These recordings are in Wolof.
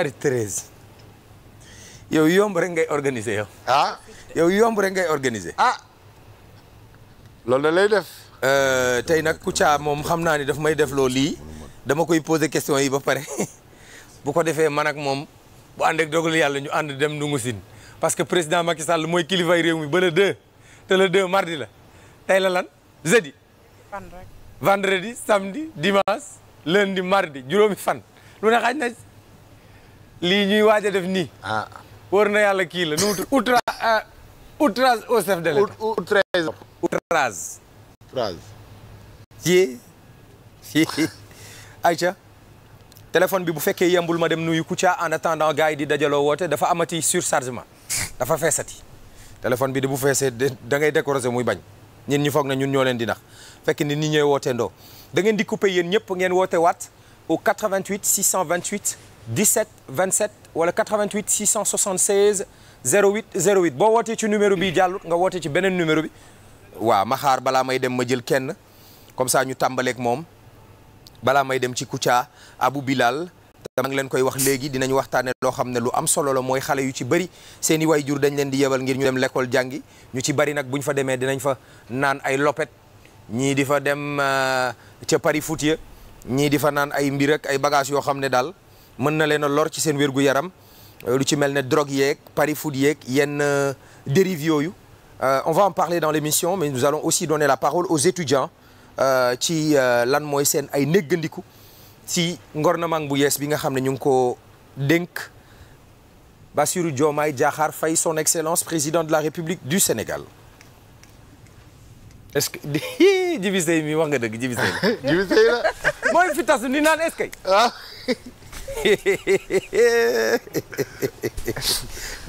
ñaari treize yow yomb rek ngay organiser yow. ah yow yomb rek ngay organiser. ah loolu da lay def. Euh, tey nag ku Kouthia moom xam naa ni daf may def loo lii dama koy poser question yi ba pare bu ko defee man ak moom bu ànd ak dogal yàlla ñu ànd dem Ndungu Sine parce que président Macky Sall mooy kilifay réew mi ba le 2 te le 2 mardi la tey la lan vendredi samedi dimanche lundi mardi juróomi fan lu ne xaaj na. lii ñuy waaj a def nii. ah wóor na yàlla kii la nu ut outra ah, outrage au chef de l'État. outrage. outrage. outrage. ci Aïcha téléphone bi bu fekkee yembul ma dem nuyu Kouthia en attendant gars yi di dajaloo woote dafa amati surchargement dafa feesati téléphone bi di bu feesee da ngay décrocher muy bañ ñun ñu foog na ñun ñoo leen di nax fekk ni ni ñooy wootee ndoo da ngeen di couper yéen ñëpp ngeen woote waat au 88 628 17 27 wala 88 676 08 08 boo wootee ci numéro bi jàllut nga wootee ci beneen numéro bi waaw ma xaar balaa may dem ma jël kenn comme ça ñu tàmbaleek moom balaa may dem ci Kouthia Abou Bilal dama ngi leen koy wax léegi dinañ waxtaane loo xam ne lu am solo la mooy xale yu ci bëri seeni way jur dañ leen di yebal ngir ñu dem lekkool jàngi ñu ci bari nag bu ñu fa demee dinañ fa naan ay lopet ñii di fa dem euh, ca Paris foot ya ñii di fa naan ay mbir ay bagages yoo xam ne daal mën na leen a lor ci seen gu yaram euh, lu ci mel ne drogue yeeg pari foot yeeg yenn euh, dérive yooyu euh, on va en parler dans l'émission mais nous allons aussi donner la parole aux étudiants ci lan mooy seen ay néggandiku ci ngornamang bu yees bi nga xam ne ñu ngi ko dénk Bassirou Diomaye Diakhar Faye son excellence président de la République du Sénégal est-ce que Djiby Sèye mi wax nga dëgg mooy fi ni naan est-ce que ah.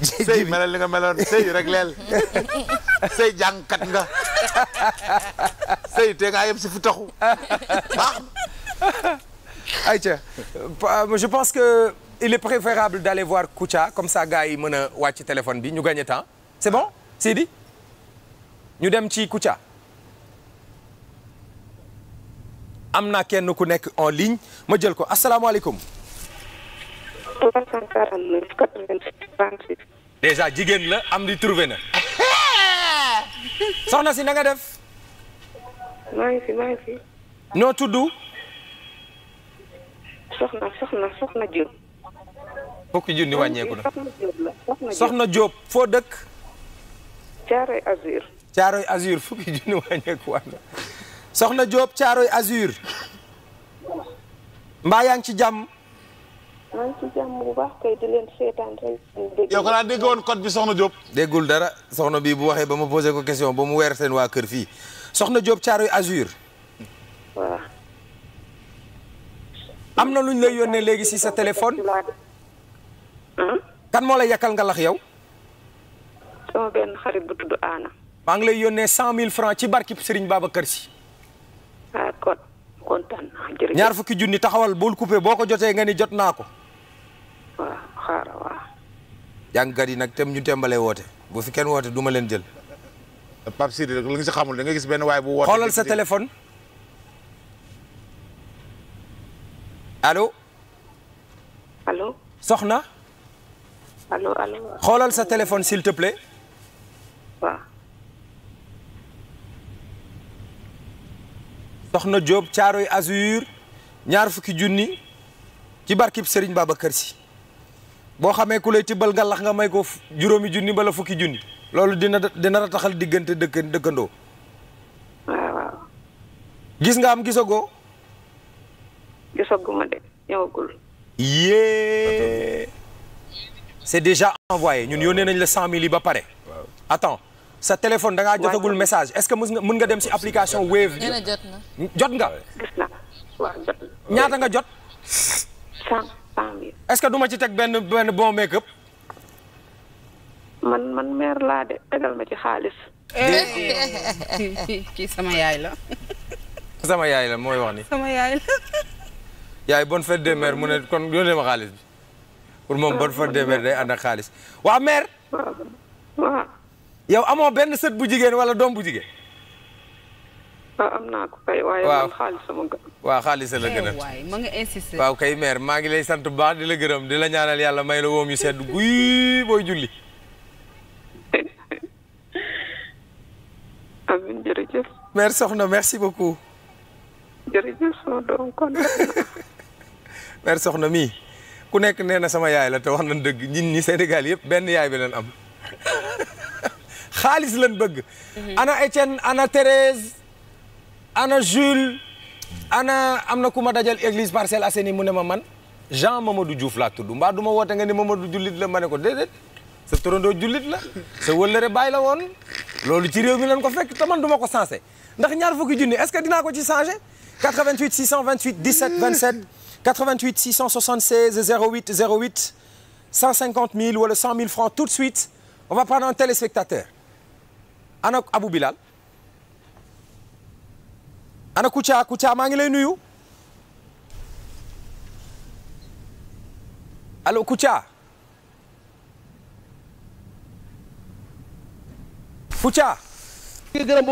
sëy melal li nga meloon sëy rek leel sëy nga yem si fu taxu baax ayca je pense que il est préférable d'aller voir Kouthia comme ça gars yi mën a wàcc téléphone bi ñu gagné temps c'est bon Sidi ñu dem ci Kouthia am na kenn ku nekk en ligne ma jël ko asalaamaaleykum 549 déjà jigéen la am di trouvé na. soxna si na nga def. maa ngi tudd. soxna soxna soxna Diop. fukki na soxna Diop foo dëkk. Caaroy Azur. na soxna Diop Caaroy Azur. ci jàmm. maa ngi ci jàmm code bi soxna Diop. déggul dara soxna bii bu waxee ba ma posé ko question ba mu weer seen waa kër fii soxna Diop Caaroy Azur. waaw. am na lu ñu lay yónnee léegi si sa téléphone. Hmm? kan moo lay yàkkal nga lax yow. sama benn xarit bu tudd Aana. maa ngi lay yónnee cent mille francs ci barki Serigne Babacar ah, kër d'accord. kontaan naa jërëjëf ñaar fukki junni taxawal bul coupé boo ko jotee nga ni jot naa ko. waaw xaara yi nag tem ñu tembalee woote bu fi kenn woote duma leen jël. Pape Sidi rek li nga si xamul da nga gis benn waay bu woote. xoolal sa téléphone. allo. allo. soxna. xoolal sa téléphone s'il te plaît. na Soxna Diop Caaroy Azur ñaar fukki junni ci barki barkib Serigne Babacar Sy boo xamee ku lay tibbal nga lax nga may ko juróomi junni bala fukki junni loolu dina dina rataxal diggante dëkk dëkkandoo. gis nga am gisagoo. gisaguma de ñëwagul. yee. c'est déjà envoyé ñun yónnee nañ la cent mille yi ba pare. waaw attends sa téléphone da ngaa message est-ce que mën nga mën nga dem si application Wave. jot nga. ñaata nga jot. cent est-ce que duma ci teg benn benn bon make-up. man man mère laa de tegal ma ci xaalis. Eh. kii sama yaay la. sama yaay la mooy wax ni. sama yaay la. yaay bonne fête des mères mu ne kon yónnee ma xaalis bi pour moom bonne fête des mères day ànd ak xaalis waa mère. yow amoo benn sët bu jigéen wala doom bu jigéen. ah am naa ko kay. waaye man xaalis sama gën. waaw xaalis la eh, gën a. waaw kay mère maa ngi lay sant bu baax di la gërëm di la ñaanal yàlla la woom yu sedd guy soxna merci beaucoup. jërëjëf soxna mii ku nekk nee na sama yaay la te wax nañ dëgg ñin ñi Sénégal yëpp benn yaay bi lañ am. xaalis lañ bëgg. ana Étienne ana Thérèse ana Jules ana am na ku ma dajal église Parcelles Assainies mu ne ma man Jean Mamadou Diouf laa tudd mbaa du ma woote nga ni Mamadou jullit la ma ne ko déedéet sa torondoo jullit la sa wëllëre bàyyi la woon loolu ci mi lañ ko fekk te man du ma ko sensé ndax ñaar fukki junni est-ce que dinaa ko ci changé 88 628 17 27 88 676 08 08 150 000 wala 100 000 francs tout de suite on ana Abu Bilal ana Kouthia Kouthia maa ngi lay nuyu allo Kouthia Kouthia ngi gërëm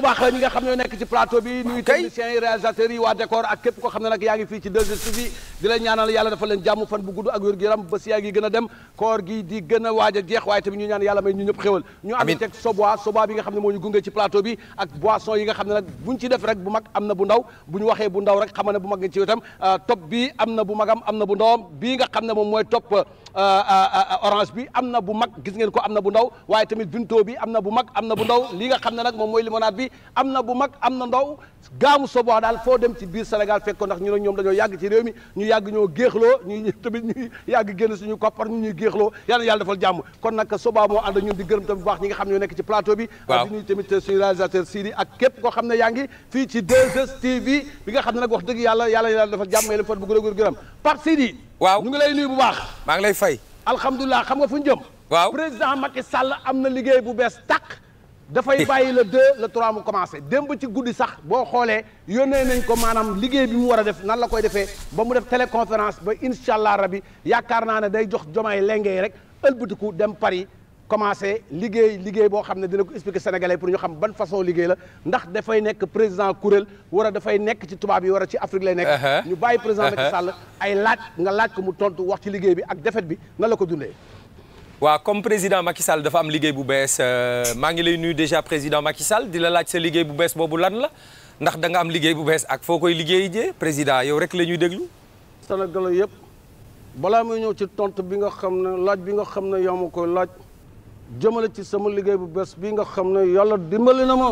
bu a dem koor gi di gën a waaj bi mag am na bu ndaw bu euh, bi na bu magam na bu ndawam bii nga xam ne moom mooy top euh, euh, orange bi am na bu mag gis ngeen ko am na bu ndaw waaye tamit binto bi am na bu mag am na bu ndaw li nga xam ne nag moom mooy limonade bi am na bu mag am na ndaw gaamu sobox daal foo dem ci biir Sénégal fekk ko ndax ñu ne ñoom dañoo yàgg ci réew mi ñu yàgg ñoo géexloo ñu tamit ñuy yàgg génn suñu koppar ñu ñuy géexloo yàlla yàlla defal jàmm kon nag soba moo ànd ñun di gërëm baax ñi nga xam ñoo nekk ci plateau bi di nuyu tamit suñu réalisateur Sidi ak koo xam ne yaa ngi fii ci 2STV bi nga xam ne nag wax dëgg yàlla yàlla yàlla defal jàmm yéen fat bu gërëm gërëm par Sidi waaw ñu ngi lay nuyu bu baax maa ngi lay fay alhamdulilah xam nga fu ñu jëm waaw président Macky Sall am na liggéey bu bees tàq dafay bàyyi la deux le trois mu commencé démb ci guddi sax boo xoolee yónnee nañ ko maanaam liggéey bi mu war a def nan la koy defee ba mu def téléconférence ba incha allah rabi yaakaar naa ne day jox jomaay lengee rek ku dem Paris commencé liggéey liggéey boo xam ne dina ko expliquer sénégalais pour ñu xam ban façon liggéey la ndax dafay nekk président kuréel wara dafay nekk ci tubaab yi war a ci Afrique lay nekk. Uh-huh. ñu bàyyi président Macky uh-huh. ay laaj nga laaj ko mu tontu wax ci liggéey bi ak défaite bi nan la ko dundee. waaw comme président Macky Sall dafa am liggéey bu bees euh, maa ngi lay nuyu déjà président Macky Sall di la laaj sa liggéey bu bees boobu lan la ndax danga nga am liggéey bu bees ak foo koy liggéey jee président yow rek la ñuy déglu. Sénégal yëpp balaa muy ñëw ci tontu bi nga xam ne laaj bi nga xam ne yow ma koy laaj jëmale ci sama liggéey bu bees bi nga xam ne yàlla dimbali na ma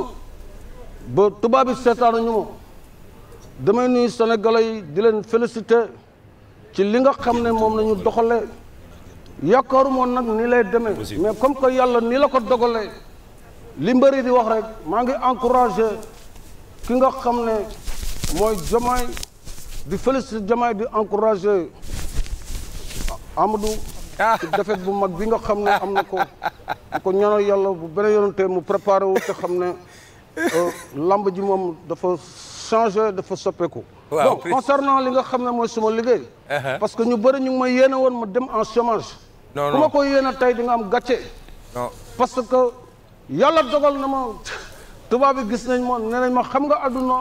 ba tubaab bi seetaanuñu ma damay nuyu sénégalais yi di leen félicité ci li nga xam ne moom la ñu yaakaaru moon nag ni lay demee mais comme que yàlla ni la ko dogalee li mbëri di wax rek maa ngi encouragé ki nga xam ne mooy Diomaye di félicité Diomaye di encouragé Amadou ci defet bu mag bi nga xam ne am na ko bu ko ñaanal yàlla bu beneen yoonante mu préparé wu te xam ne euh, lamb ji moom dafa changé dafa soppeeku bon concernant li nga xam ne mooy suma liggéey uh-huh. parce que ñu bëri ñu ngi may woon ma dem en chômage non ku ma ko yéene tey di am gàcce. parce que yàlla dogal na ma tubaab gis nañ ma nee ma xam nga àdduna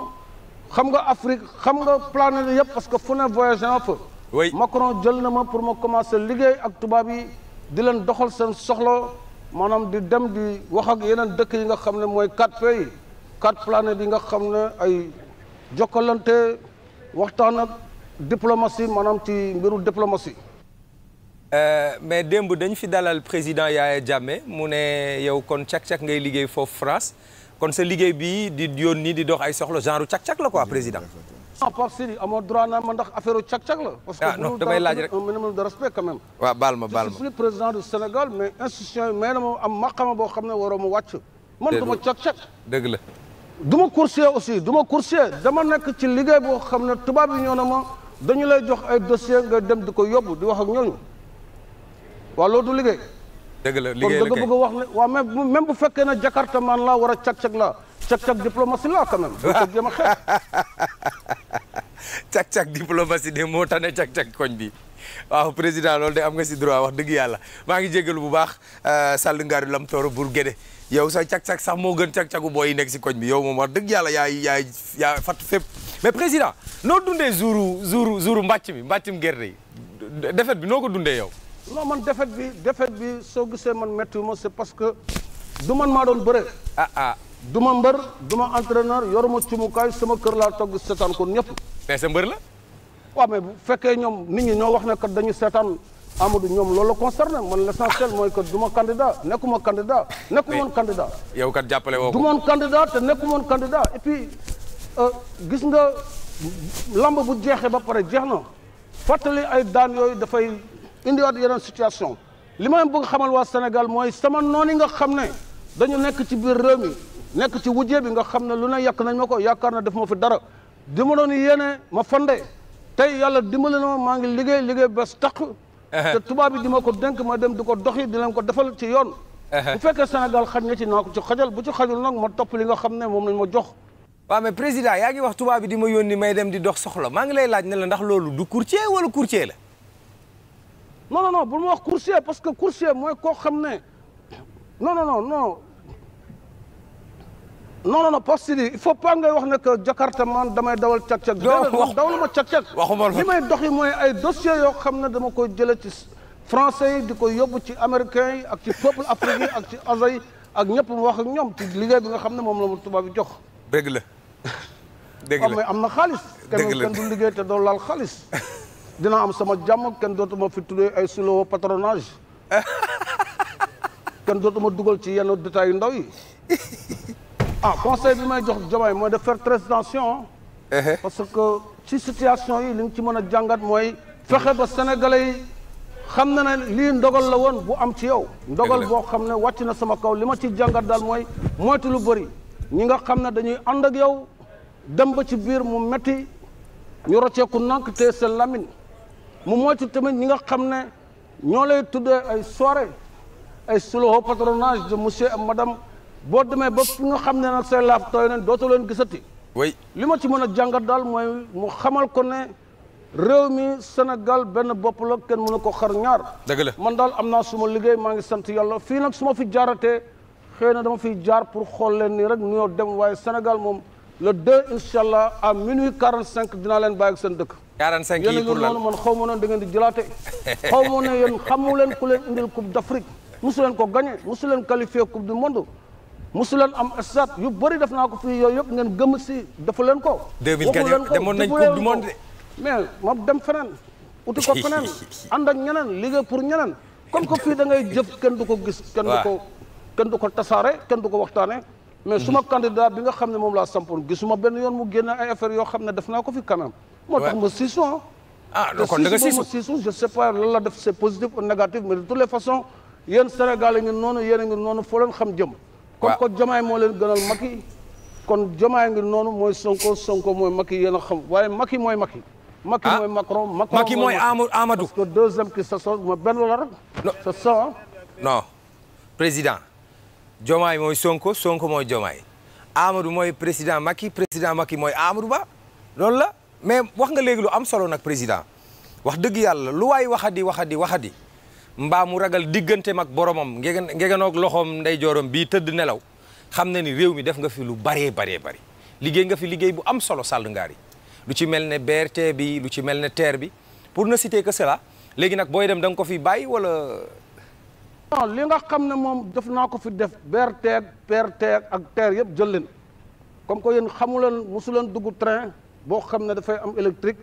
xam nga Afrique xam nga planète yëpp parce que fu ne voyagé naa fa. oui Macron jël na ma pour ma commencer liggéey ak tubaab yi di leen doxal seen soxla maanaam di dem di wax ak yeneen dëkk yi nga xam ne mooy quatre pays quatre planètes yi nga xam ne ay jokkalante waxtaan ak diplomatie maanaam ci mbiru diplomatie. Euh, mais demb dañ fi dalal président Yaya Jammeh mu ne yow kon càq-càq ngay liggéey foofu France kon se liggéey bi di yoon yónni di dox ay soxla genre càq-càq la quoi président. non ah, Pape Sidi ma ndax affaire u càq-càq la. parce que ah, non damay laaj rek un minimum de respect quand même. waaw baal ma président du Sénégal mais institution yi may na ma am boo xam ne waroo ma wàcc. man du ma càq-càq dëgg la. du ma coursier aussi du ma coursier dama nekk ci liggéey boo xam ne tubaab yi ñoo na ma dañu lay jox ay dossier nga dem di ko yóbbu di wax ak ñooñu waaw loolu du liggéey. dëgg la liggéey la kon dëgg bëgg wax ne waaw même bu fekkee na Jakarta man laa war a cag-cag laa cag-cag diplomatie laa quand même. waaw cag jëm a xeex. cag-cag diplomatie de moo tane cag-cag koñ bi. waaw président loolu de am nga si droit wax dëgg yàlla maa ngi jégalu bu baax euh, Sall Ngari Lam Tooro Bour Guédé yow sa cag-cag sax moo gën cag-cagu booy yi nekk si koñ bi yow moom wax dëgg yàlla yaay yaay yaa fatt fépp mais président noo dundee jouru jouru jouru mbàcc mi mbàccum gerte yi defet bi noo ko dundee yow non man defet bi defet bi soo gisee man méttiwuma c'est parce que du man maa doon bëre. Ah, ah du ma mbër du ma entraîneur yoruma cumukaay sama kër laa togg seetaan kon ñëpp. mais mbër la. waaw mais bu fekkee ñoom nit ñi ñoo wax ne kat dañu seetaan Amadou ñoom loolu la concerné man l'essentiel mooy que du ma candidat nekkuma candidat. nekkumoon candidat. yow kat jàppale woo ko du moon candidat te nekkumoon candidat et puis euh, gis nga làmb bu jeexee ba pare jeex na fàttali ay daan yooyu dafay. indiwaat yeneen situation li ma bëgg xamal waa Sénégal mooy sama noon yi nga xam ne dañu nekk ci biir nekk ci wujje bi nga xam ne lu ne yàq nañ ma ko yaakaar na def ma fi dara di ma doon yéene ma fande tey yàlla dimbali na ma maa ngi liggéey liggéey bés taq te tubaab yi di ma ko denk ma dem di ko doxi di leen ko defal ci yoon bu fekkee Sénégal xaj na ci naa ko ci xajal bu ci xajul nag ma topp li nga xam ne moom lañ ma jox waaw mais président yaa ngi wax tubaab bi di ma yónni may dem di dox soxla maa ngi lay laaj ne la ndax loolu du courtier wala courtier la non non non bul ma wax coursier parce que coursier mooy koo xam ne non non non non non non parce il faut pas ngay wax ne que Jakarta man damay dawal cag-cag dawal ma cag-cag li may dox yi mooy ay dossiers yoo xam ne dama koy jële ci français yi di koy yóbbu ci américains yi ak ci peuple africain ak ci asa yi ak ñëpp mu wax ak ñoom ci liggéey bi nga xam ne moom la mu tubaab yi jox dégg la dégg am na xaalis kenn du liggéey te doo laal xaalis dina am sama jàmm kenn dootuma fi tuddee ay suloo patronage kenn dootuma dugal ci yenn détails yu ndaw yi ah conseil bi may jox Diomaye mooy de faire très attention uh-huh. parce que ci situation yi li nga ci mën a jàngat mooy fexe ba sénégalais yi xam na ne lii ndogal la woon bu am ci yow ndogal boo xam ne wàcc na sama kaw li ma ci jàngat daal mooy moytu lu bëri ñi nga xam ne dañuy ànd ak yow dem ba ci biir mu metti ñu rocceeku nànk te seen lamin mu moytu tamit ñi nga xam ne ñoo lay tuddee ay soirée ay solo patronage de monsieur ak madame boo demee ba fi xam ne nag say laaf tooy nañ dootu leen gisati. oui li ma ci mën a jàngat daal mooy mu xamal ko ne réew mi Sénégal benn bopp la kenn mënu ko xar ñaar. dëgg man daal am naa suma liggéey maa ngi sant yàlla fii nag su ma fi jaaratee xëy na dama fi jaar pour xool leen nii rek nuyoo dem waaye Sénégal moom. le 2 incha allah à minuit 45 dinaa leen bàyyi ak seen dëkk. 45 yi pour lan yéen man xaw ma noonu da ngeen di jëlaate. xaw ma ne yéen xamu leen ku leen indil coupe d' Afrique mosu leen ko gagné mosu leen qualifié coupe du monde mosu leen am stade yu bëri def naa ko fi yooyu yëpp ngeen gëmm si defu leen ko. 2000 gagné demoon nañ coupe du monde mais moom dem feneen. uti ko feneen ànd ak ñeneen liggéey pour ñeneen comme que fii da ngay jëf kenn du ko gis. kenn du ko kenn du ko tasaare kenn du ko waxtaane mais suma candidat bi nga xam ne moom laa sampoon gisuma benn yoon mu génne ay affaire yoo xam ne def ko fi kanam moo tax ma siison ah kon da nga siison siison je sais pas la def c'est positif o négatif mais de toutes les façons yéen Sénégal yi ngi noonu yéen a ngi noonu foo leen xam jëm comme ko jomaay moo leen gënal Macky kon jomaay ngi noonu mooy Sonko Sonko mooy Macky yéen a xam waaye Macky mooy Macky Macky ah. mooy Macron Macky mooy Amadou parce que deuxième qui se sort ma benn la rek sa non président Diomaye mooy Sonko Sonko mooy Diomaye Amadou mooy président Macky président Macky mooy Amadou Ba loolu la mais wax nga léegi lu am solo nag président wax dëgg yàlla lu waay waxadi waxadi waxadi mbaa mu ragal diggante ak boromam ngegen ngegenoog loxoom ndey joorom bii tëdd nelaw xam na ni réew mi def nga fi lu baree baree bari liggéey nga fi liggéey bu am solo Sall ngaari lu ci mel ne BRT bi lu ci mel ne teer bi pour na citer que cela léegi nag booy dem da ko fi bàyyi wala non li nga xam ne moom def naa ko fi def beer teeg peer teeg ak teer yëpp jël leen comme que yéen xamu leen mosu leen dugg train boo xam ne dafay am électrique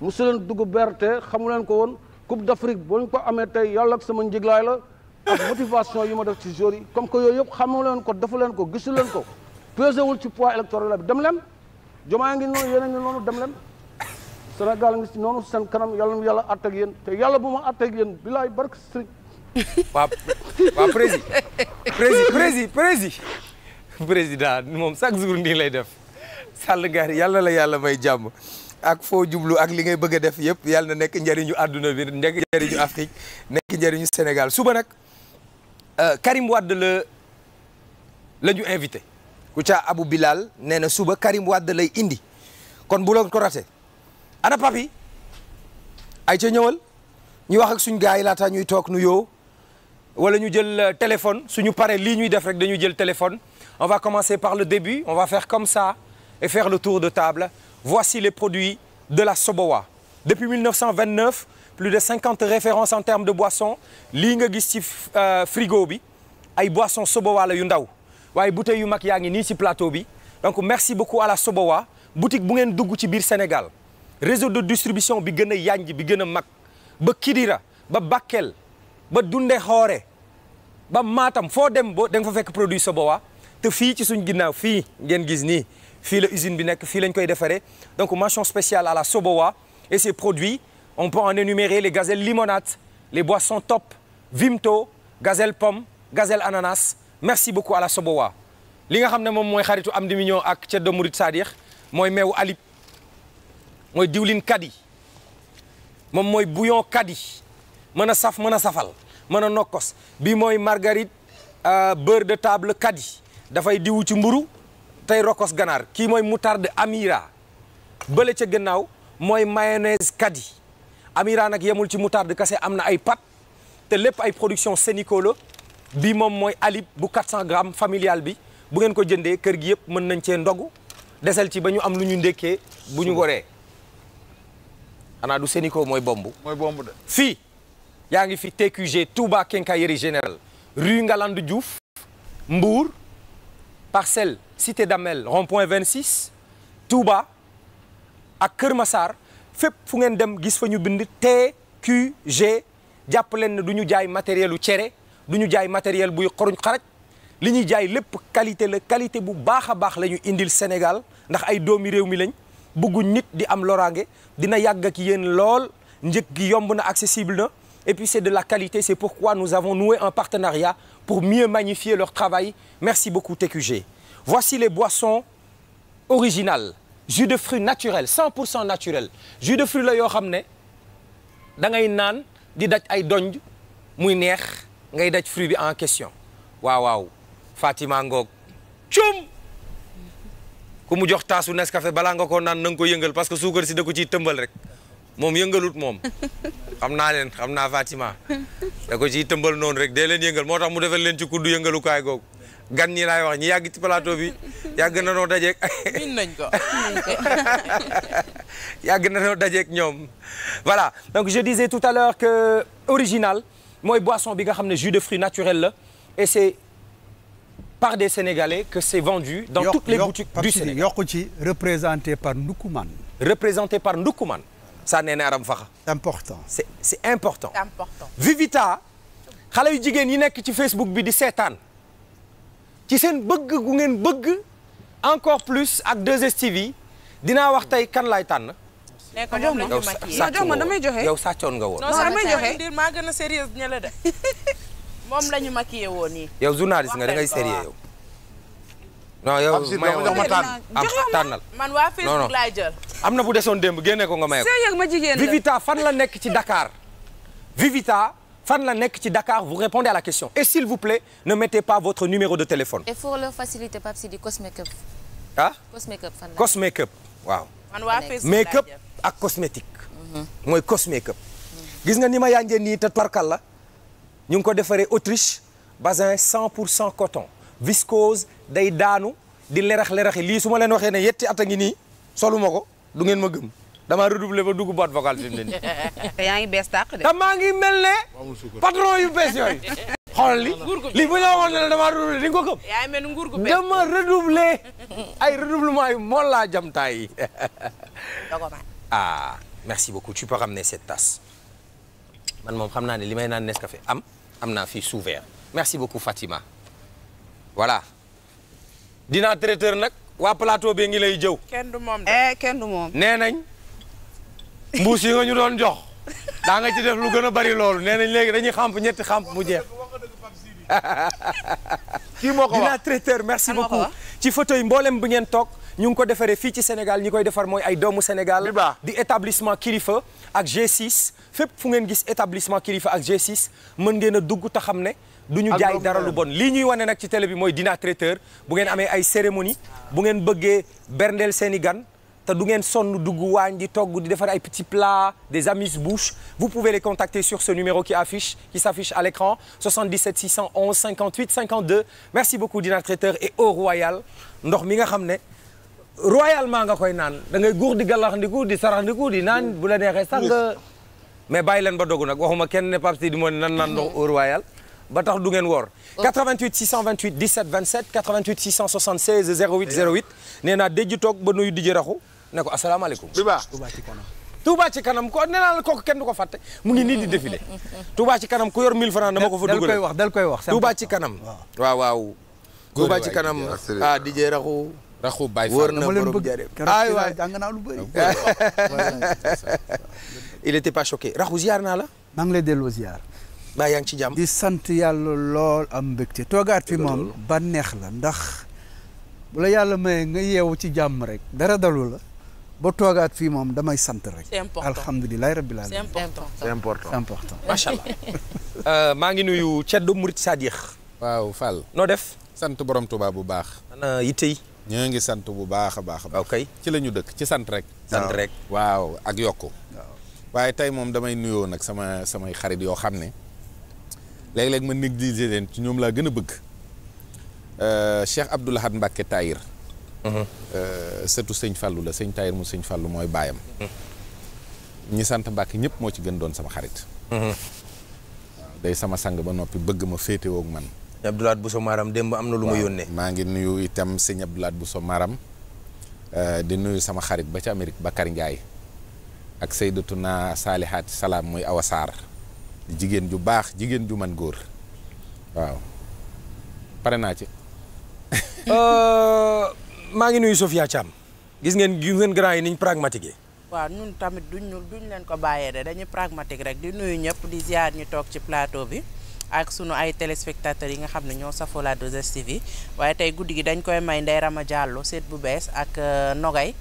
mosu leen dugg BRT xamu leen ko woon coupe d' Afrique boo ñu ko amee tey yàlla ak sama njiglaay la ak motivation yi ma def ci jour yi comme que yooyu yëpp xamu leen ko defu leen ko gisu leen ko pesé wul ci poids électoral bi dem leen jomaa ngi noonu yéen a ngi noonu dem leen Sénégal ngi si noonu seen kanam yàlla yàlla àtteeg yéen te yàlla bu ma àtteeg yéen bilaay barke sëriñ waa waa prési prési prési prési président moom chaque jour nii lay def Sall Ngari yàlla la yàlla may jàmm ak foo jublu ak li ngay bëgg a def yëpp yàlla na nekk njariñu àdduna bi nekk njëriñu Afrique nekk njëriñu Sénégal suba nag euh, Karim Wade la la ñu invité ku Abou Bilal nee na suba Karim Wade lay indi kon bu loon ko raté ana papi ay ca ñëwal ñu wax ak suñ gars yi laata ñuy toog nuyoo wala ñu jël euh, téléphone suñu paree lii ñuy def rek dañuy jël téléphone on va commencer par le début on va faire comme ça et faire le tour de table voici les produits de la Sobowa depuis 1929 plus de 50 références en termes de boissons lii nga gis ci euh, frigo bi ay boissons Sobowa la yu ndaw waaye bouteilles yu mag yaa ngi nii ci plateau bi donc merci beaucoup à la Sobowa boutique bu ngeen dugg ci biir Sénégal réseau de distribution bi gën a yànj bi gën a mag ba Kidira ba Bakel ba dunde xoore ba maatam foo dem ba da nga fa fekk produit Soboa te fii ci suñ ginnaaw fii ngeen gis nii fii la usine bi nekk fii lañ koy defaree donc mention spéciale à la Soboa et ses produits on peut en énumérer les gazelles limonades les boissons top Vimto gazelle pomme gazelle ananas merci beaucoup à la Soboa li nga xam ne moom mooy xaritu am di mignon ak ceddo murit sadix mooy meewu alib mooy diwlin kadi moom mooy bouillon kadi mën a saf mën a safal mën a nokkos bii mooy margarite euh, bër de table kadi dafay diwu ci mburu tey rokos ganaar kii mooy moutarde amira bële ca gannaaw mooy mayonnaise kadi amira nag yemul ci moutarde kase am na ay pat te lépp ay production Sénico la bi moom mooy alib bu 400 grammes familial bi bu ngeen ko jëndee kër gi yëpp mën nañ cee ndogu desel ci ba ñu am lu ñu ndékkee bu ñu waree xanaa du Sénico mooy bomb fii yaa ngi fi TQG Touba Quincaillerie Générale rue Ngalandou Diouf Mbour parcelle cité d'Amel rond-point 26 Touba ak Kër Massar fépp fu ngeen dem gis fa ñu bind TQG jàpp leen ne du ñu jaay matériel u cere du ñu jaay matériel buy xoruñ xaraj li ñuy jaay lépp qualité la qualité bu baax a baax la ñu indil Sénégal ndax ay doomi réew mi lañ bëgguñ nit di am loraange dina yàgg ak yéen lool njëg gi yomb na accessible na et c'est de la qualité. C'est pourquoi nous avons noué un partenariat pour mieux magnifier leur travail. Merci beaucoup TQG. Voici les boissons originales. jus de fruits naturel 100 pour cent naturel jus de fruits la yoo xam ne da ngay naan di daj ay donj muy neex ngay daj fruit bi en question waaw waaw Fatima Ngoog cum ku mu jox taasu Nescafé balaa nga koo naan na nga ko yëngal parce que suukar si da ko ciy tëmbal rek moom yëngalut moom xam naa leen xam naa Fatima da ko ciy tëmbal noonu rek dee leen yëngal moo tax mu defal leen ci kuddu yëngalukaay googu gan ñi laay wax ñi yàgg ci plateau bi yàgg na noo nañ ko na noo dajeeg ñoom. voilà donc je disais tout à l'heure que original mooy boisson bi nga xam ne jus de fruits naturel la et c'est par des Sénégalais que c'est vendu. dans toutes les boutiques du Sénégal yokku ci représenté par Ndoukoumane. représenté par Ndoukoumane. sànnee ne aram faxa important c'est c'est important important xale yu jigéen yi nekk ci Facebook bi di seetaan ci seen bëgg gu ngeen bëgg encore plus ak 2STV yi dinaa wax tey kan laay tànn yow sàccoon nga woon damay joxe maa gën a sérieux ña la de moom la ñu maquillé woon yi yow journaliste nga da ngay sérieux yow non yow ma tànn am ah, tànnal man am na bu desoon démb génne ko nga may ko ma jigéen Vivita fan la nekk ci dakaar Vivita fan la nekk ci Dakar vous répondez à la question et s'il vous plaît ne mettez pas votre numéro de téléphone et pour leur faciliter Pape Sidi cosmakeup ah waa Facebook makeup ak cosmétique mhm. mooy cosmakeup mhm. gis nga ni ma yaangeen nii te tarkal la ñu ngi ko defaree Autriche basin 100 pour cent coton viscose day daanu di lerax leraxi lii su ma leen waxee ne yetti at a ngi nii soluma ko du ngeen ma gëm dama redoublé ba dugg boîte vocale fi mu ne nii. yaa ngi bees tàq de. te maa ngi mel ne. patron yu bees yooyu. xoolal li ni nguur gu ay redoublement yu laa jamtaa ah, beaucoup tu peux ramener cette tasse. man moom xam naa ne li may naan Nescafé am am naa fii sous merci beaucoup Fatima voilà. dina traiteur nag waa plateau bee ngi lay jëw. kenn du moom de eh, kenn moom. nee nañ mbuus yi nga ñu doon jox daa nga ci def lu gën a bari loolu nee nañ léegi dañuy xamp ñetti xamp mu jeex. kii moo ko wax dina traiteur merci beaucoup ci photo yi mboolem bu ngeen toog. ñu ngi ko defaree fii ci Sénégal ñi koy defar mooy ay doomu Sénégal di établissement Kilifa ak G6 fépp fu ngeen gis établissement Kilifa ak g mën ngeen a dugg taxam ne du ñu jaay dara lu bon lii ñuy wane nag ci télé bi mooy dina traiteur bu ngeen amee ay cérémonie bu ngeen bëggee berndeel seen i gan te du ngeen sonn dugg waañ di togg di defar ay petits plats des amuse-bouches vous pouvez les contacter sur ce numéro qui affiche qui s'affiche à l'écran 77 611 58 52 merci beaucoup dina traiteur et eau royale ndox mi nga xam ne royalement nga koy naan da ngay guur di gàllaxndiku di saraxndiku di naan bu la neexee sax nga mais bàyyi leen ba dogu nag waxuma kenn ne Pape Sidi moo ne nan naan ba tax du ngeen woor 88 628 17 27 88 676 08 08 nee toog ba nuyu dijë raxu ne ko asalaamaaleykum bi baax Touba kanam ko nee naa kenn du ko fàtte mu ngi nii di défilé Touba kanam ku yor 1000 francs dama ko fa dugal dal koy wax dal ci kanam waaw waaw Touba ci kanam ah dijë raxu raxu bàyyi fa wóor na borom ay waay jàng naa lu bëri il était pas choqué raxu ziar naa la maa lay delloo ziar baa yaa ngi ci jàmm. di sant yàlla lool am mbégte toogaat fi moom ba neex la ndax bu la yàlla maye nga yeewu ci jàmm rek dara dalu la ba toogaat fii moom damay sant rek. c'est important alhamdulilah rabbil alamin c'est important c'est euh, maa ngi nuyu Thierno Mouride Sadikh. waaw Fall. noo def. sant borom tubaab bu baax. ana yitte yi. ñoo ngi sant bu baax a baax a baax. ok ci la ñu dëkk ci sant rek. sant rek waaw ak yokku. waaye tey moom damay nuyoo nag sama samay xarit yoo xam ne. léeg-léeg ma négligé leen ci ñoom laa gën a bëgg euh, Cheikh Abdoul Ahad Mbacké Tahir mhm. euh, sëtu sëñ Fallou la sëñ Tahir mu sëñ Fallou mooy baayam mhm. ñi sant Mbacké ñëpp moo ci gën doon sama xarit mhm. waaw day sama sang ba noppi bëgg ma féetewoo ak man Abdoul Ahad Bousso Maram démb am na lu ma yónnee maa ngi nuyu itam sëñ Abdoul Ahad Bousso Maram euh, di nuyu sama xarit ba ci Amérique Bakar Ndiaye ak Sayyidatuna Saalihaati Salaam muy Awa jigéen ju baax jigéen ju man góor waaw pare naa ci. Euh, maa ngi nuyu Sophia Thiam gis ngeen gis ngeen grand yi niñ pragmatique yi. waaw ñun tamit duñ duñ leen ko bàyyee de dañuy pragmatique rek di nuyu ñëpp di ziar ñu toog ci plateau bi. ak sunu ay téléspectateurs yi nga xam ne ñoo safoo la 2STV waaye tey guddi gi dañ koy may Ndeye a Diallo seet bu bees ak euh, Nogay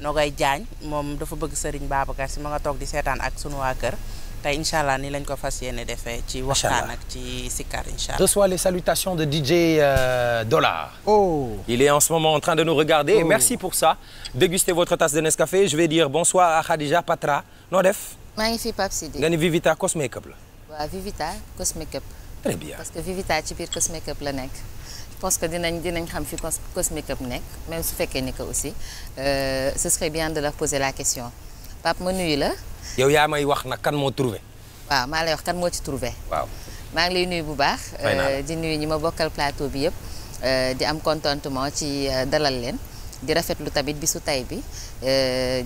Nogay jaañ moom dafa bëgg Serigne Babacar si ma nga toog di seetaan ak sunu waa kër tey incha allah ni lañ ko fas yéene defee. ci waxtaan ak ci Sikar incha allah. reçois les salutations de DJ euh, Dollar. oh il est en ce moment en train de nous regarder. Oh. merci pour ça. dégustez votre tasse de Nescafé je vais dire bonsoir à Khadija Patra noo def. maa ngi fi Pape Sidi. nga ni Vivita Cosmic Up la. waaw Vivita Cosmic Up. très bien parce que Vivita ci biir Cosmic la nekk. je que dinañ dinañ xam fi Cosmic Up nekk même su fekkee ni que aussi euh, ce serait bien de leur poser la question. Pape ma nuyu la. yow yaa may wax na kan moo trouvé. waaw maa lay wax kan moo ci trouvé. waaw maa ngi lay nuyu bu baax. Euh, di nuyu ñi ma bokkal plateau bi yëpp. Euh, di am contentement ci euh, dalal leen. di rafetlu tamit bi su tay bi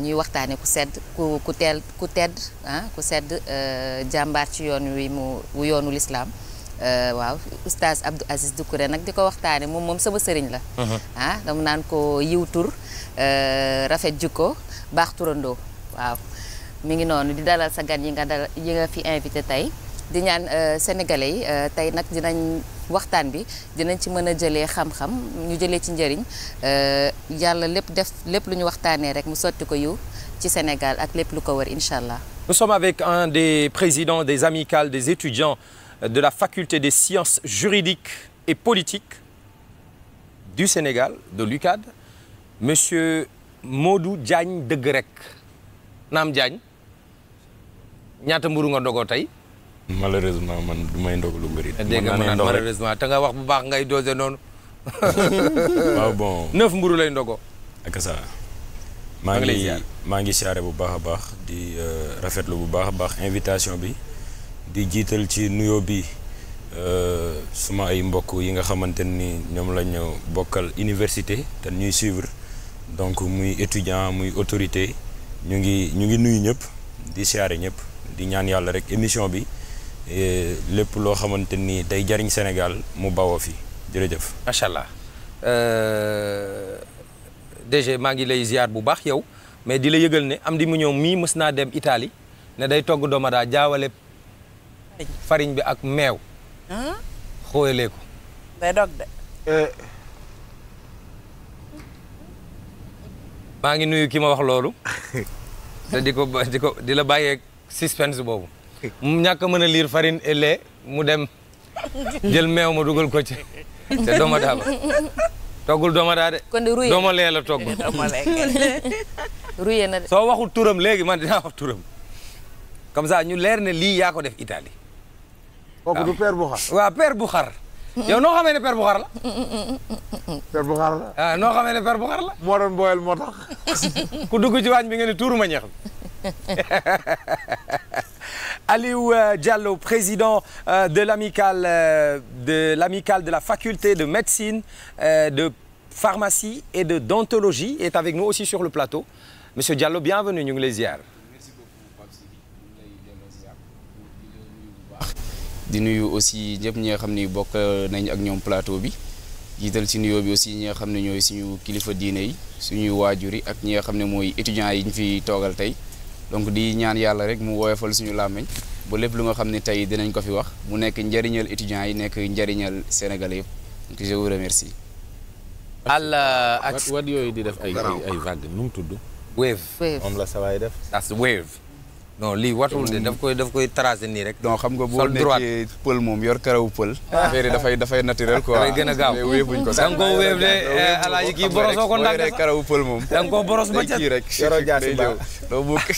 ñuy waxtaane ku sedd ku ku teel ku tedd ah ku sedd jàmbaar ci yoon wi mu yoonu lislaam waaw oustaz Abdou Aziz Doucouré nag di ko waxtaane moom moom sama sëriñ la mhm. ah dama naan ko yiw tur rafet jikko baax turandoo waaw mu ngi noonu di dalal sa gan yi nga dalal yi nga fi invité tey di ñaan euh, sénégalais yi euh, tey nag dinañ waxtaan bi dinañ ci mën a jëlee xam-xam ñu jëlee ci njëriñ euh, yàlla lépp def lépp lu ñu waxtaanee rek mu sotti ko yu ci Sénégal ak lépp lu ko wër incha allah. Nous sommes avec un des présidents des amicales des étudiants de la faculté des sciences juridiques et politiques du Sénégal de l'UCAD monsieur Modou Diagne Degrec. naam Diagne ñaata mburu nga dogoo tey. malheureusement man du may ndog lu bëri. dégg nga naan malheureusement te nga wax bu baax ngay dosé noonu. waaw bon neuf mburu lay ndogo. ak ça maa ngi maa ngi siyaare bu baax a baax di euh, rafetlu bu baax a baax invitation bi di jiital ci nuyo bi euh, suma ay mbokk yi nga xamante ni ñoom la ñu bokkal université te ñuy suivre donc muy étudiant muy autorité. ñu ngi ñu ngi nuyu ñëpp di siyaare ñëpp di ñaan yàlla rek émission bi eh, lépp loo xamante ni day jariñ Sénégal mu bawoo fi jërëjëf. macha allah euh, DG maa ngi lay ziar bu baax yow mais di la yëgal ne am di mu ñëw mii mës naa dem itali ne day togg domada jaawale. fariñ bi ak meew. xoolee ko. day dog de. Euh. maa ngi nuyu ki ma wax loolu. te di ko di ko di la bàyyeeg boobu mu ñàkk mën a liir farine et lait mu dem jël meew ma dugal ko ci te dooma daa ba toggul dooma de dooma lee la togg ruye na soo waxul turam léegi man dinaa wax turam comme ça ñu leer ne lii yaa ko def Italie kooku du père bu xar yow noo xamee ne per bu xar la. per bu xar la. ah noo xamee ne per bu xar la. moo doon booyal moo tax. ku dugg ci waañ bi nga ne tuuru ma ñeex bi Aliou euh, Diallo président euh, de l'amicale euh, de l'amicale de la faculté de médecine de pharmacie et de dentologie est avec nous aussi sur le plateau monsieur Diallo bienvenue ñu ngi lay ziar. di nuyu aussi ñëpp ñi nga xam ni bokk nañ ak ñoom plateau bi jiital si nuyoo bi aussi ñi nga xam ne ñooy suñu kilifa diine yi suñuy waajur yi ak ñi nga xam ne mooy étudiants yi ñu fi toogal tey donc di ñaan yàlla rek mu woyofal suñu làmmiñ ba lépp lu nga xam ne tey dinañ ko fi wax mu nekk njëriñal étudiants yi nekk njariñal Sénégalais yëpp donc je vous remercie. Allah euh, ak wat yooyu di def ay ay vagues nu tudd. wave moom la sa waay def. that's wave. non lii watul de daf koy daf koy tracé nii rek. donc xam nga boo nekkee pël moom yor karaw pël. Ah. affaire yi dafay dafay naturel quoi. dafay gën a gaaw wéefuñ ko da nga koo wéef de eh, alaaji kii borosoo ko ndànk sax karaw pël moom. da nga koo boros ba ca rek. yoroo jaasi ba doo bokk.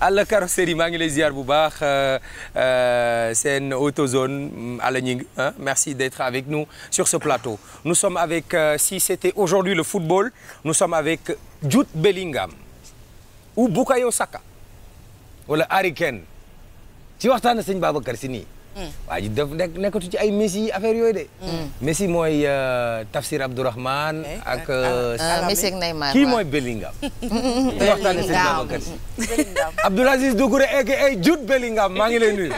àll carrosserie maa ngi lay ziar bu baax euh, euh, seen autozone mm, Alla Gningue merci d'être avec nous sur ce plateau. nous sommes avec euh, si c'était aujourd'hui le football nous sommes avec Jude Bellingham ou Bukayo Saka. wala Harry ci waxtaan sëñ Babacar si nii. Hmm. waa ji def nekkatu ci ay Messi affaire yooyu de. Hmm. Hmm. Messi mooy euh, Tafsir Abdourahman eh, ak. Euh, euh, Messi ak Neymar kii mooy Bellingham. Bellingham ci waxtaan sëñ Babacar si. Abdoul Aziz Bellingham maa ngi lay nuyu.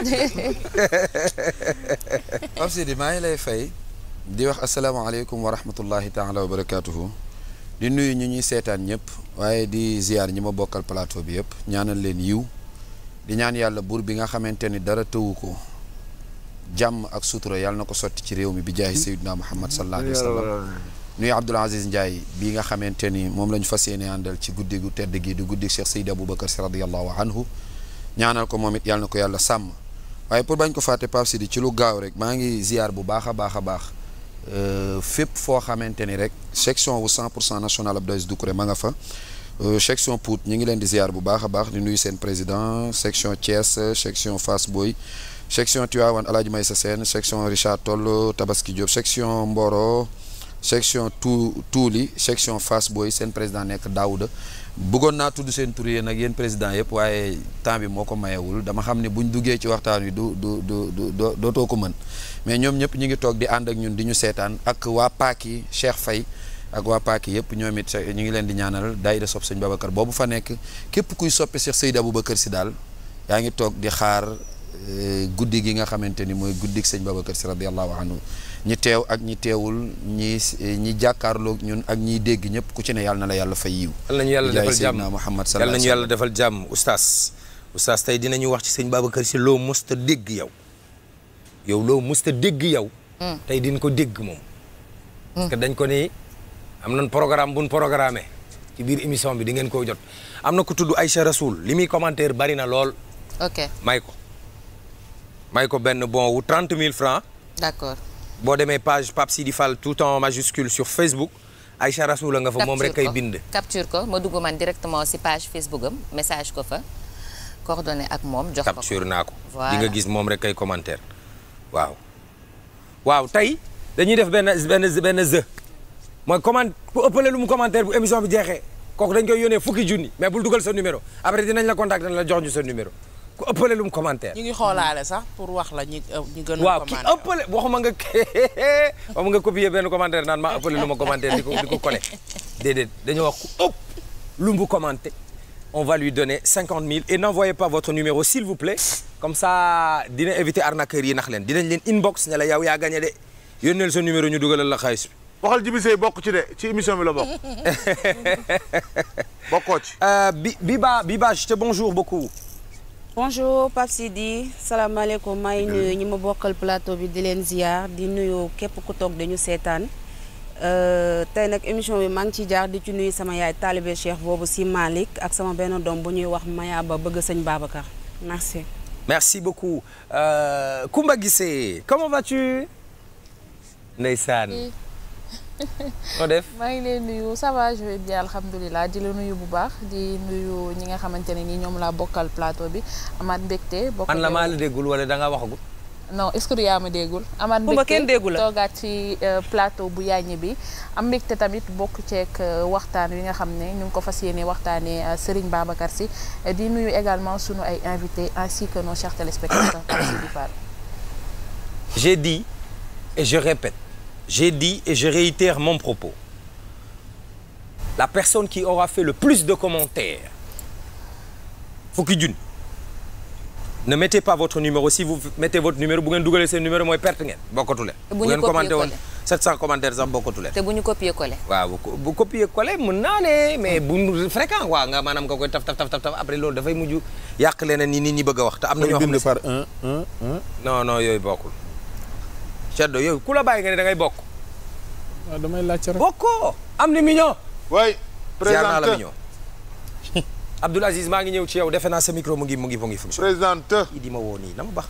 Pape Sidi maa ngi lay fay. di wax asalaamaaleykum wa rahmatullahi taala wa barakaatuhu. di nuyu ñu ñuy seetaan ñëpp waaye di ziar ñu ma bokkal plateau bi yëpp ñaanal leen yiw. di ñaan yàlla buur bi nga xamante ni dara tëwu ko jàmm ak sutura yàlla na ko sotti ci réew mi bi jaay Seydina Muhammad sallallahu alayhi wa sallam nuyu Abdoul Aziz Ndiaye bi nga xamante ni moom la ñu fas yéene ci guddi gu tedd gi di guddi Cheikh Seydi Aboubacar si radiyallahu anhu ñaanal ko moom it yàlla na ko yàlla sàmm waaye pour bañ ko fàtte Pape Sidi ci lu gaaw rek maa ngi ziar bu baax a baax a baax euh, fépp foo xamante ni rek section wu 100 pour cent national Abdoul Aziz Doucouré ma nga fa Euh, section Pout ñu ngi leen di ziar bu baax a baax di nuyu seen président section Thiès section Fass Boy section Tivaouane may sa seen section Richard Toll Tabaski Diop section Mboro section tou Tuuli section Fass Boy seen président nekk daawuda bëggoon naa tudd seen tur yéen nag yéen président yëpp waaye temps bi moo ko mayewul dama xam ne buñ duggee ci waxtaan wi du du du doo dootoo ko mën mais ñoom ñëpp ñu ngi toog di ànd ak ñun di ñu seetaan ak waa Paki Cheikh Faye ak waa Paaki yëpp ñoom it ñu ngi leen di ñaanal daayira sopp sëñ Babacar boobu fa nekk képp kuy soppe Cheikh Seydou Aboubacar si daal yaa ngi toog di xaar eh, guddi gi nga xamante ni mooy guddi sëñ Babacar si radiyallahu anhu ñi teew ak ñi teewul ñi eh, ñi jàkkaarloog ñun ak ñiy dégg ñëpp ku ci ne yàlla na la yàlla fay yiw yàlla na yàlla defal jàmm Muhammad yàlla nañu yàlla defal jàmm oustaz oustaz tey dinañu wax ci sëñ Babacar si loo musta dégg yow yow loo musta dégg yow hmm. tey din ko dégg moom parce am na programme bu nu programmé ci biir émission bi di ngeen ko jot am na ko tudd Aïcha Rasoul li muy commentaire bari na lool. ok may ko may ko benn bon wu trente mille francs. d'accord boo demee page Pape Sidi Fall tout en majuscule sur Facebook Aïcha Rasoul la nga fa moom rek ay bind. capture ko ma dugg man directement si page Facebook am message ko fa coordonné ak moom jox ko capture naa ko. di nga gis moom rek ay commentaire waaw. waaw tey dañuy def benn benn mooy comment bu ëppale lu mu commentaire bu émission bi jeexee kooku dañ koy yónnee fukki junni mais bul dugal sa numéro après dinañ la contacter la jox ñu sa numéro ku ëppale lu commentaire. ñu ngi xoolaale sax pour wax la ñi euh, ñi gën a. nga waxuma benn commentaire naan maa ëppale lu ma commentaire di ko di ko collé déedéet dañoo wax ku ëpp lu mu commenté on va lui donner cinquante dina éviter arnaqueurs yi nax leen dinañ leen inbox ne la yow yaa gagné de yónneel sa numéro ñu dugalal la xaalis waxal Djibi Seye bokk ci de ci émission bi la bokk bokkoo ci. Euh, bi Biba Biba je te bonjour beaucoup. bonjour Pape Sidi salaamaaleykum maa ngi nuyu ñi ma bokkal plateau bi di leen ziar di nuyu képp ku toog dañu seetaan euh, tey nag émission bi maa ngi ciy jaar di ci nuyu sama yaay taalibe Cheikh boobu si Malick ak sama benn doom bu ñuy wax Maya ba bëgg sëñ Babacar merci. merci beaucoup euh, Koumba Gissé comment noo def maa ngi lay nuyu ça va je di la nuyu bu baax di nuyu ñi nga xamante ne ni ñoom laa bokkal plateau bi amaat mbégte. bokkal man la maa la déggul wala da nga waxagul. non est-ce que du yaa ma déggul. amaat mbégte toogaat ci euh, plateau bu yaaññi bi. am mbégte tamit bokk ceek euh, waxtaan wi nga xam ne ñu ngi ko fas yéene waxtaanee euh, Serigne Babacar si di nuyu également sunu ay invités ainsi que nos chers téléspectateurs. j'ai dit et je répète. J'ai dit et je réitère mon propos. La personne qui aura fait le plus de commentaires, fukki junni ne mettez pas votre numéro si vous mettez votre numéro bu ngeen dugalee seen numéro mooy perte ngeen bokkatu leen. bu ngeen commenté woon 700 commentaires sax bokkatu leen. te bu ñu copier collé. waaw bu copier collé mën naa ne mais bu fréquent quoi nga maanaam nga koy taf taf taf taf après loolu dafay mujj yàq ne ni nit ñi bëgg a wax. te am na ñoo xam ne par un un un. non bokkul. Ceddo yow ku la bàyyi nga ne da ngay bokk. waaw ah, damay bokkoo am ni Mignon. waay présidente ziar la Mignon. Abdoul Aziz maa ngi ñëw ci yow defe naa sa micro mu ngi mu ngi mu ngi fonctionné. présidente idi ma woo nii na mu baax.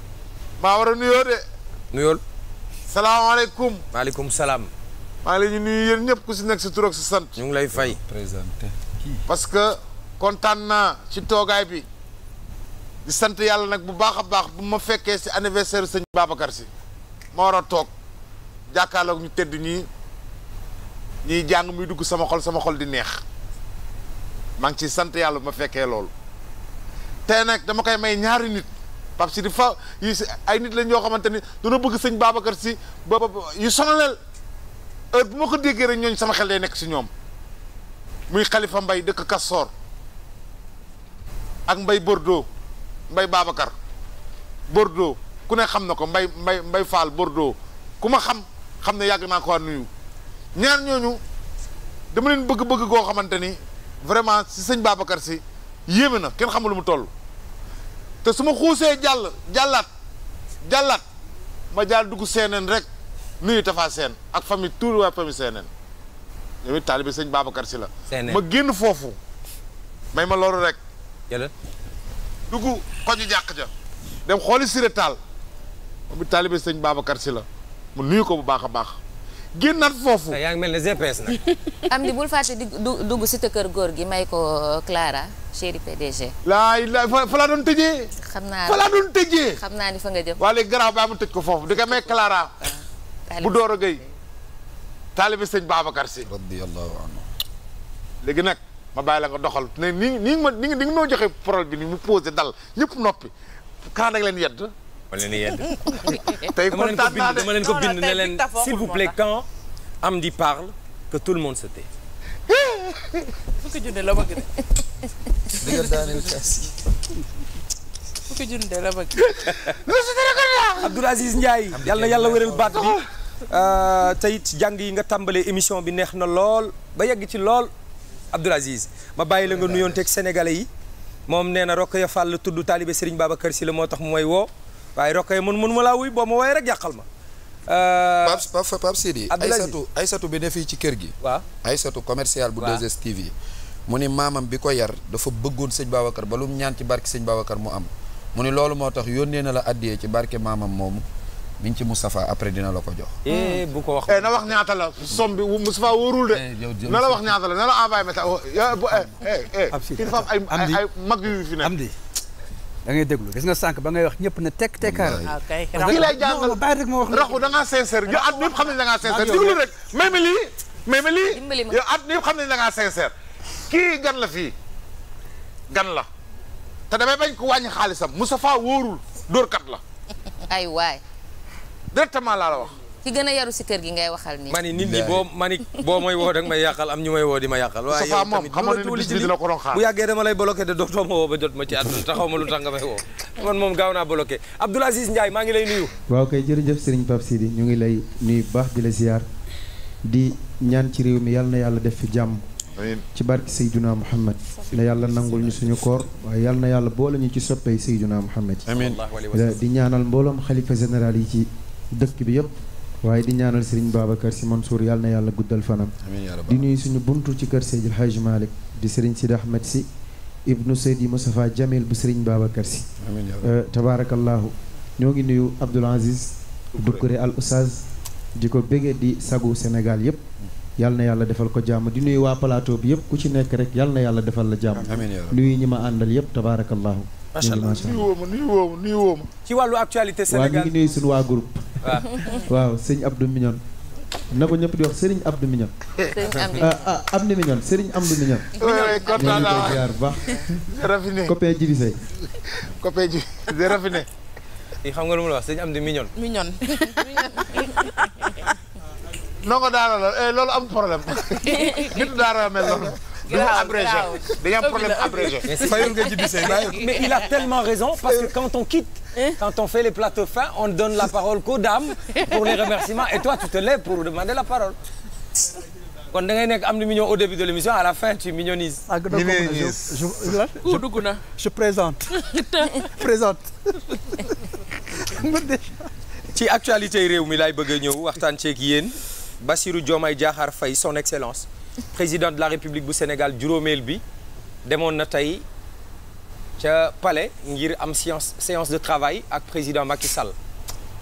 maa war a nuyoo de. nuyool. salaamaaleykum. maaleykum salaam. maa ngi leen di nuyu yéen ñëpp ku si nekk si tur si sant. ñu ngi lay fay. présidente parce que kontaan naa ci toogaay bi. di sant yàlla nag bu baax a baax bu ma fekkee si anniversaire sëñ Babacar si. ma war a toog jàkkaarlook ñu tedd ñii ñiy jàng muy dugg sama xol sama xol di neex maa ngi ciy sant yàlla bu ma fekkee loolu te nag dama koy may ñaari nit Pape Sidi fa yu si ay nit lañ yoo xamante ni duna bëgg sëñ Babacar si ba yu sonaleel heure bu ma ko déggee rek ñooñ sama xel day nekk si ñoom muy xalifa mbay dëkk Kassoor ak Mbaye Bordeaux Mbaye Babacar Bordeaux ku ne xam na ko mbay mbay mbay faal Bordeaux ku ma xam xam ne yàgg naa ko nuyu ñaar ñooñu dama leen bëgg-bëgg koo xamante ni vraiment si sëñ Babacar si yéeme na kenn xamul lu mu toll te su ma xuusee jàll jàllaat jàllaat ma jàll dugg seeneen rek nuyu Tafa Seen ak famille tuur waa famille seeneen yow it taalibe sëñ Babacar si la. ma génn foofu may ma loolu rek. dugg ko ñu jàq ja dem xooli Siré Taal. moom it taalibe sëñ Babacar si la mu nuyu ko bu baax a baax génnaat foofu. yaa ngi mel ne GPS nag. am di bul fàtte di dugg si te kër góor gi may ko euh, Clara chéri PDG. laay la fa doon tëjee. xam naa fa laa doon tëjee. xam naa ni fa nga jëm. waa léegi garaaw ba mu tëj ko foofu di ko may Clara. Ah, bu door a gay. taalibe sëñ Babacar si. radiyallahu anhu. léegi nag ma bàyyi la nga doxal ne ni ni nga ma ni nga noo joxe parole bi ni mu posé dal ñëpp noppi. Clara da leen yedd. ma leen di yedd tey kontaan dama leen ko bind ne leen s'il vous plaît quand Amdy parle que tout le monde se tait. fukki la bëgg de. di nga daaneel kaas yi. fukki Aziz Ndiaye yàlla na yàlla wéral baat bi. Euh, tey jàng yi nga tàmbalee émission bi neex na lool ba yegg ci lool Abdoul Aziz ma bàyyi la nga nuyoonteeg sénégalais yi moom nee na Rokhaya Fall tudd taalibe Serigne Babacar Sy la moo tax mooy woo. waaye rokkee mën mën ma laa wuy boo ma woowee rek yàqal ma. Euh, Pape Pape Pape Sidi. ay Aysatu bi ne fii ci kër gi. waaw Aysatu commercial bu 2STV. mu ni maamam bi ko yar dafa bëggoon sëñ Babacar ba lu mu ñaan ci barke sëñ Babacar mu am mu ni loolu moo tax yónnee na la addiyee ci barke maamam moomu. biñ ci Moustapha après dina la ko jox. Eh, ko wax eh, na wax ñaata la somme bi Moustapha wóorul de. Eh, na la wax ñaata la na la envoyé message. Oh, ab si il faut ay ay mag yu da ngay déglu gis nga sànq ba ngay wax ñëpp na tek tekkaaral. Ah, kii lay jàngal bàyyi rek ma wax. raxu da ngaa sincère yow at xam nañ da ngaa sincère déglu rek may ma lii may ma lii yow at ñëpp xam nañ da ngaa sincère kii gan la fii gan la te damay bañ ko wàññi xaalisam Moustapha wóorul dóorkat la ay waay directement laa la wax ki gën a yaru si kër gi ngay waxal nii. mani nit ñi boo mani boo may woo rek may yàqal am ñu may woo di ma yàqal. waaye yow tamit bu yàggee dama lay bloqué de dootoo ma woo ba jot ma ci àdduna taxaw ma lu tax nga may woo man moom gaaw naa bloqué Abdoul Aziz Ndiaye maa ngi lay nuyu. waaw kay jërëjëf jëf Pape Sidi ñu ngi lay nuyu baax di la ziar di ñaan ci réew mi yàlla na yàlla def fi jàmm. ci barke Seydina Muhammad na yàlla nangul ñu suñu koor waaye yàlla na yàlla boole ñu ci soppey Seydina Muhammad amiin di ñaanal mbooloom xalifa général yi ci dëkk bi yëpp waaye di ñaanal Serigne Babacar Sy Mansour yàlla na yàlla guddal fanam di nuyu suñu buntu ci kër Seydil Hadji Malick di Serigne Sidi Ahmed Sy ibnu Seydi Moustapha Jamil bu Serigne Babacar Sy euh, tabaarakallaahu ñoo ngi nuyu Abdoul Aziz Doucouré Al Oustaz di ko bége di sagu Sénégal yépp yàlla na yàlla defal ko jàmm di nuyu waa plateau bi yëpp ku ci nekk rek yal na yàlla defal la jàmm nuyu ñi ma àndal yëpp tabaarakallaahu macha allah nuyu woo ma nuyu ci wàllu actualité Sénégal waaw ñu ngi nuyu suñu waa groupe. waaw sëñ Abdou Mignon. na ko ñëpp di wax Serigne Abdou Mignon. Ah, ah Abdou Mignon Serigne Abdou Mignon. bu baax. raffiné copain Jibi Sey. copain Jibi de raffiné. Eh, xam nga lu ma la wax Serigne Abdou Mignon. Mignon. la mel noonu. dañoo problème abrégé. mais il a tellement raison parce que quand on quitte. quand on fait les plateaux fins on donne la parole qu'aux dames pour les remerciements et toi tu te lèves pour demander la parole. kon da ngay nekk am na mignon au début de l'émission à la fin tu mignonises. ah je dugg na je présente. présente. ci actualité réew mi laay bëgg a ñëw waxtaan ceeg yéen Bassirou Diomaye Diakhar Faye son excellence. président de la république bu Sénégal juróomeel bi demoon na tey ca pale ngir am séance séance de travail ak président Macky Sall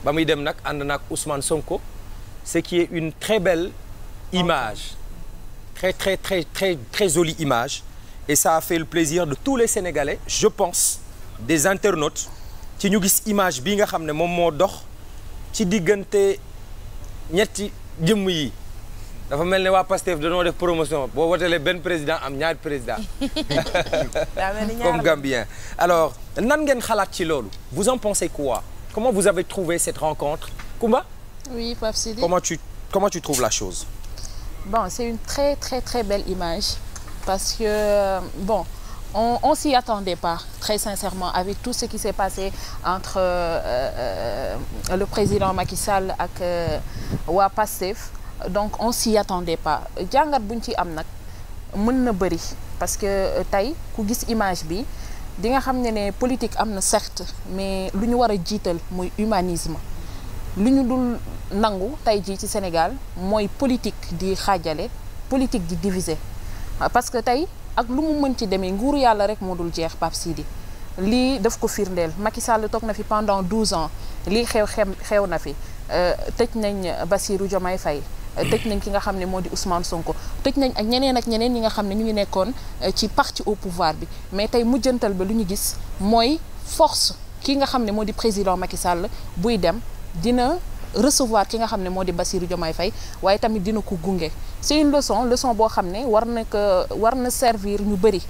ba muy dem nag ànd na ak Ousmane Sonko ce qui est une très belle image très très jolie image et ça a fait le plaisir de tous les Sénégalais je pense des internautes ci ñu gis image bi nga xam ne moom moo dox ci diggante ñetti jëmm yi dafa mel ne waa Pastef dañoo def promotion boo wotelee benn président am ñaari président comme Gambien alors nan ngeen xalaat ci loolu vous en pensez quoi comment vous avez trouvé cette rencontre Koumba oui Pape Sidi comment tu trouves la chose bon c'est une très belle image parce que euh, bon on on s'y attendait pas très sincèrement avec tout ce qui s'est passé entre euh, euh, le président Macky Sall ak euh, waa donc on s'y attendait pas jàngat buñ ci am nag mën na bëri parce que euh, tey ku gis image bi di nga xam ne ne politique am na certes mais lu ñu war a jiital mooy humanisme lu ñu dul nangu tey jii ci Sénégal mooy politique di xaajale politique di diviser ah, parce que tey ak lu mu mën ci demee nguur yàlla rek moo dul jeex Pape Sidi lii daf ko firndeel Macky Sall toog na fi pendant douze ans lii xew xew xew na fi euh, tëj nañ Bassirou jomay Faye tëj nañ ki nga xam ne moo di Ousmane Sonko tëj nañ ak ñeneen ak ñeneen ñi nga xam ne ñu ngi nekkoon eh, ci parti au pouvoir bi mais tey mujjantal ba lu ñu gis mooy force ki nga xam ne moo di président Macky Sall buy dem dina recevoir ki nga xam ne moo di Bassirou Diomaye Faye waaye tamit dina ko gunge c'est une leçon leçon boo xam ne war na war na servir ñu bëri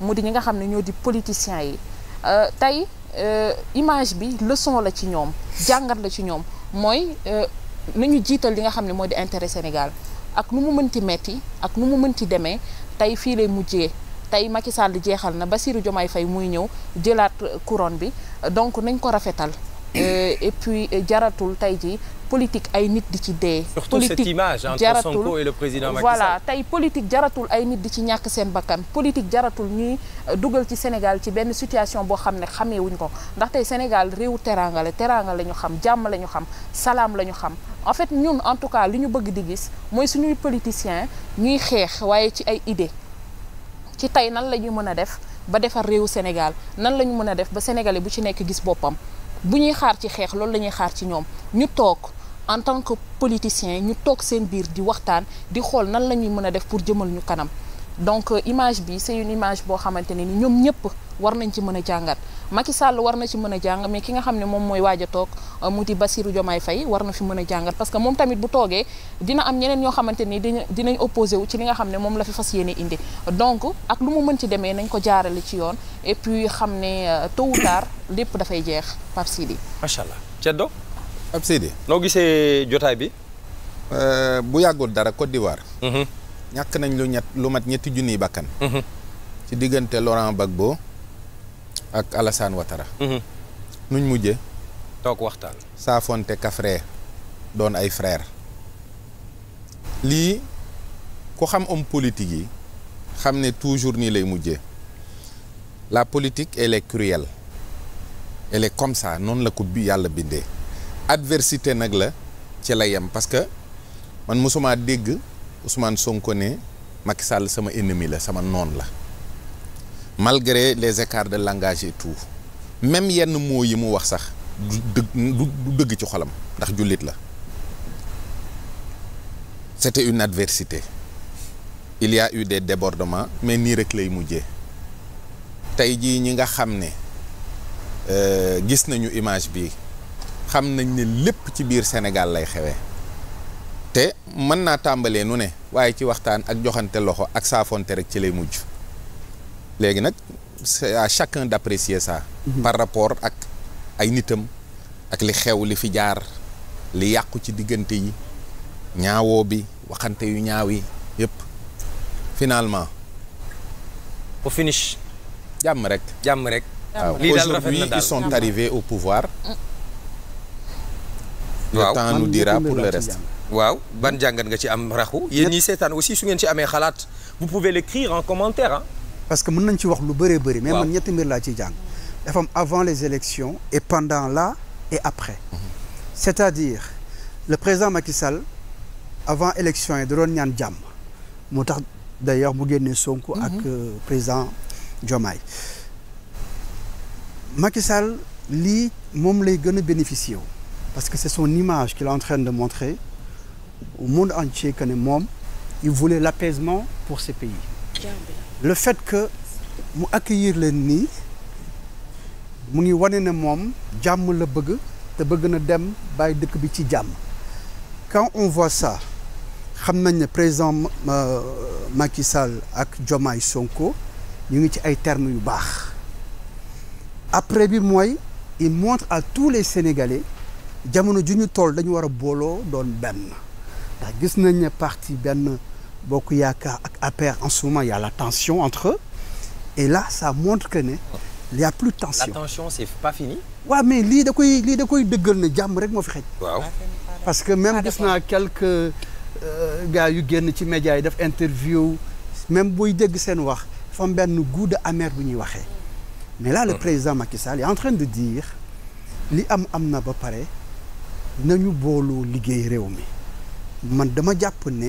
mu di ñi nga xam ne ñoo di politiciens yi euh, tey euh, image bi leçon la ci ñoom jàngat la ci ñoom mooy euh, nañu jiital li nga xam ne moo di intérêt Sénégal ak nu mu mënti metti ak nu mu mënti demee tey fii lay mujjee tey Macky Sall jeexal na Bassirou Diomaye fay muy ñëw jëlaat couronne bi donc nañ ko rafetal euh, et puis euh, jaratul tey jii politique ay nit di ci dee. politique jaratul surtout cette voilà tey politique jaratul ay nit di ci ñàkk seen bakkan politique jaratul ñuy euh, dugal ci Sénégal ci benn situation boo xam ne xamee ko ndax Sénégal réewu teraanga teraangal teraanga la ñu xam jàmm la ñu xam salaam la ñu xam. en fait ñun en tout cas li ñu bëgg di gis mooy suñuy politicien ñuy xeex waaye ci ay idée ci tey nan la ñuy mën a def ba defar réewu Sénégal nan lañu ñu mën a def ba sénégalais bu ci nekk gis boppam bu ñuy xaar ci xeex loolu la ñuy xaar ci ñoom ñu toog. en tant que politicien ñu toog seen biir di waxtaan di xool nan la ñuy mën a def pour jëmal ñu kanam donc euh, image bi c'est une image boo xamante ne ni ñoom ñëpp war nañ ci mën a jàngat Macky Sall war na ci mën a jàng mais ki nga xam ne moom mooy waaja toog euh, mu di Bassirou Diomaye Faye war na fi mën a jàngat parce que moom tamit bu toogee dina am ñeneen ñoo xamante ni dina dinañ opposé wu ci li nga xam ne moom la fi fas yéene indi donc ak lu mu mën ci demee nañ ko jaarale ci yoon et puis xam ne euh, tôt ou lépp dafay jeex Pape Sidi macha allah Ceddo ab Seydi noo gisee jotaay bi. Euh, bu yàggul dara Côte d'Ivoire. Mm-hmm. ñàkk nañ lu ñett lu mat ñetti junniy bakkan. Mm-hmm. ci diggante Laurent Gbagbo ak Alassane Ouattara. Mm-hmm. nuñ mujjee. saafonte kafre doon ay frère lii ku xam homme politique yi xam ne toujours nii lay mujjee la politique elle est cruelle comme ça noonu la ko yàlla bindee. adversité nag la ci la yem parce que man mosumaa dégg Ousmane Sonko ne Macky sàll sama ennemi la sama noon la malgré les écarts de langage et tout même yenn mots yi mu wax sax du dëgg ci xolam ndax jullit la c'était une adversité il y a eu des débordements mais nii rek lay mujjee tey jii ñi nga xam ne euh, gis nañu image bi xam nañ ne lépp ci biir Sénégal lay xewee te mën naa tàmbalee nu ne waaye ci waxtaan ak joxante loxo ak saafonte rek ci lay mujj léegi nag chaque à chacun d'apprécier ça mhm. par rapport ak ay nitam ak li xew li fi jaar li yàqu ci diggante yi ñaawoo bi waxante yu ñaaw yi yëpp finalement au finish jàmm rek jàmm rek waaw aujourd'hui ils sont arrivés au pouvoir mm. waaw le temps nous dira pour le waaw ban jàngat nga ci am raxu yéen ñi seetaan aussi su ngeen ci amee xalaat vous pouvez l'écrire en commentaire parce que mën nañ ci wax lu bëree bëri. mais man ñetti mbir laa ciy jàng. dafa am avant les élections et pendant la et après. Mhm. c'est-à-dire le président Macky Sall avant élections yi da ñaan jàmm moo tax d'ailleurs bu génnee Sonko. Mhm. ak euh, président jomay Macky lii moom lay gën a bénéficier wu. parce que c'est son image qu'il est en train de montrer au monde entier que ne moom il voulait l'apaisement pour ce pays le fait que mu accueillir leen nii mu ngi wane ne moom jàmm la bëgg te bëgg na dem bàyyi dëkk bi ci jàmm quand on voit ça xam nañ ne président Macky ak jommay Sonko ñu ngi ci ay termes yu baax après bi mooy il montre à tous les Sénégalais jamono ju ñu toll dañu war a booloo doon benn ndax gis nañ ne parti benn bokk yaakaar ak APR en ce moment y a la tension entre et là ça montre que ne il y a plus de tension. la tension c'est pas mais lii da koy lii da koy dëggal ne jàmm rek moo fi xëj. parce que même gis naa quelques euh, gars yu génn ci médias yi def interview même booy dégg seen wax fam benn goût de amer bu ñuy waxee mais là le président Macky Sall est en train de dire li am am na ba pare. nañu booloo liggéey réew mi man dama jàpp ne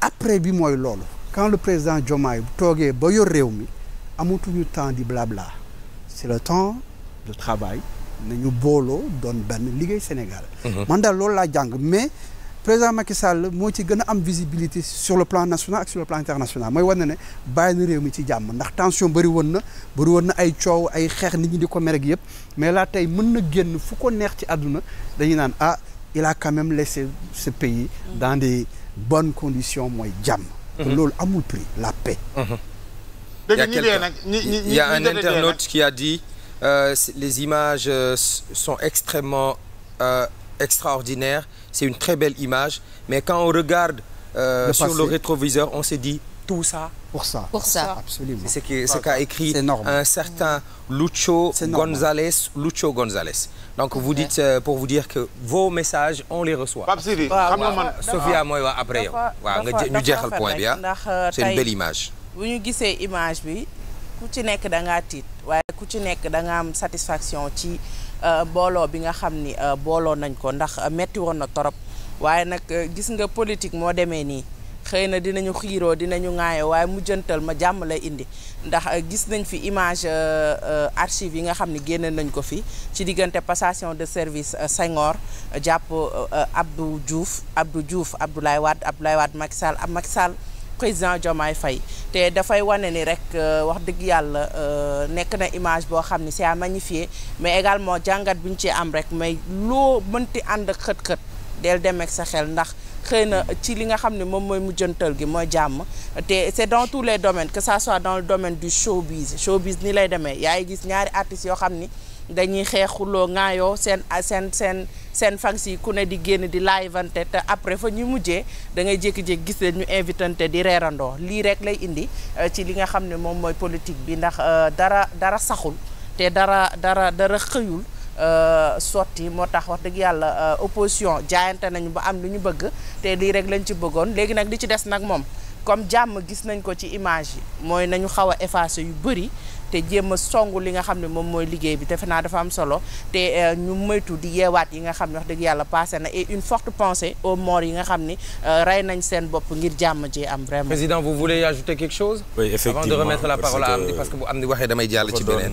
après bi mooy loolu quand le président Diomaye bu toogee ba yor réew mi amatuñu temps di blabla c'est le temps de travail nañu booloo doon benn liggéey Sénégal mhm. man daal loolu laa jàng mais président Macky Sall moo ci gën a am visibilité sur le plan national ak sur le plan international mooy wane ne bàyyi na réew mi ci jàmm ndax tension bëri woon na bëri woon na ay coow ay xeex nit ñi di ko mere ak yëpp mais la tey mën na génn fu ko neex ci àdduna dañuy naan ah il a quand même ce pays dans des bonnes conditions mooy jàmm mhm. loolu amul prix la paix mhm. il y a quelqu'un il y un internaute qui a dit euh, les images euh, sont extrêmement euh, extraordinaires c'est une très belle image mais quand on regarde euh, sur le rétroviseur on se dit tout ça pour ça. Pour ça. Absolument. C'est ce qu'a écrit un certain Lucho Gonzalez, Lucho Gonzalez. Donc vous dites euh, pour vous dire que vos messages on les reçoit. Pape Sidi xam nga man Sophia mooy wax après yow. waaw nga ñu jeexal point bi ah. Euh, c'est une belle ñu gisee image bi ku ci nekk da ngaa tiit waaye ku ci nekk danga nga am satisfaction ci euh, booloo bi nga xam ni booloo nañ ko ndax metti woon na torop waaye nag gis nga politique moo demee nii. xëy na dinañu xiiroo dinañu ŋaayoo waaye mujjantal ma jàmm lay indi ndax euh, gis nañ fi image euh, euh, archive yi nga xam ni génne nañ ko fi ci diggante passation de service Senghor jàpp Abdou Diouf Abdou juuf Abdoulaye Wade Abdoulaye Wade Macky Sall ab Macky Sall président Diomaye Faye te dafay wane ni rek wax dëgg yàlla nekk na image boo xam ni c'est à magnifier mais également jàngat bi ñu ci am rek may loo mënti ànd ak xët-xët del demeek sa xel ndax xëy na ci li nga xam ne moom mooy mujjantal gi mooy jàmm te c'est dans tous les domaines que ça soit dans le domaine du showbiz showbiz ni lay demee yaa ngi gis ñaari artistes yoo xam ni dañuy xeexuloo ŋaayoo seen seen seen seen fans yi ku ne di génn di laayvante te après fa ñuy mujjee dangay ngay jékki-jékki gis leen ñu invitante di reerandoo lii rek lay indi euh, ci li nga xam ne moom mooy politique bi ndax euh, dara dara saxul te dara dara dara xëyul Euh, sotti moo tax wax dëgg yàlla euh, opposition jaayante nañu ba am lu ñu bëgg te lii rek lañu ci bëggoon léegi nag li ci des nag moom comme jàmm gis nañ ko ci image yi mooy nañu xaw a effacé yu bëri te jéem a songu li nga xam ne moom mooy liggéey bi defe naa dafa am solo te euh, ñu moytu di yeewaat yi nga xam ne wax dëgg yàlla passé na et une forte pensée aux morts yi nga xam ni rey nañ seen bopp ngir jàmm ji am vraiment. président vous voulez ajouter quelque chose. ci beneen. image yoo xamante ni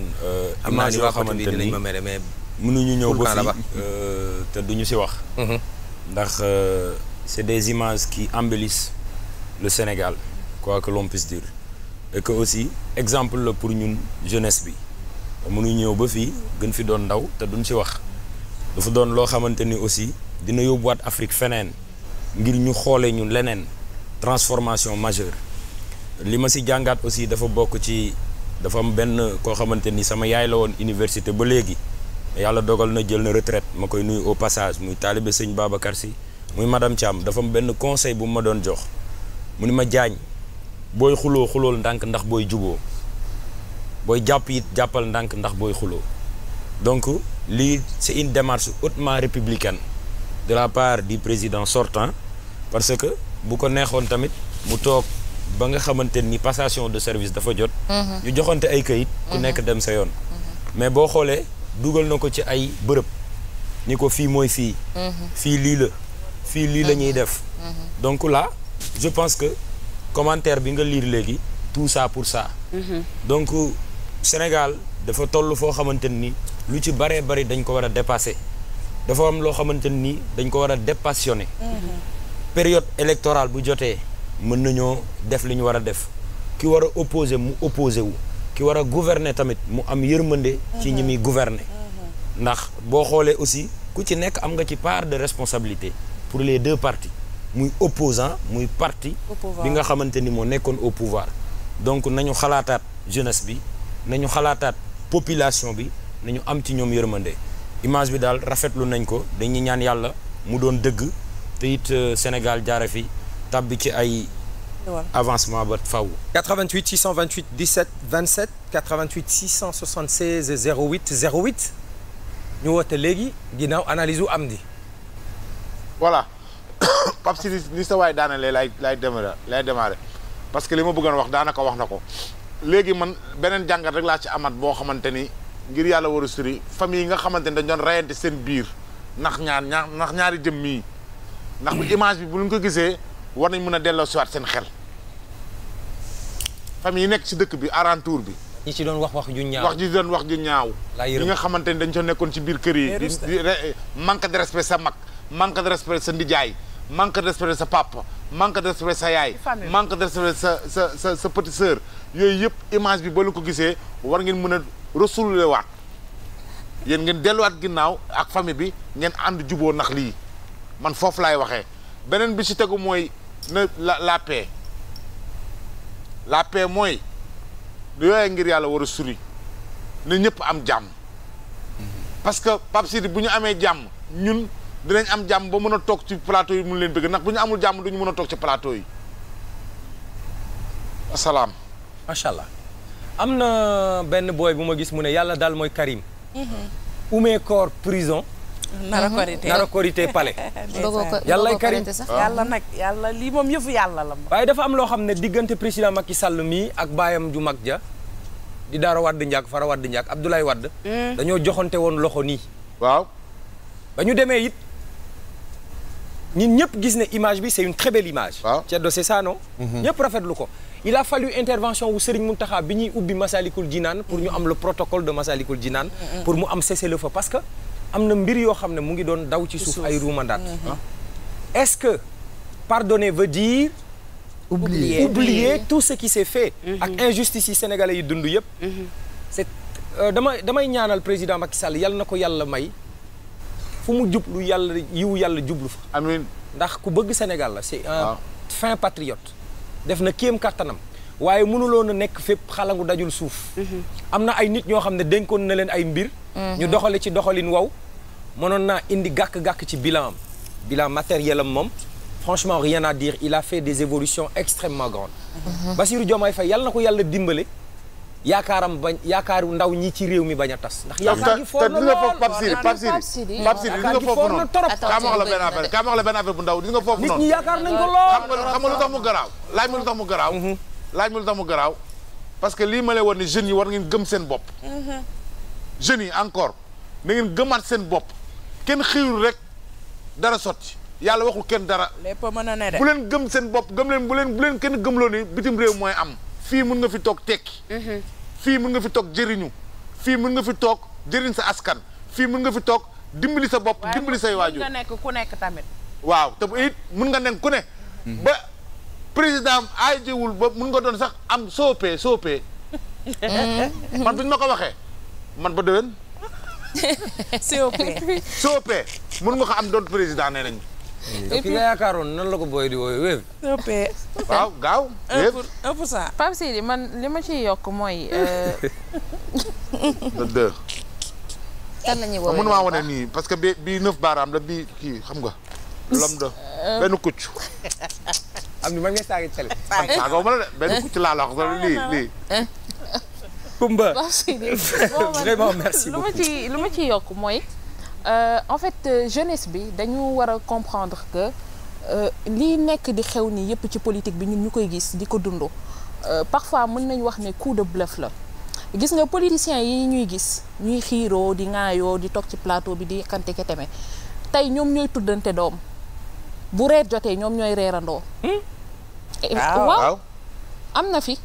am naa ñoo xamante ni dinañ mënuñu ñëw ba fii euh, te duñu ci wax. Mhm. ndax euh, c'est des images qui embellissent le Sénégal quoi que l'on puisse que aussi exemple la pour ñun jeunesse bi mënuñu ñëw ba fii gën fi doon ndaw te duñ ci wax dafa doon loo xamante ni aussi dina yóbbuwaat Afrique feneen ngir ñu xoolee ñun leneen transformation majeure li ma ci jàngaat aussi dafa bokk ci dafa am benn koo xamante ni sama yaay la woon université ba léegi. yàlla dogal na jël na retraite ma koy nuyu au passage muy taalibe sëñ Babacar si muy madame Thiam dafa am benn conseil bu ma doon jox mu ni ma jaañ booy xuloo xulool ndànk ndax booy juboo booy jàpp it jàppal ndànk ndax booy xuloo donc lii c'est une démarche hautement républicain de la part du président sortant parce que bu ko neexoon tamit mu toog ba nga xamante ni passation de service dafa jot mhm. ñu joxante ay kayit ku mhm. nekk dem sa yoon mhm. mais boo xoolee dugal na ko ci ay bërëb ni ko fii mooy fii mhm. fii lii la fii lii la ñuy mhm. def mhm. donc la je pense que commentaire bi nga liir léegi tout ça pour ça donc Sénégal dafa toll foo xamante ni lu ci baree bari dañ ko war a dépasser dafa am loo xamante ni dañ ko war a dépassionné période électorale bu jotee mën nañoo def li ñu war a def ki war a opposé mu opposé wu ki war a gouverner tamit mu am yërmande. ci ñi muy gouverner. ndax boo xoolee aussi ku ci nekk am nga ci part de responsabilité pour les deux parties muy opposant muy parti. bi nga xamante ni moo nekkoon au pouvoir. donc nañu xalaataat jeunesse bi nañu xalaataat population bi nañu am ci ñoom yërmande image bi daal rafetlu nañ ko dañuy ñaan yàlla mu doon dëgg te it euh, Sénégal jaare fi tàbbi ci ay. avancement ba faw 88 628 17 27 88 676 08 08 ñu woote léegi ginnaaw analyse u Amdy voilà Pape Sidi sa waay daanalee laay laay démarrer laay démarrer parce que li ma bëggoon wax daanaka wax na ko léegi man beneen jàngat rek laa ci amat boo xamante ni ngir yàlla war a suri famille yi nga xamante ni dañ doon rayante seen biir ndax ñaar ñaar ndax ñaari jëm mii ndax image bi bu ñu ko gisee war nañ mën a delloo siwaat seen xel famille yi nekk ci dëkk bi alentour bi. ñi ci doon wax wax ju ñaaw wax ji doon wax ju ñaaw. li nga xamante ni dañ soo nekkoon ci biir kër yi. manque de respect sa mag manque de respect sa ndijaay manque de respect sa papa manque de respect sa yaay. manque de respect sa sa sa sa petite yooyu yëpp image bi boo ko gisee war ngeen mën a resoulé waat yéen ngeen delluwaat ginnaaw ak famille bi ngeen ànd juboo nax lii man foofu laay waxee beneen bi si tegu mooy. na la la paix mooy lu yooyee ngir yàlla war a suri na ñëpp am jàmm parce que Pape bu ñu amee jàmm ñun dinañ am jàmm ba mën a toog ci plateau yi mu leen bëgg ndax bu ñu amul jàmm duñu mën a toog ci plateau yi asalaam. macha allah am na benn booy bu ma gis mu ne yàlla daal mooy Karim. Mhm. Oumécor prison. nara korité nara korité palais. yàlla korité sax ah. yàlla nag yàlla lii moom yëfu yàlla la. waaye dafa am loo xam ne diggante président Macky Sall mii ak baayam ju mag ja di Daara Wade Ndiak Fara Wade Ndiak Abdoulaye Wade. Hmm. dañoo joxante woon loxo nii. waaw. ba ñu demee it ñun ñëpp gis ne image bi c'est une très belle image. waaw Ceddo c'est ça non. Mhm. ñëpp rafetlu ko. il a fallu intervention wu Serigne Mountakha bi ñuy ubbi Massalikul naan pour ñu am le protocole de Massalikul Jinaan mhm. pour mu am cessez le parce que. am na mbir yoo xam ne mu ngi doon daw ci suuf ay ruumandaat mm-hmm. ah. est-ce que pardonner veut dire oublier oublier tout ce qui s'est fait mm-hmm. ak injustice yi sénégalais yi dund yëpp mm-hmm. c'est euh, dama damay ñaanal président Macky Sall yàlla na ko yàlla may fu mu jublu yàlla yiw yàlla jublu fa ndax ku bëgg Sénégal la c'est un fin patriote def na kéem kattanam waaye mënuloon a nekk fépp xalangu dajul suuf am na ay nit ñoo xam ne dénkoon na leen ay mbir ñu doxale ci doxalin waw mënoon naa indi gàkk-gàkk ci bilan am bilan matériel am moom franchement rien à dire il a fait des évolutions extrêmement grandes mhm. Bassirou Diomaye Faye yàlla na ko yàlla dimbale yaakaaram bañ yaakaaru ndaw ñii ci réew mi bañ a tas ndax yaakaar gi foor na lool waaw foofu noonu kaa ma la benn affaire bu ndaw di nga foofu noonu nit ñi yaakaar nañ ko lool xam lu tax mu garaaw laaj ma lu tax mu garaaw mhm. ma garaaw parce que lii ma lay woon ne jeunes yi war ngeen gëm seen bopp mhm. jeunes encore na ngeen gëmaat seen bopp kenn xëyul rek dara sotti yàlla waxul kenn dara. lépp mën a ne de. bu leen gëm seen bopp gëm leen bu leen bu kenn gëmloo ni bitim réew mooy am. fii mun nga fi toog tekki. Mhm. fii mun nga fi toog jëriñu. fii mun nga fi toog jëriñ sa askan. fii mun nga fi toog dimbili sa bopp. dimbali say waajur waaw mën nga nekk ku nekk tamit. waaw te bu it mën nga nekk ku ne. Mhm. ba président ay jëwul ba mën nga doon sax am soopee soopee. Mhm. man bu ñu ma ko waxee man ba déwén. COP. COP mun nga ko am doon président nee nañu. ki nga yaakaaroon na la ko booy di wooyu wéef COP. waaw gaaw wéef un pour cent Pape Sidi man li ma ciy yokk mooy. Euh, deux. kan la ñuy woowee mun maa wane nii parce que bi bii neuf baaraam la bii kii xam nga. lom de euh. benn kucc. am na man nga saagi télé. saagaw ma la de benn kucc laa la wax ah, lii lii. Kumba vraiment merci lu ma ci lu ma ci yokk mooy euh, en fait euh, jeunesse bi dañu war a comprendre que euh, lii nekk di xew ni yëpp ci politique bi ñun ñu koy gis di ko dund parfois mën nañ wax ne coup de bluff la gis nga politiciens yi ñuy gis ñuy xiiroo di ŋaayoo di toog ci plateau bi di yëkkante keteme tey ñoom ñooy tuddante doom bu reer jotee ñoom ñooy reerandoo hmm? eh, ah, waaw am na fi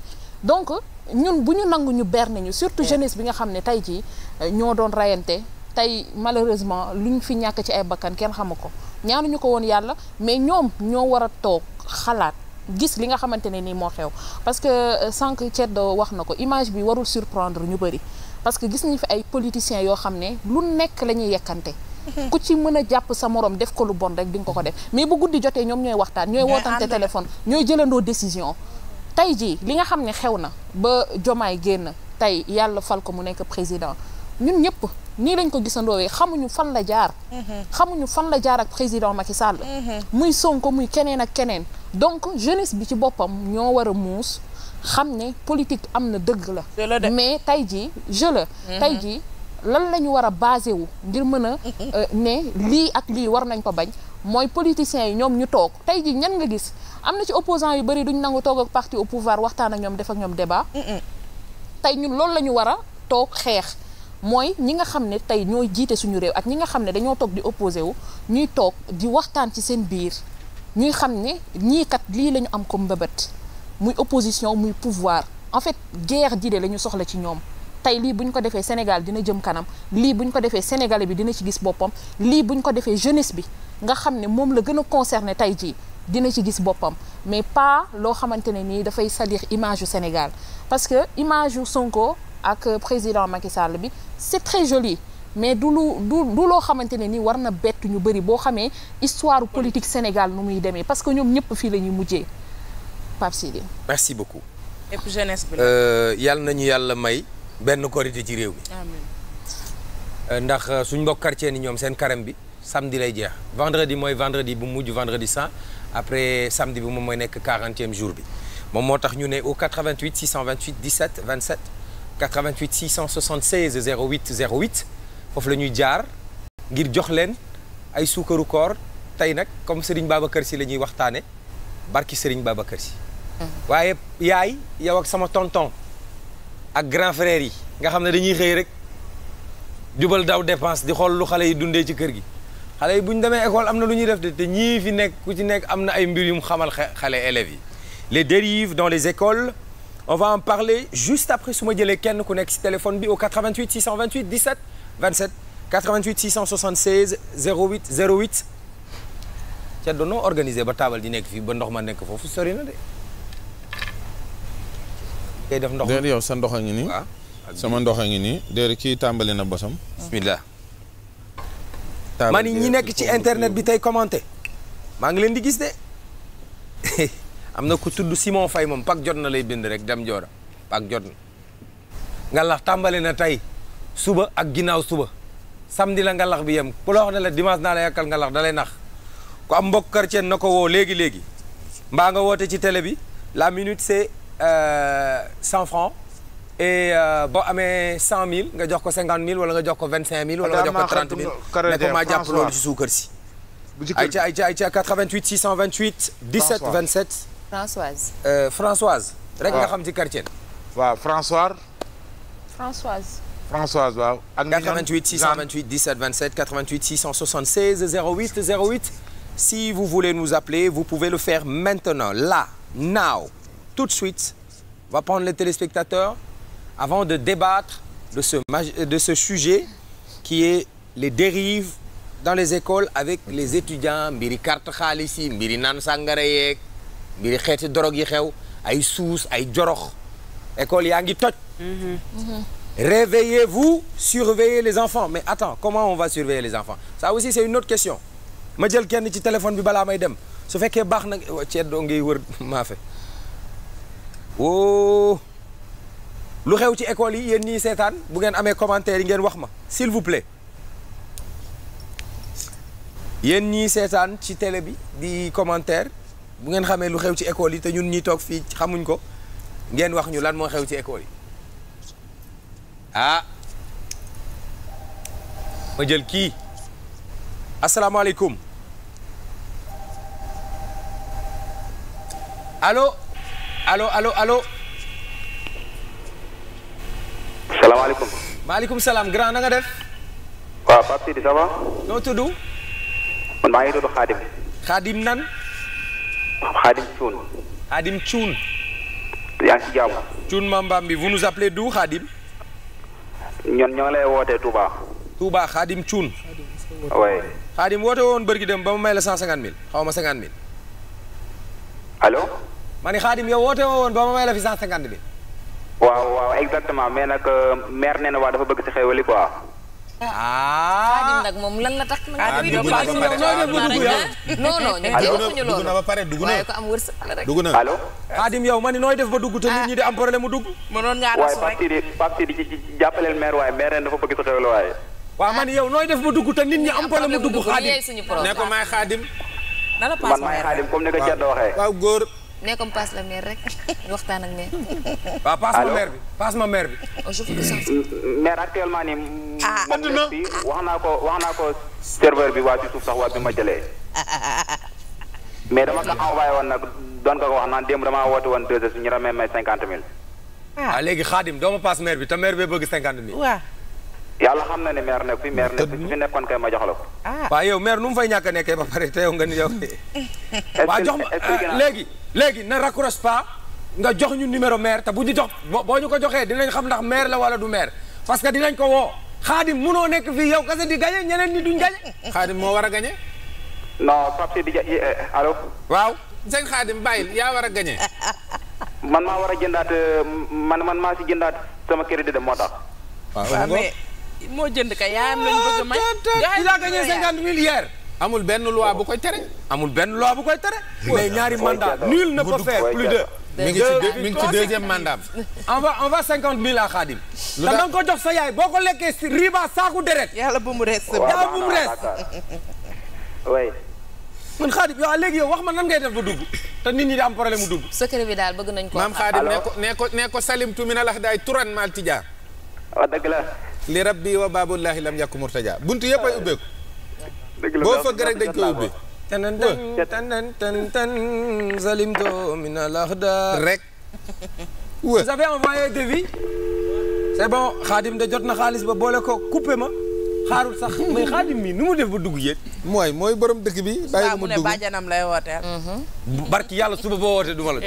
donc ñun bu ñu nangu ñu ber nañu surtout eh. jeunesse bi nga xam ne tey jii eh, ñoo doon rayante tey malheureusement lu ñu fi ñàkk ci ay bakkan kenn xamu ko ñu ko woon yàlla mais ñoom ñoo war a toog xalaat gis li nga xamante ne nii moo xew parce que eh, sànq Ceddo wax na ko image bi warul surprendre ñu bëri parce que gis nañu fi ay politiciens yoo xam ne lu nekk la ñuy yekkante ku ci mën a jàpp sa morom def ko lu bon rek di nga ko ko def mais bu guddi jotee ñoom ñooy waxtaan ñooy wootante téléphone ñooy jëlandoo décision tey jii li nga xam ne xew na ba Jomaay génn tey yàlla fal ko mu nekk président ñun ñëpp nii lañ ko gisandoowee xamuñu fan la jaar. Mhm. xamuñu fan la jaar ak président ci Sall. Mhm. muy sonk muy keneen ak keneen. donc jeunesse bi ci boppam ñoo war a muus xam ne politique am na dëgg la. mais tey jii jeu la. Mhm. tey jii lan la ñu war a basé wu ngir mën a. Euh, ne lii ak lii war nañ ko bañ. mooy politiciens yi ñoom ñu toog tey jii ñan nga gis. am na ci opposants yu bëri duñ nangu toog ak parti au pouvoir waxtaan ak ñoom def ak ñoom débat. tey ñun loolu la ñu war a toog xeex mooy ñi nga xam ne tey ñooy jiite suñu réew ak ñi nga xam ne dañoo toog di opposé wu ñuy toog di waxtaan ci seen biir ñuy xam ne ñii kat lii la ñu am comme mbëbët muy opposition muy pouvoir en fait guerre d'idées la ñu soxla ci ñoom. tey lii bu ñu ko defee Sénégal dina jëm kanam lii bu ko defee Sénégalais bi dina ci gis boppam lii bu ñu ko defee jeunesse bi nga xam ne moom la gën a concerné tey jii dina ci gis boppam mais pas loo xamante ne nii dafay salir image yu Sénégal parce que image yu Sonko ak président Macky Sall bi c'est très joli mais du lu du loo xamante ne nii war na bett ñu bëri boo xamee histoire politique Sénégal nu muy demee parce que ñoom ñëpp fii la ñuy mujjee Pape Sidi. merci beaucoup. et puis jeunesse bi euh, yàlla yàlla may benn korité ci réew mi. Euh, ndax euh, suñ mbokk quartier ni ñoom seen carême bi samedi lay jeex vendredi mooy vendredi bu mujj vendredi sans après samedi bi moom mooy nekk quarantième jour bi moom moo tax ñu ne au 88 628 17 27 88 676 08 08 foofu la ñuy jaar ngir jox leen ay suukaru koor tey nag comme Serigne Babacar Sy la ñuy waxtaane barki Serigne Babacar Sy waaye yaay yow ak sama tonton ak grand frère yi nga xam ne dañuy xëy rek jubal daw dépense di xool lu xale yi dundee ci kër gi xale yi bu ñu demee école am na lu ñuy def de te ñii fi nekk ku ci nekk am na ay mbir yu mu xamal xale élèves yi les dérives dans les écoles on va en parler juste après su ma jëlee kenn ku nekk ci téléphone bi au 88 628 17 27 88 676 08 08 ca doonoo organisé ba taabal di nekk fii ba ndox ma nekk foofu sori na de. day def ndox yow sa ndox a ngi nii. sama ndox a ngi nii déedéet kii tàmbali na bosam. bismillah. ma ni ñi nekk ci internet bi tey commenté maa ngi leen di gis de am na ku tudd Simon fay moom pak jot na lay bind rek dem joora pak jot na nga lax tàmbali na tey suba ak ginnaaw suba samedi la nga bi yem ku la wax ne la dimanche naa la yàkkal ngalax lax da lay nax ku am mbokk quartier na ko woo léegi léegi mbaa nga woote ci tele bi la minute c'est euh, cent francs et euh, boo amee cent mille jox ko cinquante mille wala nga jox ko vingt cinq mille wala nga jox ko trente mille ne ko maa jàpp loolu ci suukar si ay ca ay ca ay ca 88 628 17 27 Françoise euh, Françoise rek nga ah. xam ci quartier waaw François Françoise Françoise waaw ak 88 628 17 27 88 676 08 08 si vous voulez nous appeler vous pouvez le faire maintenant avant de débattre de ce, de ce sujet qui est les dérives dans les écoles avec les étudiants mbiri carte xaalis yi mbiri naan sàngara yeeg mbiri xeeti dorog yi xew ay suus ay jorox école yaa ngi toj mm-hmm. réveillez-vous surveillez les enfants mais attends comment on va surveiller les enfants ça aussi c'est une autre question ma jël kenn ci téléphone bi balaa may dem su fekkee baax na ceeb doo ngi wër maafe woo lu xew ci école yi yéen ñii seetaan bu ngeen amee commentaire yi ngeen wax ma s'il vous yéen ñii seetaan ci télé bi di commentaire bu ngeen xamee lu xew ci école yi te ñun ñii toog fii xamuñ ko ngeen wax ñu lan moo xew ci école yi ah ma jël kii asalaamaaleykum allo allo alo alo salaamaaleykum. maaleykum salaam grand nanga def. waaw Pape Sidi ça va. noo tudd. man maa ngi tudd Xaadim. Xaadim nan. Xaadim Cuun. Xaadim Cuun. yaa ngi ci jàmm. Cuun Mambam bi vous nous appelez d'où Xaadim. ñoon ñoo ngi lay wootee Touba. Touba Xaadim Cuun. oui. Xaadim woote woon bërgi dem ba mu may la cent cinquante mille xaw ma cinquante mille. allo. ma ni Xaadim yow woote woon ba ma may fi cent waaw waaw exactement mais nag euh, maire nee na waa dafa bëgg si xéwali quoi. ah nag moom lan la tax. ah dugg na ba pare dugg na am wërsëg la rek. dugg na allo. Xaadim yow ma ni nooy def ba dugg te nit ñi di am problème mu dugg. mënoon ngaa rasu rek waaye Pape Sidi ci jàppaleel maire waaye maire dafa bëgg si xéwali waaye. waaw man yow nooy def ba dugg te nit ñi am problème mu dugg Xaadim ne ko may Xaadim. man may Xaadim comme ni ko Jadda waxee. waaw góor. nekkoon passe la mère rek waxtaan ak mère. waaw passe ma mère bi passe ma mère bi. Oh, je mère actuellement nii. ah moom wax naa ko wax naa ko serveur bi waa ci suuf sax waa bi ma jëlee. Ah, ah, ah, mais dama ko envoyé woon nag doon ko ko wax naan démb damaa woote woon deux heures ñu ramee may cinquante mille. ah léegi xaadim doo ma passe mère bi te mère bee bëgg cinquante mille. waaw. yàlla xam na ne mère nekk fi mère nekk fi nekkoon kay ma jox la ko. waaw yow mère nu mu fay ñàkk a nekkee ba pare te yow nga ni jox ma léegi. léegi na raccroche pas nga jox ñu numéro maire te bu ñu jox boo ñu ko joxee dinañ xam ndax maire la wala du maire parce que dinañ ko woo xaadim munoo nekk fii yow kese di gañe ñeneen ni duñ gañe xaadim moo war a gañe non Pape Sidi eh, eh, allo waaw sëñ xaadim bàyyil yaa war a gañe man maa war a jëndaat eh, man man maa si jëndaat sama crédit de moo tax waaw moo jënd ka yaayam lañ bëgg may oh, yaa gagné cinquante mille hier amul benn loi bu koy tere. amul benn loi bu koy tere. ñaari mandat nul ne peut faire plus mi ngi ci mi ngi ci deuxième mandat bi. on va on va ko jox sa yaay boo ko lekkee si riba saaku deret. yàlla la mu rees. yàlla bu mu rees. oui. man Khadim yow léegi yow wax ma nan ngay def ba dugg te nit ñi di am problème mu dugg. secret bi daal bëgg nañ ko maam Khadim ne ko ne ko ne ko salimtu min allah daay turan maal tijaa. waaw ah, dëgg la. li rabbi wa baabullahi lam yakku murtaja buntu yëpp ay ubbeeku. dëgg la boo fëgg rek dañ ko ubbi. tan tan zalimtu min al axdaar rek. vous avez envoyé devis. c'est bon Khadim de jot na xaalis ba boole ko coupé ma. xaarul sax may xaadim mi nu mu def ba dugg yéen. mooy mooy borom dëkk bi. bàyyi ko mu dugg ne bàjjanam ba wooteel. Mm-hmm. barki yàlla suba boo wootee du ma la.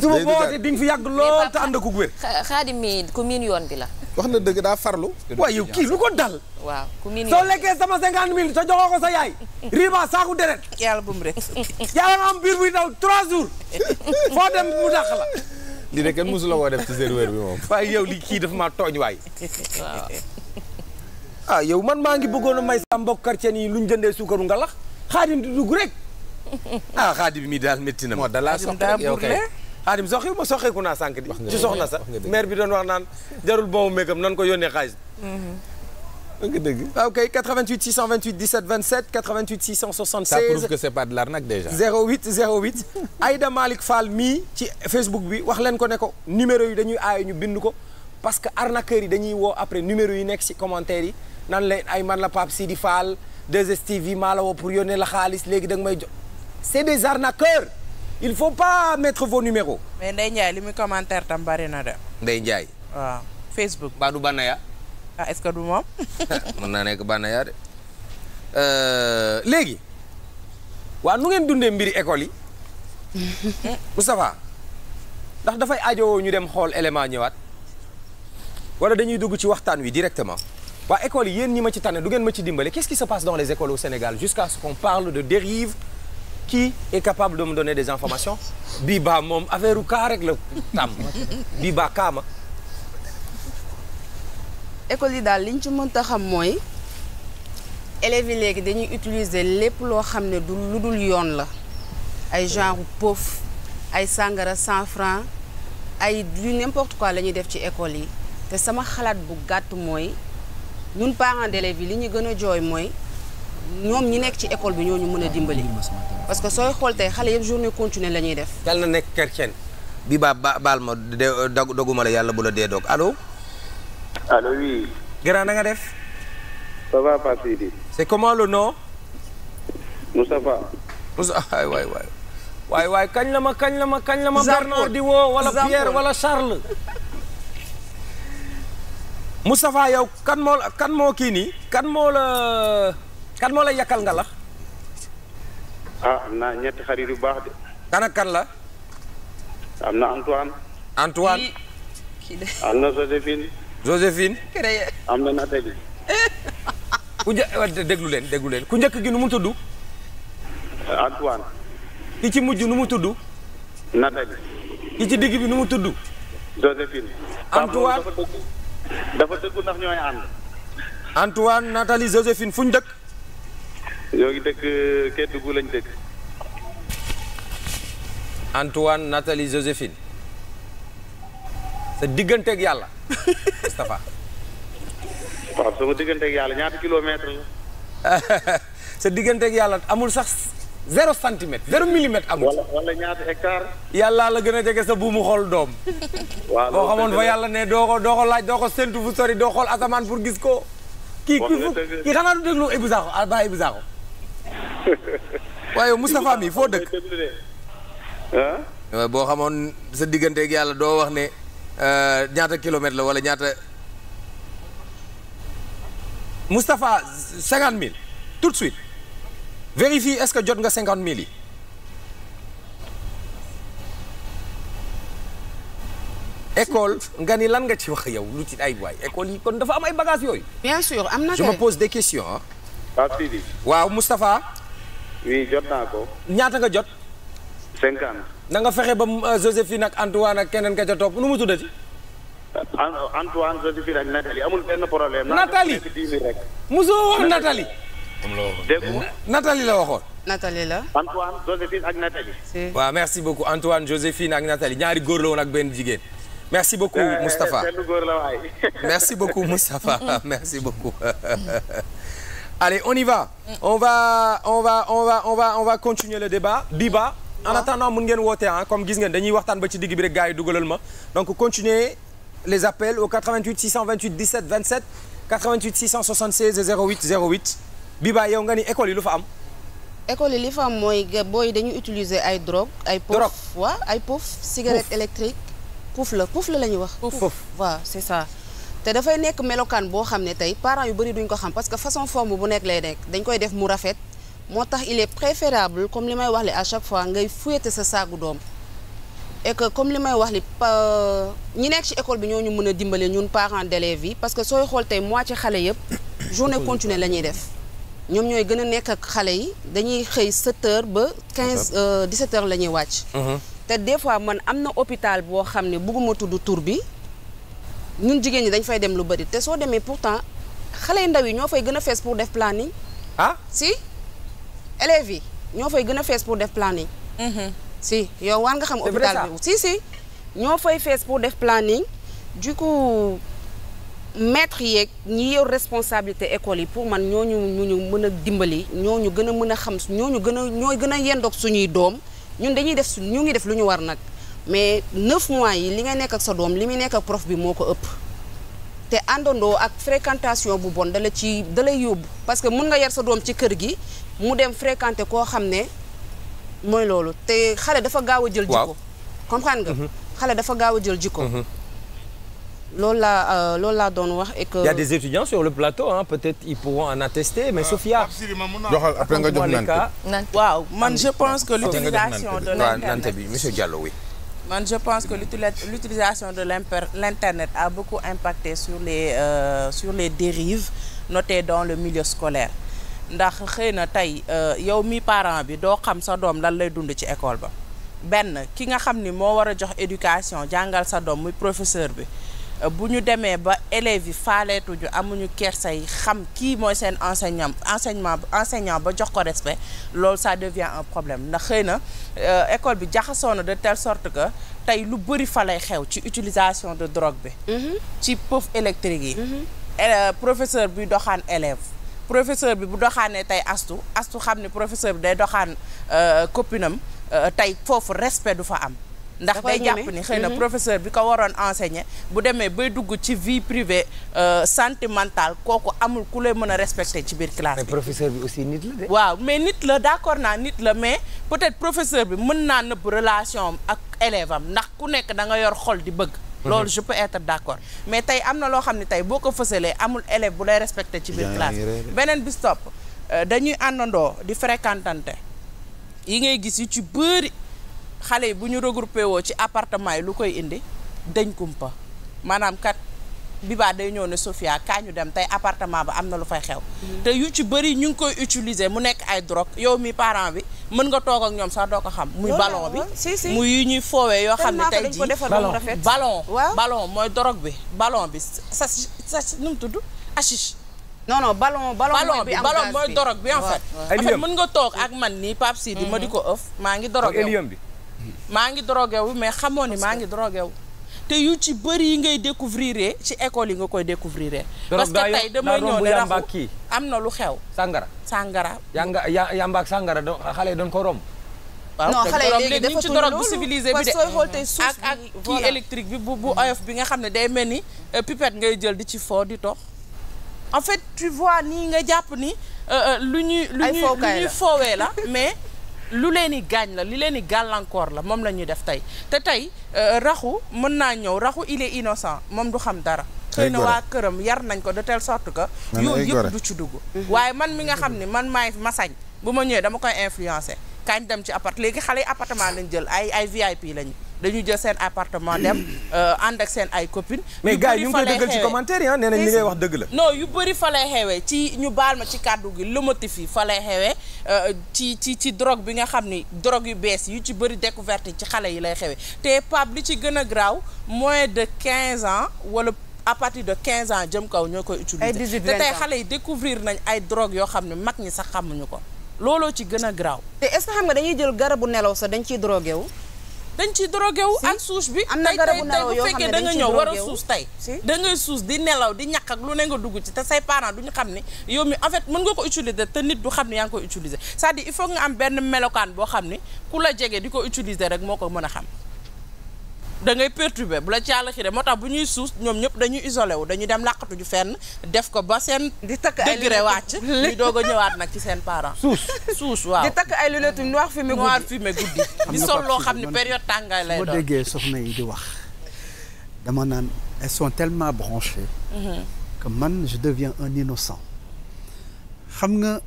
suba boo fi yàgg lool te ànd ak wér. xaadim mi ku miin bi la. wax na dëgg daa farlu. waaye yow kii lu ko dal. waaw ku miin yoon soo lekkee sama cinquante mille sa joxoo ko sa yaay. riba saaku deret. yàlla bu mu rek. yàlla nga am biir buy daw trois jours. foo dem mu dàq la. li de kenn mësu la woo def ci serveur bi moom. waaye yow li kii dafa maa tooñ waay. ah yow man maa ngi bëggoon a may sa mbokk quartier yi lu ñu jëndee suukaru ngalax xaadim di dugg rek ah xaadim mi daal métti na moo dalaa sox rek yow kay xaadim sox sax maire bi doon wax naan jarul bon méegam nan ko yónnee xaalis mhm. nga dëgg waaw kay 88 628 17 27 88 676. ça prouve que c'est pas de l'arnaque déjà. 08 08 Aïda Malick Fall mii ci Facebook bi wax leen ko ne ko numéro yi dañuy aay ñu bind ko parce que arnaqueurs yi dañuy woo après numéro yi nekk ci commentaire yi. nan leen ay man la Pape Sidi Fall 2STV maa la woo pour yónnee la xaalis léegi danga nga may jox c'est des arnaqueurs il faut pas mettre vos numéros. mais Ndeye Ndiaye li muy commentaire tam bari na de. nday Ndiaye. waaw Facebook. Badou Banaya. ah est-ce que du moom. mën naa nekk Banaya de. Euh, léegi waa nu ngeen dundee mbir école yi Moustapha ndax dafay ajowoo ñu dem xool élément ñëwaat wala dañuy dugg ci waxtaan wi directement waa yéen ñi ma ci tànn du ngeen ma ci dimbale qu'est-ce qui se passe dans les écoles au Sénégal jusqu'à ce qu'on parle de dérive qui des informations bii baa moom affaire u kaa rek la tam bii baa kaama école yi daal li ñu ci mën a xam mooy élèves yi léegi dañuy utiliser lépp loo xam ne du lu dul yoon la ay genre pof ay sàngara cent ay du n'importe quoi la ñuy def ci école yi te sama xalaat bu gàtt mooy ñun parents d'élèves yi li ñu gën a jooy mooy ñoom ñi nekk ci école bi ñu mën a dimbali. parce que sooy xool tey xale yëpp journée continue la ñuy def. yàlla na nekk kercen. bi ba baal ma de la yàlla bu la dee dog alo allo oui. grand na def. ça va Pa Sidi. c'est comment le nom. Moustapha. Moussa waay waay waay. waay waay kañ la ma kañ la ma kañ la ma. Bernard di woo wala Pierre Charles. Moustapha yow kan moo kan moo kii nii kan moo la kan moo la yàkkal nga la ah am na ñetti xarit yu baax de kan la am na Antoine Antoine am na Joséphine Joséphine am na Nathalie ku një déglu leen déglu leen ku njëkk gi nu mu tudd Antoine ki ci mujj nu mu tudd Nathalie ki ci digg bi nu mu tudd Joséphine Antoine dafa dëggu ndax ñooy ànd. Antoine Nathalie Joséphine fu ñu dëkk. yoo ngi dëkk euh, Kédougou lañ dëkk. Antoine Nathalie Joséphine. sa digganteeg yàlla Moustapha. waaw sama digganteeg yàlla ñaata kilomètre sa digganteeg yàlla amul sax zéro centimètre zéro millimètre amul. wala wala ñaata hectare. yàllaa la gën a jege sa buumu xol doom. waaw boo xamoon fa yàlla ne doo ko doo ko laaj doo ko séntu fu sori asamaan pour gis ko. kii kii kii xanaa du déglu Ibou Sakho ah ba waaye Moustapha mi foo dëkk. boo xamoon sa digganteeg yàlla doo wax ne euh, ñaata kilomètre la wala ñaata. Moustapha cinquante mille tout suite. vérifie est-ce que jot nga cinquante mille yi école nga ni lan nga ci wax yow lu ci ay waay école yi kon dafa am ay bagages yooyu. bien sûr am na je ma pose des questions ah. waaw Sidi. waaw Moustapha. jot naa ko. ñaata nga jot. cinquante. na nga fexe ba euh, Joséphine ak Antoine ak keneen ka ca topp nu mu tuddati. Antoine Joséphine ak Nathalie amul benn problème. Nathalie Nathalie musoo wax Nathalie. dégg Nathalie la waxoon. Nathalie la. Antoine Joséphine ak Nathalie. si waaw merci beaucoup Antoine Joséphine ak ñaari góor ak benn jigéen. merci beaucoup eh, Moustapha eh, merci beaucoup Moustapha merci beaucoup. allez on gis ngeen dañuy waxtaan ba ci digg bi rek gars yi dugalal ma donc continuer les appels au 88 628 17 27 88 bi baa yow nga ni école yi lu fa am. école yi li fa am mooy booy dañu utiliser ay drogue ay puff waa ay puff cigarette électrique puff la puff la la ñuy wax puff waa c'est ça te dafay nekk melokaan boo xam ne tey parents yu bëri duñ ko xam parce que façon forme bu nekk lay nekk dañ koy def mu rafet moo tax il est préférable comme li may wax li à chaque fois ngay fouetter sa saagu doom et que comme li may wax li ñu nekk ci école bi ñoo ñu mën a dimbale ñun parents d'élèves yi parce que sooy xool tey moitié xale yëpp journée continue la ñuy def ñoom ñooy gën a nekk ak xale yi dañuy xëy 7 heures ba quinze 17 euh, heures la ñuy wàcc mhm. te des fois man am na hôpital boo xam ne bugguma tudd tur bi ñun jigéen ñi dañ fay dem lu bëri te soo demee pourtant xale yu ndaw yi ñoo fay gën a fees pour def planning ah si élèves yi ñoo fay gën a fees pour def planning mhm. si yow war nga xam hôpital si si ñoo fay fees pour def planning du maître yeeg ñi yor responsabilité école yi pour man ñoo ñu ñu mën a dimbali ñoo ñu gën a mën a xam ñu gën a ñooy gën a yendoog suñuy doom ñun dañuy def ñu ngi def lu ñu war nag mais neuf mois yi li nga nekk ak sa doom li muy nekka ak prof bi moo ko ëpp te àndandoo ak fréquentation bu bon dala ci dalay yóbbu parce que mun nga yar sa doom ci kër gi mu dem fréquente koo xam ne mooy loolu te xale dafa gaaw a jël jikko comprendre nga mm-hmm. xale dafa gaaw a jël jikko mm-hmm. loolu laa euh, loolu laa doon wax et que. il y a des étudiants sur le plateau ah peut-être ils pourront en attester mais euh, Sophia. joxal après nga jox nante waaw man je pense que l'utilisation de l'internet bi monsieur Diallo oui. man je pense que l'utilisation de l'internet a beaucoup impacté sur les euh, sur les dérives notées dans le milieu scolaire ndax xëy na tey euh, yow mi parent bi doo xam sa doom lan lay dund ci école ba benn ki nga xam ni moo war a jox éducation jàngal sa doom muy professeur bi. bu ñu demee ba élèves yi faaleetuñu amuñu kersa yi xam kii mooy seen enseignant enseignement enseignant ba jox ko respect loolu ça devient un problème ndax xëy na euh, école bi jaxasoo na de telle sorte que tey lu bëri fa lay xew ci utilisation de drogue bi mhm. ci pouf électrique yi mhm. euh, professeur bi doxaan élève professeur bi bu doxaanee tey astu astu xam ne professeur bi day doxaan euh, copinam tey foofu respect du fa am ndax day jàpp ni xëy na mhm. professeur bi ko waroon enseigner bu demee bay dugg ci vie privée euh, sentimentale kooku amul ku lay mën a respecté ci biir classe bi. bi aussi nit la waaw mais nit la d'accord naa nit la mais peut-être professeur bi mën naa nëbb relation ak élève am ndax ku nekk da nga yor xol di bëgg. Mhm. loolu je peux être d'accord mais tey am na loo xam ne tey boo ko fësalee amul élève bu lay respecté ci biir classe beneen bis topp euh, dañuy àndandoo di fréquentante yi ngay gis ci bëri. xale yi bu ñu regroupé woo ci appartement yi lu koy indi dañ kumpa maanaam kat bi baa day ñëw ne Sofia kaañu dem tey apartement ba am na lu fay xew. Mm-hmm. te yu ci bëri ñu ngi koy utiliser mu nekk ay drogue yow mi parent bi mën nga toog ak ñoom sax doo ko xam. muy ballon bi mu yu ñuy foowee yoo xam ne tey jii ballon ballon mooy dorog bi balon bi sa sa nu mu tudd achiche. non non ballon ballon bi ballon mooy drogue bi en fait. en fait mën nga toog ak man nii Pape Sidi ma di mm-hmm. ko ëf maa ngi drogue bi maa ngi drogué wu mais xamoon ni maa ngi drogué wu te yu ci bëri yi ngay découvrir ci école yi nga koy découvrir parce que tey damay ñëw ne kii am na lu xew sàngara sàngara yanga yamba ak sàngara xale yi doon ko romb non xale yi léegi dafa ci drogue bu civilisé bi de ak ak kii électrique bi bu bu oyof bi nga xam ne day mel ni euh, pipette ngay jël di ci foo di tox en fait tu vois nii nga jàpp ni euh, euh, lu ñuy lu ñuy foowee la mais lu leen i gaañ la li leen i gàllankoor la moom la ñuy def tey te tey euh, raxu mën naa ñëw raxu il est innocent moom du xam dara xëy na waa këram yar nañ ko de telle sorte que yooyu yëpp du ci dugg mhm. waaye man mi nga xam ne man maay masañ bu ma ñëwee dama koy influencer kañ dem ci appart léegi xale yi appartement lañ jël ay ay VIP lañu dañu jël seen appartement dem euh, ànd ak seen ay copines. mais gars yu ñu ngi koy dëggal ci commentaire yi ah nee ngay wax dëgg la. non yu bëri fa lay xewee ci ñu baal ma ci kàddu gi lu lomotif yi fa lay xewee euh, ci ci ci drogue bi nga xam ni drogue yu bees yu ci bëri découverte ci xale yi lay xewee te Pape li ci gën a graaw moins de 15 ans wala. à partir de quinze ans jëm kaw ñoo koy utiliser te tey xale yi découvrir nañ ay drogue yoo xam ne mag ñi sax xamuñu ko looloo ci gën a graaw te dañuy jël garabu nelaw sax dañ ciy drogué dañ ci drogué wu ak suus bi am na garabu nelaw yoo xam ne tey tey bu fekkee da ñëw war a suus tey da ngay suus di nelaw di ñàkk ak lu ne nga dugg ci te say parents ñu xam ni yow mi en fait mën nga ko utiliser te nit du xam ne yaa ngi koy utiliser sa di il faut nga am benn melokaan boo xam ne ku la jege di ko utiliser rek moo ko mën a xam da ngay perturber bu la caala xiree moo tax bu ñuy suus ñoom ñëpp dañuy isolé wu dañuy dem làqatu ju fenn def ko ba seen degré wàcc ñu doog a ñëwaat nag ci seen parents suus suus waaw di takk ay lunettes noir fumé noir guddi di sol loo xam ne période tàngaay lay doon boo déggee soxna yi di wax dama naan elles sont tellement branchées mhm. que man je deviens un innocent xam nga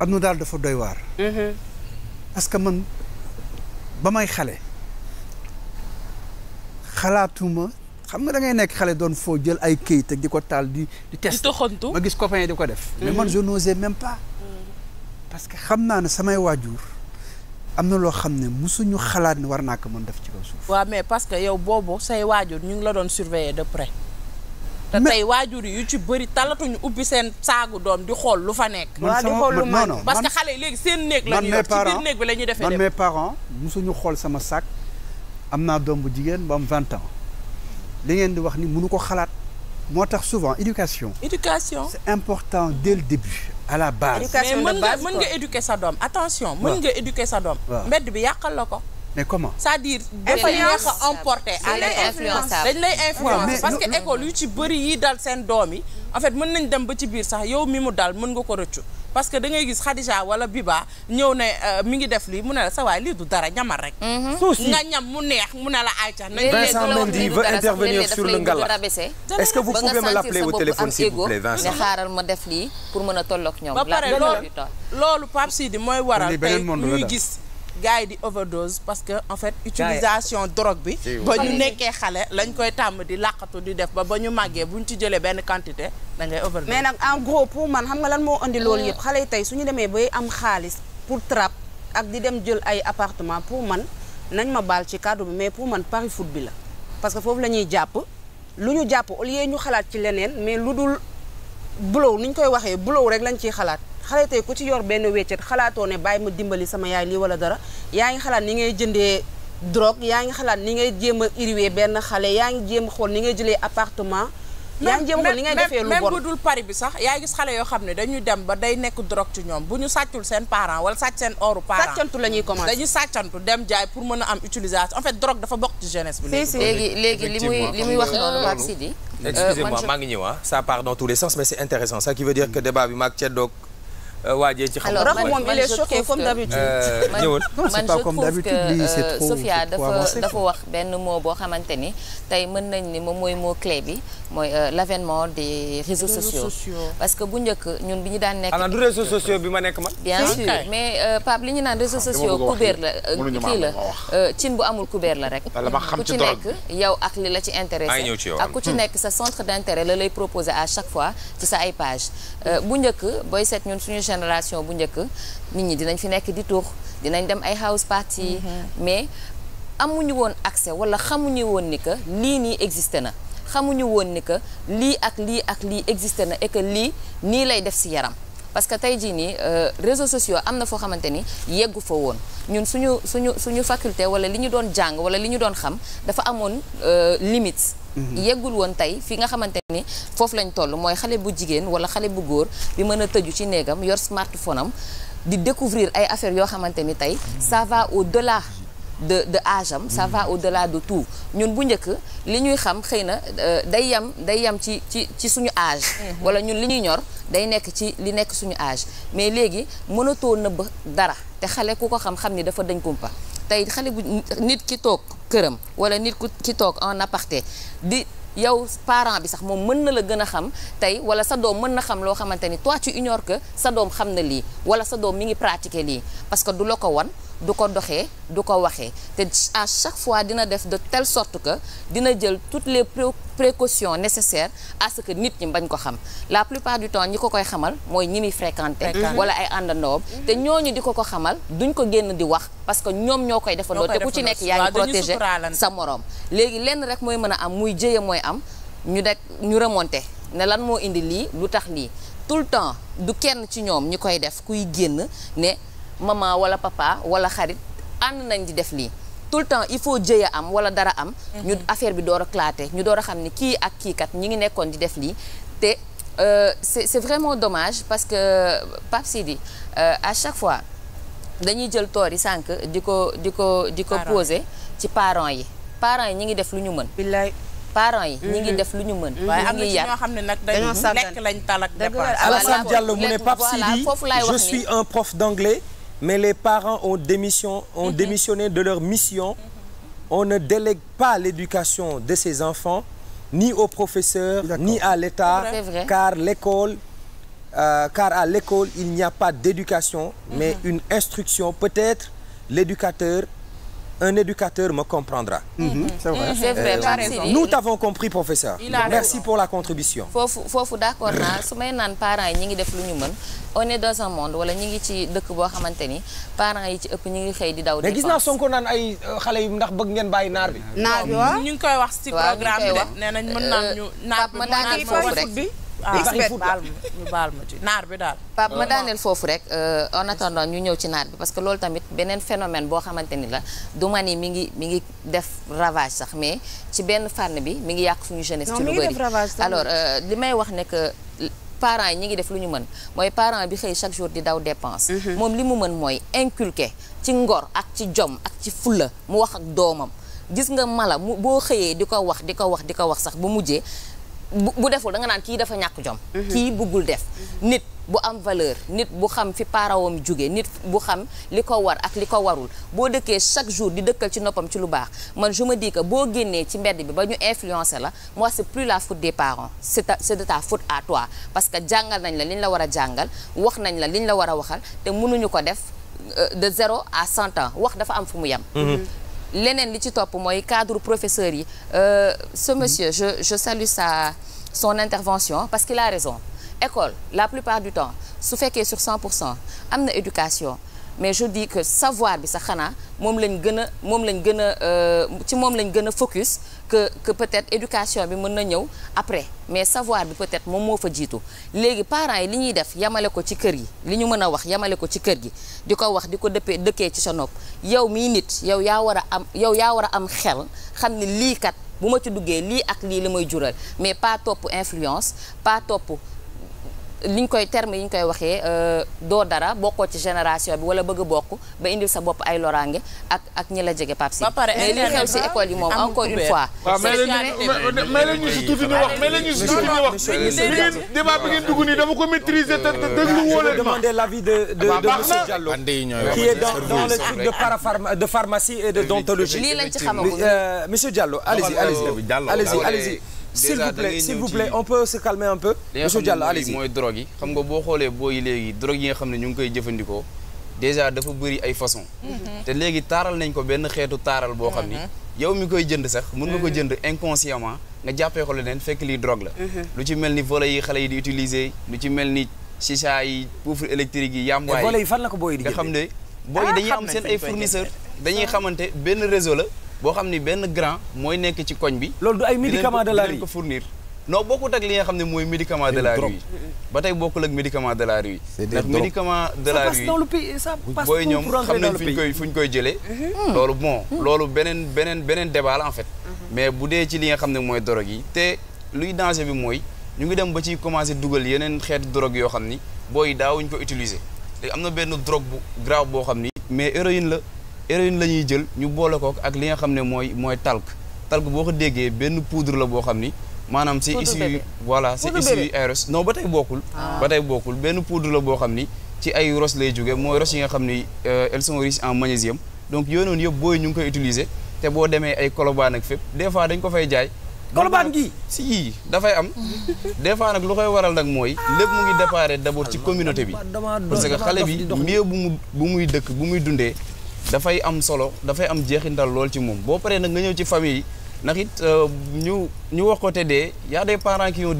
am na daal dafa doy waar mhm. parce que man ba may xale xalaatuma xam nga da ngay nekk xale doon foo jël ay këyit ak di ko taal di di test ma gis copain yi di ko def mm-hmm. mais man je n'osais même pas parce que xam naa ne samay waajur am na loo xam ne musuñu xalaat ne war naa ko mën def ci kaw suuf waaw mais parce que yow boobu say waajur ñu ngi la doon surveiller de près te tey waajur yu ci bëri talatuñu ubbi seen saagu doom di xool lu fa nekk waaw di xool lu man parce que xale yi léegi seen néeg la ñuy yor ci biir néeg bi la ñuy defee man mes parents musuñu xool sama sac am naa doom bu jigéen bu am vingt ans li ngeen di wax ni mënu ko xalaat moo tax souvent éducation. éducation c'est important dès le début. à la base éducation mais mën nga mën nga éduquer sa doom attention. mën nga éduquer sa doom. mbedd bi yàqal la ko. mais comment. sa à dire dafa sa emporté. à l'influence dañ lay influence parce que école yu ci bëri yi dal seen doom yi. en fait mën nañ dem ba ci biir sax yow mi mu dal mën nga ko rëccu. parce que da ngay gis Khadija wala Biba ñëw ne euh, mi ngi def lii mu ne la sa lii du dara ñamal rek. Mhm. nga ñam mu neex mu ne la ayca. nañ Vincent Mendy veut intervenir sur le ngala est-ce que vous pouvez me l'appeler au téléphone s'il vous ne xaaral ma def lii pour mën a tolloog ñoom. ba pare loolu loolu Pape Sidi mooy waral tey gis. gars yi di overdose parce que en fait utilisation drogue bi ba ñu nekkee xale lañ koy tàmm di làqatu di def ba ba ñu màggee bu ñu ci jëlee benn quantité da ngay overdose mais nag en gros pour man xam nga lan moo indi loolu yëpp mm. xale yi tey suñu demee bay am xaalis pour trap ak di dem jël ay appartement pour man nañ ma baal ci kàddu bi mais pour man pari foot bi la parce que foofu la ñuy jàpp lu ñu jàpp au lieu ñu xalaat ci leneen mais lu dul blow ni ñu koy waxee blow rek lañ ciy xalaat xale tey ku ci yor benn weccet xalaatoo ne bàyyi ma dimbali sama yaay lii wala dara yaa ngi xalaat ni ngay jëndee drogue yaa ngi xalaat ni ngay jéem a iriwee benn xale yaa ngi jéem xool ni ngay jëlee appartement yaa ngi jëm xool ni ngay defee lu bon bu dul pari bi sax yaa gis xale yoo xam ne dañuy dem ba day nekk drogue ci ñoom bu ñu sàccul seen parent wala sàcc seen oru parent sàccantu la ñuy commencé dañuy sàccantu dem jaay pour mën a am utilisation en fait drogue dafa bokk li muy li muy wax noonu Pape Sidi excusez-moi euh, ah. bi maag ceddoog waajee ci xam alors moom il est choqué comme d'habitude ñëwal man je trouve que dafa dafa wax benn moo boo xamante ni tey mën nañ ni moom mooy moo clé bi mooy euh, l'avènement des réseaux sociaux parce que bu njëkk ñun bi ñu daan nekk ana du réseaux sociaux bi ma nekk ma bien sûr mais euh, Pape li ñu naan réseaux ah, sociaux couvert la euh, kii la cin bu amul couvert la rek ku ci nekk yow ak li la ci intéressé ak ku ci hmm. nekk sa centre d'intérêt la lay proposer à chaque fois ci sa ay page Euh, bu njëkk booy seet ñun suñu génération bu njëkk nit ñi dinañ fi nekk di tuux dinañ dem ay house party mm-hmm. mais amuñu woon accès wala xamuñu woon ni que lii nii existé na xamuñu woon ni que lii ak lii ak lii existé na et lii nii lay def si yaram parce que tey jii nii euh, réseaux sociaux am na foo xamante ni yeggu fa woon ñun suñu suñu suñu faculté wala li ñu doon jàng wala li ñu doon xam dafa amoon euh, limite Mm-hmm. yeggul woon tey fi nga xamante ni foofu lañ toll mooy xale bu jigéen wala xale bu góor bi mën a tëju ci néegam yor smartphone am di découvrir ay affaires yoo xamante ni tey sava va au-delà de de âge am ça mm-hmm. au-delà de tout ñun bu njëkk li ñuy xam xëy na euh, day yam day yam ci ci ci suñu âge mm-hmm. wala ñun li ñuy ñor day nekk ci li nekk suñu âge mais léegi mënatoo nëbb dara te xale ku ko xam-xam ni dafa dañ kumpa tey xale bu nit ki toog këram wala nit ku ci toog en aparté di yow parent bi sax moom mën na la gën a xam tey wala sa doom mën na xam loo xamante ni toi tu unior que sa doom xam na lii wala sa doom mi ngi pratique lii parce que du la ko wan du ko doxee du ko waxee te à chaque fois dina def de telle sorte que dina jël toutes les précautions nécessaires à ce que nit ñi bañ ko xam la plupart du temps ñi ko koy xamal mooy ñi muy fréquenté wala ay àndandoom mm-hmm. te ñoo ñooñu di ko ko xamal duñ ko génn di wax parce que ñoom ñoo koy defandoo te ku ci nekk yaa ngi protégé sa moroom léegi lenn rek mooy mën a am muy jëye mooy am ñu dek ñu remonté ne lan moo indi lii lu tax lii tout le temps du kenn ci ñoom ñi koy def kuy génn ne maman wala papa wala xarit ànd nañ di def lii tout le temps il faut jëya am wala dara am. Mhm. ñu affaire bi door a claté ñu door a xam ni kii ak kii kat ñi ngi nekkoon di def lii te euh, c'est c'est vraiment dommage parce que Pape Sidi euh, à chaque fois dañuy jël toor yi sànq di ko di ko di ko poser ci parents yi parents yi ñi ngi def lu ñu mën. billaay parents yi ñu ngi mhm. def lu ñu mën. waaye am na ci ñoo xam ne nag dañu nekk lañ talak. dëgg la Alassane Diallo mu ne Pape Sidi je mais les parents ont démission ont mm-hmm. démissionné de leur mission mm-hmm. on ne délègue pas l'éducation de ces enfants ni aux professeurs ni à l'État car l'école euh, car à l'école il n'y a pas d'éducation mm-hmm. mais une instruction peut-être l'éducateur un éducateur me comprendra. Mhm. Mhm. c'est vrai mhm. c'est vrai par euh, exemple nous t'avons compris professeur. merci pour la contribution. foofu foofu d'accord naa su may naan parents yi ñi ngi def lu ñu mën one est dans un monde wala ñi ngi ci dëkk boo xamante ni parents yi ci ëpp ñi ngi xëy di daw. mais gis naa Sonko naan ay euh, xale yi ndax bëgg ngeen bàyyi naar bi. naar bi waaw ñu ngi koy wax ci programme bi de nee nañ mën naan ñu. Euh, naar bi mën naan foofu bi Ah, expert baal ma naar bi daal. Pape ma daaneel foofu rek euh, en attendant ñu ñëw ci naar bi parce que loolu tamit beneen phénomène boo xamante ni la du ma ni mi ngi mi ngi def ravage sax mais ci benn fànn bi mi ngi yàq suñu jeunesse. ci lu bëri alors euh, li may wax ne que parents yi ñi ngi def lu ñu mën mooy parent bi xëy chaque jour di daw dépense. Mhm. moom li mu mën mooy inculquer ci ngor ak ci jom ak ci fulla mu wax ak doomam gis nga mala boo xëyee di ko wax di ko wax di ko wax sax bu mujjee. bu deful da nga naan kii dafa ñàkk jom mhm. kii buggul def mhm. nit bu am valeur nit bu xam fi parawam jóge nit bu xam li ko war ak li ko warul boo dëkkee chaque jour di dëkkal ci noppam ci lu baax man je me boo génnee ci mbedd bi ba ñu influencé la moi c'est plus la faute des parents c'est ta c'est de ta faute à toi parce que jàngal nañ la li ñu la war a jàngal wax nañ la li ñu la war a waxal te mënuñu ko def euh, de zéro à cent ans wax dafa am fu mu yem mhm. leneen li ci topp mooy cadre professeur yi euh, ce monsieur je je salue sa son intervention parce qu'il a raison école la plupart du temps su fekkee sur 100 pour cent am na éducation mais je dis que savoir bi sa xanaa moom lañ gën a moom lañ gën a euh, ci moom lañ gën a focus que que peut-être éducation bi mën na ñëw après mais savoir bi peut-être moom moo fa jiitu léegi parent yi li ñuy def yamale ko ci kër yi li ñu mën a wax yamale ko ci kër gi di ko wax di ko dëppee dëkkee ci sa nopp yow mii nit yow yaa war a am yow yaa war a am xel xam ni lii kat bu ma ci duggee lii ak lii li may jural mais paa topp influence paa topp liñ koy terme yi ñu koy waxee euh, doo dara bokkoo ci génération bi wala bëgg bokk ba indil sa bopp ay loraange ak ak ñi la jege Pape Sy mais li xew si école yi moom encore une fois may la si tuuti ñu wax may la si tuuti ñu wax débat bi ngeen dugg nii dama ko maîtriser te déglu woo leen ma demander l'avis de de monsieur Diallo qui est dans dans le de parapharm de pharmacie et de déontologie lii lañ ci xamagul euh, monsieur Diallo allez-y allez-y euh, allez s'il vous plaît s'il vous plaît on peut y mooy drogue yi xam nga boo xoolee booy léegi drogue yi nga xam ne ñu ngi koy jëfandikoo déjà dafa bëri ay façon mhm. te léegi taaral nañ ko benn xeetu taaral boo xam ni. Mhm. yow mi koy jënd sax mën nga ko mhm. jënd inconsiement nga jàppee ko leneen fekk lii drogue la. lu ci mel ni volet yi xale yi di utiliser lu ci mel ni chicha yi poufre électrique yi yàmbaay yi. volet yi fan la ko booy di jëndee nga xam ne booy ah, dañuy am seen ay fournisseurs dañuy ah. xamante benn réseau la boo xam ni benn grand mooy nekk ci koñ bi. loolu du ay médicament de la rue ko fournir. non bokkut ak li nga xam ne mooy médicament de la rue yi ba tey bokkul ak médicament de la rue yi ndax médicament de la rue yi booy ñoom xam nañ fu ñu koy fu ñu koy jëlee mm-hmm. loolu moo mm-hmm. loolu beneen beneen beneen débat la en fait mm-hmm. mais bu dee ci li nga xam ne mooy drogue yi te luy danger bi mooy ñu ngi dem ba ci commencé dugal yeneen xeetu drogue yoo xam ni booy daawuñ ko utiliser léegi am na benn drogue bu grave boo xam ni mais héroïne la héroïne la ñuy jël ñu boole kook ak li nga xam ne mooy mooy talc talc boo ko déggee benn poudre la boo xam ni maanaam si issu voilà c'est issu ay non ba tey bokkul ah. ba tey bokkul benn poudre la boo xam ni ci ay ros lay jóge mooy ros yi nga xam ni euh, elles sont riches en magnésium donc yooyu noonu yëpp booy ñu ngi koy utiliser te boo demee ay kolobaan ak fépp des fois dañ ko fay jaay kolobaan gi si yii dafay am des fois nag lu koy waral nag mooy ah. lépp mu ngi déparé d'abord ci communauté bi parce que xale bi milieu bu mu bu muy dëkk bu muy dundee dafay am solo dafay am jeexintal lool ci moom boo paree nag nga ñëw ci famille yi ndax it euh, ñu ñu wax ko te dee y a des parents qui mhm.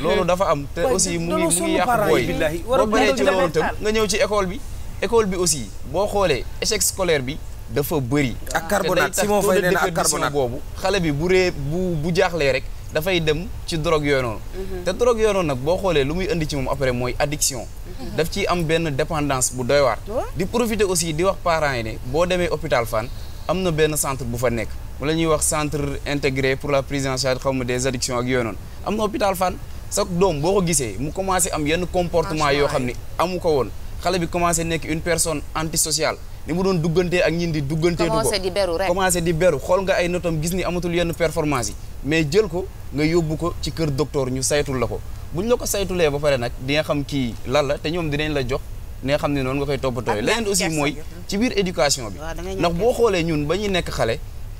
loolu dafa am te aussi mu ngi mu ngi yàq booy boo paree ci loolu tam nga ñëw ci école bi école bi aussi boo xoolee échec scolaire bi dafa bëri. ak carbonate si moo fay nee na ak carbonate boobu xale bi bu ree bu bu jaaxlee rek. dafay dem ci drogue yooyu noonu. Mhm. te drogue yooyu noonu nag boo xoolee lu muy indi ci moom après mooy addiction. Mhm. daf ciy am benn dépendance bu doy waar. di profiter aussi di wax parents yi ne boo demee hôpital Fann am na benn centre bu fa nekk. wala ñuy wax centre intégré pour la prise en charge xaw des addictions ak yooyu noonu am na hôpital Fann sa doom boo ko gisee mu commencé am yenn comportement ah, yoo xam ni amu ko woon xale bi commencé nekk une personne antisociale. li mu doon duggantee ak ñin di dugganteetu ko commencé di beru rek commencé xool nga ay notam gis ni amatul yenn performance yi mais jël ko nga yóbbu ko ci kër docteur ñu saytul la ko bu ñu la ko saytulee ba pare nag di nga xam kii lan la te ñoom dinañ la jox ni xam ne noonu nga koy toppatooy leneen aussi mooy ci biir éducation bi ndax boo xoolee ñun ba ñuy nekk xale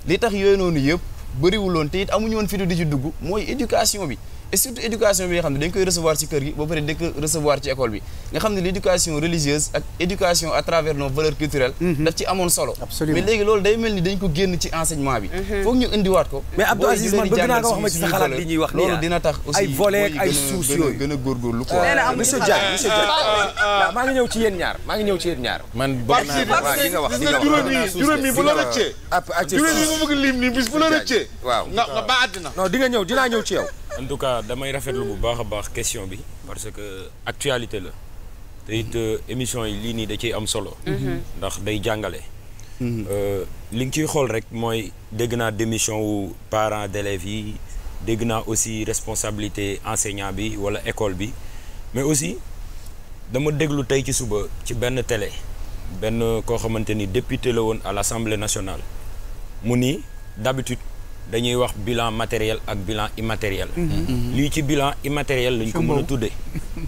li tax yooyu noonu yëpp bëriwuloon te it amuñu woon fitu di ci dugg mooy éducation bi et surtout éducation bi nga xam ne dañ koy recevoir ci kër gi ba pare dañ koy recevoir ci école bi nga xam ne l' éducation religieuse ak éducation à travers nos valeurs culturelles mhm. daf ci amoon solo mais léegi loolu day mel ni dañ ko génn ci enseignement bi mhm. foog ñu indiwaat ko mais Abdou Aziz man bëgg naa nga wax ma ci ñuy dina tax ay volet ay gën a góorgóorlu quoi monsieur Diagne monsieur ah, ah, ah. maa ngi ñëw ci yéen ñaar maa ngi ñëw ci yéen ñaar man bëgg naa li nga wax li nga bu la rëccee juróomi bu bëgg waaw nga ba àddina non di nga ñëw dinaa ñëw ci yow en tout cas damay rafetlu bu baax a baax question bi parce que actualité la te euh, émission yi lii nii da ciy am solo. Mhm. ndax day jàngale. Mhm. Euh, li nga ciy xool rek mooy dégg naa démission wu parents d'élèves yi dégg naa aussi responsabilité enseignant bi wala école bi mais aussi dama déglu tey ci suba ci benn télé benn koo xamante ni député la woon à l'Assemblée nationale mu ni d'habitude dañuy wax bilan matériel ak bilan immatériel mhm. Mhm. Mhm. lii ci bilan immatériel lañ ko mën a tuddee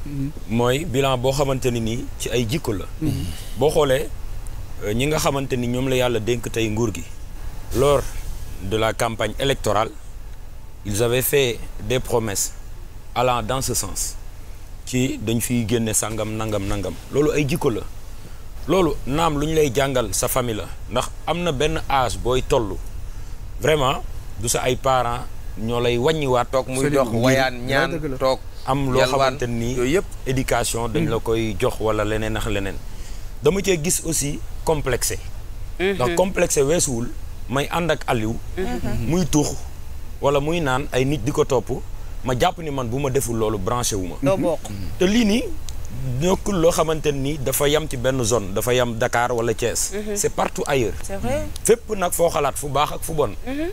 mooy bilan boo xamante ni nii ci ay jikko la boo xoolee euh, ñi nga xamante ni ñoom la yàlla dénk tey nguur gi lors de la campagne électorale ils avaient fait des promesses allant dans ce sens ci dañ fiy génne sangam nangam nangam loolu ay jikko la loolu naam lu ñu lay jàngal sa famille la ndax am na benn âge booy tollu vraiment du sa ay parents ñoo lay wàññiwaat toog muy dox wayaan ñaan toog am loo xamante nii yooyu yëpp éducation dañ la mm. koy jox wala leneen ak leneen dama cee gis aussi complexé mm-hmm. ndax complexé weesuwul may ànd ak Aliou mm-hmm. muy tuux wala muy naan ay nit di ko topp ma jàpp ni man bu ma deful loolu branché wu ma te lii nii nekkul loo xamante ni dafa yam ci benn zone dafa yam dakaar wala Thiès. Mhm. c' est partout ailleurs. fépp nag foo xalaat fu baax ak fu bon. Mhm.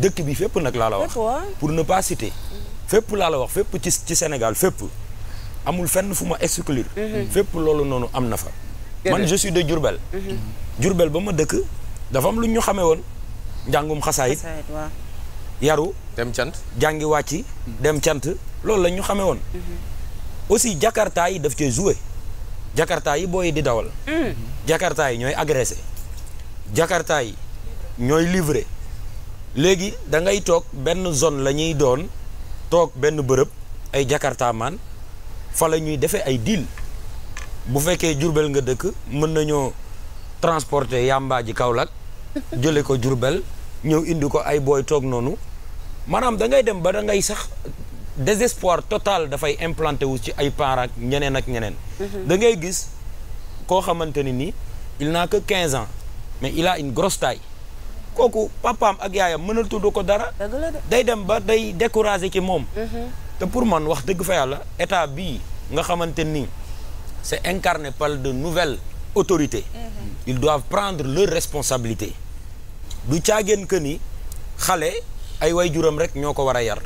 dëkk bi fépp nag laa la wax. pour ne pas citer. Mhm. fépp laa la wax fépp ci ci Sénégal fépp amul fenn fu ma exclure. fépp loolu noonu am na fa. man je de Diourbel. Diourbel ba ma dëkk dafa am lu ñu xamee woon njàngum xasaayit. yaru dem cant jàngi ci dem cant loolu la ñu xamee woon. aussi jakarta yi daf cee joué jakarta yi booy di dawal. Hmm. jakarta yi ñooy agressé. jakarta yi ñooy livré léegi da ngay toog benn zone la ñuy doon toog benn bërëb ay jakarta man fa la ñuy defee ay deal bu fekkee Jurbel nga dëkk mën nañoo transporté yàmbaa ji Kaolack jële ko Jurbel ñëw indi ko ay booy toog noonu maanaam da ngay dem ba da ngay sax désespoir total dafay implanté wu ci ay parents ak ñeneen ak ñeneen. Mhm. da ngay gis koo xamante ni nii il n'a que 15 ans mais il a une grosse taille. kooku papaam ak yaayam mënal tudd ko dara. day dem ba day découragé ci moom. Mhm. te pour man wax dëgg fa yàlla état bii nga xamante ni c'est incarné pale de nouvelle autorité mhm. ils doivent prendre leurs responsabilité du caageen que ni xale ay waajuram rek ñoo ko war a yar.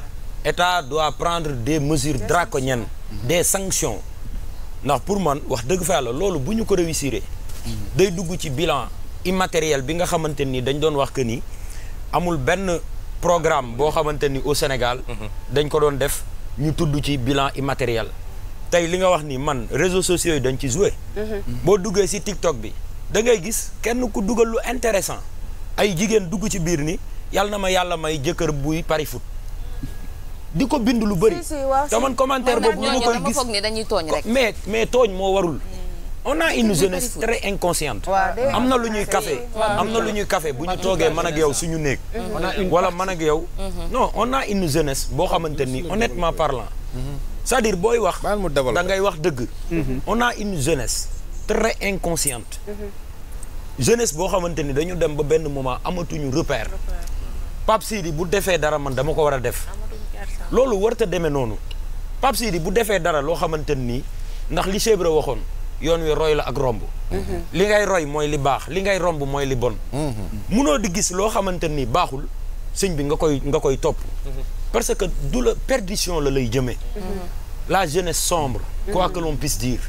état doit prendre des mesures draconiennes des sanctions ndax pour man wax dëgg fa yàlla loolu bu ñu ko réussiree day dugg ci bilan immatériel bi nga xamante ni dañ doon wax que ni amul benn programme boo xamante ni au Sénégal mhm. dañ ko doon def ñu tudd ci bilan immatériel tey li nga wax ni man réseaux sociaux yi dañ ci jouer mhm. boo duggee si TikTok bi da ngay gis kenn ku dugal lu intéressant ay jigéen dugg ci biir ni yàlla na ma yàlla may jëkkër buy pari foot di ko bind lu bëri. te man commentaire boobu ñu koy gis mais mais tooñ moo warul. Hmm. on a une jeunesse très inconsciente. am na lu ñuy café am na lu ñuy café bu ñu toogee man ak yow suñu néeg. Hmm. wala man ak yow. Hmm. non on a une jeunesse boo xamante ni honnêtement parlant. c'est-à-dire booy wax. da ngay wax dëgg. on a une jeunesse très inconsciente. jeunesse boo xamante ni dañu dem ba benn moment amatuñu repère. Pape Sidi bu defee dara man dama ko war a def. loolu warta demee noonu Pape bu defee dara loo xamante nii ndax li Cheikh waxoon yoon wi roy la ak romb mhm. li ngay roy mooy li baax li ngay romb mooy li bon mhm. munoo di gis loo xamante nii baaxul sëñ bi nga koy nga koy topp mhm. parce que du la perdition la lay jëmee la jeunesse sombre quoi que l'on puisse dire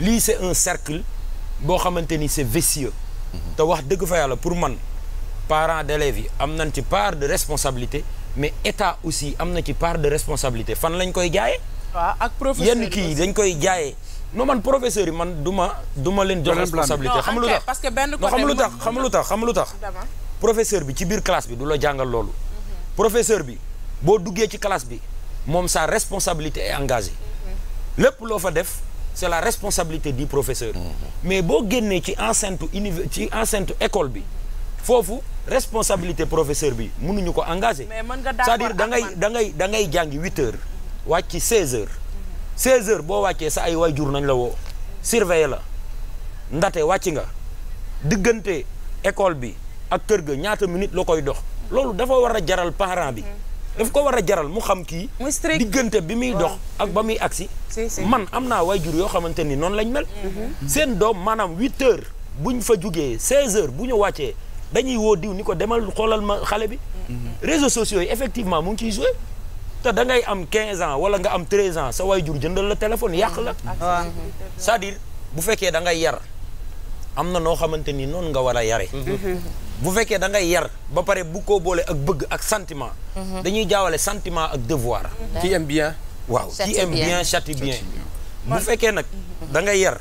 li c'est un cercle boo xamante ni c'est vicieux te wax dëgg fa yàlla pour man parents d'élèves yi am nañ ci part de responsabilité mais état aussi am na ci part de responsabilité fan lañ koy jaayee. waaw ak yenn kii yi dañ koy jaayee. non man professeur yi man duma duma leen jox responsabilité xam lu tax parce que benn côté xam lu tax xam lu tax xam tax professeur bi ci biir classe bi du la jàngal loolu mhm. professeur bi boo duggee ci classe bi moom sa responsabilité est engagée mhm. lépp loo fa def c'est la responsabilité du professeur mhm. mais boo génnee ci enceinte univ ci enceinte école bi foofu responsabilité professeur bi mënuñu ko engagé. mais mën nga cest à da ngay da ngay da jàngi huit heures wàcc seize heures. seize heure boo wàccee sa ay waajur nañ la woo. surveiller la ndate wàcc nga diggante école bi ak kër ga ñaata minute loo koy dox. loolu dafa war a jaral parent bi. daf ko war a jaral mu xam kii. diggante bi muy dox ak ba muy agsi. man am naa waajur yoo xamante ni noonu lañ mel. Mhm. seen doom maanaam huit heures buñ fa jugee seize heures bu ñu wàccee. dañuy woo diw ni ko demal xoolal ma xale bi. Mhm. réseaux sociaux yi effectivement mu ngi ciy joué. te da ngay am 15 ans wala nga am 13 ans sa waajur jëndal la téléphone yàq la. Ah, c'est-à-dire bu fekkee da ngay yar am na noo xamante ni noonu nga war a yare mhm. mhm. bu fekkee da ngay yar ba pare bu ko boole ak bëgg ak sentiment. dañuy jaawale santiment ak devoir. qui aime bien. waaw qui aime bien châtie bien. bu fekkee nag da ngay yar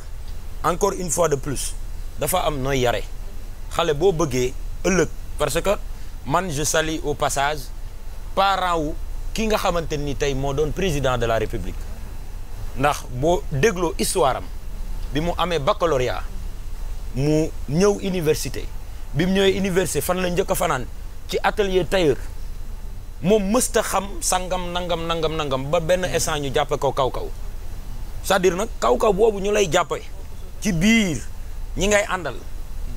encore une fois de plus dafa am nooy yare xale boo bëggee ëllëg parce que man je salue au passage parent wu ki nga xamante ni tey moo doon président de la république ndax boo dégloo histoire am bi mu amee baccalauréat mu ñëw université bi mu ñëwee université fan la njëkk a fanaan ci atelier tailleur moom mësta xam sangam nangam nangam nangam ba benn instant ñu jàppe ko kaw kaw cest nag kaw kaw boobu ñu lay jàppe ci biir ñi ngay àndal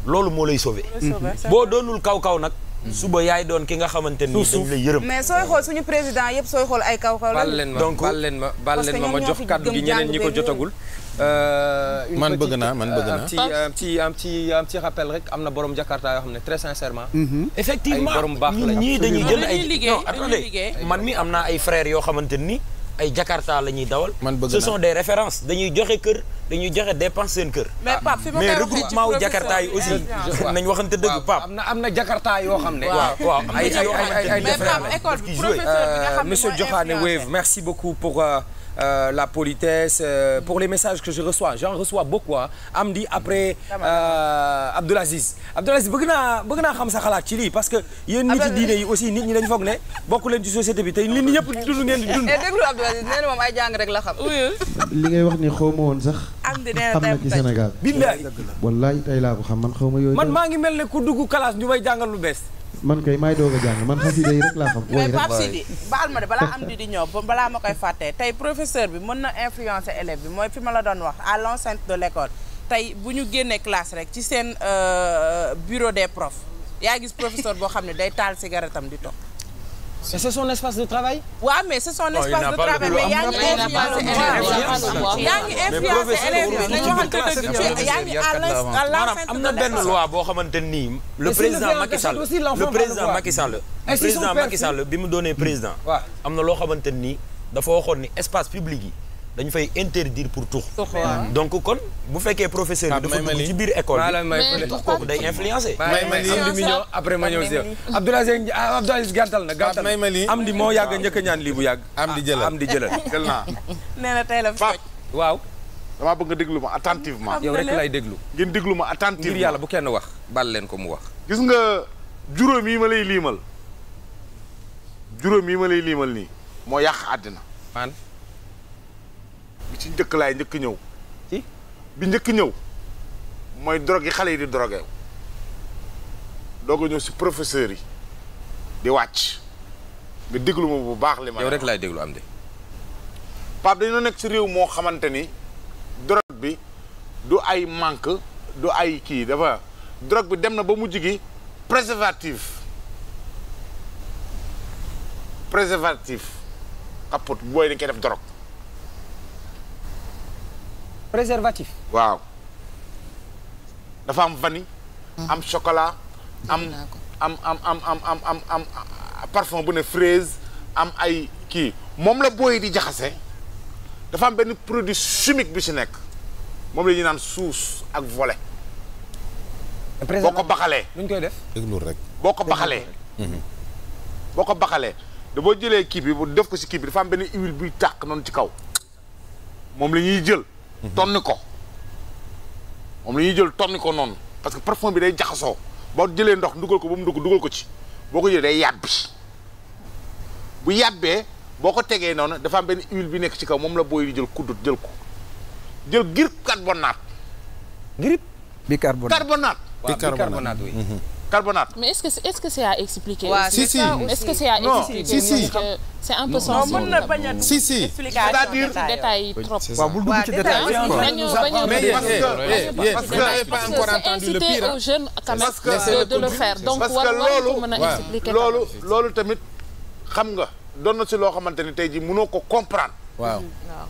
loolu moo lay sauver. Mhm. boo doonul kaw kaw nag. Mhm. suba yaay doon ki nga xamante ni dañ lay yërëm. mais sooy xool suñu président yëpp sooy xool ay kaw kaw la. donc bal leen ma bal leen ma ma jox kàddu gi ñeneen ñi ko jotagul. Euh, man bëgg naa man bëgg euh, naa. ci am ci am ci rek am na borom Jakarta yoo xam ne très sincèrement. Mhm. effectivement ñun ñii dañuy jël ay. non attendez man mi am naa ay frères yoo xamante ni. ay Jakarta la ñuy dawal. man bëgg ce sont des références dañuy joxe kër dañuy joxe dépense seen kër. mais Pape fi ma mais regroupement wu Jakarta yi aussi. nañ waxante dëgg Pape. am na am na Jakarta yoo xam ne. waaw waaw am na ne ay ay ay ay. mais Pape euh, Wave merci beaucoup pour. Euh, euh, la politesse, euh, pour les messages que je reçois. J'en beaucoup. am di après euh, Abdoulaziz Abdoulaziz bëgg naa bëgg naa xam sa xalaat ci lii parce que yen nit yi diine yi aussi nit ñi dañu foog ne bokk leen ci société bi te nit ñi ñëpp dund ngeen di dund. Eh, déglu Abdoulaziz nee na moom ay jàng rek la xam. li ngay wax ni xaw ma woon sax. am di xam na ci Sénégal. billaay tey laa ko xam man xaw ma yooyu. man maa ngi mel ne ku dugg classe ñu may jàngal lu bees. man kay may doog a jàng man xasida yi rek laa xam. mais Pape Sidi baal ma de balaa am di di ñëw balaa ma koy fàtte tey professeur bi mën na influencer élève bi mooy fi ma la doon wax à l'enceinte de l'école tey bu ñu génnee classe rek ci seen euh, bureau de prof yaa gis professeur boo xam ne day taal cigarette am di toog. mais c'est son espace de travail. waaw ouais, mais c'est son non, espace de travail mais yaa ngi influencé yaa ngi influencé élèves yi nañu waxante dëgg yaa ngi à la fin am na benn loi boo xamante nii le président Macky Sall le président Macky Sall président Macky Sall bi mu doonee président hmm. am na loo xamante nii dafa waxoon ni espace public yi dañu fay interdire pour tux donc kon bu fekkee professeur bi dafa dugg ci biir école bi tux kooku day influencé may ma lii am di mi ñëw après ma ñëw si Abdoulaye ah, Abdoulaye gàttal na gàttal may ma am di moo yàgg njëkk a ñaan lii bu yàgg am di jëlal am di jël naa nee na tey la waaw damaa bëgg nga déglu ma attentivement yow rek lay déglu ngeen déglu ma attentivement ngir yàlla bu kenn wax bal leen ko mu wax gis nga juróom yi ma lay liimal juróom yi ma lay liimal nii moo yàq àddina bi ci njëkk laay njëkk ñëw. ci bi njëkk ñëw mooy drogue yi xale yi di drogué doog a ñëw si professeurs yi di wàcc nga déglu ma bu baax li ma. yow rek laay déglu am de. Pape dañoo nekk si réew moo xamante ni drogue bi du ay manque du ay kii dafa drogue bi dem na ba mujj gi préservatif. préservatif. kaput booy dañ koy def drogue préservatif. waaw dafa am vanille. Hmm. am chocolat. am am am am am am am parfum bu ne fraise am ay kii moom la booy di jaxase dafa am benn produit chimique bi ci nekk moom la ñuy naan suus ak volet. boo ko baxalee nuñ koy def. déglu rek boo ko baxalee. Hmm. boo ko baxalee da boo jëlee kii bi bu def ko ci kii bi dafa am benn huile buy tàkk noonu ci kaw moom la ñuy jël. tonni ko moom la ñuy jël tonni ko noonu parce que parfum bi day jaxasoo boo jëlee ndox dugal ko ba mu dugg dugal ko ci boo ko jëlee day yàbbi bu yàbbee boo ko tegee noonu dafa am benn huile bi nekk ci kaw moom la booy di jël kuddut jël ko jël girib carbonate girib bicarbonate carbonate bicarbonate oui mm-hmm. carbonate. mais est-ce que est-ce que c'est à expliquer. Ouais, c'est à c'est un c'est-à-dire détail trop. waaw bul ah, que vous n'avez pas encore entendu de le faire donc a expliquer loolu loolu tamit xam nga doon na si loo xamante ni tey jii mënoo ko comprendre. waaw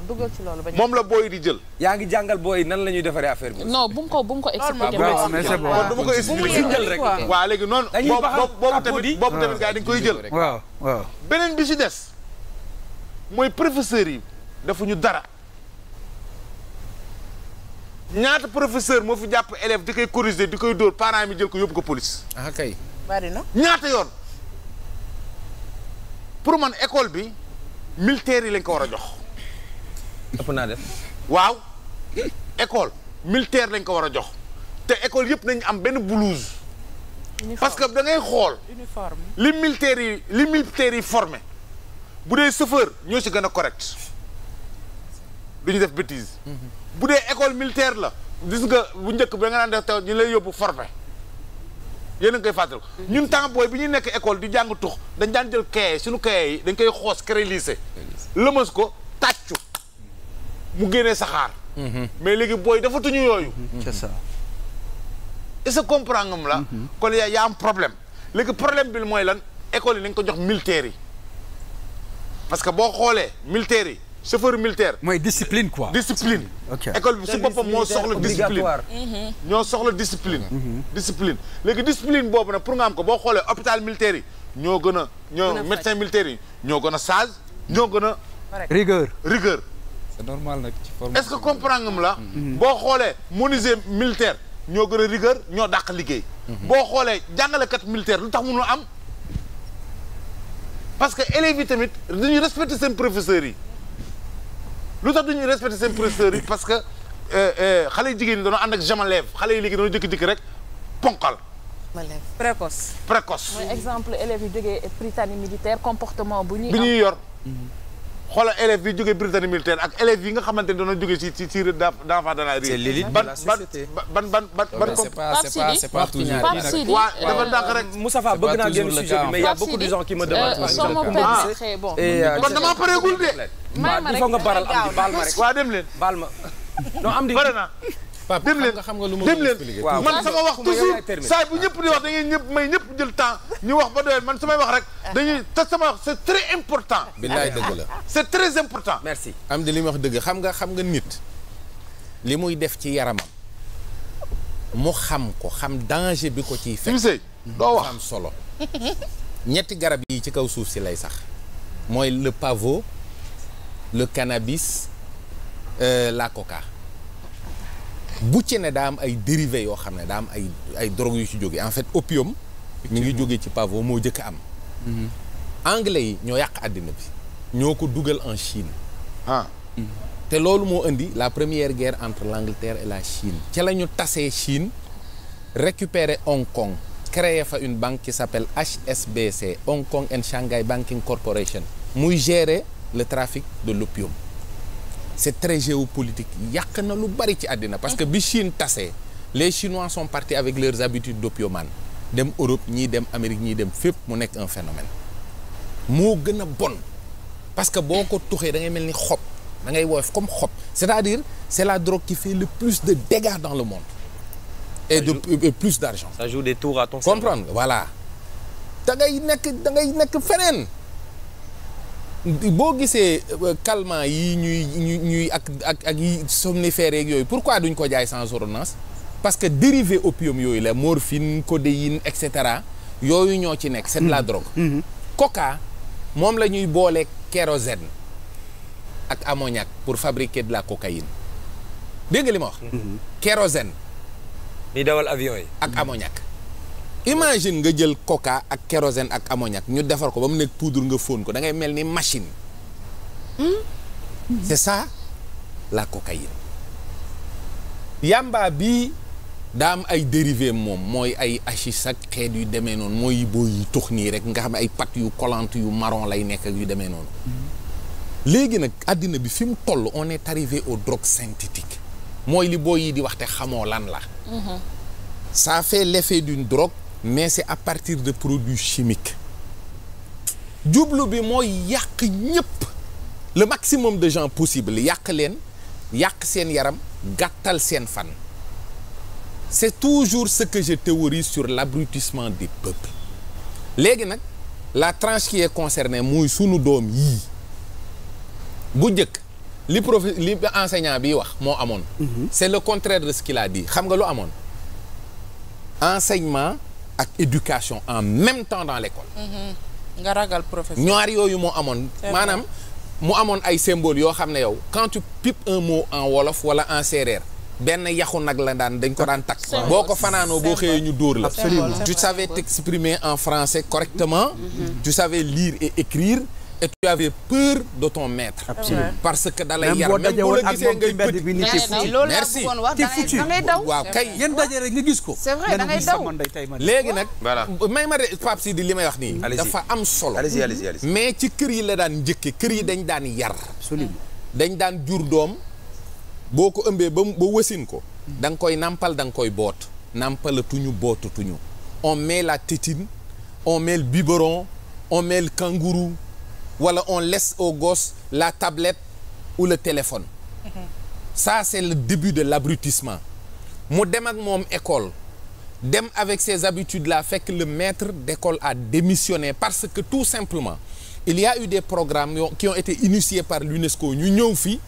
duggal ci loolu. moom la booy di jël. yaa ngi jàngal booy nan la ñuy defaree affaire bi. non bu mu ko bu mu ko expliqué. waaw mais c'est bon du ma ko expliqué. waaw léegi noonu. boobu tamit boobu tamit gars yi dañ koy jël. waaw waaw. beneen bi ci des mooy professeurs yi defuñu dara ñaata professeur moo fi jàpp élève di koy corriger di koy dóor parents mi jël ko yóbbu ko police. ah kay. bari na ñaata yoon pour man école bi militaire yi lañ ko war a jox. ëpp naa def waaw école militaire lañ ko war a jox te école yëpp nañ am benn blouse parce que da ngay xool li militaire yi li yi formé bu dee chauffeur ñoo si gën a correct du ñu def bêtise mhm. bu dee école militaire la gis nga bu njëkk bi nga naan def taw ñu lay yóbbu forfait yéen a ngi koy fàttaliku mhm. ñun temps booy bi ñu nekk école di jàng tux dañ daan jël kaye suñu kaye yi dañ koy xoos créé lycée lëmas ko tàccu mu génnee saxaar. Mhm. mais léegi booy dafatuñu yooyu. Mhm. c'est ça. est-ce que comprend nga mu la. Mhm. kon yaa yaa am problème. léegi problème bi mooy lan école yi nañ ko jox militaires yi parce que boo xoolee militaires yi chauffeur militaire. mooy discipline quoi. discipline. école bi si boppam moo soxla discipline. ñoo soxla discipline. discipline léegi discipline boobu nag pour nga am ko boo xoolee hôpital militaire yi ñoo gën a. ñoo médecin militaire yi ñoo gën a sage. ñoo gën a. rigueur rigueur. c'est nag ci est-ce que comprendre nga mu la. Mhm. Mhm. boo xoolee menuisier militaire ñoo gën a rigueur ñoo dàq liggéey. Mhm. boo xoolee jàngalekat militaire lu tax mu mënul am. parce que élèves yi tamit dañuy respecter seen professeurs yi lu tax dañuy respecter seen professeurs yi parce que euh, euh, xale yu jigéen ñi dañoo ànd ak lève xale yi léegi dañoo jékki-jékki rek ponkal. précoce précoce. mooy exemple élève yi jógee Prytanée militaire comportement bu ñuy. yor. xoolal élèves yi jógee Britannie militaire ak élèves yi nga xamante ne doon jógee ci ci ci d'enfants de la rue. c'est l'élite ban ban ban ban. c'est pas bëgg naa génn sujet bi mais y a beaucoup de gens qui ma permettre euh, bon. Euh, kon damaa pareegul de. baral am di baal ma rek. waa dem non am di. dem leen dem leen man sama wax toujours saa bu ñëpp di wax da ngeen ñëpp may ñëpp jël temps ñu wax ba doyal man samay wax rek dañuy te sama wax c'est très important. billaay dëgg la c'est très important. merci am di li mu wax dëgg xam nga xam nga nit li muy def ci yaramam mu xam ko xam danger bi ko ci fekk. doo wax am solo. ñetti garab yi ci kaw suuf si lay sax mooy le pavo le cannabis euh, la coca. bu ci ne daa am ay dérivés yoo xam ne daa am ay ay drogue yu ci jóge en fait opium. mi ngi jóge ci pavot moo jëkk am. Mhm. anglais yi ñoo yàq àddina bi. ñoo ko dugal en Chine. ah. Mhm. te loolu moo indi la première guerre entre l'Angleterre et la Chine. ci la ñu tasee Chine récupérer Hong Kong. créé fa une banque qui s'appelle HSBC Hong Kong and Shanghai Banking Corporation muy gérer le trafic de l'opium c'est très géopolitique yàq na lu bari ci àddina parce que bi Chine tasee les Chinois sont partis avec leurs habitudes d'opiomanes dem Europe ñii dem Amérique ñii dem fépp mu nekk un phénomène moo gën a bon parce que boo ko tuxee da mel ni xob da ngay woyof comme xob c'est-à-dire c'est la drogue qui fait le plus de dégâts dans le monde et ça de joue, et plus d'argent ça joue des tours voilà da nekk da nekk feneen boo gisee euh, calmant yi ñuy ñuy ñuy ak ak ak yi somnifères yeeg yooyu pourquoi duñ ko jaay sans ordonnance parce que dérivé opium yooyu la morphine codéine et cetera yooyu ñoo ci nekk. c'est de la mm-hmm. drogue. Mm-hmm. coca moom la ñuy boole kérosène ak amoñak pour fabriquer de la cocaïne dégg nga li ma wax. Mm-hmm. kérosène. di dawal avion yi. ak amoñak imagine nga jël coca ak kérosène ak ammoniac ñu defar ko ba mu nekk poudre nga fóon ko dangay mel ni machine. Hmm. c'est ça la cocaïne. yamba bi daam ay dérivé moom mooy ay hachis ak xeet yu demee noonu mooy boo yi tux nii rek nga xam ne ay pat yu collante yu marron lay nekk yu demee noonu. Hmm. léegi nag àddina bi fi mu toll on est arrivé au drogues synthétiques mooy li boo yi di wax te xamoo lan la. Hmm. ça fait l'effet d'une drogue. mais c'est à partir de produits chimique jublu bi mooy yàq ñëpp le maximum de gens possible yàq leen yàq seen yaram gàttal seen fan c'est toujours ce que je théorise sur l'abrutissement des peuples léegi nag la tranche qui est concernée muy sunu doom yii bu njëkk li prof li enseignant bi wax moo amoon mhm. c'est le contraire de ce qu'il a dit xam nga lu amoon enseignement ak éducation en même temps dans l'école mm-hmm. nga ragal professeur ñaar yooyu moo amoon maanaam mu amoon ay symbole yoo xam ne yow quand tu pipes un mot en wolof wala en séeréer benn yaxu nag la daan dañ ko daan takk boo ko fanaanoo boo xëyee ñu dóor la tu savais t'exprimer en français correctement mm -hmm. tu savais lire et écrire et tu avais peur de ton maître. parce que da lay yar même boo la gisee ngay petit bi merci te foutu waaw kay yéen daje nga gis ko. c'est vrai da ngay daw léegi nag. may ma de Pape Sidi li may wax nii. dafa am solo. mais ci kër yi la daan njëkke kër yi dañ daan yar. dañ daan jur doom boo ko ëmbee ba ba wasin ko. Mm. da koy nàmpal da koy boot. nampalatuñu bootatuñu. on met la tétine on met le biberon on met le wala on laisse aux gosses la tablette ou le téléphone ça c'est le début de l'abrutissement mu dem moom école dem avec ces habitudes là fekk le maître d'école a démissionné parce que tout simplement il y a eu des programmes qui ont été initiés par l'UNESCO ñu ñëw fii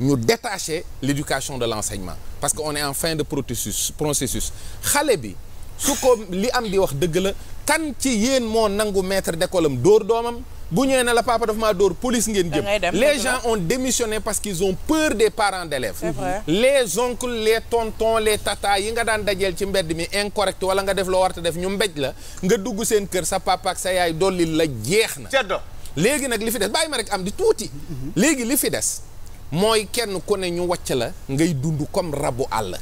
ñu détacher l'éducation de l'enseignement parce que on est en fin de processus processus xale bi su ko li am di wax dëgg la kan ci yéen moo nangu maître d'école am dóor doomam bu ñëwee la papa dafa ma dóor police ngeen jëm les gens ont démissionné parce qu'ils ont peur des parents d'élèves mm-hmm. les oncles les tontons les tata yi nga daan dajeel ci mbedd mi incorrect wala nga def loo warta def ñu mbéj la nga dugg seen kër sa papa sa yaay dolli la jeex na léegi nag li fi des bàyyi ma rek am di tuuti mm-hmm. léegi li fi des mooy kenn ku ne ñu wàcc la ngay dund comme rabu àll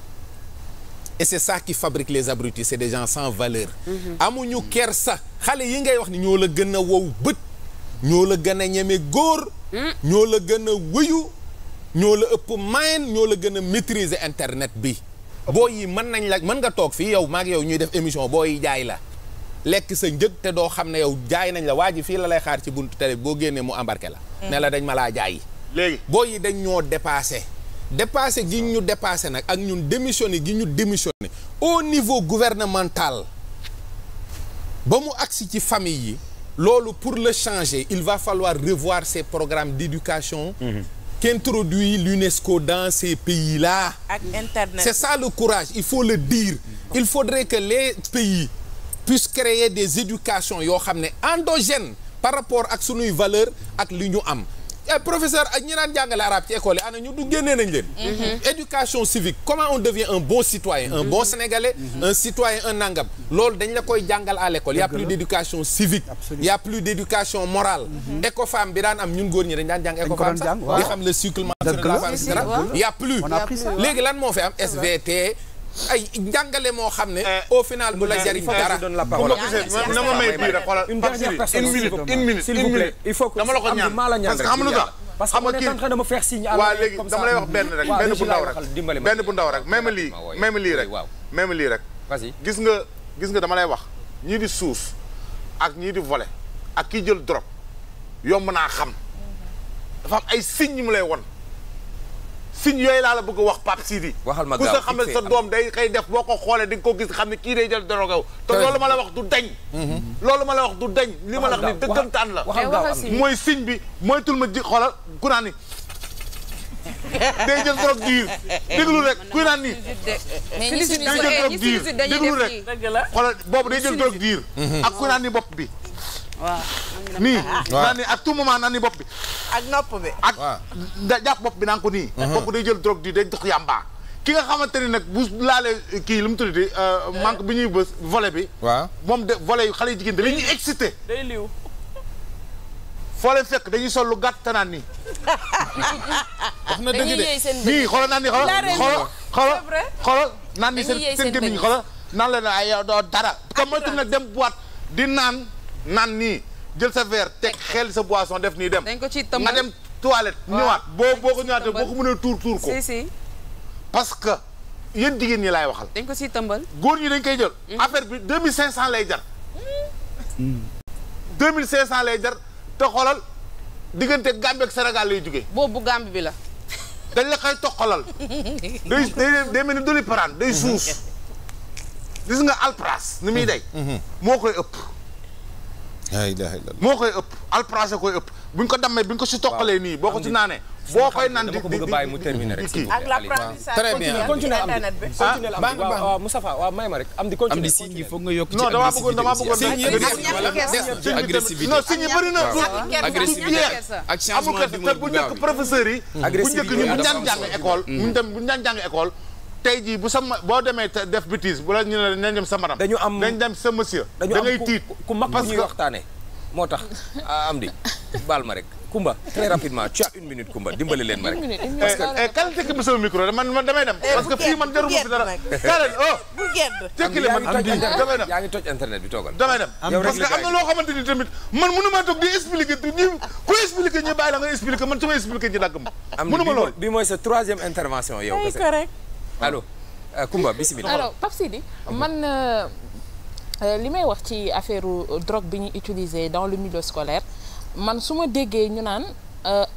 et c'est ça qui fabrique les abrutis c'est des gens sans valeur mm-hmm. amuñu kersa xale yi ngay wax ni ñoo la gën a wow ñoo la gën a ñeme góor. Hmm? ñoo la gën a wëyu ñoo la ëpp mayen ñoo la gën a maîtriser internet bi. boo yi mën nañ la mën nga toog fii yow maag yow ñuy def émission booy yi jaay la. lekk sa njëg te doo xam ne yow jaay nañ la waa ji fii la lay xaar ci buntu télé boo génnee mu embarqué la. Hmm. ne la dañ ma laa jaay. léegi boo yi dañ ñoo dépassé. dépassé gi ñu dépassé nag ak ñun démissionné gi ñu démissionné au niveau gouvernemental ba mu agsi ci famille yi. loolu pour le changer il va falloir revoir ces programmes d'éducation mmh. qu'introduit l'UNESCO dans ces pays-là ak internet c'est ça le courage il faut le dire il faudrait que les pays puissent créer des éducations yoo xam ne endogènes par rapport ak sunuy valeur ak li ñu am Eh, professeur ak ñi daan jàngale arabe ci école yi ana ñu du génnee nañ leen. Mhm. éducation civique comment on devient un bon citoyen. un bon mhm. sénégalais. Mhm. un citoyen un nangam. loolu dañ la koy jàngal à l'école y a plus d'éducation civique. y a plus d'éducation morale. écofam bi daan am ñun góor ñi dañ daan jàng écofam sax di xam le cycle menstruel la femme y a plus léegi lan moo fi am SVT. ay jàngale moo xam ne. Eh, au final du la eh, jariñ dara. na ma may bii rek xoolal une minute une minute une minute il faut que dama la que nga dama lay wax benn rek benn bu ndaw rek benn bu lii rek gis nga gis nga dama lay wax ñii di suuf ak ñii di voler ak kii jël drogue yomb naa xam dafa am ay signes mu lay won signe yooyu laa la bëgg a wax Pape Sidi. waxal ma gaaw ku sa xam sa doom day xëy def boo ko xoolee di nga ko gis xam ne kii day jël dorogaw. te mhm. loolu ma la wax du dañ. loolu ma la wax du dañ. li ma la wax ni taan la. mooy signe bi moytul ma ji xoolal ku naan ni day jël drogue diir déglu rek kuy naan nii. day jël drogue eh, diir déglu rek. xoolal boobu day jël drogue diir. Mhm. ak ku naan ni bopp bi. waaw nii. waaw naan ak tout moment naan ni bopp bi. ak nopp bi. ak da jàpp bopp bi naan ko nii. kooku mhm. day jël drogue di day dox yàmbaa. ki nga xamante ni nag bu laalee kii lu mu tuddati euh, eh. manque bi ñuy bës volet bi. waaw moom de volet xale yu jigéen da leen ñuy excité. day liw. foo fekk dañuy sol lu gàtt naan nii. wax na dëgg de nii xoolal naan nii xoolal. xoolal xoolal naan nii seen seen gémmiñ xoolal naan la ne ay doo dara. comme moytu nag dem boîte di naan. naan nii jël sa verre te xel sa boisson def nii dem. dañ ko ci tëmbal nga dem toilette. ñëwaat boo boo ko ñëwaatee boo ko mënee tuur tuur ko. si parce que yéen jigéen ñi laay waxal. dañ ko ciy tëmbal. góor ñi dañ koy jël. Mm. affaire bi 2500 lay jar. 2500 mm. lay jar te diggante Gambie ak Sénégal lay jugee. boobu Gambie bi la. dañ la koy toqalal. day day day mel ni doli paraan day suus. dis nga alpras ni muy mm. day. Mm-hmm. moo koy ëpp. moo koy ëpp alprase koy ëpp bu ko dammee bu ko si toqalee nii boo ko si boo koy nan di bëgg mu terminer rek bien continué am di continué am di waaw Moustapha waaw may ma bëri na agressivité ak changement du bu njëkk professeur yi tey jii bu sama boo demee def bêtise bu la ñu ne nañ dem sa dañu am dañ dem sa monsieur. dañu am ku ku waxtaanee. moo tax ah, am di baal ma rek. Kumba très rapidement tu une minute Kumba dimbali leen ma rek. parce tekki ma sama micro man man dem. Eh, parce que fii man jaruma fi dara. Karen oh. bu gedd man damay dem parce que am na loo xamante ni tamit man mënu maa toog di expliquer ñi ku expliquer ñu bàyyi la nga expliquer man su ma expliquer ñu dàgg ma. mënu lool intervention yow. kese allo Kumba euh, bisimilah. alors Pape Sidi man euh, euh, li may wax ci affaire drogue bi ñu utiliser dans le milieu scolaire man su ma déggee ñu naan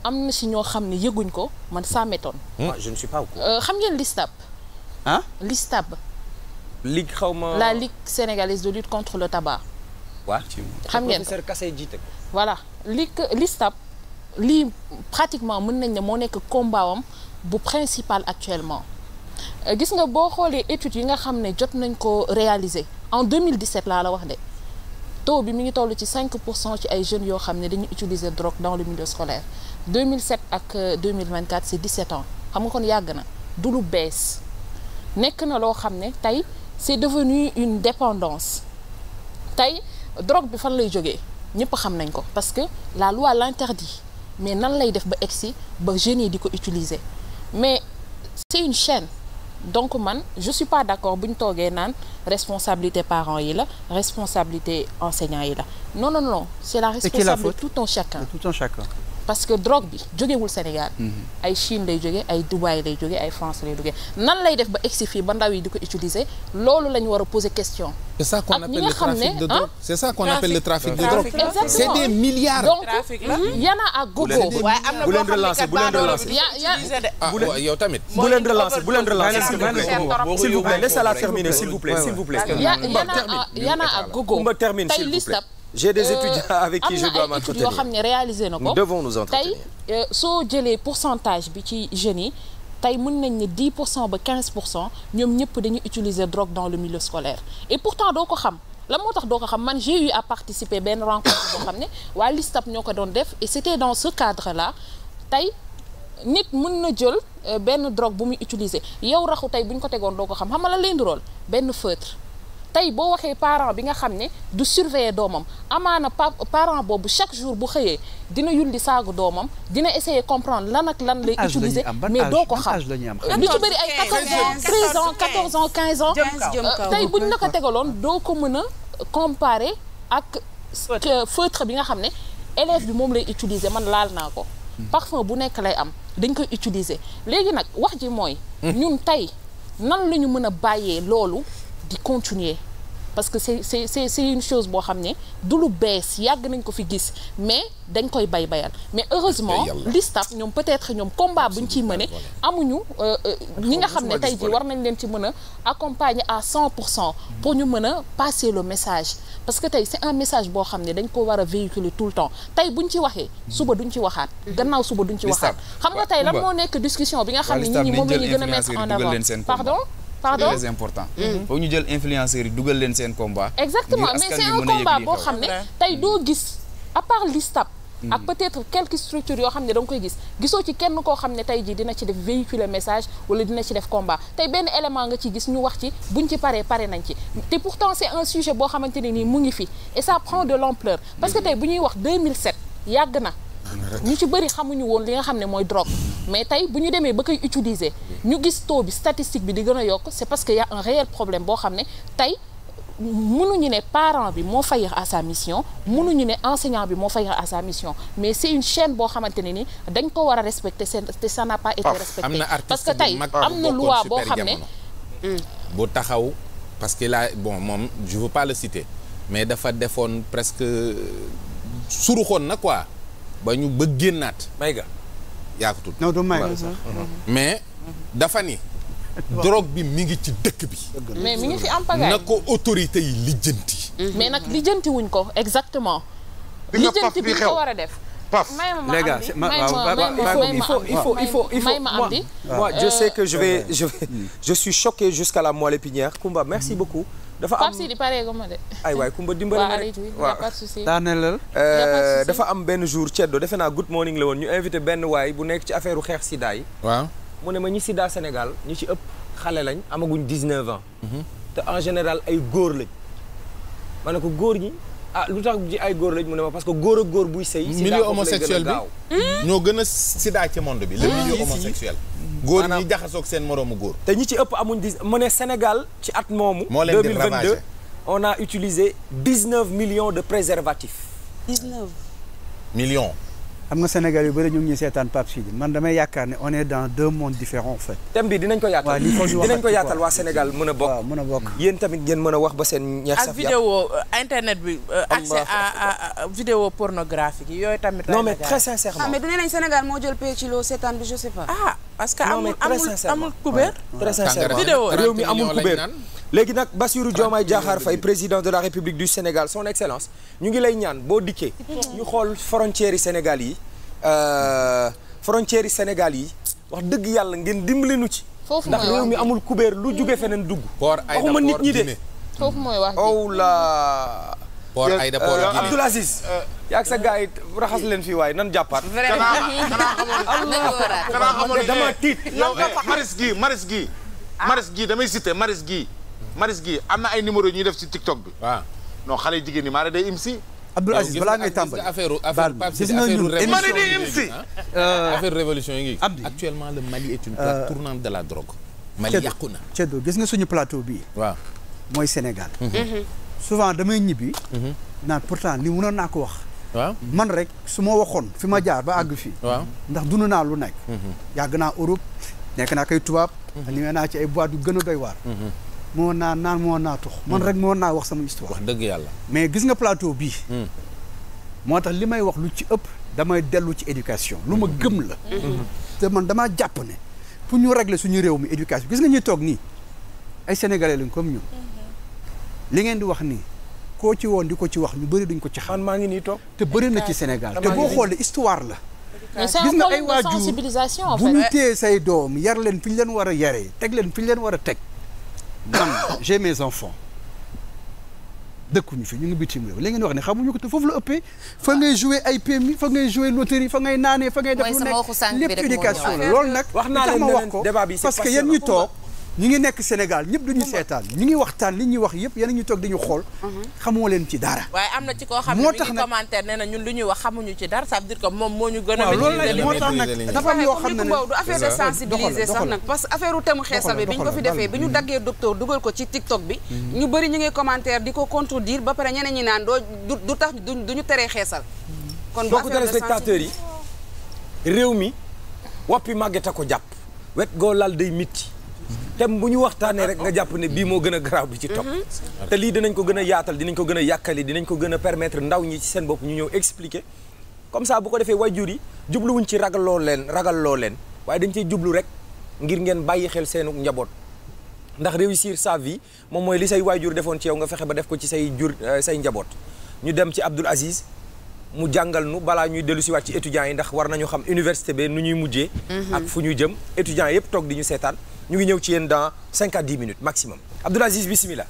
am na si ñoo xam ne yëguñ ko man ça m'étonne. Hmm? moi xam ngeen l'ISTAB. ah l'ISTAB. ligue xaw ma la ligue sénégalaise de lutte contre le tabac. waaw xam ngeen professeur Kassé jiite ko. voilà ligue l'ISTAB lii pratiquement mën nañ ne moo nekk combat bu principal actuellement. Euh, gis nga boo xoolee études yi nga xam ne jot nañ ko réaliser en deux mille 2017 laa la wax de taux bi mu ngi toll ci 5 pour cent ci ay jeunes yoo xam ne dañu utiliser drogue dans le milieu scolaire 2007 ak 2024 euh, c'est 17 ans xam nga kon yàgg na du lu bees nekk na loo xam ne tey c'est devenu une dépendance tey drogue bi fan lay jógee ñëpp xam nañ ko parce que la loi l'interdit mais nan lay def ba egsi ba jeunes yi di ko utiliser mais c'est une chaîne. donc man je suis pas d'accord bu ñu toogee naan responsabilité parents yi la responsabilité enseignants yi la non non non c'est la responsabilité tout un chacun de tout un chacun parce que drogue bi jógewul Sénégal mhm. ay Chine lay jóge ay Dubaï lay jóge ay France lay jóge nan lay def ba egsi fii ba ndaw yi di ko utiliser loolu la ñu war a poser question c'est ça qu'on ah, appelle le trafic de drogue c'est le trafic de drogue c'est des milliards donc yana à gogo waaye am na bu leen relancer bu leen relancer ah waaw tamit bu leen relancer bu leen relancer s'il vous plaît laissez gogo tey j'ai des euh, étudiants avec qui je dois m'entretenir am na ay études yoo xam ne réalisé na ko. nous devons nous entretenir euh, soo jëlee pourcentage bi ci jeunes yi tey mën nañ ni 10 pour cent ba 15 pour cent ñoom ñëpp dañu utiliser drogue dans le milieu scolaire et pourtant doo ko xam. la moo tax doo ko xam man j'ai eu à participer benn rencontre boo xam ne waa LISTAB ñoo ko doon def et c'était dans ce cadre la tey nit mën na jël euh, benn drogue bu muy utiliser yow raxu tey bu ñu ko tegoon doo ko xam xam nga la leen di rool benn feutre tey boo waxee parent bi nga xam ne du surveiller doomam amaana pa parent boobu chaque jour bu xëyee dina yulli saagu doomam dina essayer comprendre lan ak lan lay utiliser mais doo ko xam lu ci bëri ay 14 ans 13 ans 14 ans 15 ans tey buñ ko tegaloon doo ko mën a comparer ak feutre bi nga xam ne élève bi moom lay utiliser man laal naa ko hmm. parfum bu nekk lay am dañ koy utiliser léegi nag wax ji mooy hmm. ñun tey nan la ñu mën a bàyyee loolu di continuer parce que c'est c'est c'est c'est une chose boo xam ne du lu bees yàgg nañ ko fi gis mais dañ koy bay bayal mais heureusement listap ñoom peut-être ñoom combat buñ ciy mëne euh, euh, amuñu ñi nga xam ne tey jii war nañ leen ci mën a accompagner à 100 pour ñu mën a passer le message parce que tey c'est un message boo xam ne dañ ko war a véhiculer tout le temps tey buñ ci waxee suba duñ ci waxaat gannaaw suba duñ ci waxaat xam nga tey lan moo nekk discussion bi nga xam ne ñi a pardon très important. Mm. ñu jël influenceurs yi dugal leen seen combat. exactement mais c'est un combat boo xam ne tey doo gis à part listap mm. ak peut-être quelques structures yoo xam ne da nga koy gis gisoo ci kenn koo xam ne tey jii dina ci def véhiculer message wala dina ci def combat tey benn élément nga ci gis ñu wax ci buñ ci pare pare nañ ci te pourtant c'est un sujet boo xamante ne nii mu ngi fi et ça prend de l'ampleur parce que mm. tey bu ñuy wax 2007 yàgg na ñu ci bëri xamuñu woon li nga xam ne mooy drogue mais tey bu ñu demee ba koy utiliser ñu gis taux bi statistique bi di gën a yokk c'est parce que y a un réel problème boo xam ne tey mënuñu ne parent bi moo faillir à sa mission mënuñu ne enseignant bi moo faillir à sa mission mais c'est une chaîne boo xamante ne ni dañ ko war a respecter te ça n'a pas été respecté parce que tey am na loi boo xam ne bu taxaw parce que là bon moom je veux pas le citer mais dafa defoon presque suruxoon na quoi ba ñu bëgg génnaat. Mayga yaa ko tudd. Mhm. Mhm. mais dafa ni. drogue bi mi ngi ci dëkk bi. mais mi ngi fi am pagaille. na ko autorité yi lijjanti. Mhm. mais nag lijjanti wuñ ko exactement. lijjanti bi ko war a def. paf les ma il faut il faut il faut je euh, sais que je suis choqué jusqu'à la moelle épinière Koumba merci beaucoup. dafa am Pape Sidi pareegu ma de. ay waay kumba dimbali ma rek waaw daanelal euh, dafa am benn jour ceddo defe naa good morning la woon ñu invité benn waay bu nekk ci affaire u xeex sida yi. waaw mu ne ma ñi sida Sénégal ñi ci ëpp xale lañ amaguñ 19 ans. Mhm. te en général ay góor lañ. ma ne ko góor ñi ah lu tax ji ay góor lañ mu ne ma parce que góor ak góor buy sëy. sida milieu homosexuel bi hmm? ñoo gën a sida ci monde bi. le hmm? homosexuel. góor ñi jaxasoog seen moroomu góor te ñi ci ëpp amuñ di mu Sénégal ci at moomu 2022 on a utilisé 19 millions de préservatifs 19 millions am nga Sénégal yu bëri ñu ngi ñuy seetaan Pape Sidi man damay yaakaar ne on est dans deux mondes différents en fait. bi dinañ ko yaatal dinañ ko yaatal waa Sénégal mën a bokk waaw a bokk. yéen tamit ngeen mën a wax ba seen ñeex saf yàpp ak vidéo euh, internet bi. Euh, accès à à vidéo pornographique yooyu tamit. non mais très sincèrement. ah mais dinañ Sénégal moo jël pay ci seetaan bi je ah parce que amul amul am couvert. très sincèrement vidéo réew mi amul couvert léegi nag Bassirou ah, Diomaye Diakhar fay président de la République du Sénégal son excellence ñu ngi lay ñaan boo dikkee ñu xool frontières yi Sénégal yi euh, frontières yi Sénégal yi wax dëgg yàlla ngeen dimbali nu ci ndax réew mi amul kubéer lu jóge feneen dugg waxuma nit foofu mooy wax ow oh la port ay dapor euh, Guinée Abdoul Aziz. Euh, yaa ak sa gars raxas leen fii waaye nan jàppaat. vraiment xanaa xamoon ne dama tiit. maris gii maris gii. Ah. damay cité maris gii. maris gi am na ay numéro ñuy def ci tiktok bi. waaw xale yu jigéen ñi maa day im si. Abdoul Aziz balaa ngay tàmbali affaire affaire gis nga ñun émission ah. euh, affaire révolution yi ngi actuellement le Mali est une plaque euh, tournante de la drogue. Mali na Ceddo gis nga suñu plateau bii. waaw mooy Sénégal. Mhm. Mhm. souvent damay ñibbi. Mhm. naan pourtant li mënoon naa ko wax. waaw man rek su ma waxoon fi ma jaar ba àgg fi waaw ndax dund naa lu nekk. yàgg naa Europe nekk naa koy tubaab. animé naa ci ay boîte du gën a doy waar. moo naa naan moo naa tux man hmm. rek moo naa wax sama histoire. wax dëgg yàlla. mais gis nga plateau bii. Hmm. moo tax li may wax lu ci ëpp damay dellu ci éducation lu ma hmm. gëm la. te man damaa jàpp ne pour ñu régler suñu réew mi éducation gis nga ñuy toog nii ay sénégalais lañ comme ñun. li ngeen di wax nii koo ci woon di ko ci wax ñu bëri dañ ko ci xam. maa ngi nii toog te bari na ci Sénégal te boo xoolee histoire la. gis nga ay waajur bu ñu téye say doom yar leen fi ñu leen war a yaree teg leen fi leen war a teg. man j'ai mes enfants dëkkuñu fi ñu ngi bitim réew ngeen wax ne xamuñu ko te foofu la ëppee fa ngay joué ay PMI fa ngay joué loterie fa ngay naanee fa ngay def lu nekk lépp éducation la loolu nag wax naa leen ma wax ko parce que yéen ñi toog ñi ngi nekk Sénégal ñëpp duñu seetaan ñu ngi waxtaan li ñuy wax yëpp yéen a ngi toog di ñu xool. Mhm. xamoo leen ci dara. waaye am na ci koo xam ne mi ngi commentaire nee na ñun lu ñuy wax xamuñu ci dara ça veut dire que moom moo ñu. gën a maîtriser moo tax nag dafa am yoo xam ne du affaire de sensibiliser sax nag parce que affaire u thème xeesal bi bi ñu ko fi defee bi ñu daggee docteur dugal ko ci TikTok bi. Mhm. ñu bëri ñu ngi commentaire di ko contredire ba pare ñeneen ñi naan doo du tax du ñu teree xeesal. Mhm. kon bu affaire de téléspectateurs yi réew mi woppi màgget a ko jàpp wet goo lal day mitti thème bu ñu waxtaanee rek nga jàpp ne bii moo gën a garaaw bi ci topp mm-hmm. te lii dinañ ko gën a yaatal dinañ ko gën a yàkkali dinañ ko gën a permettre ndaw ñi ci seen bopp ñu ñëw expliquer comme ça bu ko defee jur yi jubluwuñ ci ragaloo leen ragaloo leen waaye dañ ciy jublu rek ngir ngeen bàyyi xel seenu njaboot ndax réussir sa vie moom mooy li say jur defoon ci yow nga fexe ba def ko ci say jur euh, say njaboot ñu dem ci Abdoul Aziz mu jàngal nu balaa ñuy dellu siwaat ci étudiants yi ndax nañu xam université be nu ñuy mujjee. Mm-hmm. ak fu ñuy jëm étudiants yëpp toog di ñu seetaan. ñu ngi ñëw ci yéen dans cinq à dix minutes maximum Abdoul Aziz bismillah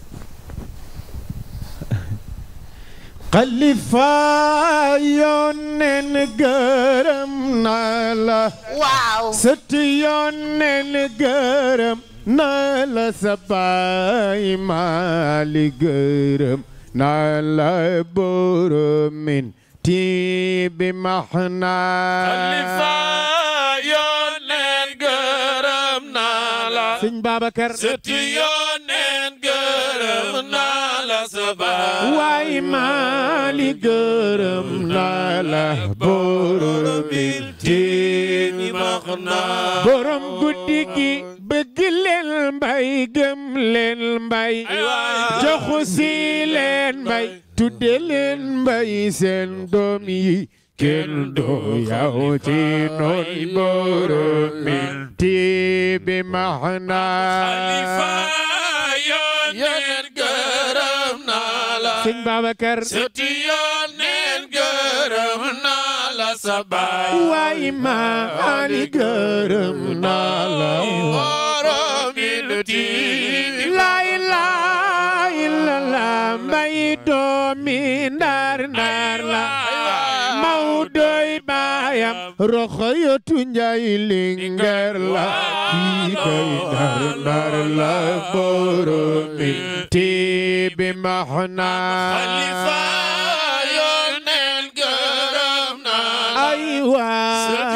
xalifa yónneen gërëm naa la waaw sëti yónneen gërëm naa la sa baay maali bi max sëñ Babacar sëtu yooneen gërëm naa la sa baay maali gërëm naa la borom biltiini max naa borom guddi gi bëgg leen mbay gëm leen mbay joxu leen mbay tudde leen mbay seen doom جلد يوتين البر من تيب معنا خليفة يونين قرم نالا سن بابكر ستي يونين قرم نالا سبا وإما علي قرم نالا ورم التيب لا إله إلا الله ميدو من نار نار لا yaayam roxoyatu njaay lingeer la kii koy dar dar la boromi tiibi maxnaa xalifa yooneen gërëm naa ay waa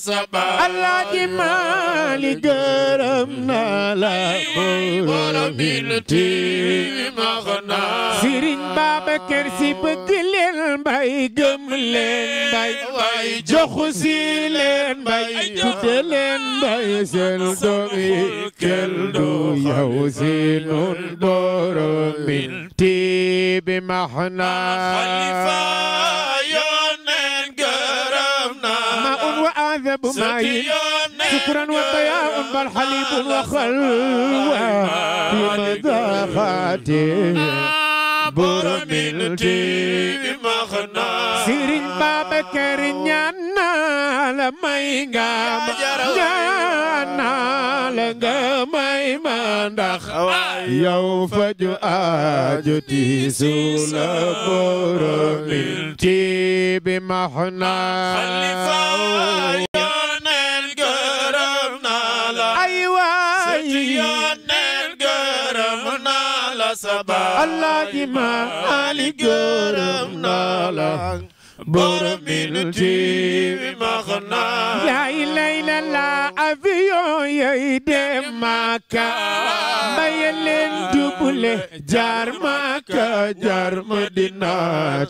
saba allah ji maali gërëm na la borom minti maxna sëriñ Babacar Si bëgg leen mbay gëm leen mbay mbay joxu si leen mbay tudde leen mbay seen doom yi kel du yow si nun borom minti bi maxna xalifa معين شكرا وضياء بل حليب وخلوة في مداخاتي برميلتي بمخنا سيرين بابا كرنيانا لمينغام جانا لغمي مندخ يو فجو آجتي سولا برميلتي بمخنا خليفة yónneen gërëm naa la saba alaaji Maalik gërëm naa la borom bi nu tiibi max naa yaay layla la avion yay dem Makka mbaye leen dubule jaar Makka jaar Madina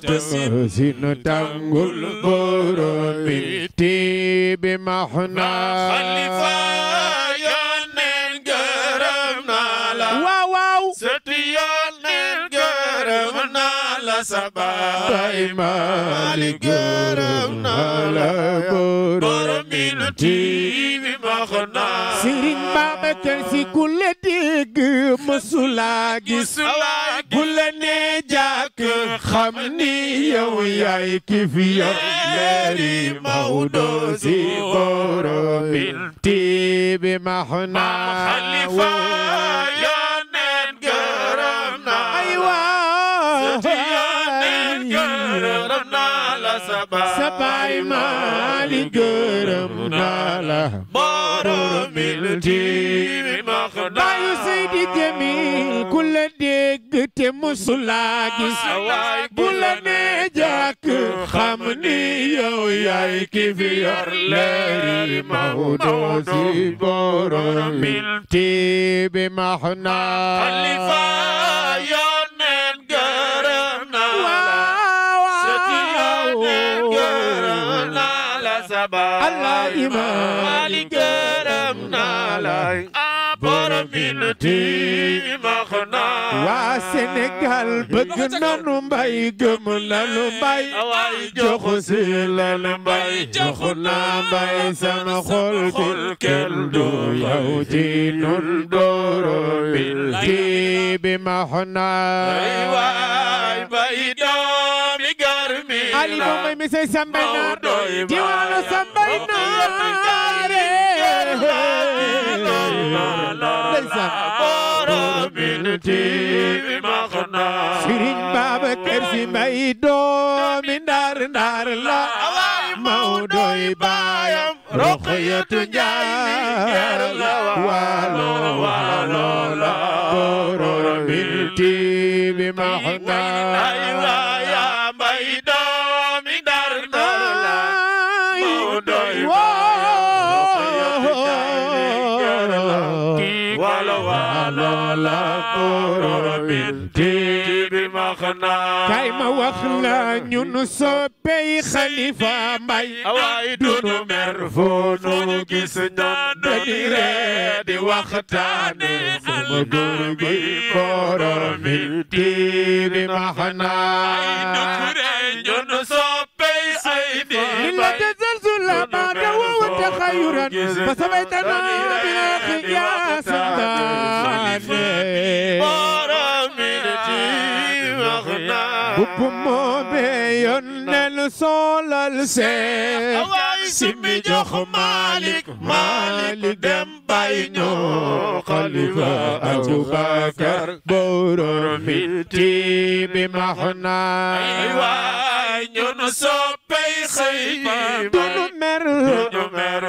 te si nu tàngul borom bi tiibi max naa sabaay maali gërëm naa la borom mi nu tiibi max naa Sëriñ Babacar Si ku la dégg mësulaa gis bu la nee jàkk xam ni yow yaay ki fi yor leeri Mawdo si borom mi tiibi max naa sa baay maali gërëm naa la boromil tiimi max baayu Seydi Jamil ku la dégg te musulaa gis bu la nee xam ni yow yaay ki fi yor leeri Maodo si boromil tiimi max naa sabaay allah imaam maali gërëm naa lay borom minati max naa waa Sénégal bëgg nanu mbay gëm nanu mbay waay joxu si lan mbay joxu naa mbay sama xol bi kenn du yow nun dooro bil bi max naa waay bay doomi garmi Ali moom mooy monsieur Sambena diwaanu sambay naare Sëriñ Babacar Si Mbay doomi Ndar Ndar la Mawdoy baayam Roqayatu Njaay la waalo waalo la borom bi tibi ma xonaa la binti bi maxna kay ma wax la ñun soppey xalifa mbay way dunu mer fu nu gis ñaan di re di waxtaane sama góor gi kooro binti bi maxna ay ñun soppey ay di إلا ما قوى تخيرا فثبتنا بالأخ يا سلطان بكم بين الصلاة السيف simmi jox Malick Malick dem bàyyi ñoo xalifa Abubakar borom biti bi max naa waay ñun soppay xëy dunu mer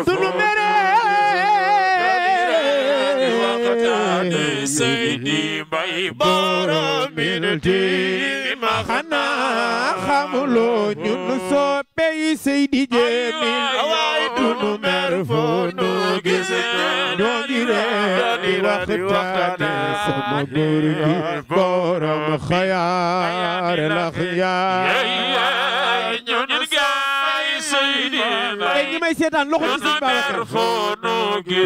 dunu mere seydi mbay borom biti bi max naa xamuloo ñun sopp soppeyi Seydi Djamil waay dunu mer fo nu gis ñoo ngi ree di waxtaane sama góor gi borom xayaar lax mbay ñi may seetaan loxo ci sëñ Babacar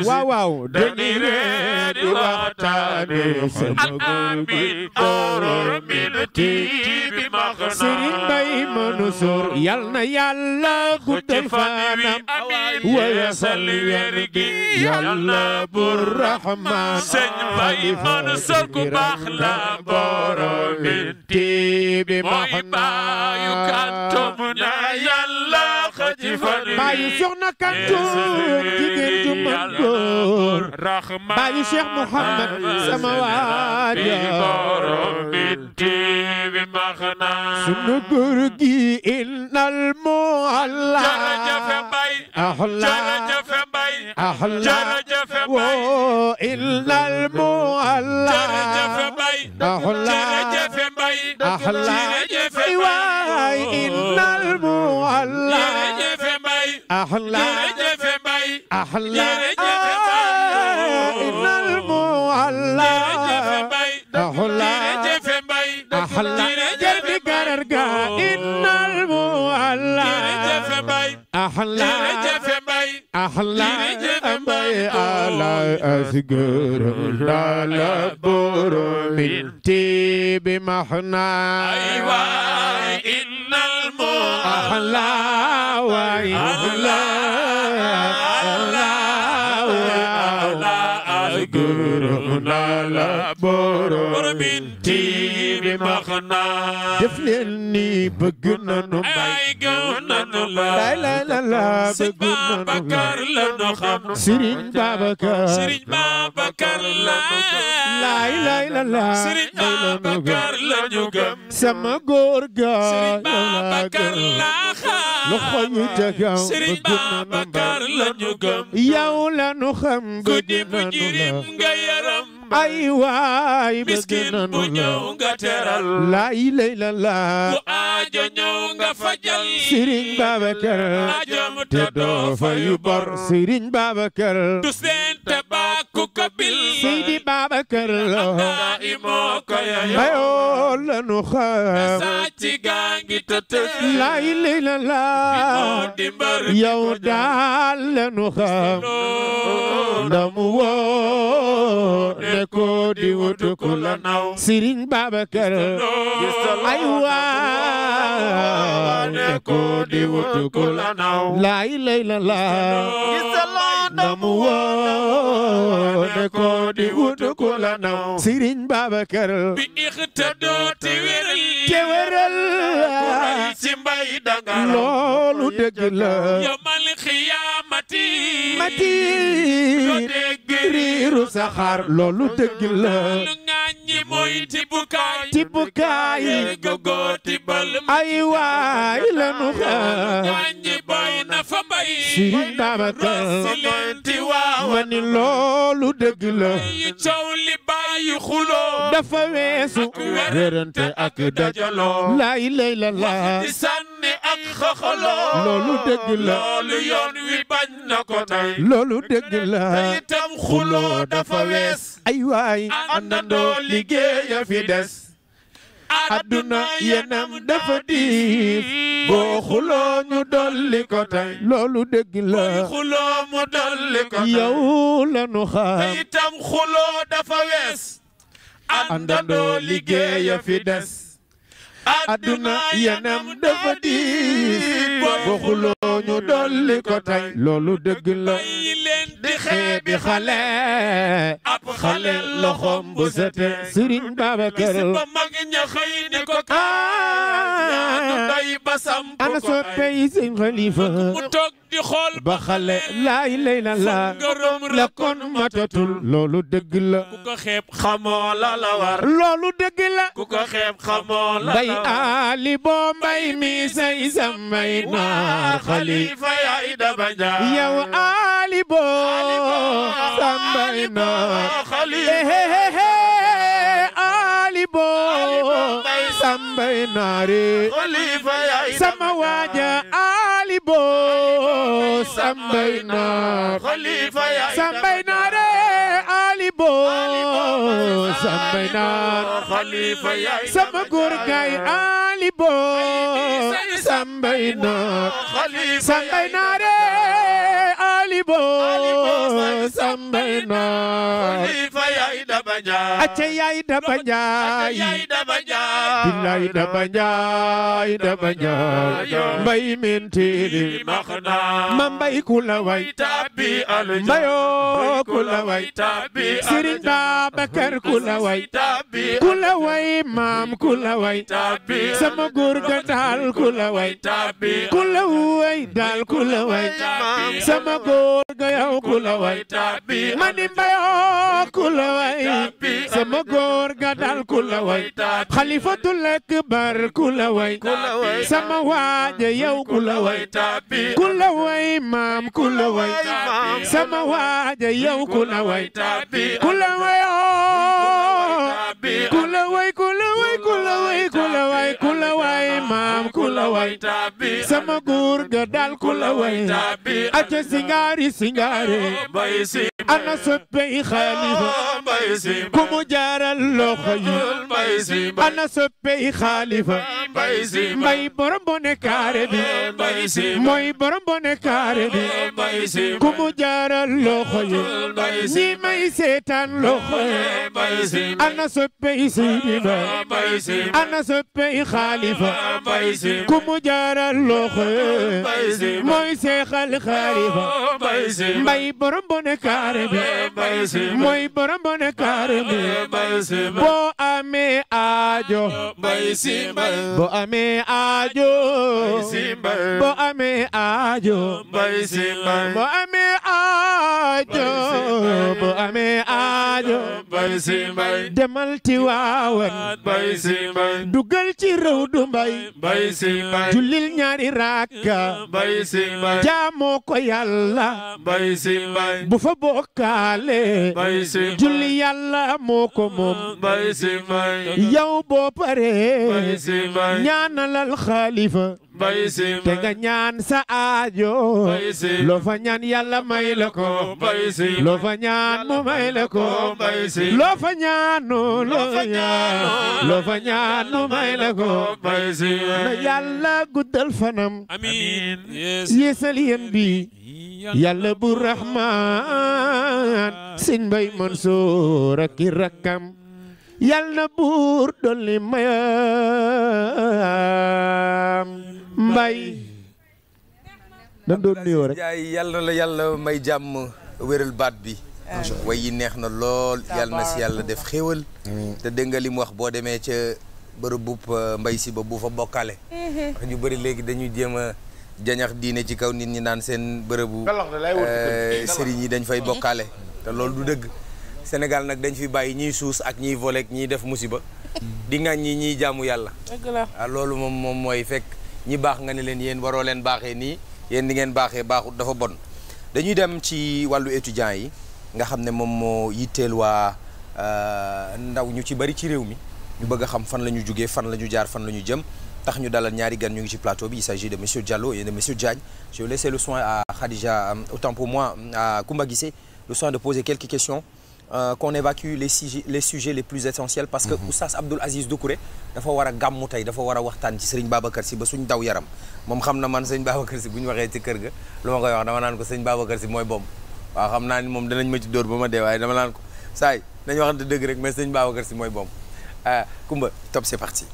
waaw waaw dañuy ree di waxtaane sama góor bi oro min ti bi maxna sëriñ mbay manusur yal na yàlla guddal fanam wa yasal weer gi yàlla min ti bi maxna mooy baayu kantum na yàlla baayu soxna Kantoor jigéen ju mën góor baayu Cheikh Mouhamad sama waaja sunu góor gi innal mualla woo innal mualla ahla أحلى أحلى أبي على أذكر لا لبر من تيب محنا أيوة إن المو أحلى وإحلى أحلى وأحلى أذكر لا لبر من تيب maxna def leen la la la la bëgg nanu Babacar la ñu gëm sama góor ga Serigne Babacar la la ñu gëm yow la nu xam guddi bu jirim nga yaram ay waay bëgg nanu la teral la ilay la la ku aajo ñëw nga fajal Sëriñ Babacar aajo mu te doo fa yu bor Sëriñ Babacar du seen te ku kabil Seydi Babacar Lo moo ko yayo bayoo la nu xam saa ci tëtë lay li la laa yow daal la nu xam ndamu woo ne di wutu la naw Sëriñ Babacar ay waa ne ko di wutu la naw lay li la laa ndamu woo doo ne ko di wut la naw Serigne Babacar bi ixtadoo te wéral te wéral loolu dëgg la yomal xiyaamati mati loolu dëgg la ji mooy tibbukaay tibbukaay gogo tibbal ay waay lanu xaar ñaan ji bay na fa mbay Sëriñ Babacar silenti waaw ma ni loolu dëgg la coow li ba bàyyi xuloo laay lay la ak xaxaloo loolu dëgg dëgg la itam xuloo dafa wees ay waay àndandoo liggéeya fi des àdduna yenam dafa diis boo xuloo ñu dolli ko tey loolu dëgg la booy xuloo mu dolli ko tey yow la nu xam te itam xuloo dafa wees àndandoo liggéeya fi des adduna yeneen dafa diis ñu dolli ko tey loolu dëgg la di xeebi xale ab xale loxoom bu sete sëriñ ba mag ña xëy ko kaanu day ba samp ko ana soppe yi sëñ xalifa mu toog di xool ba xale laay lay la laa la kon matatul loolu dëgg la ku ko xeeb xamoo la la war loolu dëgg la ku ko xeeb xamoo la ali bombay mi say samay na khalifa ya idabaja yow ali bo samay na khalifa ali bo samay na re khalifa ya sama waja ali bo samay na khalifa ya may naan xalifa yaay sama góor gaay ali boor sambay naar sambay yaay daba njaay acca yaay daba njaay billaay daba njaay daba njaay mbay min tiiri maxna ma mbay ku la way tabbi aljanna mbayoo ku la way tabbi aljanna Sëriñ Babakar ku la way tabbi ku la way maam ku la way tabbi sama góor ga daal ku la way tabbi ku la way daal ku la way sama góor ga yow ku la way tabbi ma ni mbayoo ku la way way sama góor ga dal way xalifatul akbar way sama waaja yow ku la way ku la way maam ku way sama waaja yow ku la way ku la way ku la way tàbbi sama góor ga dal ku la way tàbbi aca singaari singaare bay si ana soppey xaalifa bay si ku mu jaaral loxo yi bay si ana soppey xaalifa bay si mbay borom bone kaare bay si mooy borom bone kaare bi bay jaaral loxo yi bay si may seetaan loxo yi bay ana soppey si si ana ku mu jaaral loxo mooy seexal xaariba oh, mbay borom bo ne kaare bi eh, mooy borom bo ne kaare bi eh, boo amee aajo. mbay si mbay. boo amee aajo. mbay si mbay. boo amee aajo. mbay si mbay. boo amee aajo. boo amee aajo. mbay si mbay. demal ti waawan. mbay si mbay. dugal ci réew du mbay. mbay si mbay. julil ñaari raaka. mbay si mbay. jaamoo ko yàlla. mbay si mbay. bu fa bokkaale. mbay si mbay. julli yàlla moo ko moom. mbay si mbay. yow boo paree ñaanalal xalifa te nga ñaan sa aajo loo fa ñaan yàlla may la ko loo fa ñaan mu may la ko loo fa ñaan nu loo fa ñaan nu may la ko na yàlla guddal fanam amiin yeesal yéen bi yàlla bu rahmaan sin bay Mansoor ak i rakkam yal na buur dolli mayaam mbay dan doon nuyoo rek yal na la yàlla may jàmm wéral baat bi way yi neex na lool yal na si yàlla def xéwal te dégg nga li mu wax boo demee ca bërëb bu euh, mbay si ba bu fa bokkale mhm. wax ñu léegi dañuy jéem a jañax diine ci kaw nit ñi naan seen bërëbu euh, sëriñ yi dañ fay bokkaale te loolu du dëgg Sénégal nag dañ fi bàyyi ñiy suus ak ñiy voler ñiy def musiba di nga ñi ñiy jàmmu yàlla waaw ah, loolu moom mooy fekk ñi baax nga ne leen yéen waroo leen baaxee nii yéen di ngeen baaxee baaxut dafa bon dañuy dem ci wàllu étudiants yi nga xam ne moom moo yitteel waa euh, ndaw ñu ci bari ci réew mi ñu bëgg xam fan la ñu jugee fan la ñu jaar fan la ñu jëm tax ñu dalal ñaari gan ñu ngi ci plateau bi il s'agit de monsieur Diallo et de monsieur Diagne je vais laisser le soin à Khadija euh, autant pour moi à Koumba Guissé de poser quelques euh, qu'on évacue les sujets les sujets les plus essentiels parce que mhm. Oustaz Abdoul Aziz Doucouré dafa war a gàmmu tey dafa war a waxtaan ci Serigne Babacar Sy ba suñ daw yaram moom xam na man Serigne Babacar Sy bu ñu waxee ci kër ga lu ma koy wax dama naan ko Serigne Babacar Sy mooy bomb waaw xam naa ni moom danañ ma ci dóor ba ma dee waaye dama naan ko saay nañu waxante dëgg rek mais Serigne Babacar Sy mooy bomb euh, Koumba top c'est parti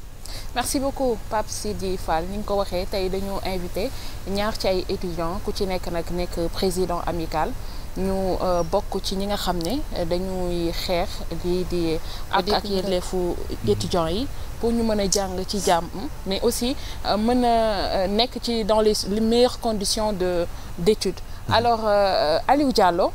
merci beaucoup Pape Sidi faal ni nga ko waxee tey dañu invité ñaar ci ay étudiants ku ci nekk nag nekk président amical ñu euh, bokk ci ñi nga xam ne dañuy xeex di di ak ak yelleefu étudiants yi pour ñu mën a jàng ci jàmm mais aussi euh, mën a euh, nekk ci dans les les meilleures conditions de d'études alors euh, Aliou Diallo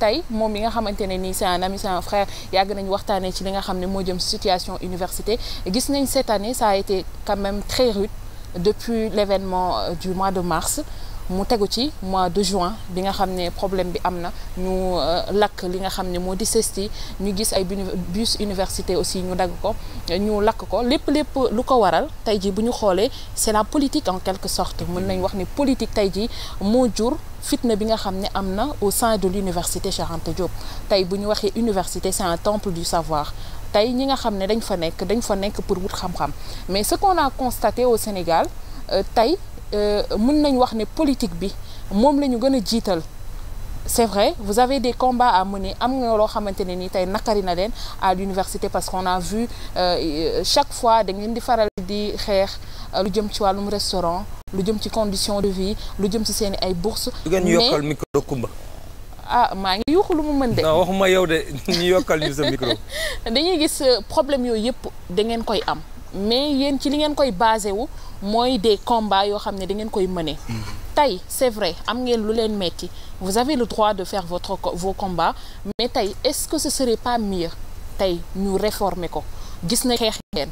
tey moom yi nga xamante ne nii c'est un ami c'est un frère yàgg nañu waxtaanee ci li nga xam ne moo jëm situation université gis nañ cette année ça a été quand même très rude depuis l'événement du mois de mars mu tegu ci mois de juin bi nga xam ne problème bi am na ñu euh, lakk li nga xam ne moo di sesti ñu gis ay bus université aussi ñu dagg ko ñu lakk ko lépp lépp lu ko waral tey jii bu ñu xoolee c'est la politique en quelque sorte mën nañ wax ni politique tey jii moo jur fitna bi nga xam ne am na au sein de l'université Cheikh Anta Diop tey bu ñu waxee université c'est un temple du savoir tey ñi nga xam ne dañ fa nekk dañ fa nekk pour wut xam-xam mais ce qu'on a constaté au Sénégal euh, tey Euh, mën nañu wax ne politique bi moom lañu ñu gën a jiital c'est vrai vous avez des combats à mener am nga loo xamante ne ni tey nakari na leen à l'université parce qu'on a vu euh, chaque fois da ngeen di faral di xeex euh, lu jëm ci wàllum restaurant lu jëm ci condition de vie lu jëm ci seen ay bourses. mais du ngeen yokkal micro Kumba. ah maa ngi yuuxu lu mu mën de. non waxuma yow de ñu yokkal ñu sa micro. dañuy gis problème yooyu yëpp da ngeen koy am. mais yéen ci li ngeen koy basé wu mooy des combats yoo xam ne da ngeen koy mëne tey c'est vrai am ngeen lu leen metti vous avez le droit de faire votre vos combats mais tey est-ce que ce serait pas mieux tey ñu réformer ko gis na xeex ngeen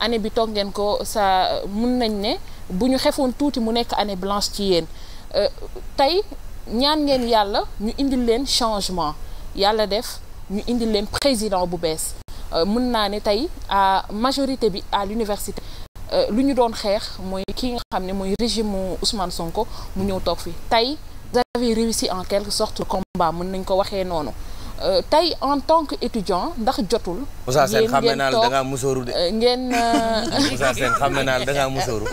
année bi toog ngeen ko saa mun nañ ne bu ñu xefoon tuuti mu nekk année blanche ci yéen euh, tey ñaan ngeen yàlla ñu indil leen changement yàlla def ñu indil leen président bu bees Euh, mën naa ne tey à majorité bi à l'université euh, lu ñu doon xeex mooy kii nga xam ne mooy régime Ousmane Sonko mu ñëw toog fi tey vous avez réussi en quelque sorte le combat mën nañ ko waxee noonu euh, tey en tant que ndax jotul. yéen ngeen toog da ngaa ngeen. Moussa Sène xam naa da ngaa musóoru.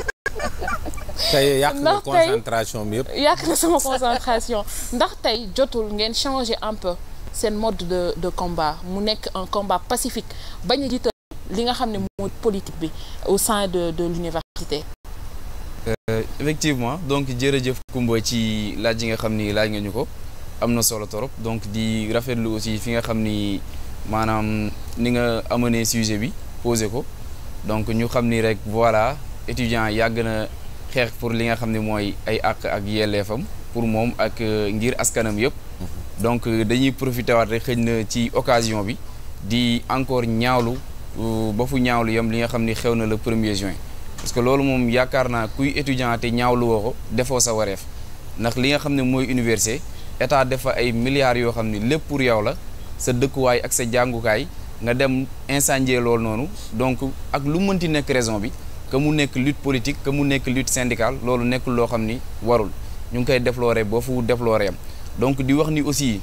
tey yàq na concentration bi yëpp. yàq na sama concentration ndax tey jotul ngeen changer un peu. seen mode de de combat mu nekk un combat pacifique bañu a li nga xam ne mooy politique bi au sein de de l'université euh, effectivement donc jërëjëf Kumba ci laaj yi nga xam ni laaj nga ñu ko am na solo torop donc di rafetlu aussi fi nga xam ni maanaam ni nga amené sujet bi posé ko donc ñu xam ni rek voilà étudiant yàgg na xeex pour li nga xam ni mooy ay àq ak yelleefam pour moom ak euh, ngir askanam yëpp mm-hmm. donc euh, dañuy profité waat rek xëñ na ci occasion bi di encore ñaawlu euh, ba fu ñaawlu yam li nga xam ni xew na la premier juin parce que loolu moom yaakaar naa kuy étudiant te ñaawlu woo ko defoo sa wareef ndax li nga xam ne mooy université état defa ay milliards yoo xam ni lépp pour yow la sa dëkkuwaay ak sa jàngukaay nga dem incendier loolu noonu donc ak lu mënti nekk raison bi que mu nekk lutte politique que mu nekk lutte syndicale loolu nekkul loo xam ni warul ñu ngi koy déplorer boo fu déplorer am donc di wax ni aussi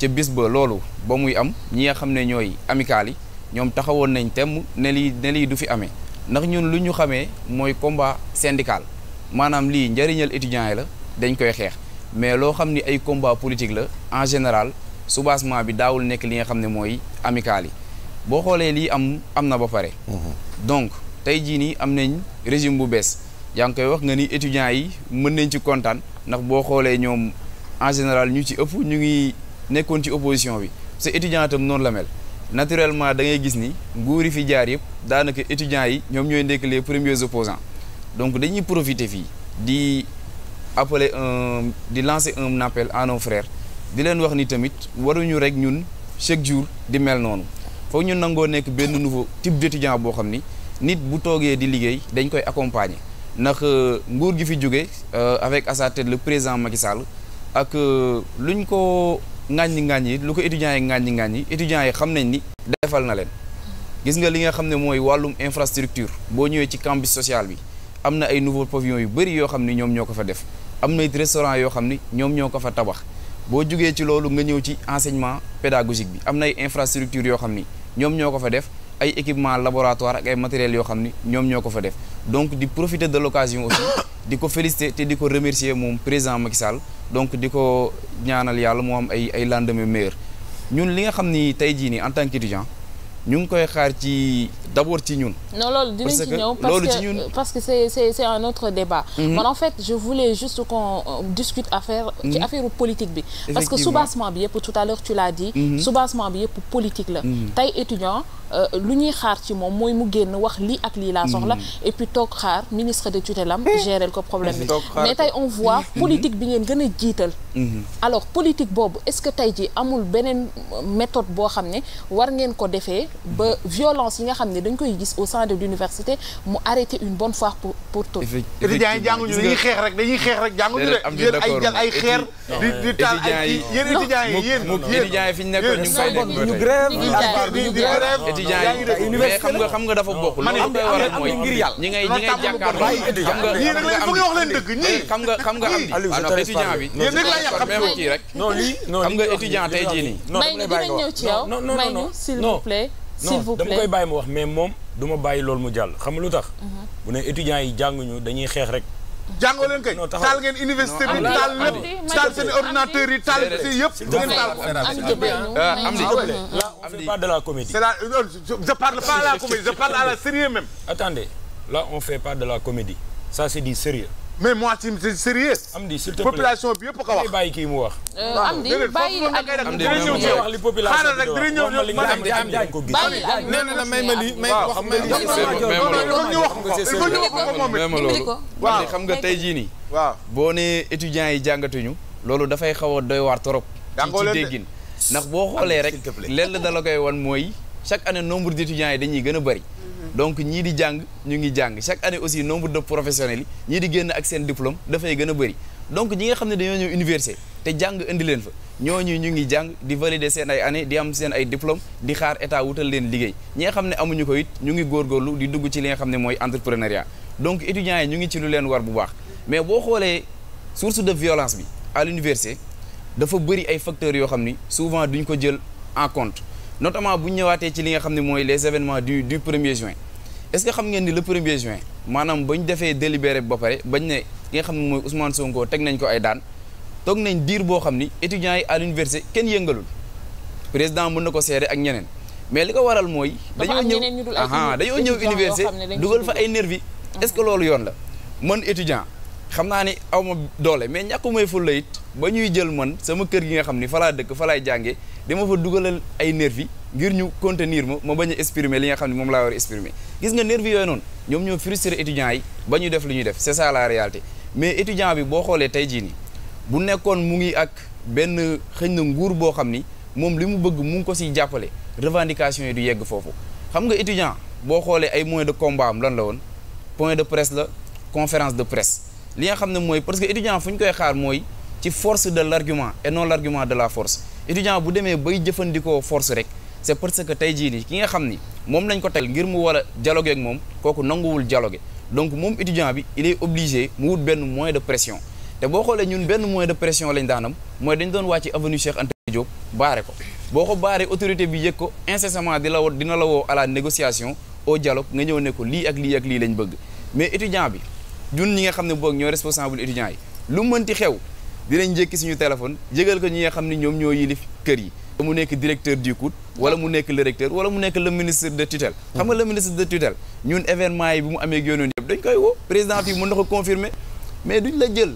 ca bis ba loolu ba muy am ñi nga xam ne ñooy amicales yi ñoom taxawoon nañ temm ne lii ne lii du fi amee ndax ñun lu ñu xamee mooy combat syndical maanaam lii njëriñal étudiants yi la dañ koy xeex mais loo xam ni ay combat politique la en général soubassement bi daawul nekk li nga xam ne mooy amicales yi boo xoolee lii am am na ba pare. Mhm. donc tey jii nii am nañ régime bu bees yaa ngi koy wax nga ni étudiants yi mën nañ ci kontaan ndax boo xoolee ñoom. en général ñu ci ëpp ñu ngi nekkoon ci opposition bi parce que étudiant itam noonu la mel naturellement da ngay gis ni nguur yi fi jaar yëpp daanaka étudiants yi ñoom ñooy nekk les premiers opposants donc dañuy profiter fii di appeler un di lancer un appel à nos frères di leen wax ni tamit waruñu rek ñun chaque jour di mel noonu foog ñu nangoo nekk benn nouveau type d'étudiant boo xam ni nit bu toogee di liggéey dañ koy accompagner ndax euh, nguur gi fi jóge euh, avec à le président Macky Sall ak lu euh, luñ ko ŋàññi yi lu ko étudiants yi ŋàññi ŋàññi étudiants yi xam nañ ni defal na leen gis nga li nga xam ne mooy wàllum infrastructure boo ñëwee ci campus social bi am na ay nouveaux pavillons yu bëri yoo xam ni ñoom ñoo ko fa def am na restaurant yoo xam ni ñoom ñoo ko fa tabax boo jugee ci loolu nga ñëw ci enseignement pédagogique bi am na ay infrastructure yoo xam ni ñoom ñoo ko fa def ay équipement laboratoire ak ay matériels yoo xam ni ñoom ñoo ko fa def donc di profiter de l'occasion aussi di ko féliciter te di ko remercier moom président Macky Sall donc di ko ñaanal yàlla mu am ay ay lendemain meilleur ñun li nga xam ni tey jii nii en tant qu'étudiant ñu ngi koy xaar ci d'abord ci ñun. non loolu dinañ ci parce que c'est un autre débat. man mhm. en fait je voulais juste qu'on euh, discute affaire. ci mhm. affaire politique bi. parce que soubassement bi yëpp tout à l'heure tu l'as dit. Mhm. soubassement bi yëpp politique la. tey étudiant euh, lu ñuy xaar ci moom mooy mu génn wax lii ak lii laa soxla. et puis toog xaar ministre de tutelle am eh. gérer ko problème bi. mais tey on voit politique bi ngeen gën a jiital. alors politique boobu est-ce que tey ji amul beneen euh, méthode boo xam ne war ngeen ko defee dañ koy gis au sein de l'université mu arrêté une bonne fois pour pour tout étudiants yi jànguñu dañuy xeex rek dañuy xeex rek jànguñu de yéen ay jël ay xeer di di taal ay yéen étudiants xam nga xam nga dafa bokk loolu koy waral mooy ñi ngay ñi ngay jàkkaarloo foog nga bi étudiant bi yéen rek xam nga étudiant tey jii nii may ñu dinañ ñëw ci yow may ñu s'il vous plaît s'il vous plaît non dama koy bàyyi mu wax mais moom du ma bàyyi loolu mu jàll xam nga lu tax. Mhm. bu ne étudiants yi jànguñu dañuy xeex rek. jàngoo leen kay taal ngeen université bi taal lépp taal seen ordinateur yi taal yëpp ngeen taal ko. am là on fait pas de la comédie. c'est là je on fait pas de la comédie ça c'est du sérieux mais moi c'est sérieux. Amdi s'il te plaît population bi yëpp ko wax. bàyyi kii mu wax. Euh, Amdi bàyyi Amdi wax li population bi wax xaaral ko la may ma lii may wax may lii. waaw xam nga tey jii nii. waaw boo nee étudiants yi jàngatuñu. loolu dafay xaw a doy waar trop. ci déggin ndax boo xoolee rek lenn dala koy wan mooy chaque année nombre d'étudiants yi dañuy gën a bari donc ñii di jàng ñu ngi jàng chaque année aussi nombre de professionnels yi ñii di génn ak seen diplôme dafay gën a bëri donc ñi nga xam ne dañoo ñëw université te jàng indi leen fa ñooñu ñu ngi jàng di valider seen ay année di am seen ay diplôme di xaar état wutal leen liggéey ñi xam ne amuñu ko it ñu ngi góor góorlu di dugg ci li nga xam ne mooy entrepreneuriat donc étudiants yi ñu ngi ci lu leen war bu baax mais boo xoolee source de violence bi à dafa bëri ay facteurs yoo xam ni souvent duñ ko jël en compte notamment bu ñu ñëwaatee ci li nga xam ne mooy les événements du du premier juin est-ce que xam ngeen ni le premier juin maanaam ba ñu defee délibéré ba pare bañ ne ki nga xam ne mooy Ousmane Sonko teg nañ ko ay daan toog nañ diir boo xam ni étudiants yi à l'université kenn yëngalul président mën na ko seere ak ñeneen mais li ko waral mooy. dañoo ñëw dañoo ñëw université dugal fa ay nervi est-ce que loolu yoon la man étudiant. xam naa ni aw ma doole mais ñàkkumay fulla it ba ñuy jël man sama kër gi nga xam ni falaa laa dëkk fa laay jàngee dama fa dugalal ay nervi ngir ñu contenir ma ma bañ a exprimer li nga xam ne moom laa war a exprimer gis nga nervi yooyu noonu ñoom ñoo frustré étudiants yi ba ñu def lu ñuy def c'est ça la réalité mais étudiant bi boo xoolee tey jii nii bu nekkoon mu ngi ak benn xëñ na nguur boo xam ni moom li mu bëgg mu ngi ko si jàppale revendication yi du yegg foofu xam nga étudiant boo xoolee ay moyens de combat am lan la woon point de presse la conférence de presse li nga xam ne mooy parce que étudiant fu ñu koy xaar mooy ci force de l' argument et non l' de la force étudiant bu demee bay jëfandikoo force rek c' est parce que tey jii nii ki nga xam ni moom lañ ko tegal ngir mu war a dialoguer ak moom kooku nanguwul dialoguer donc moom étudiant bi il est mu wut benn moyen de pression te boo xoolee ñun benn moyen de pression lañ daanam mooy dañ doon wàcc avenue Cheikh Anta Diop baare ko boo ko baaree autorité bi yëg ko incessamment di la dina la woo négociation au dialogue nga ñëw ne ko lii ak lii ak lii lañ bëgg mais étudiant bi ñun ñi nga xam ne boog ñoo responsable étudiants yi lu mënti xew dinañ jékki suñu téléphone jégal ko ñi nga xam ne ñoom ñoo yilif kër yi mu nekk directeur du COUD wala mu nekk le recteur wala mu nekk le ministre de tutelle xam nga le ministre de tutelle ñun événement yi bu mu amee yoonoon yëpp dañ koy woo président fii mën na ko confirmer mais duñ la jël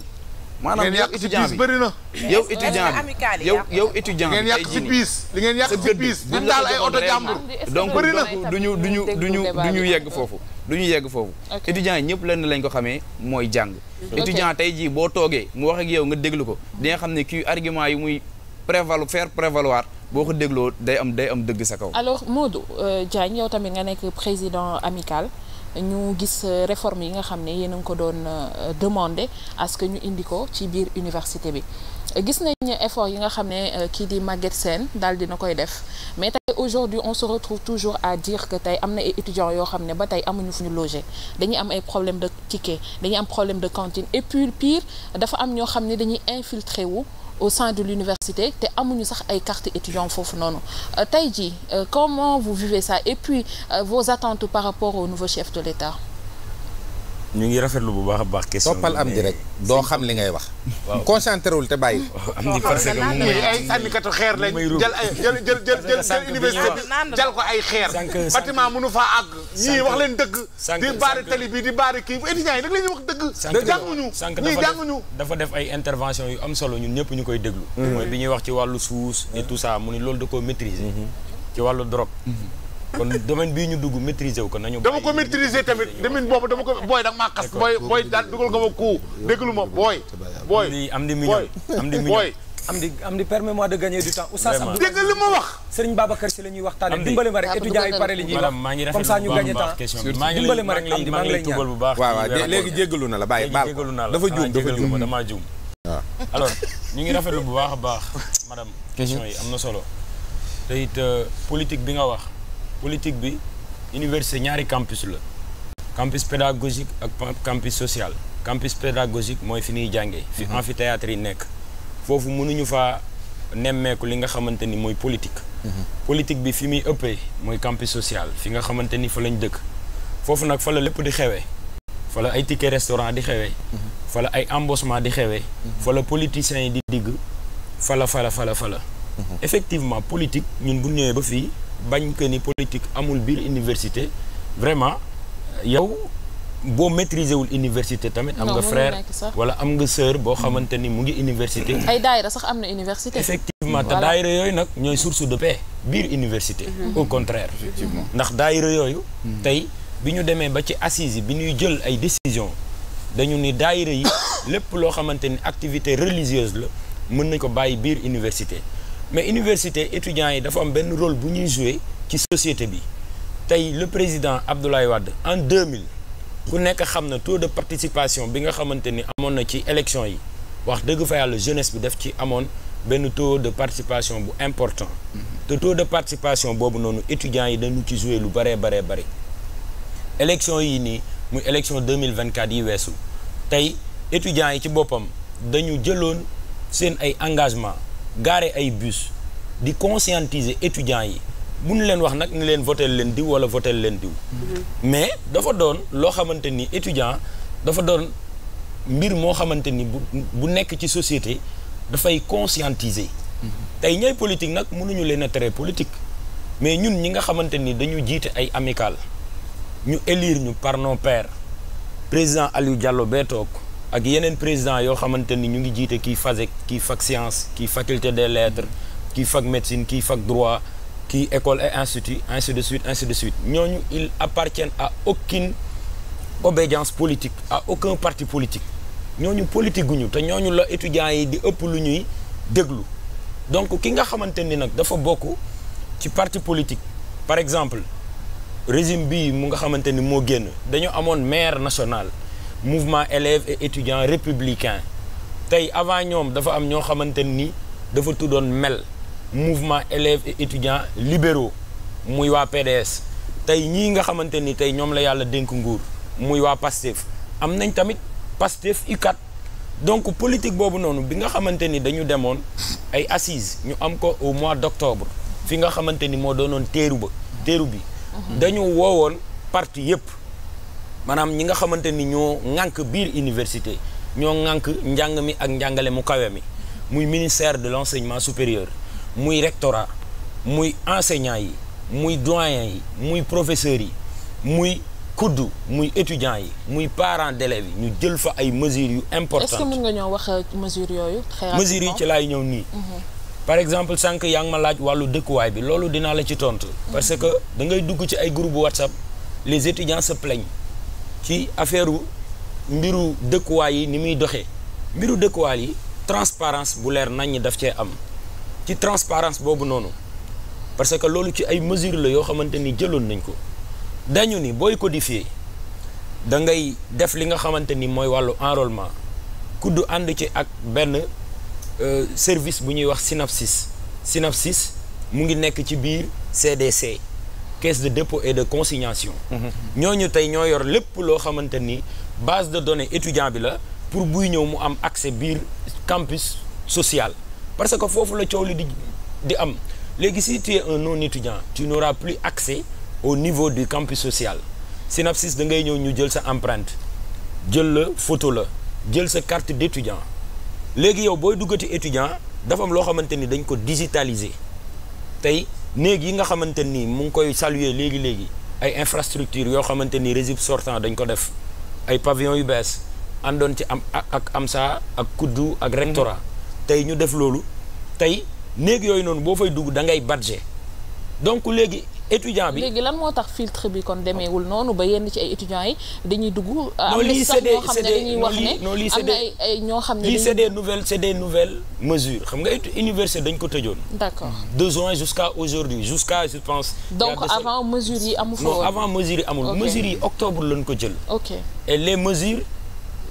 maanaam yàq étudiant bi bëri na yow étudiant bi yow yow étudiant bi ngeen yàq ci biis li ngeen yàq ci biis bu daal ay oto jàmbur donc bëri na duñu duñu duñu ñu yegg foofu ñu yegg foofu étudiant yi ñëpp lenn lañ ko xamee mooy jàng étudiant tey jii boo toogee mu wax ak yow nga déglu ko di nga xam ne kii argument yi muy prévalo faire prévaloir boo ko dégloo day am day am dëgg sa kaw alors Modou euh, Diagne yow tamit nga nekk président amical ñu gis euh, réforme yi nga xam ne yéen a ngi ko doon euh, demander parce que ñu indi ko ci biir université bi gis nañ effort yi nga xam ne euh, kii di màgget seen daal dina koy def mais tey aujourd'hui on se retrouve toujours à dire que tey am na ay étudiants yoo xam ne ba tey amuñu fu ñu loger dañuy am ay problème de ticket dañuy am problème de cantine et puis pire dafa am ñoo xam ne dañuy infiltrer wu au sein de l'université te amuñu sax ay carte étudiant foofu noonu euh, tey jii euh, comment vous vivez ça et puis euh, vos attentes par rapport au nouveau chef de l'État ñu ngi rafetlu bu baax a baax. question toppal am di rek doo xam li ngay wax. waaw wul te bàyyi. am di parce que mu ngi xeer lañ. jël jël jël jël jël université bi jël ko ay xeer. bâtiment mënu faa àgg. ñii wax leen dëgg. di baari tali bi di baari kii étudiants yi nag la ñuy wax sànq jànguñu ñii dafa def ay intervention yu am solo ñun ñëpp ñu koy déglu. Mm-hmm. mooy bi ñuy wax ci wàllu suus et tout ça mu ni loolu da koo maîtriser. Mm-hmm. ci wàllu drogue. Mm-hmm. kon domaine bii ñu dugg maîtriser wu ko nañu. dama ko maîtriser tamit demin boobu dama ko booy dama maa xas. booy booy di million am di million wax. Serigne Babacar Sy la ñuy waxtaanee dimbali ma rek étudiants yi pare li ñuy maa ngi lay ñaan waaw waaw léegi jéggalu na la bàyyi dafa juum ah, dafa juum damaa juum waaw alors ñu ngi rafetlu bu baax a baax madame question yi am na solo te it euh, politique bi nga wax politique bi université ñaari campus la campus pédagogique ak campus social campus pédagogique mooy fi ñuy jàngee fi mhm. amphithéâtre yi nekk foofu mënuñu faa nemmeeku li nga xamante ni mooy politique mhm. politique bi fi muy ëppee mooy campus social fi nga xamante ni fa lañ dëkk foofu nag fa la lépp di xewee fa la ay ticket restaurant di xewee mhm. fa la ay embossement di xewee fa la politiciens yi di digg fala fala fala fala effectivement politique ñun bu ñëwee ba fii bañ que ni politique amul biir université vraiment yow boo maîtriser wul université tamit. am nga frère wala am nga sœur boo xamante ni mu ngi université. ay daayira sax am na université. effectivement te daayira yooyu nag ñooy source de paix biir université. Mhm. au contraire. ndax daayira yooyu. Mhm. tey bi ñu demee ba ci assise bi ñuy jël ay décisions dañu ni daayira yi lépp loo xamante ni activité religieuse la mën nañ ko bàyyi biir université. mais université étudiants yi dafa am benn rôle bu ñuy jouer ci société bi tey le président Abdoulaye wadd en 2000 ku nekk xam na taux de participation bi nga xamante ni amoon na ci élection yi wax dëgg fa yàlla jeunesse bi def ci amoon benn taux de participation bu important te taux de participation boobu noonu étudiants yi dañu ci jouer lu bëree baree bëri élection yi nii muy élection 2024 yi weesu tey étudiants yi ci boppam dañu jëloon seen ay engagement gaare ay bus di conscientiser étudiants yi munu leen wax nag ni leen votel leen diw wala votel leen diw mm-hmm. mais dafa doon loo xamante ni étudiant dafa doon mbir moo xamante ni bu nekk ci société dafay conscientiser mm-hmm. tey ñay politique nag mënuñu leen a tere politique mais ñun ñi nga xamante ni dañu jiite ay amical ñu élire ñu par nos pairs président Aliou Diallo bee toog ak yeneen président yoo xamante ni ñu ngi jiite kii fase kii fac science kii faculté des lettres kii fac médecine kii fag droit kii école et institut ainsi de suite ainsi de suite ñooñu ils appartiennent à aucune obédience politique à aucun parti politique ñooñu politique guñu te ñoo ñu la étudiants yi di ëpp lu ñuy déglu donc ki nga xamante ni nag dafa bokk ci parti politique par exemple régime bi mu nga xamante ni moo génn dañoo amoon maire national mouvement élèves et étudiants républicains tey avant ñoom dafa am ñoo xamante ni dafa tuddoon mel mouvement élèves et étudiants libéraux muy waa PDS tey ñii nga xamante ni tey ñoom la yàlla dénk nguur muy waa PASTEF am nañ tamit PASTEF UCAD donc politique boobu noonu bi nga xamante ni dañu demoon ay assises ñu am ko au mois d'octobre fi nga xamante ni moo doonoon téeru ba teeru bi mhm. dañu woowoon parti yépp maanaam ñi nga xamante ni ñoo ngànk biir université ñoo ŋànk njàng mi ak njàngale mu kawe mi muy ministère de l'enseignement supérieur muy rectorat muy enseignant yi muy doyen yi muy professeurs yi muy kuddu muy étudiants yi muy parents d'élèves yi ñu jël fa ay mesures yu importantes. est-ce que nga ñoo wax euh, mesures yooyu. masir yi ci laay ñëw nii. Mhm. par exemple sànq yaa ma laaj wàllu dëkkuwaay bi loolu dinaa la ci tontu. parce mhm. que da ngay dugg ci ay groupe WhatsApp les étudiants se plaignent. ci affaire mbiru dëkkuwaay yi ni muy doxee mbiru dëkkuwaay yi transparence bu leer nañ ñi daf cee am ci transparence boobu noonu parce que loolu ci ay mesures la yoo xamante ni jëloon nañ ko dañu ni booy codifier da ngay def li nga xamante ni mooy wàllu enrôlement kuddu ànd ci ak benn euh, service bu ñuy wax synapsis synapsis mu ngi nekk ci biir CDC caisse de dépôt et de consignation. ñooñu tey ñoo yor lépp loo xamante ni base de données étudiant bi la pour buy ñëw mu am accès biir campus social. parce que foofu la coow li di di am léegi si tu un non étudiant tu n'auras plus accès au niveau du campus social Synapsis da ngay ñëw ñu jël sa empreinte jël la photo la jël sa carte d'étudiant léegi yow booy duggati étudiant dafa am loo xamante ni dañ ko digitaliser tey. néeg yi nga xamante nii mu ngi koy saluer léegi léegi ay infrastructure yoo xamante ni régime sortant dañ ko def ay pavillon yu bees àndoon ci am ak AMSA ak kuddu ak rectorat mhm. tey ñu def loolu tey néeg yooyu noonu boo fay dugg da ngay budget léegi étudiant bi. léegi lan moo tax filtre bi kon demeewul noonu ba yenn ci ay étudiants yi dañuy dugg. am na sax ñoo xam ne dañuy wax ne am na ay ay ñoo xam ne. lii c'est des nouvelles c'est des nouvelles mesures xam nga université dañ ko tëjoon. d'accord de juin jusqu'à aujourd'hui jusqu'à je pense. donc avant mesures yi amul. non avant mesures yi amul mesures yi octobre lañ ko jël. ok et les mesures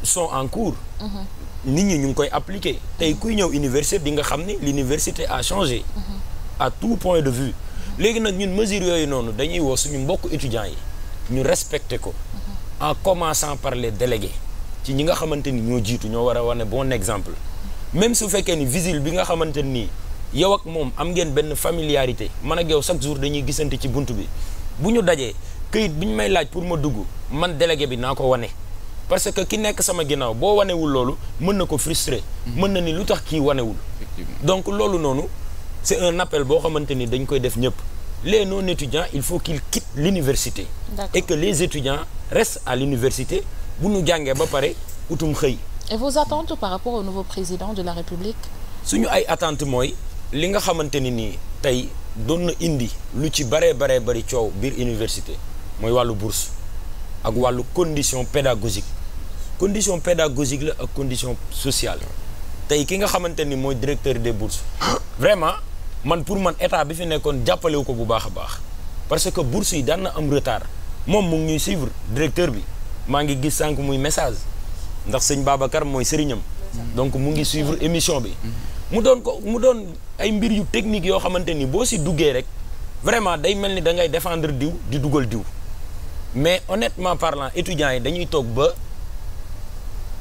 sont en cours. Mhm. nit ñi ñu ngi koy appliquer. tey kuy ñëw université di nga xam ne l'université a changé. Mhm. à tout point de vue. léegi nag ñun mesure yooyu noonu dañuy woo suñu mbokk étudiants yi ñu respecté ko en commençant par les délégués ci ñi nga xamante ni ñoo jiitu ñoo war a wane bon exemple même su fekkee ni visile bi nga xamante nii yow ak moom am ngeen benn familiarité man a yow chaque jour dañuy gisante ci bunt bi bu ñu dajee këyit bi ñu may laaj pour ma dugg man délégué bi naa ko wane parce que ki nekk sama ginnaaw boo wanewul loolu mën na ko frustré mën na ni lu tax kii wanewul donc loolu noonu c'est un appel boo xamante ni dañ koy def ñëpp les non étudiants il faut qu'ils quittent l'université et que les étudiants restent à l'université bu ñu jàngee ba pare utum xëy et vos attentes par rapport au nouveau président de la République suñu ay attentes mooy li nga xamante ni nii tey doon na indi lu ci baree baree bari coow biir université mooy wàllu bourse ak wàllu condition pédagogique condition pédagogique la ak condition sociale tey ki nga xamante ni mooy directeur des bourses vraiment man pour man état bi fi nekkoon jàppalewu ko bu baax a baax parce que bourse yi daan na am retard moom mu ngi ñuy suivre directeur bi maa ngi gis sànq muy message ndax sëñ Babacar mooy sëriñam donc mu ngi suivre émission bi mu doon ko mu doon ay mbir yu technique yoo xamante ni boo si duggee rek vraiment day mel ni da ngay défendre diw di dugal diw mais honnêtement parlant étudiants yi dañuy toog ba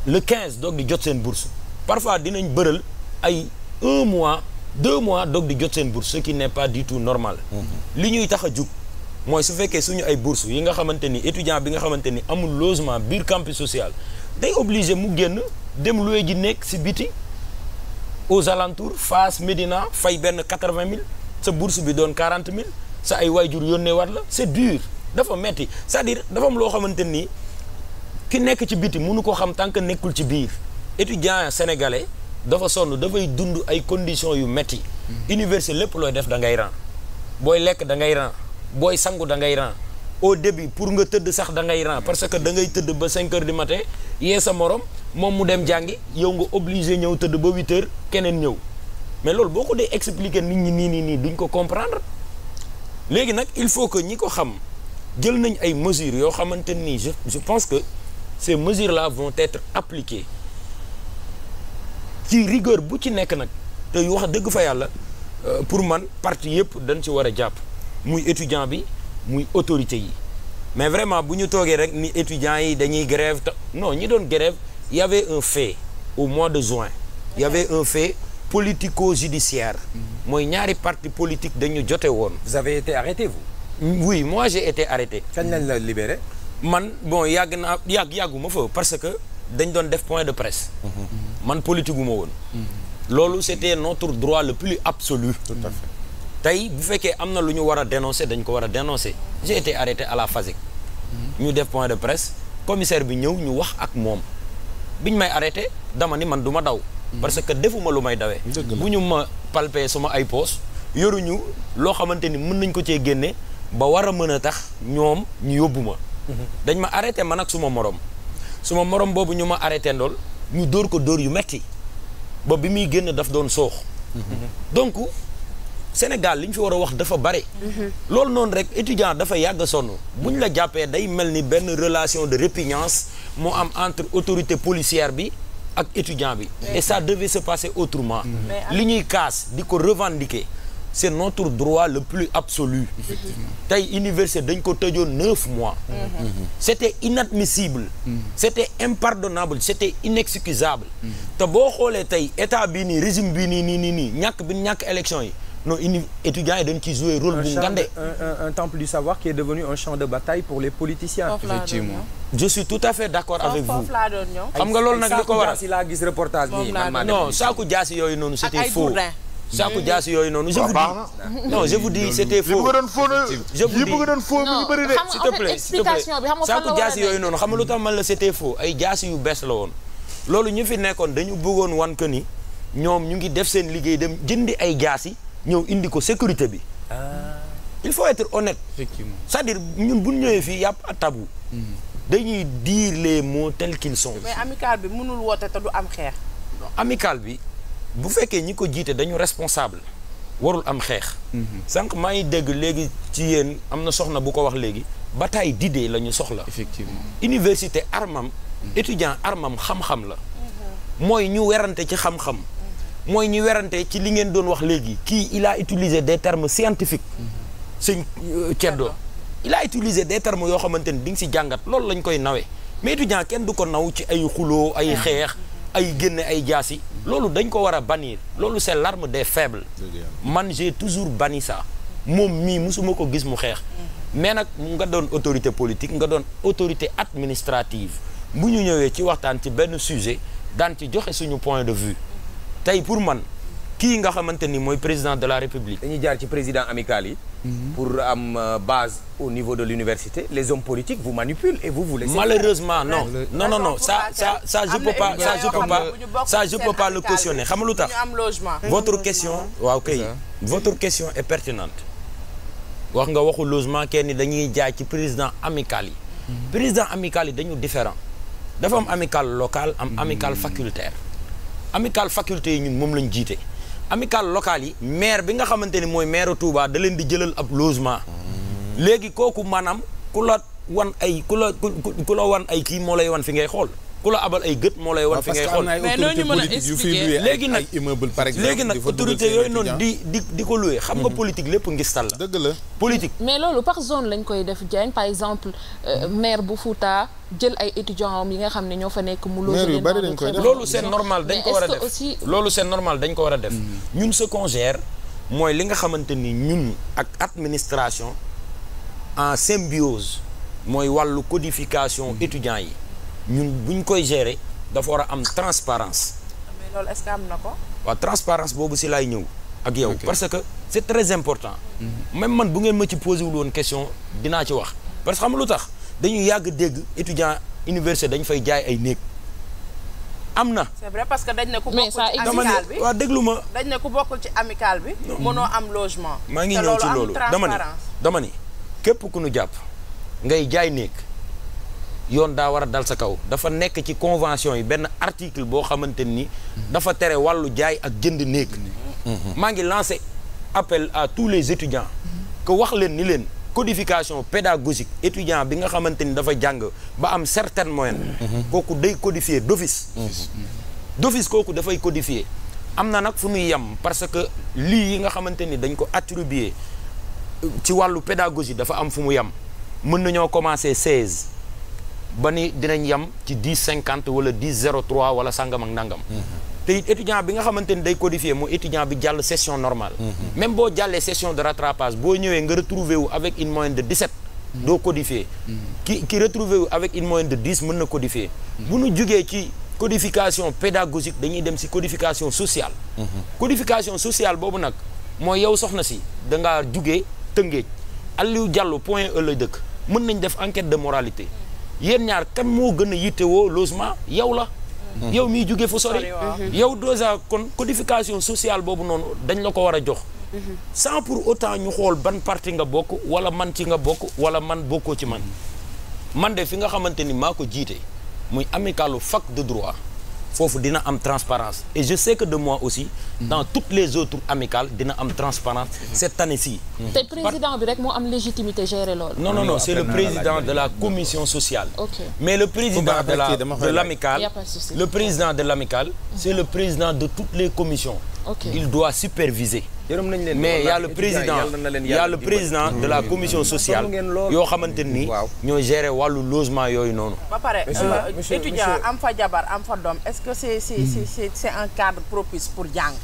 le 15 doog di jot seen bourse parfois dinañ bëral ay un deux mois doog di jot seen bourse ce qui n'est pas du tout normal mm-hmm. li ñuy tax a jug mooy su fekkee suñu ay bourse yi nga xamante ni étudiant bi nga xamante ni amul logement biir campus social day obligé mu génn dem luwe ji nekk si biti aux alentours Fass Médina fay benn quatre-vingt mille sa bourse bi doon quarante mille sa ay waajur yónnee war la c'est dur dafa metti c'est-à-dire dafa am loo xamante nii ki nekk ci biti mënu ko xam tant que nekkul ci biir étudiant sénégalais dafa sonn dafay dund ay conditions yu metti mhm. université lépp looy def da ngay ran booy lekk da ngay ran booy sangu da ngay ran au début pour nga tëdd sax dangay ngay ran parce que da ngay tëdd ba 5 heures du matin yee sa morom moom mu dem jàngi yow nga obliger ñëw tëdd ba 8 keneen ñëw mais loolu boo ko dee expliquer nit ñi nii nii nii duñ ko comprendre léegi nag il faut que ñi ko xam jël nañ ay mesures yoo xamante nii je je pense que ces mesures là vont être appliquées ci rigueur bu ci nekk nag te yu wax dëgg fa yàlla euh, pour man parti yëpp dañ ci war a jàpp muy étudiant bi muy autorité yi mais vraiment bu ñu toogee rek ni étudiants yi dañuy grève te non ñi doon grève y un fait au mois de juin y avait un fait politico judiciaire mooy ñaari parti politique dañu jote woon vous avez été arrêté vous mm, oui moi j'ai été arrêté kañ lañ la libéré man bon yàgg naa yàgg yàgguma fa parce que dañ doon def point de presse. man politique gu woon. loolu c'était notre droit le plus absolu. tout à fait tey bu fekkee am na lu ñu war a dénoncer dañ ko war a dénoncer j'ai été arrêté à la FASEC. Mhm. ñu def point de presse commissaire bi ñëw ñu wax ak moom biñ may arrêté dama ni man du ma daw. Mhm. parce que defuma lu may dawee. bu ñu ma palpé suma ay poos yoruñu loo xamante ni mën nañ ko cee génne ba war a mën a tax ñoom ñu yóbbu ma. Mhm. dañ ma arrêté man ak suma moroom. su ma morom boobu ñu ma arrêté ndool ñu dóor ko dóor yu metti ba bi muy génn daf doon soox donc Sénégal li ñu fi war a wax dafa bare loolu noonu rek étudiant dafa yàgg sonn bu ñu la jàppee day mel ni benn relation de répugnance moo am entre autorité policière bi ak étudiant bi et ça devait se passer autrement li ñuy kaas di ko revendiquer c' est notre droit le plus absolu tey université dañ ko tëjoon neuf mois mhm. mhm. c' était inadmissible mhm. c' était impardonnable c' était inexcusable te boo xoolee tey état bii nii régime bii nii nii nii nii ñàkk bi ñàkk élection yi non uni étudiants yi dañ ciy jouer rôle bu ngande un un temple du savoir qui est devenu un champ de bataille pour les politiciens effectivement je suis tout à fait d' avec vous xam nga loolu nag li ko waral si laa gis reportage bi non saaku jaasi yooyu noonu c' était faux saaku jaas yooyu noonu. je vous dis non je vous dis c'était faux. je vous dis s'il te plaît s'il te plaît saaku jaas yooyu noonu xam nga lu tax man la c'était faux ay jaas yu bees la woon. loolu ñu fi nekkoon dañu bëggoon wan que ni ñoom ñu ngi def seen liggéey dem jëndi ay jaas yi ñëw indi ko sécurité bi. Ah. il faut être honnête. sa cest ñun bu ñu ñëwee fii yàpp a tabou. Hmm. dañuy dire les mots tels qu'ils sont. mais amical bi mënul woote te du am xeex. amical bi. bu fekkee ñi ko jiite dañu responsable warul am xeex. Mhm. sànq maa ngi dégg léegi ci yéen am na soxna bu ko wax léegi bataille d'idées la ñu soxla. effectivement université armam. Mhm. étudiant armam xam-xam la. Mhm. mooy ñu werante ci xam-xam. mooy ñu werante ci li ngeen doon wax léegi kii il utiliser utilisé des termes scientifiques. sëñ euh, Ceddo. il a utilisé des termes yoo xamante ni di nga si jàngat loolu lañ koy nawee mais étudiant kenn du ko naw ci ay xuloo ay xeex. ay génne ay jaasi loolu dañ ko war a bannir loolu c'est l'arme des faible man j'ai toujours banni ça moom mii musuma ko gis mu xeex mais nag nga doon autorité politique nga doon autorité administrative bu ñu ñëwee ci waxtaan ci benn sujet daan ci joxe suñu point de vue tey pour man kii nga xamante ni mooy président de la république dañuy jaar ci président amical yi Mhm. pour am euh, base au niveau de l'université les hommes politiques vous manipulent et vous vous laissez malheureusement non non non non ça ça ça je peux pas ça je peux pas ça je xam nga lu tax votre question waaw kay votre question est pertinente wax nga waxu logement kenn dañuy jaay ci président amical yi mhm. président amical yi dañu différent dafa am amical local am mhm. amical facultaire amical faculté yi ñu moom lañ jiite amicale locale yi maire bi nga xamante ni mooy maire Touba da leen di jëlal ab logement léegi kooku maanaam ku la wan ay ku la ku la wan ay kii moo lay wan fi ngay xool ku la abal ay gët moo lay wan fi ngay xool mais noo ñu mën a expliquer léegi nag immeuble par exemple autorité yooyu noonu di di di ko loué xam nga mhm. politique lépp ngistal la dëgg la politique mais loolu par zone lañ koy def Diagne par exemple euh, maire bu Fouta jël ay étudiants am yi nga xam ne ñoo fa nekk mu loolu seen normal dañ ko war a def loolu c'est normal dañ ko war a def mhm. ñun ce qu'on mooy li nga xamante ni ñun ak administration en symbiose mooy wàllu codification mhm. étudiants yi ñun bu ñu koy gérer dafa war a am transparence mais loolu na ko waaw transparence boobu si laay ñëw ak yow parce que c'est très important mhm. même man bu ngeen ma ci posé wul woon question dinaa ci wax parce que xam lu tax dañuy yàgg dégg étudiant université dañ fay jaay ay néeg am na. c'est vrai parce que dañ ne ku bokkul ci amical bi waaw déglu ma. dañ ne ku bokkul ci amical bi. mënoo am logement. maa ngi ñëw ci loolu dama ni dama ni képp ku nu jàpp ngay jaay néeg. yoon daa war a dal sa kaw dafa nekk ci convention yi benn article boo xamante ni dafa tere wàllu jaay ak jënd néeg mhm. maa ngi lancé appel à tous les étudiants que wax leen ni leen codification pédagosique étudiant bi nga xamante ni dafa jàng ba am certaine moyenne mhm. kooku day codifier d'office d'office kooku dafay codifier am na nag fu muy yem parce que lii yi nga xamante ni dañ ko attribuer ci wàllu pédagogie dafa am fu mu yem mën nañoo commencer seize ba ni dinañ yem ci dix cinquante wala dix zéro wala sangam ak nangam. Mhm. te it bi nga xamante ni day codifier mooy étudiant bi jàll session normale. Mhm. même boo jàllee session de rattrapage boo ñëwee nga retrouver wu avec une moyenne de 17. Mhm. doo codifier. ki ki retrouver wu avec une moyenne de 10 mën na codifier. bu nu jugee ci codification pédagogique dañuy dem si codification sociale. codification sociale boobu nag mooy yow soxna si da ngaa jugee Tëngéej Aliou Diallo Point E la dëkk mën nañ def enquête de moralité. yéen ñaar kan moo gën a yittewoo logement yow la. Hmm. yow miy jóge fu sori. Hmm. yow déjà kon codification sociale boobu noonu dañ la ko war a jox. Hmm. sans pour autant ñu xool ban parti nga bokk wala man ci nga bokk wala man bokkoo ci man. man de fi nga xamante ni maa ko jiite muy amicalu fac de droit. foofu dina am transparence et je sais que de moi aussi dans toutes les autres amicales dina am transparence mhm. cette année-ci mhm. te président bi rek moo am légitimité gérer loolu non non non c'est le président de la commission sociale mais le président de la de l'amicale le président de l'amicale c'est le président de toutes les commissions il doit superviser mais y a le président y a le président de la commission sociale yoo xamante ni ñoo gérer wàllu logement yooyu noonu ba pare euh, étudiant am fa jabar am fa doom est-ce que c'est c'est c'est un cadre propice pour jàng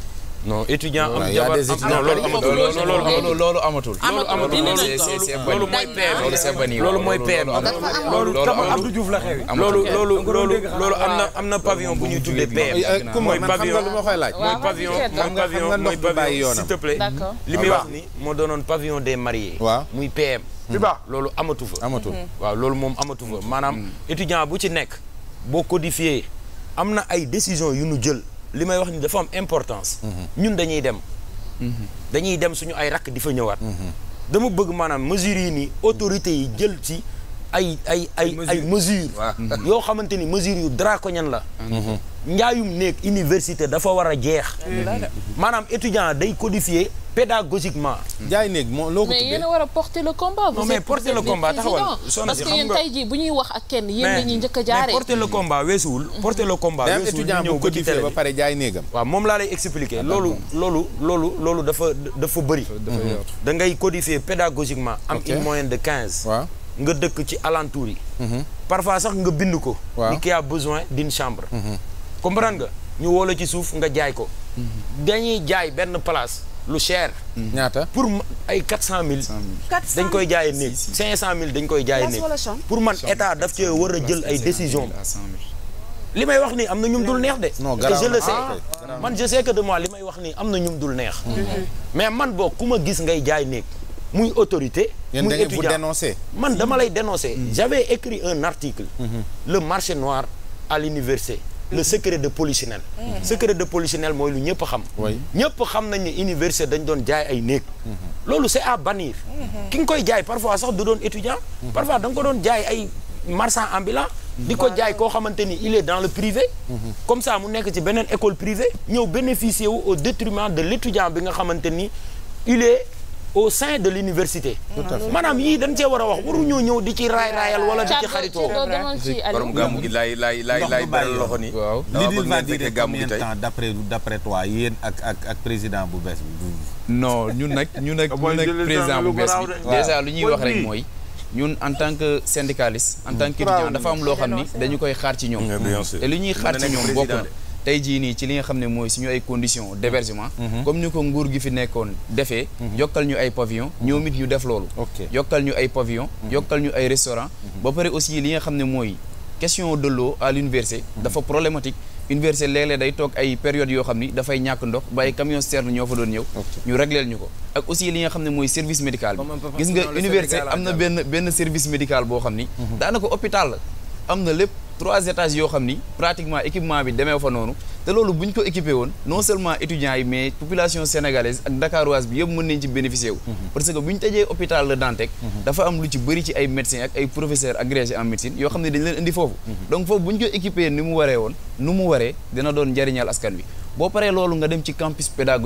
non étudiant am jabar am loolu amatul loolu amatul. amatul loolu mooy PM loolu mooy PM loolu tam Abdou Diouf la xewi. loolu loolu loolu am na am na pavillon bu ñuy tuddee PM. mooy pavillon mooy pavillon mooy pavillon mooy pavillon s'il te plaît. li muy wax ni moo doonoon pavillon des mariés. waaw muy PM. bi ba hmm. loolu amatu fa. amatu hmm. waaw loolu moom amatu fa maanaam hmm. étudiant bu ci nekk boo codifié am na ay décision yu nu jël. li may wax ni dafa am importance. ñun dañuy dem. dañuy dem suñu ay rakk di fa ñëwaat. Mhm. dama bëgg maanaam mesures yi nii autorités yi jël ci. ay ay ay ay mesures yoo xamante ni mesures yu draconiennes la mm-hmm. njaayum néeg université dafa war a jeex mm-hmm. maanaam étudiant day codifier pédagogiquement njaay néeg moo loo ko tuddee mais yéen a war a porter le combat vous mais porter le combat taxawal parce que yéen tey jii bu ñuy wax ak kenn yéen la njëkk a jaaree mais porter le combat weesuwul mm-hmm. porter le combat weesuwul étudiant bu codifier ba pare jaay néegam waaw moom laa lay expliquer loolu loolu loolu loolu dafa dafa bëri da ngay codifier pédagogiquement am une moyenne de quinze waaw nga dëkk ci alentour yi. Mhm. parfois sax nga bind ko. waaw ni ki a besoin d'une chambre. Mhm. comprendre nga ñu woo ci suuf nga jaay ko. Mhm. dañuy jaay benn place lu cher. ñaata pour ay quatre cent mille. dañ koy jaayee néeg cinq cent mille dañ koy jaayee néeg. pour man état daf cee war a jël ay décisions li may wax nii am na ñum dul neex de. non que je le ah, man je see que de li may wax nii am na ñum dul neex. mais man boo ku ma gis ngay jaay néeg. muy autorité. muy étudiant man dama mm-hmm. lay dénoncer. Mm-hmm. j'avais écrit un article. Mm-hmm. le marché noir à l'université le secret de polichinelle. secret de polichinelle mooy lu ñëpp xam. ñëpp xam nañ ne université dañ doon jaay ay néeg. loolu c'est à bannir. ki nga koy jaay parfois sax du doon étudiant. parfois da ko doon jaay ay marchand ambulant. di ko jaay koo xamante ni il est dans le privé. comme ça mu nekk ci beneen école privée. ñëw bénéficier wu au détriment de l'étudiant bi nga xamante ni il au sein de l'université maanaam yii dañ cee war a wax waruñoo ñëw di ci raay raayal wala di ci xaritoo borom gàmmu gi laay laay laay laay beral loxo ni waaw l'idée va durer combien de temps d'après d'après toi yéen ak ak président bu bees bi ñun nag ñun nag ah, ñun nag président bu bees bi déjà lu ñuy wax rek mooy ñun en tant que syndicaliste en tant mm. que étudiant dafa am loo xam ni dañu koy xaar ci ñoom eh, te li ñuy xaar ci ñoom bokk na tey jii nii ci li nga xam ne mooy suñu ay conditions mm-hmm. d'hébergement mm-hmm. comme ni ko nguur gi fi nekkoon defee mm-hmm. yokkal ñu ay pavillon ñoom it ñu def loolu yokkal ñu ay pavillon yokkal ñu ay restaurant ba pare aussi li nga xam ne mooy question de l'eau à l'université dafa problématique université léeg-léeg day toog ay période yoo xam ni dafay ñàkk ndox ba ay camion citerne ñoo fa doon ñëw ñu régleel ñu ko ak aussi li nga xam ne mooy service médical bi gis nga université benn benn service médical xam ni daanaka hôpital am na lépp trois étages yoo xam ni pratiquement équipement bi demee fa noonu te loolu bu ñu ko équipé woon non seulement étudiants yi mais population sénégalaise ak dakaroise bi yëpp mën nañ ci bénéficier wu. Mhm. parce que bu ñu tëjee hôpital Le Dantec. Mhm. dafa am lu ci bëri ci ay médecins ak ay professeurs agrégés en médecine yoo xam ne dañ leen indi foofu. Mhm. donc foofu bu ñu ko équipé ni mu waree woon nu mu waree dina doon njariñal askan wi. boo paree loolu nga dem yi nga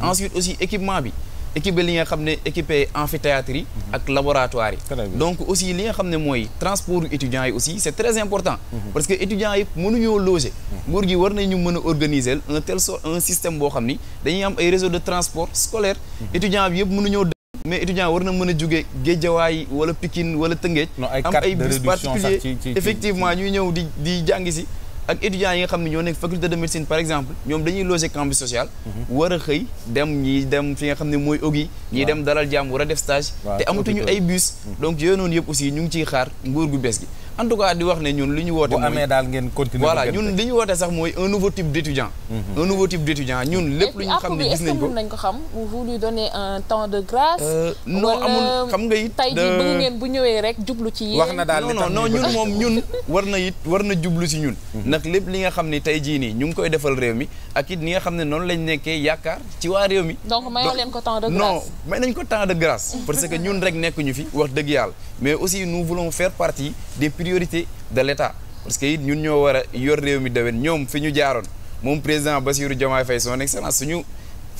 xam bi équipe li nga xam ne équipé amphithéâtre mhm. ak laboratoire yi donc aussi li nga xam ne mooy transport étudiants yi aussi c' est très important mhm. parce que étudiants yi mënuñoo loger mhm. nguur gi war ñu mën a organiser un tel sort un système boo xam ni dañuy am ay réseau de transport scolaire étudiants bi yëpp mënuñoo mais étudiant war na mën a jóge géejawaay wala Pikine wala Tëngéej am ay bus particulier effectivement ñuy ñëw di di jàngi si ak étudiants yi nga xam ne ñoo nekk faculté de médecine par exemple ñoom dañuy loger campus social mhm. war a xëy dem ñi dem fi nga xam ne mooy augi ñi dem dalal jàmm war def stage te amatuñu ay bus mhm. donc yooyu noonu yëpp aussi ñu ngi ciy xaar nguur gu bees gi en tout cas di wax ne ñun li ñu woote. bu amee daal ngeen continuer voilà ñun li ñu woote sax mooy un nouveau type d' étudiant. Mhm. un nouveau type d' étudiant ñun lépp lu ñu xam ne gis nañ ko nañ ko xam vous lui donnez un de grâce. Euh, non amul xam nga it. tey jii bu ñëwee rek jublu ci wax na daal non non ñun ñun war na it war na jublu si ñun. Mhm. nag lépp li nga xam ne tey jii nii ñu ngi koy defal réew mi ak it ni nga xam ne noonu lañ nekkee yaakaar ci waa réew mi. donc leen ko temps de grâce non may nañ ko temps de grâce mhm. parce que ñun rek nekkuñu fi wax dëgg yàlla mais aussi nous voulons faire partie des priorités de l'État parce que it ñun ñoo war a yor réew mi déwén ñoom fi ñu jaaroon moom président Bassirou Diomaye Faye son excellence suñu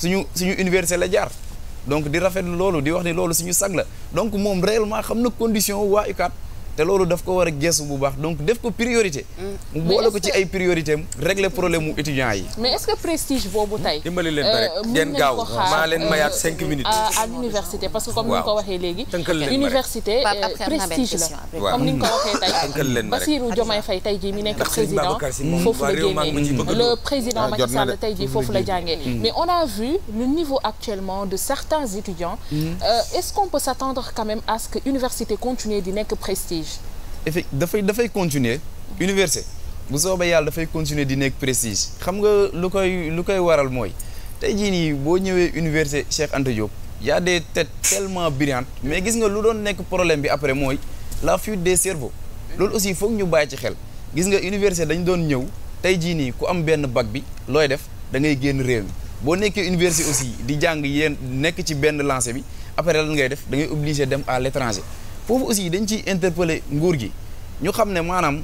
suñu suñu université la jaar donc di rafet lu loolu di wax ni loolu suñu sag la donc moom réellement xam na condition waa UCAD te loolu daf ko war a gestu bu baax donc def ko priorité. Mm. mu ko ci ay priorité am régler problème mu étudiants yi. mais est-ce que prestige boobu tey. dimbali leen ba rek euh, ngeen gaaw maa leen euh, mayaat cinq euh, minutes. à l'université parce que comme ni nga ko waxee léegi. université prestige la. comme ni nga ko waxee tey. ba rek Bassirou Diomaye Faye tey jii mi nekk président foofu la génnee le président ah, Macky tey jii foofu la mm-hmm. jàngee. Mm-hmm. mais on a vu le niveau actuellement de certains étudiants. Mm-hmm. est-ce qu'on peut s'attendre quand même à ce que université continue di nekk prestige. effet dafay dafay continuer université bu soobee yàlla dafay continuer di nekk prestige xam nga lu koy lu koy waral mooy tey jii nii boo ñëwee université Cheikh Anta Diop y a des têtes tellement mais gis nga lu doon nekk problème bi après mooy la fuite des cerveaux loolu aussi foog ñu bàyyi ci xel gis nga université dañ doon ñëw tey jii nii ku am benn bag bi looy def da ngay génn réew mi boo nekkee université aussi di jàng yéen nekk ci benn lancé bi après lan ngay def da ngay obligé dem à l'étranger foofu aussi dañ ciy interpeller nguur gi ñu xam ne maanaam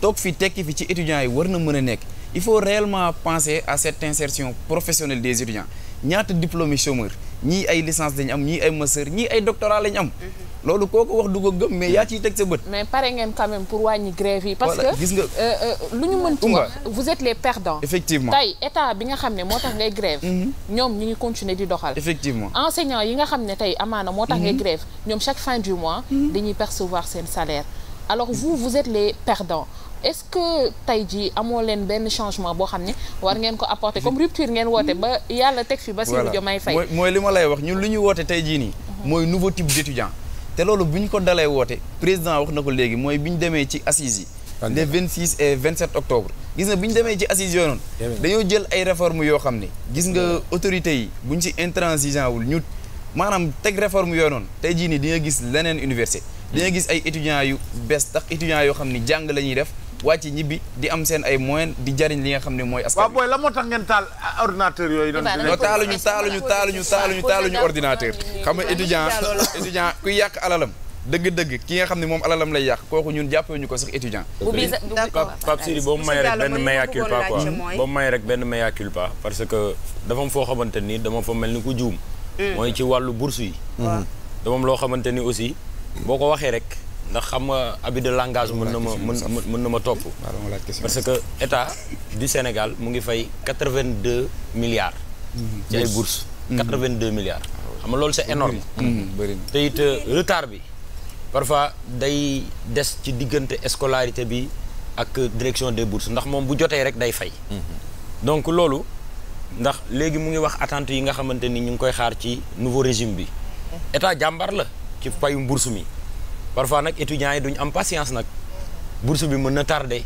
toog fi tekki fi ci étudiants yi war na mën a nekk il faut réellement penser à cette insertion professionnelle des étudiants ñaata diplômés chômeurs ñii ay licence dañu am ñii ay master ñii ay doctorat ñu am loolu kooku wax du ko gëm mais yaa ciy teg sa bët. mais pare ngeen quand même pour wàññi grève yi. parce que gis nga euh, euh, lu ñu mën ci wax vous êtes les perdants. effectivement tey état bi nga xam ne moo tax ngay grève mhm. ñoom ñu ngi continuer di doxal. effectivement enseignant yi nga xam ne tey amaana moo tax ngay mhm. grève ñoom chaque fin du mois. Mhm. dañuy percevoir seen salaire. alors vous vous êtes les perdants. est-ce que tey jii amoo leen benn changement boo xam ne war ngeen ko apporter comme rupture ngeen woote ba yàlla teg fi Bassirou Diomaye Faye. mooy li ma lay wax ñun lu ñu woote tey jii nii. mooy nouveau type d'étudiant. loolu bu ñu ko dalee woote président wax na ko léegi mooy bu ñu demee ci assises yi. les 26 et 27 octobre. gis nga bi ñu demee ci assises yooyu noonu. dañoo jël ay réformes yoo xam ni gis nga autorités yi bu ñu ci intransigeant wul ñu maanaam teg réforme yooyu noonu tey jii nii di gis leneen université. di gis ay étudiants yu bees tax étudiants yoo xam ni jàng la ñuy def. wàcc ñibbi di am seen ay moyens di jariñ li nga xam ne mooy. askan waaw la moo tax ngeen taal ordinateur yooyu. non taaluñu taaluñu taaluñu taaluñu taaluñu ordinateur. xam nga étudiant étudiant kuy yàq alalam. dëgg-dëgg ki nga xam ne moom alalam lay yàq kooku ñun jàppee ñu ko sax étudiant. bu bii Pape Sidi boo mu mayee rek benn mea culpa rek benn mea culpa parce que dafa am foo xamante ni dama fa mel ni ku juum. Hmm. mooy ci wàllu bourse yi. Hmm. dama am loo xamante ni aussi boo ko waxee rek. ndax xam nga habit langage mën na ma mën na ma topp parce que état du Sénégal mu ngi fay quatre-vingt-deux milliards mhm. ci ay bourses mhm. quatre-vingt-deux milliards ah, xam loolu c'est mhm. énorme te it euh, retard bi parfois day des ci diggante scolarité bi ak direction des bourses ndax moom bu jotee rek day fay donc loolu ndax léegi mu ngi wax attente yi nga xamante ni ñu ngi koy xaar ci nouveau régime bi état jàmbar la ci payu bourse mi parfois nag étudiants yi duñ am patience nag bourse bi mën na tardé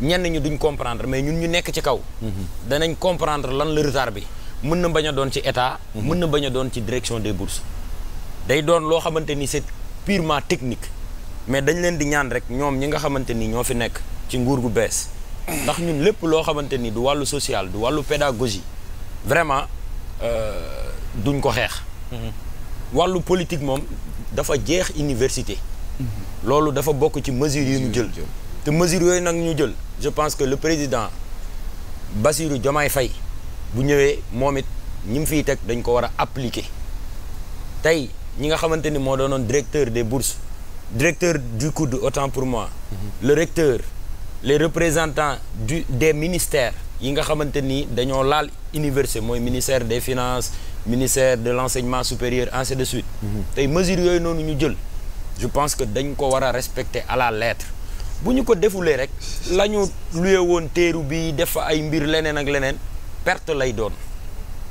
ñenn ñu duñ comprendre mais ñun ñu nekk ci kaw. Mhm. danañ comprendre lan la retard bi mën na bañ a doon ci état. Mhm. mën na bañ a doon ci direction des bourses. day doon loo xamante ni c'est purement technique mais dañ leen di ñaan rek ñoom ñi nga xamante ni ñoo fi nekk ci nguur gu bees. ndax ñun lépp loo xamante ni du wàllu social du wàllu pédagogie vraiment euh, duñ ko xeex. Mhm. wàllu politique moom dafa jeex université. loolu dafa bokk ci mesures yi ñu jël te mesures yooyu nag ñu jël je pense que le président Bassirou Diomaye Faye bu ñëwee moom it ñi mu fiy teg dañ ko war a appliquer tey ñi nga xamante ni moo doonoon directeur des bourses directeur du COUD autant pour moi mhm. le recteur les représentant du des ministères yi nga xamante ni dañoo laal université mooy ministère des finances ministère de l'enseignement supérieur ainsi de suite mhm. tey mesures yooyu noonu ñu jël je pense que dañ ko war a respecter à la lettre bu ñu ko defulee rek la ñu luye woon téeru bi def fa ay mbir leneen ak leneen perte lay doon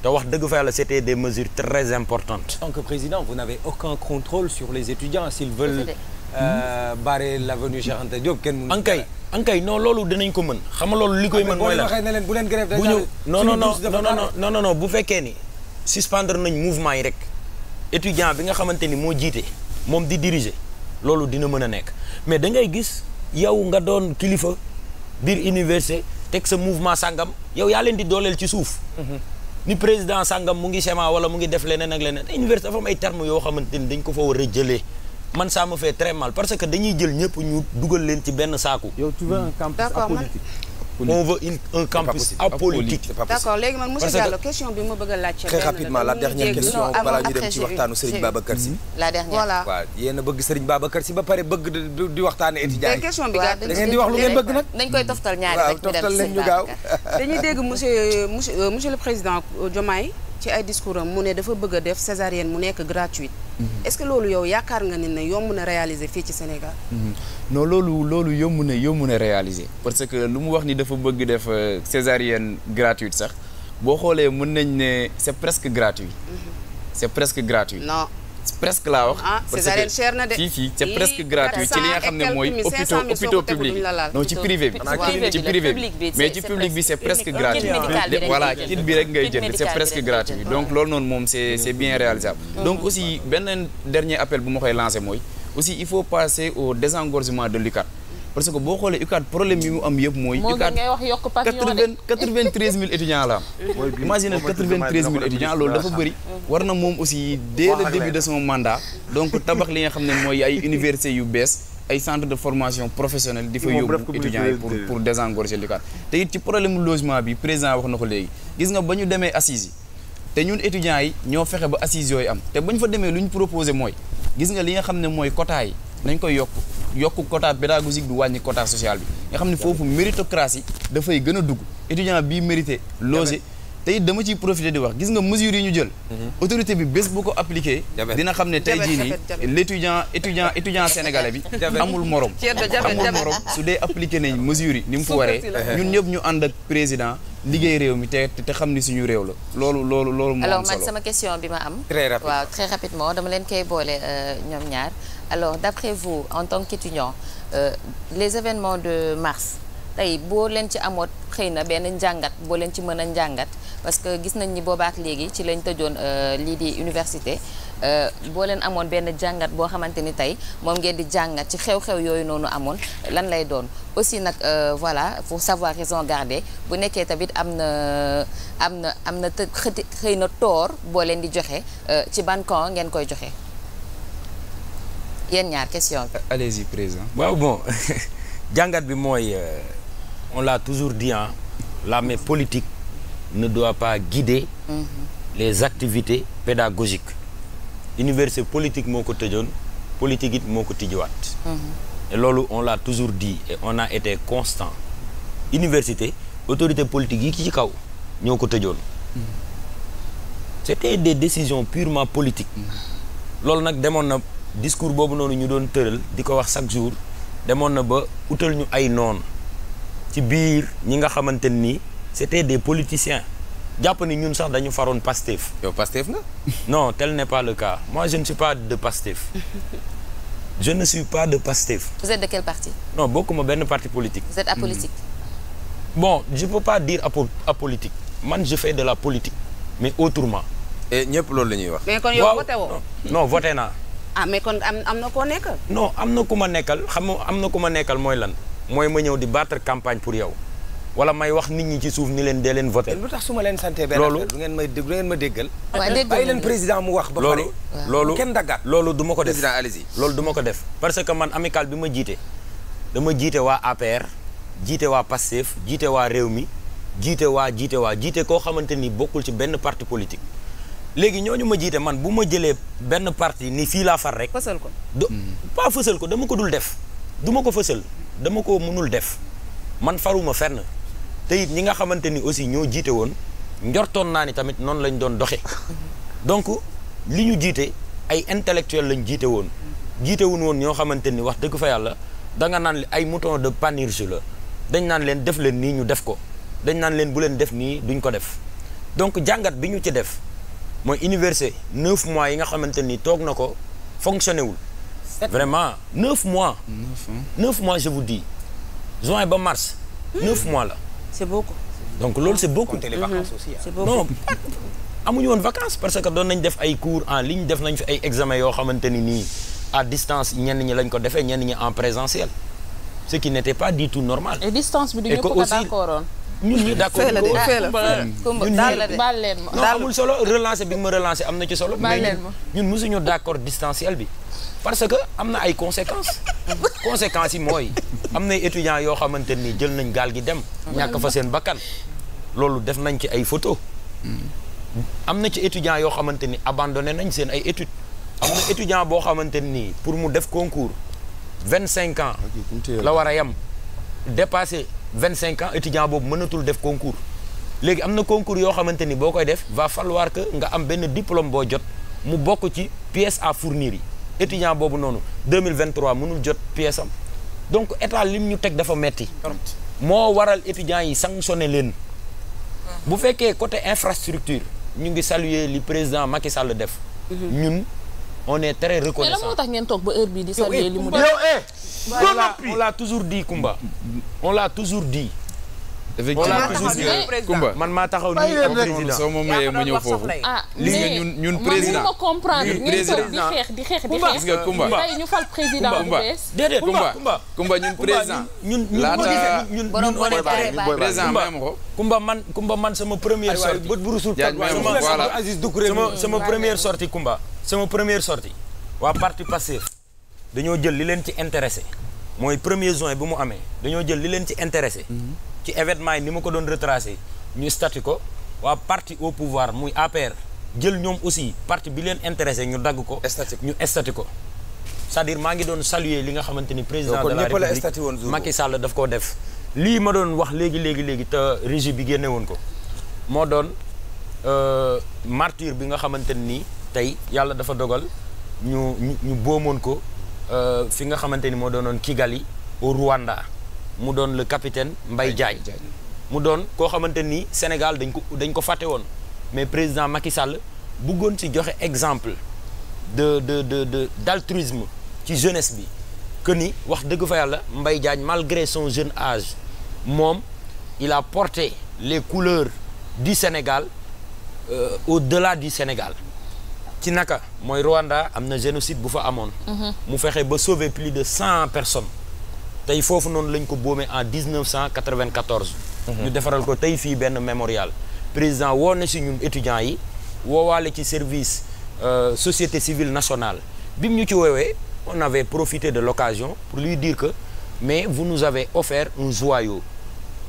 te wax dëgg fa yàlla c'était des mesures très importantes. en tant que président vous n'avez aucun contrôle sur les étudiants s'ils veulent. Euh, barrer l'avenue Cheikh Anta Diop kenn mënu. ankay ankay non loolu dinañ ko mën. xam nga loolu li koy mën mooy la bu leen grève bu ñu non non non non non bu fekkee ni. suspendre nañu mouvement yi rek étudiant bi nga xamante ni moo jiite. moom di diriger loolu dina mën a nekk mais dangay gis yow nga doon kilifa biir université teg sa mouvement sàngam yow yaa leen di dooleel ci suuf. Mhm. ni président sàngam mu ngi sema wala mu ngi def leneen ak leneen université dafa am ay termes yoo xamante ni dañ ko fa war a jëlee. man ça me fait très mal parce que dañuy jël ñëpp ñu dugal leen ci benn saaku. yow tu veux un campus on veut léegi man monsieur Diallo question bi ma bëgg a laajte. très rapidement la dernière question balaa ñu dem ci waxtaanu Serigne mm-hmm. bëgg Serigne Babacar Sy ba pare bëgg di waxtaane étudiant question bi gàtt da ngeen di wax euh, le président Diomaye ci ay discours mu ne dafa bëgg def césarienne mu nekk gratuite. Mhm. est-ce que loolu yow yaakaar nga ni ne yomb na réaliser fii ci Sénégal. Mhm. non loolu loolu yomb na yomb na réaliser parce que lu mu wax ni dafa bëgg def euh, césarienne gratuite sax boo xoolee mun nañ ne c'est presque gratuit. Mhm. c'est presque gratuit. presque laa wax. ah césarienne fii fii c'est presque gratuit ci li nga xam ne mooy. hôpitaux hôpitaux publics non ci privé bi. ci privé bi mais ci public bi c'est presque gratuit. voilà kit bi rek ngay jënd c'est presque gratuit donc loolu noonu moom c'est c'est bien réalisable. Mm. donc aussi benn dernier appel bu ma koy lancer mooy aussi il faut passer au désengorgement de parce que boo xoolee UCAD problème yi mu am yëpp mooy. UCAD ngay wax yokk quatre-vingt-treize mille étudiants la am. imagine quatre-vingt-treize mille étudiants loolu dafa bëri. Mm-hmm. war na moom aussi dès le début de son mandat. donc tabax li nga xam ne mooy ay université yu bees. ay centre de formation professionnelle di fa yóbbu étudiants yi pour pour désengorger l'UCAD te it ci problème logement bi président wax na ko léegi gis nga ba ñu demee assises te ñun étudiants yi ñoo fexe ba assises yooyu am te ba ñu fa demee lu ñu proposé mooy gis nga li nga xam ne mooy quota yi nañ koy yokk yokk quota pédagogique bi wàññi quota social bi nga xam ne foofu méritocratie dafay gën a dugg étudiant bii mérité logé tey dama ciy profité di wax gis nga mesures yi ñu jël mhm. autorité bi bés bu ko appliqué dina xam ne tey jii nii l' étudiant étudiant étudiant sénégalais bi amul morom amul morom su dee appliqué nañ mesures yi ni mu ko waree ñun ñëpp ñu ànd ak président liggéey réew mi te te xam ni suñu réew la loolu loolu loolu moo am solo alors man sama question am très rapide waaw très dama leen koy boole euh, ñoom ñaar alors d'après vous en tant qu'étudiant euh, les événements de mars tey boo leen ci amoon xëy na benn njàngat boo leen ci mën a njàngat parce que gis nañ ni boobaat léegi ci lañ tëjoon euh, lii di université euh, boo leen amoon benn jàngat boo xamante ni tey moom ngeen di jàngat ci xew-xew yooyu noonu amoon lan lay doon aussi nag euh, voilà pour savoir raison garder bu nekkee tamit am na am na am na xëy na toor boo leen di joxe ci ban ngeen koy joxe. yéen ñaar question bi. allez-y président waaw bon jàngat bi mooy euh, on l'a toujours dit la mais politique ne doit pas guider. Mm les activités pédagogiques. université politique moo ko tëjoon politique it moo ko tijjiwaat. Mm-hmm. loolu on l'a toujours di et on a été constant. université autorité politique yi ki ci kaw ñoo ko tëjoon. Mm-hmm. c'était des décisions purement politiques. loolu nag demoon na. discours boobu noonu ñu doon tëral di ko wax chaque jour demoon na ba utal ñu ay noon ci biir ñi nga xamante ni c'était des politiciens jàpp ni ñun sax dañu faroon Pastef. yow Pastef nga. non tel n'est pas le cas mois je ne suis pas de Pastef. je de Pastef. vous de quel parti. non bokkuma benn parti politique. vous hmm. bon je peux pas dire apo man je fais de la politique mais autrement. et ñëpp loolu la ñuy wax. mais kon yow voté woo. non voté naa. ah mais kon am am na koo nekkal. no am na ku ma nekkal xam nga am na ku ma nekkal mooy lan mooy ma ñëw di battre campagne pour yow wala may wax nit ñi ci suuf ni leen dee leen voté. lu tax su ma leen santee benn loolu du ngeen may dégg ma déggal. waaw dégg leen président mu wax. ba pare loolu kenn loolu du ko def président Alizé loolu du ko def parce que man amical bi ma jiite dama jiite waa APR jiite waa PASTEF jiite waa réew mi jiite waa jiite waa jiite koo xamante ni bokkul ci benn parti politique. léegi ñoo ñu ma jiite man bu ma jëlee benn parti ni fii laa far rek. fësal ko do hmm. pas fësal ko dama ko dul def. du ma ko fësal dama ko mënul def man faruma fenn te it ñi nga xamante ni aussi ñoo jiite woon njortoon naa ni tamit noonu lañ doon doxe donc li ñu jiite ay intellectuel lañ jiite woon. jiite wuñ woon ñoo xamante ni wax dëgg fa yàlla danga naan ay mouton de Panurge la dañ naan leen def leen nii ñu def ko dañ naan leen bu leen def nii duñ ko def donc jàngat bi ñu ci def. mooy université neuf mois yi nga xamante ni toog na ko fonctionné wul. vraiment neuf mois. neuf mois je vous dis juin ba mars. Hmm. neuf mois la. c'est beaucoup. donc loolu c'est beaucoup. compter les mhm. vacances aussi non amuñu woon vacances parce que doon nañ def ay cours en ligne def nañ fi ay examen yoo xamante ni nii à distance ñenn ñi lañ ko defee ñenn ñi en présentiel ce qui n'était pas du tout normal. et distance bi du ñëpp ko d'accordoon ñun ñi d'accord baal leen ma amul solo relancer bi nga ma relancer am na ci solo ma ñun mësuñu d'accord distanciel bi parce que am na ay conséquences conséquences yi mooy am na étudiants yoo xamante ni jël nañ gaal gi dem ñàkk fa seen bakkan loolu def nañ ci ay photo am na ci étudiants yoo xamante ni abandonné nañ seen ay études am étudiant boo xamante nii pour mu def concours vingt cinq ans la war a yem dépassé vingt cinq ans étudiant boobu mënatul def concours léegi am na concours yoo xamante ni boo koy def va falloir que nga am benn diplôme boo jot mu bokk ci pièce à fournir yi étudiant boobu noonu 2023 mënul jot pièce am donc état lim ñu teg dafa metti moo waral étudiants yi sanctionné leen bu fekkee côté infrastructure ñu ngi saluer li président Macky Sall def mhm. ñun on est très reconnaissant. mais lan moo tax ngeen toog ba heure bii di. Eh, mu def eh, on l'a toujours di Kumba. on l'a toujours effectivement man maa taxaw nii am président soo ma mayee ma ñëw foofu. ah mais ñun ñun président ma comprendre ngeen toog di xeex di xeex di xeex. gis nga Kumba tey ñu ñun président. ñun ñun laata ñun ñun on est ko. Kumba man Kumba man sama première sortie bët bu rusul toj voilà sama sama première sortie Kumba sama première sortie waa parti Pastef dañoo jël li leen ci intéressé mooy premier juin bi mu amee dañoo jël li leen ci intéressé mhm. ci événement yi ni ma ko doon retracé ñu statu ko waa parti au pouvoir muy APR jël ñoom aussi parti bi leen intéressé ñu dagg ko. ñu statu ko. cest à maa ngi doon saluer li nga xamante ni président de la république Macky Sall daf koo def. lii ma doon wax léegi léegi te régie bi génne woon ko moo doon euh, martyr bi nga xamante ni tey yàlla dafa dogal ñu ñu ñu boomoon ko euh, fi nga xamante ni moo doonoon Kigali au Rwanda. mu doon le capitaine mbay Diagne mu doon koo xamante ni Sénégal dañ ko dañ ko fàtte woon mais président Macky Sall bëggoon ci joxe exemple de de de de d'altruisme ci jeunesse bi que ni wax dëgg fa yàlla Mbaye Diagne malgré son jeune age moom il a porté les couleur du Sénégal euh, au-delà du Sénégal ci naka mooy Rwanda am na génocide bu fa amoon mhm. mu fexe ba sauver plus de cent personnes tey foofu noonu lañ ko boome en 1994. Mhm. ñu defaral ko tey fii benn mémorial président woo na si ñun étudiants yi woowaale ci service euh, société civile nationale bi mu ñu ci woowee on avait profité de l'occasion pour lui dire que mais vous nous avez offert un joyau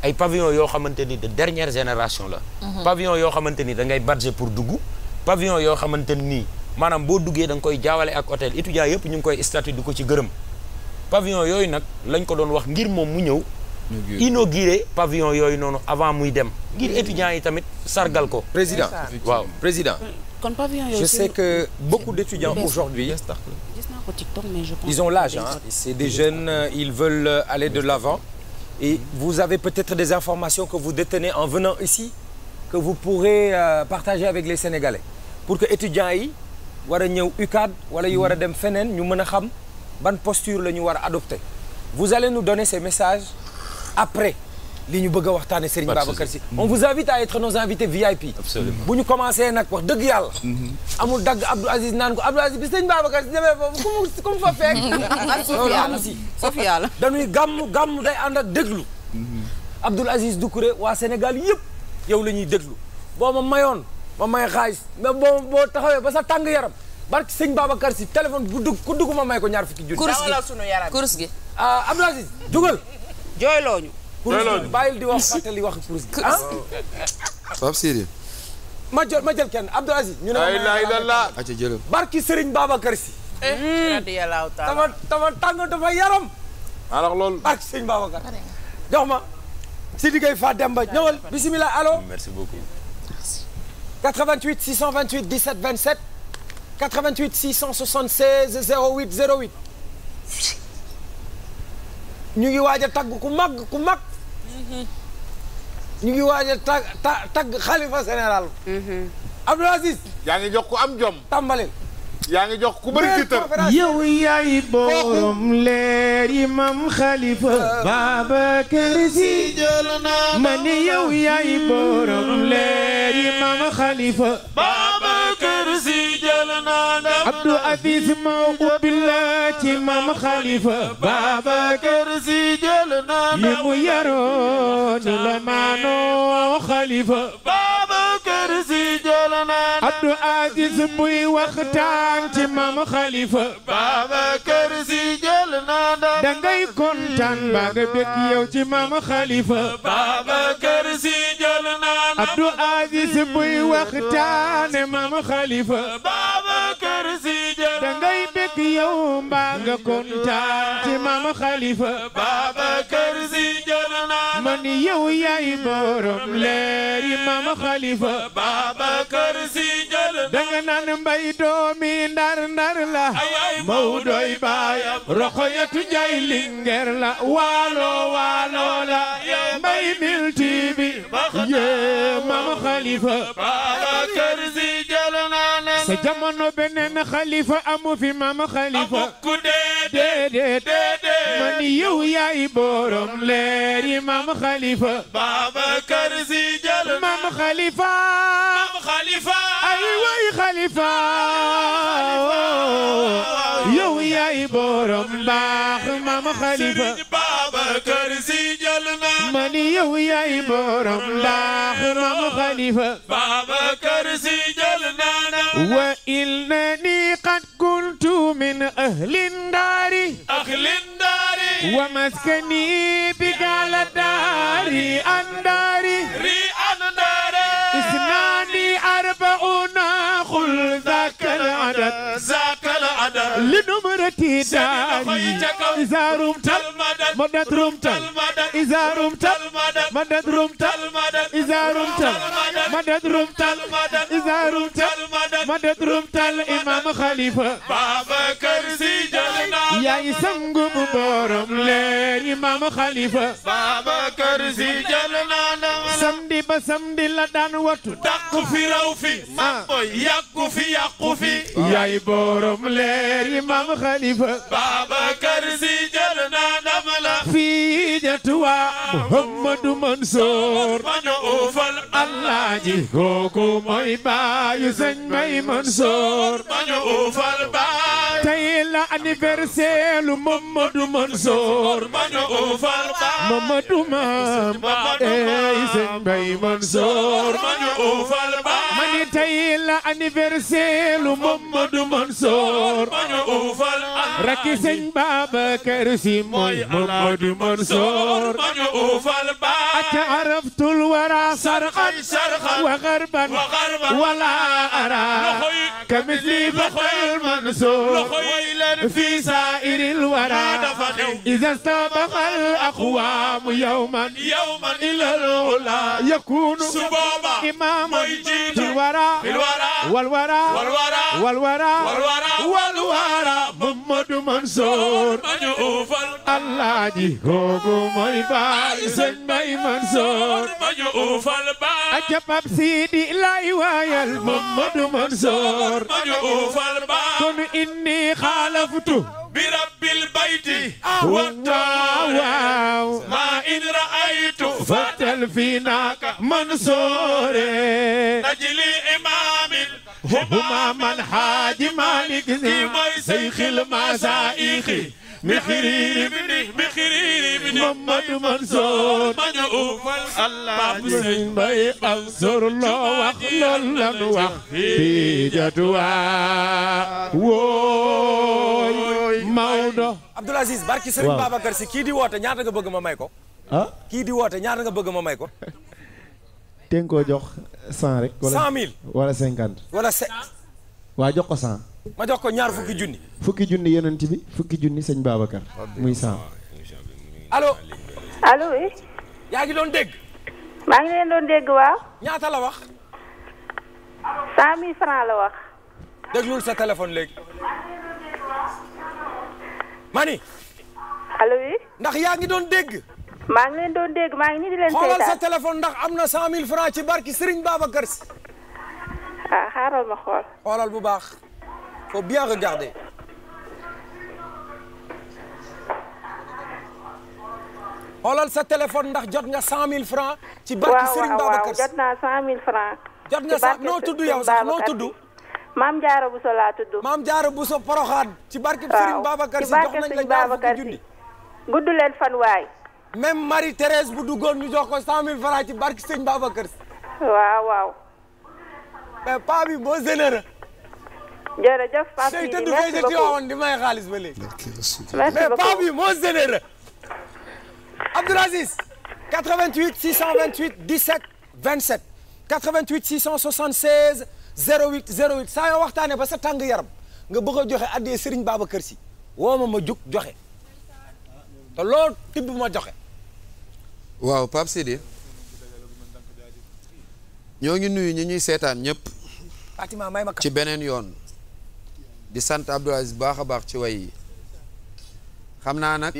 ay pavillon yoo xamante ni de dernière génération la mhm. pavillon yoo xamante ni da ngay budget pour dugg pavillon yoo xamante ni maanaam boo duggee da nga koy jaawale ak hôtel étudiants yëpp ñu ngi koy statut di ko ci gërëm pavillon yooyu nag lañ ko doon wax ngir moom mu ñëw inauguré pavillon yooyu noonu avant muy dem ngir étudiants yi tamit sargal ko président waaw président kon pavillon yooyu je sais que beaucoup d'étudiants aujourd'hui ils ont l'âge hein c'est des jeunes euh, ils veulent euh, aller de l'avant et vous avez peut-être des informations que vous détenez en venant ici que vous pourrez euh, partager avec les Sénégalais pour que étudiants yi war a ñëw UCAD wala yu war a mm-hmm. dem feneen ñu mën a xam ban posture la ñu war a adopter vous allez nu donner ces messages après li ñu bëgg a waxtaane Serigne Babacar Sy on vous invite à être nos invités VIP bu ñu commencé nag wax dëgg yàlla mhm. amul dagg Abdou Aziz naan ko Abdou Aziz bi Serigne Babacar Sy demee foofu ku mu fa fekk sauf yàlla ah, dañuy gàmm gàmm day ànd ak déglu mhm. Abdoul Aziz Doucouré waa Sénégal yëpp yow la ñuy déglu boo ma mayoon ma may xaalis mais boo boo taxawee ba sa tàng yaram barki sëñ Babacar si téléphone bu dugg ma may ko ñaar fukki junni. kurus gi daawalal sunu yaram kurus ah, Aziz dugal. jooylooñu. jooylooñu bàyyil di wax li wax kurus gi. ah Pape Sidi. ma jël ma kenn Abdou Aziz. ñu a ma la ilaha illallah. barki sëriñ Babacar si. Eh, radiyallahu taala tama tama yaram. alors loolu. barki sëñ Babacar. jox ma. Sidi Gueye Fa Demba ñëwal bisimilah allo. merci beaucoup. 88 676 08 08 ñu ngi waaj a tagg ku mag ku mag ñu ngi waaj a tagg tagg xalifa général mhm. Abdoul Aziz yaa ngi jox ku am jom tàmbaleel yaa ngi jox ku bëri tiitar yow yaay borom leer yi mam xalifa Babacar Si ma ne yow yaay borom leer yi mam xalifa Babacar Si jël naa Abdou Aziz ma ubbi la ci mam xalifa Babacar Si jël naa li mu yaroon la maanoo xalifa Babacar Si jël naa Abdou Aziz buy waxtaan kontaan ci maam xalifa Babacar Si jël naa da dangay kontaan ba nga bëgg yow ci maam xalifa Babacar Si jël naa Abdou Aziz buy waxtaane maam xalifa kër si jël da ngay bëgg yow mbaa nga kontaan ci maam Khalifa baaba kër si jël naa man borom leer yi maam baaba kër si jël da doomi ndar ndar la Mawdoy baayam Roxoyatu Njaay Lingeer la waalo waalo la mbay mil tiibi yee maam Khalifa sa jamono beneen xalifa amu fi maam xalifa ku déedéet man yow yaay borom leer yi maam xalifa Babacar Si jël maam xalifa ay way xalifa yow yaay borom baax maam xalifa Babacar Si jël na man yow yaay borom laax maam Xalifa Babacar Si jël na wa innani qad kuntu min ahli ndaari ahli ndaari wa maskani bi gala daari andaari ri andaari isnaani arbauna qul dhaka al adad li numrati daari iza rumtal madad rumtal iza rumtal madad rumtal iza rumtal madad rumtal iza rumtal madad rumtal imam khalifa Babakar Si jalna yaay sangu bu borom leer imam khalifa Babakar Si jalna samedi ba samedi la daan watu dàq ah. fi raw fi ma boy yàqu fi yàqu fi yaay borom leer kër imam xalifa Babacar Si jël na ndam la fii ja tuwa Muhammadu Mansour mana uufal Allah ji kooku mooy baayu sëñ may Mansour mana uufal baay tey la anniversaire lu Muhammadu Mansour mana uufal baay Muhammadu maam ey sëñ may Mansour mana uufal baay mani tey la anniversaire lu Muhammadu Mansour uufal rakki sëñ Babacar Si mooy Mamadu Mansoor mañu uufal ba acca araftul wara sarxan wa xarban wala ara kamisli baxal Mansoor fi saa'iril wara iza stabaxal aqwaam yawman ilal ula yakunu imaman fil wara walwara walwara walwara walwara Mamadu Mansour mañu uufal Alaaji kooku mooy baay sëñ Bay Mansour mañu uufal baay aca Pap Sidi lay waayal Mamadu Mansour mañu uufal baay kon inni xaalaftu bi rabbil bayti ah, waaw maa in raaytu fatel fi naaka Mansour najli imaam هما من حاج مالك زي شيخ المشايخ مخيري ابني مخيري ابني محمد منصور مدعوف الله باب سين باي انصر الله وخلل لن وخ في جدوى ووي ماودا عبد العزيز باركي سيرن بابكر سي كي دي ووتة ñaata nga bëgg ma may ko ah kii di woote ñaata nga bëgg ma may ko teng koo jox cent rek. cent wala cinquante. wala waa jox ko cent. ma jox ko ñaar fukki junni. fukki junni yonent bi fukki junni sëñ Babacar. muy cent. allo. allo oui. yaa ngi doon dégg. maa ngi doon dégg waaw. ñaata la wax. cent mille franc la wax. déglul sa téléphone léegi. mani. allo oui. ndax yaa ngi doon dégg. maa ngi leen doon dégg maa ngi nii di leen. seetaan xoolal sa téléphone ndax am na 100000 francs ci barki Serigne Babacar Sy. ah xaaral ma xool. xoolal bu baax. faut bien regarder. xoolal sa téléphone ndax jot nga 100000 francs ci barki Serigne Babacar Sy waaw waaw jot naa 100000 francs. jot nga sax noo tudd yow sax noo tudd. maam Jaara Buso laa tudd. maam Jaara Buso Poroxaan. ci barki Serigne Babacar Sy jox nañ la ñaar fukki junni. gudd leen fan waay. même Marie Thérèse bu duggoon ñu jox ko cent mille francs ci barki sëñ Babacar Si. waaw waaw. mais paa bi boo généreux. jërëjëf paa bi merci beaucoup tey tëdd woon di may xaalis ba léegi. mais paa bi saa yoo waxtaanee ba sa tàng yaram nga bëgg a joxe addee Serigne Babacar Si woo ma ma jug joxe te tibb ma joxe. waaw Pape Sidi ñoo ngi nuyu ñu ñuy seetaan ñëpp ci beneen yoon di sant Abdou Aziz baax a baax ci way yi xam naa nag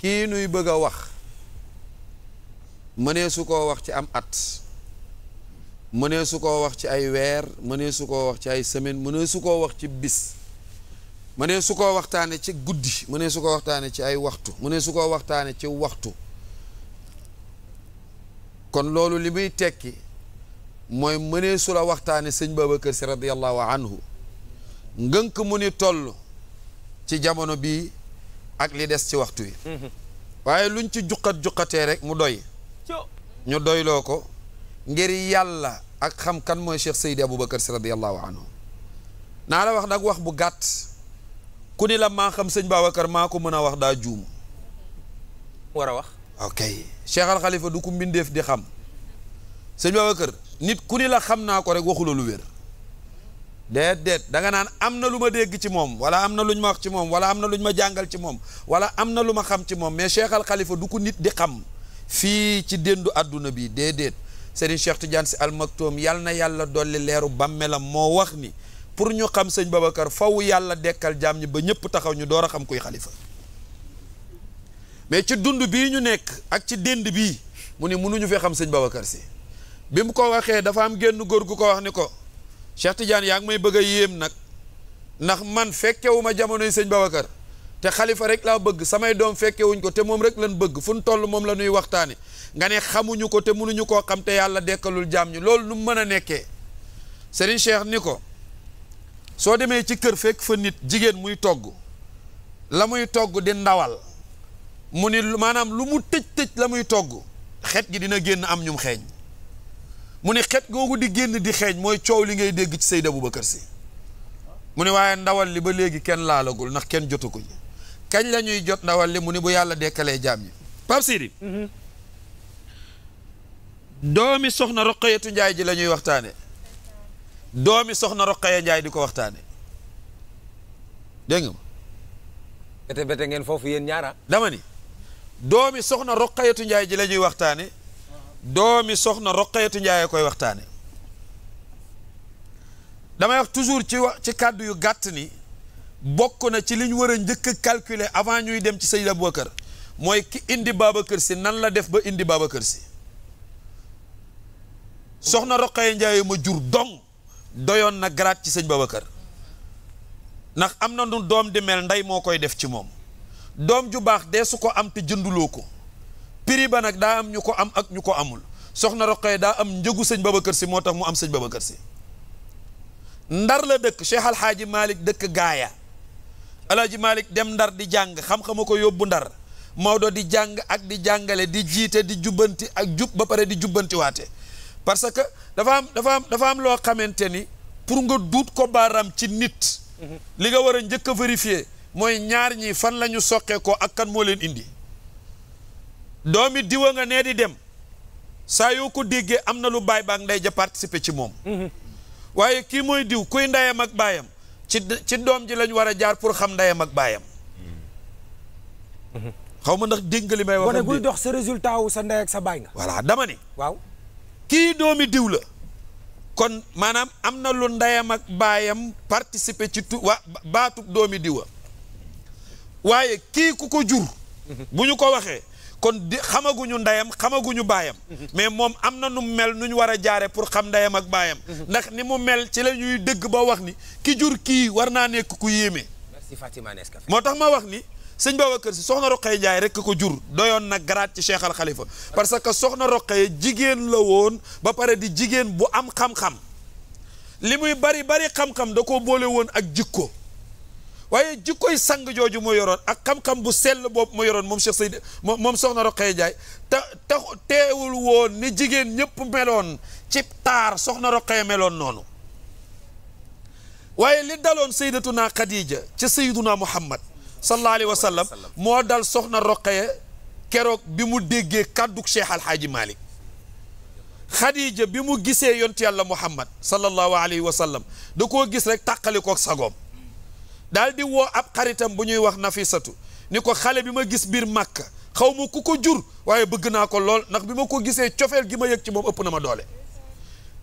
kii nuy bëgg a wax mëneesu koo wax ci am at mënee su koo wax ci ay weer mënee su koo wax ci ay semaine mënee su koo wax ci bis mënee su koo waxtaane ci guddi mënee su koo waxtaane ci ay waxtu mënee su koo waxtaane ci waxtu kon loolu li muy tekki mooy mënee su la waxtaane sëñ Babacar si radiallahu anhu ngënk mu ni toll ci jamono bii ak li des ci waxtu wi mhm. waaye luñ ci juqat-juqatee rek mu doy ñu doyloo ko ngir yàlla ak xam kan mooy Cheikh Seydi Aboubacar si radiallahu anhu naa la wax nag wax bu gàtt ku ni la maa xam sëñ Babacar maa ko mën a wax daa juum war a wax ok Cheikh Al Khalifa du ku mbindeef di xam sëñ Babacar nit ku ni la xam naa ko rek waxula lu wér déet déet da nga naan am na lu ma dégg ci moom wala am na lu ñu ma wax ci moom wala am na lu ñu ma jàngal ci moom wala am na lu ma xam ci moom mais Cheikh Al Khalifa du ko nit di xam fii ci déndu àdduna bi déedéet Serigne Cheikh Tidiane Sy Al Maktoum yal na yàlla dolli leeru bàmmeelam moo wax ni pour ñu xam sëñ Babacar faw yàlla dekkal jaam ñi ba ñëpp taxaw ñu door a xam kuy xalifa mais ci dund bii ñu nekk ak ci dénd bii mu ne mënuñu fee xam sëñ Babacar si bi mu ko waxee dafa am génn góor gu ko wax ni ko Cheikh Tidiane yaa ngi may bëgg a yéem nag ndax man fekkewuma jamono sëñ Babacar te xalifa rek laa bëgg samay doom fekkewuñ ko te moom rek lan bëgg fu nu toll moom la ñuy waxtaane nga ne xamuñu ko te munuñu koo xam te yàlla dekkalul jaam ñi loolu nu mu mën a nekkee Serigne Cheikh ni ko soo demee ci kër fekk fa nit jigéen muy togg la muy togg di ndawal mu ni maanaam lu mu tëj tëj la muy togg xet gi dina génn am ñum xeeñ mu ni xet googu di génn di xeeñ mooy coow li ngay dégg ci Seydi Aboubacar Sy mu ni waaye ndawal li ba léegi kenn laalagul ndax kenn jotu ko ji kañ lañuy jot ndawal li mu ni bu yàlla dekkalee jaam yi Pape mhm. doomi soxna Roqayatu Njaay ji la ñuy waxtaane doomi soxna yee Njaay di ko waxtaane dégg nga bete bete ngeen foofu yéen ñaara ah? dama ni doomi soxna roqayatu njaay ji la ñuy waxtaane doomi soxna roqayatu njaay koy waxtaane damay wax toujours ci ci kàddu yu gàtt ni bokk na ci li ñu war a njëkk a calculer avant ñuy dem ci sëñ Abubakar mooy ki indi kër si nan la def ba indi kër si soxna roqaya njaay ma jur dong doyoon na garaat ci sëñ Babacar ndax am na nu doom di mel ndey moo koy def ci moom doom ju baax dee su ko am te jënduloo ko prix ba nag daa am ñu ko am ak ñu ko amul soxna Roqee daa am njëgu sëñ kër si moo tax mu am sëñ Babacar si ndar la dëkk Cheikh Al Hadji dëkk gaaya El Hadji Malick dem ndar di jàng xam-xama ko yóbbu ndar Maodo di jàng ak di jàngale di jiite di jubbanti ak jub ba pare di jubbanti waate parce que dafa am dafa am dafa am loo xamante ni pour nga duut ko baaraam ci nit. Mhm. li nga war a njëkk a mooy ñaar ñi fan lañu ñu ko ak kan moo leen indi doomi diwa nga nee di dem saa yoo ko déggee am na lu baay baak ndey ja participer ci moom mhm. waaye kii mooy diw kuy ndeyam ak baayam ci ci doom ji lañu war a jaar pour xam ndeyam ak baayam mhm. xaw ma ndax dégg li may wax guy dox sa résultat wu sa ndey sa baay nga voilà dama ni waaw kii doomi diw la kon maanaam am na lu ndeyam ak baayam participer ci tu waa baatu doomi diwa waaye kii ku ko jur bu ñu ko waxee kon di xamaguñu ndeyam xamaguñu baayam mais moom am na nu mu mel nu ñu war a jaare pour xam ndeyam ak baayam ndax ni mu mel ci la ñuy dëgg ba wax ni ki jur kii war naa nekk ku yéeme merci Fatima Nescafé moo tax ma wax ni sëñ Babacar si soxna Roqaye Njaay rek ko jur doyoon na garaat ci Cheikh Al parce que soxna Roqaye jigéen la woon ba pare di jigéen bu am xam-xam li muy bari bari xam-xam da ko boole woon ak jig ko waaye jikkoy sang jooju mu yoroon ak xam-xam bu sell boobu mu yoroon moom Cheikh Seydi moom Soxna Roqaya Njaay te te teewul woon ni jigéen ñépp meloon ci Soxna Roqaya meloon noonu waaye li daloon Seydatuna Khadija ci Seyduna Muhammad sallallahu alayhi wa sallam moo dal Soxna Roqaya keroog bi mu déggee kàddug Cheikh Alhaaji Malick Khadija bi mu gisee yonti yàlla Muhammad sallallahu alayhi wa sallam da koo gis rek tàqali koog sagoom daal di woo ab xaritam bu ñuy wax nafisatu ni ko xale bi ma gis biir màkk xaw ma ku ko jur waaye bëgg naa ko lool ndax bi ma ko gisee cofeel gi ma yëg ci moom ëpp na ma doole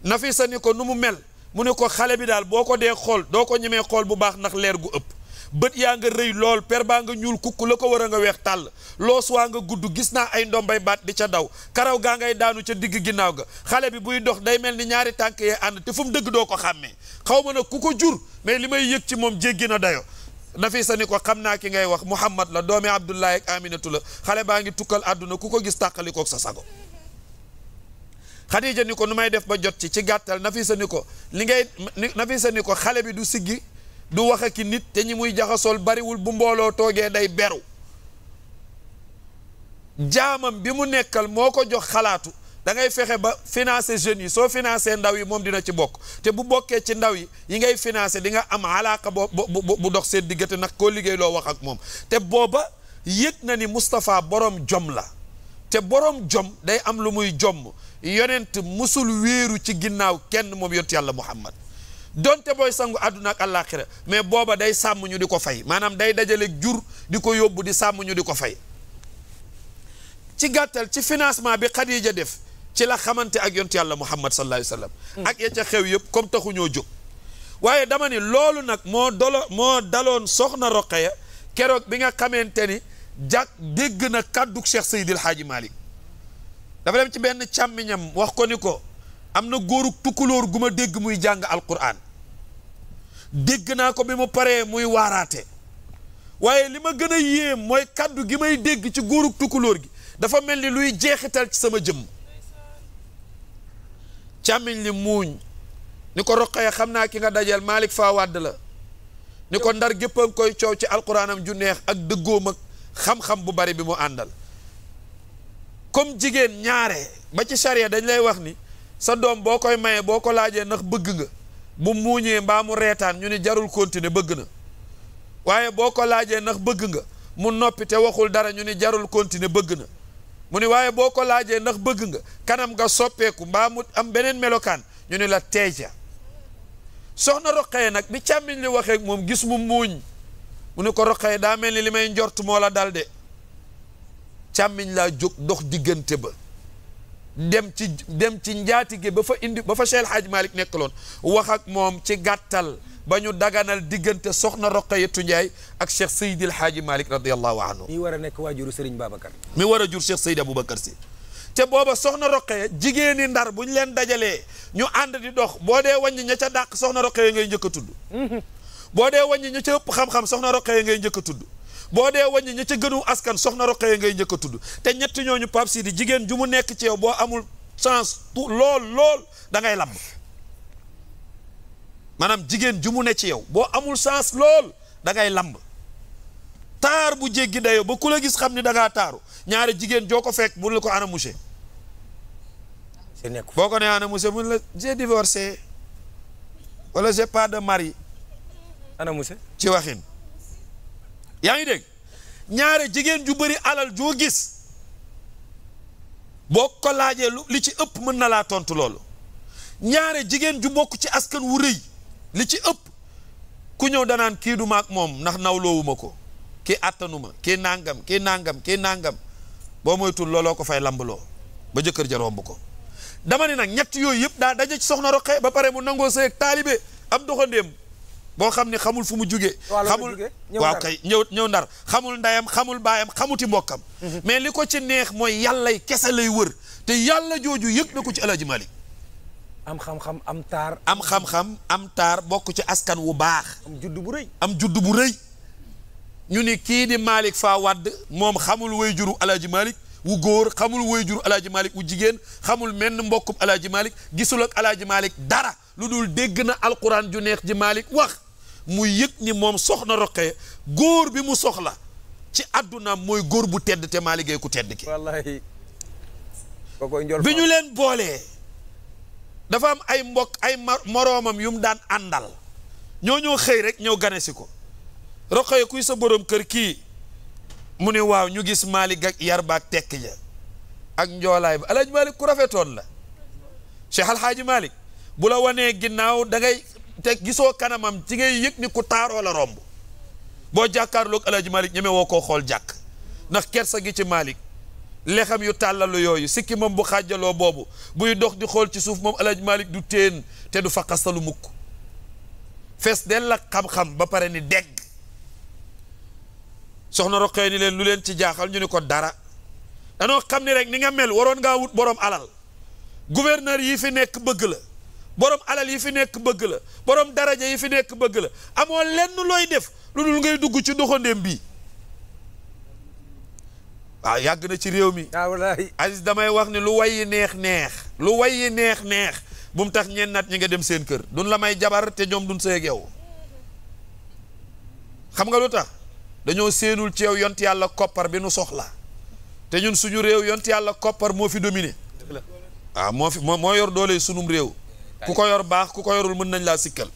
nafisa ni ko nu mu mel mu ne ko xale bi daal boo ko dee xool doo ko ñemee xool bu baax ndax leer gu ëpp bët yaa nga rëy lool per baa nga ñuul kukk la ko war a nga weex tàll loos waa nga gudd gis naa ay ndombay baat di ca daw karaw gaa ngay daanu ca digg ginnaaw ga xale bi buy dox day mel ni ñaari tànk yee ànd te fu mu dëgg doo ko xàmmee xaw ma nag ku ko jur mais li may yëg ci moom jéggi na dayo Nafisa ni ko xam naa ki ngay wax Muhammad la doomi Abdullahi ak Aminatu la xale baa ngi tukkal àdduna ku ko gis tàqalikook sa sago Xadija ni ko nu may def ba jot ci ci gàttal Nafisa ni ko li ngay Nafisa ni ko xale bi du siggi du wax ak nit te ñi muy jaxasool bariwul bu mbooloo toogee day beru jaamam bi mu nekkal moo ko jox xalaatu da ngay fexe ba financer jeunes yi soo financer ndaw yi moom dina ci bokk te bu bokkee ci ndaw yi yi ngay financer di nga am alaaka boo bu dox seen diggante nag koo liggéey loo wax ak moom te booba yëg na ni Moustapha borom jom la te borom jom day am lu muy jomm yonent musul wéeru ci ginnaaw kenn moom yonent yàlla Muhammad donte booy sangu àdduna ak àllaaxira mais booba day sàmm di ko fay maanaam day dajaleeg jur di ko yóbbu di sàmm di ko fay ci gàttal ci financement bi Khadija def ci la xamante ak yontu yàlla Muhammad sallallahu alayhi wa sallam mm. ak ya ca xew yëpp comme taxuñoo jóg waaye dama ni loolu nag moo dolo moo daloon soxna Roqeya keroog bi nga xamante ni jàk dégg na kàddug Cheikh Seydil Haaji Malick dafa dem ci benn càmmiñam wax ko ni ko am na góoru tukkulóor gu ma dégg muy jàng alquran dégg naa ko bi mu paree muy waaraate waaye li ma gën a yéem mooy kàddu gi may dégg ci góoru tukkulóor gi dafa mel ni luy jeexital ci sama jëmm càmmiñ li muuñ ni ko roqee xam naa ki nga dajeel Malick Fa Wàdd la ni ko ndar gépp a ngi koy coow ci alquranam ju neex ak dëggoom ak xam-xam bu bari bi mu àndal comme jigéen ñaare ba ci charia dañ lay wax ni sa doom boo koy mayee boo ko laajee ndax bëgg nga bu muuñee mbaa mu reetaan ñu ni jarul continuer bëgg na waaye boo ko laajee ndax bëgg nga mu noppi te waxul dara ñu ni jarul continuer bëgg na mu ni waaye boo ko laajee ndax bëgg nga kanam nga soppeeku mbaa mu am beneen melokaan ñu ni la teeja soxna roqee nag bi càmmiñ li waxee moom gis mu muuñ mu ni ko roqee daa mel ni li may njort moo la dal de càmmiñ laa jóg dox diggante ba dem ci dem ci njaatige ba fa indi ba fa Cheikh El Hadj nekk loon wax ak moom ci gàttal ba ñu daganal diggante soxna Roqayatu Njaay ak Cheikh Seydi El Hadj Malick radiyallahu anhu mi war a nekk waajuru Serigne Babacar. mi war a jur Cheikh Seydi Aboubacar si. te booba soxna roqee jigéeni ndar bu ñu leen dajalee ñu ànd di dox boo dee wàññi ña ca dàq soxna roqee ngay njëkk tudd. Mhm. boo dee wàññi ña ca ëpp xam-xam soxna roqee ngay njëkk tudd. boo dee wàññi ña ca gënu askan soxna roqee ngay njëkk a tudd te ñett ñooñu Pape Sidi jigéen ju mu nekk ci yow boo amul chance lool lool da ngay lamb maanaam jigéen ju mu ne ci yow boo amul chance lool da ngay lamb taar bu jéggi dayoo ba ku la gis xam ni dangaa taaru ñaari jigéen joo ko fekk mun la ko ana monsieur. boo ko ne ana monsieur mun la j'ai divorcé wala j'ai pas de mari. ana monsieur ci waxin. yaa ngi dégg ñaare jigéen ju bëri alal joo gis boo ko laajee li ci ëpp mën na laa tontu loolu ñaare jigéen ju bokk ci askan wu rëy li ci ëpp ku ñëw danaan kii du maag moom ndax nawloowuma ko kii àttanuma kii nangam kii nangam kii nangam boo moytul looloo ko fay lambaloo ba jëkkër ja romb ko dama ne nag ñett yooyu yëpp daa daje ci soxna Roqe ba pare mu nangoo sëy ak taalibe am doxandéem boo xam ne xamul fu mu jugee xamul waaw kay ñëw ñëw ndar xamul ndayam xamul baayam xamuti mbokkam mhm. mais li ko ci neex mooy yàllay kese lay wër te yàlla jooju yëg na ko ci Alaaji Malik am xam am taar am xam am taar bokk ci askan wu baax am juddu bu rëy am juddu bu rëy ñu ni kii di Malik faa wadd moom xamul way juru Alaaji Malik wu góor xamul way juru Alaaji Malik wu jigéen xamul menn mbokkub Alaaji Malik gisul ak Alaaji Malik dara lu dul dégg na alquran ju neex ji Malik wax mu yëg ni moom soxna roqee góor bi mu soxla ci àddunaam mooy góor bu tedd te maa liggéey ku tedd ki wallahi bi ñu leen boolee dafa am ay mbok ay moroomam yu mu daan àndal ñoo ñoo xëy rek ñëw ganesi ko roqee kuy sa borom kër kii mu ne waaw ñu gis Malick ak yarbaak tekk ja ak njoolaay ba alaaji Malick ku rafetoon la Cheikh Alhaaji Malick bu la wanee ginnaaw dangay te gisoo kanamam ci ngay yëg ni ku taaroo la romb boo jàkkaarloog El Hadj Malick ñemewoo woo koo xool jàkk ndax kersa gi ci Malick lexam yu tàllalu yooyu sikki moom bu xaajaloo boobu buy dox di xool ci suuf moom El Hadj du teen te du faqasalu mukk fees del la xam-xam ba pare ni dégg soxna roqee ni leen lu leen ci jaaxal ñu ni ko dara danoo xam ni rek ni nga mel waroon ngaa wut boroom alal gouverneur yi fi nekk bëgg la borom alal yi fi nekk bëgg la borom daraja yi fi nekk bëgg la amoon lenn looy def lu dul ngay dugg ci doxandéem bi waaw ah, yàgg na ci réew mi. Ah, wallaahi damay wax ne lu way yi neex neex. lu way neex neex bu mu tax ñenn nat ñi nga dem seen kër dun la may jabar te ñoom duñ see yow xam nga lu tax dañoo seenul ci yow yont yàlla koppar bi nu soxla te ñun suñu réew yont yàlla koppar moo fi dominé. waaw ah, moo fi moo yor doole sunum réew. ku ko yor baax ku ko yorul mën nañ laa sikkal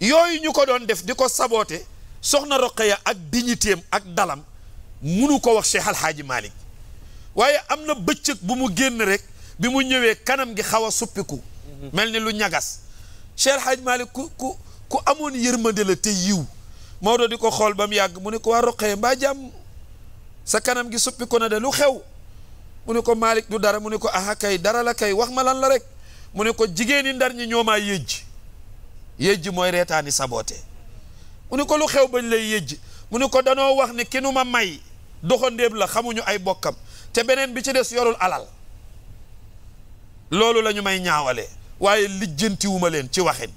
yooyu ñu ko doon def di ko saboote soxna ya ak dignitéem ak dalam munu ko wax Cheikh Alhaaji Malick waaye am na bëccëg bu mu génn rek bi mu ñëwee kanam gi xaw a suppiku mel ni lu ñagas Cheikh Alhaaji Malick ku ku ku amoon yërmande la te yiw Maodo di ko xool ba mu yàgg mu ne ko waa Roqaya mbaa jàmm sa kanam gi suppiku na de lu xew mu ne ko Malick du dara mu ne ko aha kay dara la kay wax ma lan la rek mu ne ko jigéeni ndar ñi ñoomaa yëjj yëjj mooy reetaani saboote mu ne ko lu xew bañ lay yëjj mu ne ko danoo wax ni ki nu ma may doxandéeb la xamuñu ay bokkam te beneen bi ci des yorul alal loolu la ñu may ñaawale waaye tiwuma leen ci waxin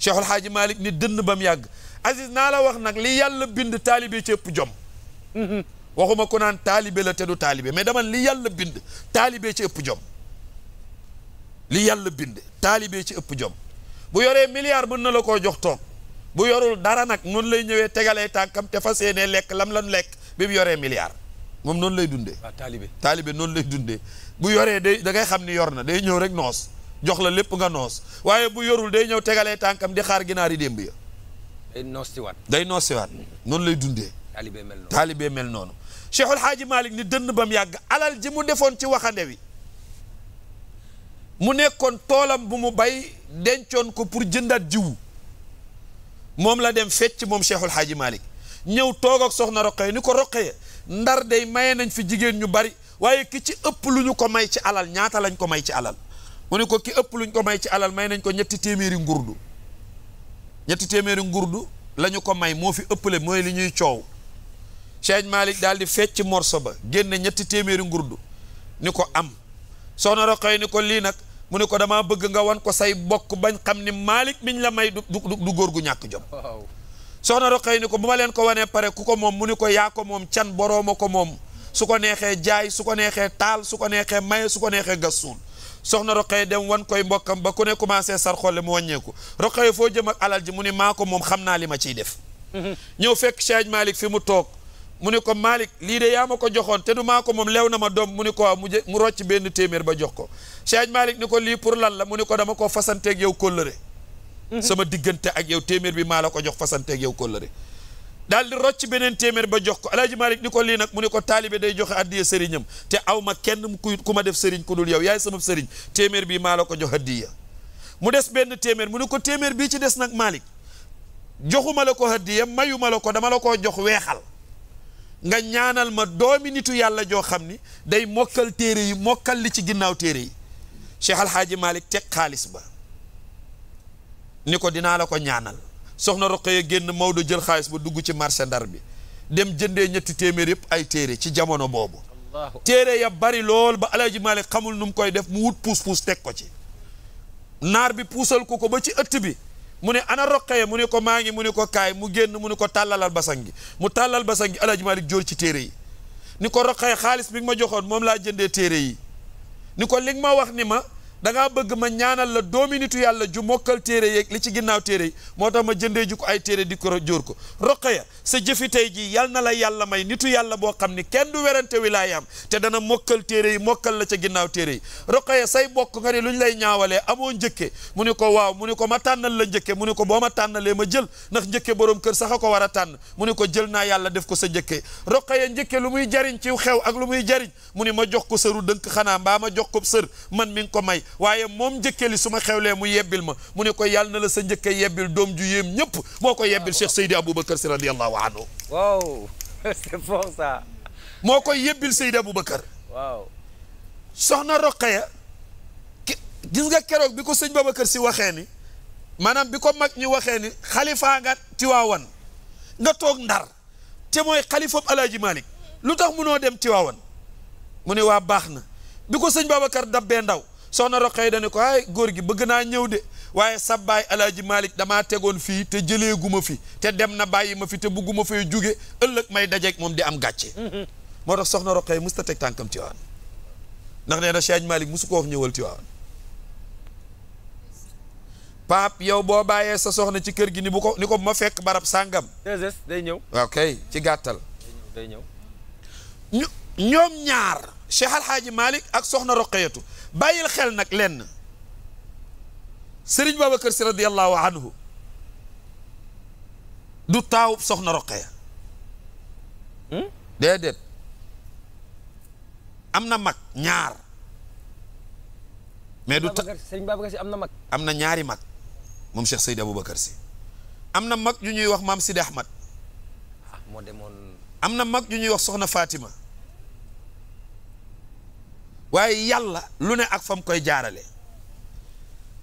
Cheikhul Xaaji Malik ni dënn ba mu yàgg Aziz naa la wax nag li yàlla bind taalibe ci ëpp jom mm-hmm. waxuma ko naan taalibee la te du taalibe mais dama li yàlla bind taalibee ci ëpp jom li yàlla bind taalibe ci ëpp jom bu yoree milliard mën na la koo jox toog bu yorul dara nag noonu lay ñëwee tegalee tànkam te fas yéenee lekk lam lan lekk bi mu yoree milliard moom noonu lay dundee. waaw taalibe taalibe noonu lay dundee bu yoree day da ngay xam ni yor na day ñëw rek noos jox la lépp nga noos waaye bu yorul day ñëw tegalee tànkam di xaar ginaar yi démb noos si day noos waat noonu lay dundee. taalibe mel noonu taalibe mel noonu. Cheikhul Xaaji Malick ni dënn ba mu yàgg alal ji mu defoon ci waxande wi. mu nekkoon toolam bu mu bay dencoon ko pour jëndaat jiwu moom la dem fecc moom Cheikhul Xaaji Malik ñëw toog ak soxna yi ni ko Roqee ndar day maye nañ fi jigéen ñu bari waaye ki ci ëpp lu ñu ko may ci alal ñaata lañ ko may ci alal mu ko ki ëpp lu ko may ci alal may nañ ko ñetti téeméeri ngurdu ñetti téeméeri ngurdu lañu ko may moo fi ëpple mooy li ñuy coow Cheikh Malik daal di fecc morso ba génne ñetti téeméeri ngurdu ni ko am soxna Roqee ni ko lii nag mu ne ko damaa bëgg nga wan ko say mbokk bañ xam ni Malick miñ la may du du góor gu ñàkk jom soxna Roqay ni ko bu ma leen ko wanee pare ku ko moom mu ni ko yaa ko moom can borooma ko moom su ko neexee jaay su ko neexee taal su ko neexee maye su ko neexee gas suul soxna Roqay dem wan koy mbokkam ba ku ne commencé sar xolle mu wàññeeku Roqay foo jëm ak alal ji mu ni maa ko moom xam naa li ma ciy def ñëw fekk Cheikh Malick fi mu toog mu ne ko Malick lii de yaa ma ko joxoon te du maa ko moom lew na ma doom mu ne ko waaw mu mu rocc benn téeméer ba jox ko Cheikh Malick ni ko lii pour lan la mu ne ko dama ko fasanteeg yow kóllëre mhm. sama diggante ak yow téeméer bi maa la ko jox fasanteeg yow kóllëre daal di rocc beneen téeméer ba jox ko alaaji Malick ni ko lii nag mu ne ko taalibe day joxe addiya sëriñam te aw ma kenn ku ku ma def sëriñ ku dul yow yaay sama sëriñ téeméer bi maa la ko jox addiya mu des benn téeméer mu ne ko téeméer bii ci des nag Malick joxuma la ko mayuma la ko dama la koo jox weexal nga ñaanal ma doomi nitu yàlla joo xam ni day mokkal téere yi mokkal li ci ginnaaw téere yi Cheikh Alhaaji Malick teg xaalis ba ni ko dinaa la ko ñaanal soxna Roqaya génn Maodo jël xaalis ba dugg ci marché Ndar bi dem jënde ñetti téeméer yëpp ay téere ci jamono boobu téere ya bari lool ba Alhaaji Malick xamul nu mu koy def mu wut puus puus teg ko ci naar bi puusal ko ko ba ci ëtt bi mu ne ana roqee mu ne ko maa ngi mu ne ko kaay mu génn mu ne ko tàllalal basang gi mu tàllal basang gi alaaji Malik jóor ci téere yi ni ko roqee xaalis bi ma joxoon moom laa jëndee téere yi ni ko li ma wax ni ma da bëgg ma ñaanal la doomi nitu yàlla ju mokkal téere yeeg li ci ginnaaw téere moo tax ma jëndee ju ko ay téere di ko jóor ko Roqaya sa jëfi tey ji yal na la yàlla may nitu yàlla boo xam ni kenn du werante wilaayaam te dana mokkal téere yi mokkal la ca ginnaaw téere yi ya say bokk nga ne lu ñu lay ñaawalee amoo njëkke mu ni ko waaw mu ni ko ma tànnal la njëkke mu ni ko boo ma tànnalee ma jël ndax njëkke borom kër sax a ko war a tànn mu ni ko jël naa yàlla def ko sa njëkke Roqaya njëkke lu muy jariñ ci xew ak lu muy jariñ mu ni ma jox ko sëru dënk xanaa mbaa ma jox ko sër man mi ko may waaye moom njëkkee li su ma xewlee mu yebbil ma mu ne ko yàlla na la sa njëkk a yebbil doom ju yéem ñëpp moo ko yebbil Cheikh Seydi Aboubacar si radiyallahu anhu waaw c'est moo ko yebbil Seydi Aboubacar waaw soxna Roqaya gis nga keroog bi ko sëñ Babacar si waxee ni maanaam bi ko mag ñu waxee ni xalifaa nga Tiwaawan nga toog ndar te mooy xalifam Alaaji Malik lu tax munoo dem Tiwaawan mu ne waa baax na bi ko sëñ Babacar dabbee ndaw soxna Roqay dane ko ay góor gi bëgg naa ñëw de waaye sa baay alaaji malik damaa tegoon fii te jëleegu ma fi te dem na bàyyi ma fi te bugguma fay jóge ëllëg may dajeeg moom di am gàcce moo tax soxna Roqay musta teg tànkam Tiwaawan ndax nee na Cheikh Malick musu ko wax ñëwal Tiwaawan paap yow boo bàyyee sa soxna ci kër gi ni bu ko ni ko ma fekk barab sàngam day ñëw ci gàttal day ñëw ñoom ñaar Cheikh Alhaaji Malick ak soxna Roqayatu bàyyil xel nag lenn sëriñ Babacar si radiyallahu anhu du taaw soxna Roqeya hmm? déedéet am na mag ñaar mais du ta sëriñ Babacar si am na mag am na ñaari mag moom Cheikh Seydi Aboubacar si am na mag ñu ñuy wax maam sid Ahmad ah, moo demoon am na mag ñu ñuy wax soxna faatima waaye yàlla lu ne ak fam koy jaarale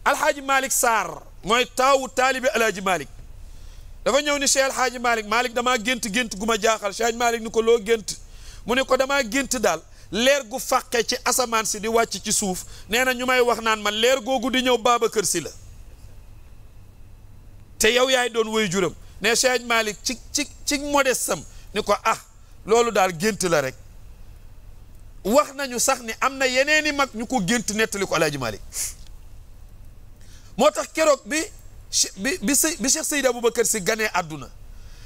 alxaaji malik sarr mooy taawu taalibi alhaaji malik dafa ñëw ni cheikh alxaaji malik malik damaa gént gént gu ma jaaxal cheikh malik ni ko loo gént mu ne ko damaa gént daal leer gu fàqe ci asamaan si di wàcc ci suuf nee na ñu may wax naan ma leer googu di ñëw baaba kër Si la te yow yaay doon woy juram ne cheikh malik ci ci ci modestam ni ko ah loolu daal gént la rek wax nañu sax ni am na yeneen i mag ñu ko gént nettali ko Alaaji Maalik moo tax keroog bi bi bi si bi Cheikh si ganee àdduna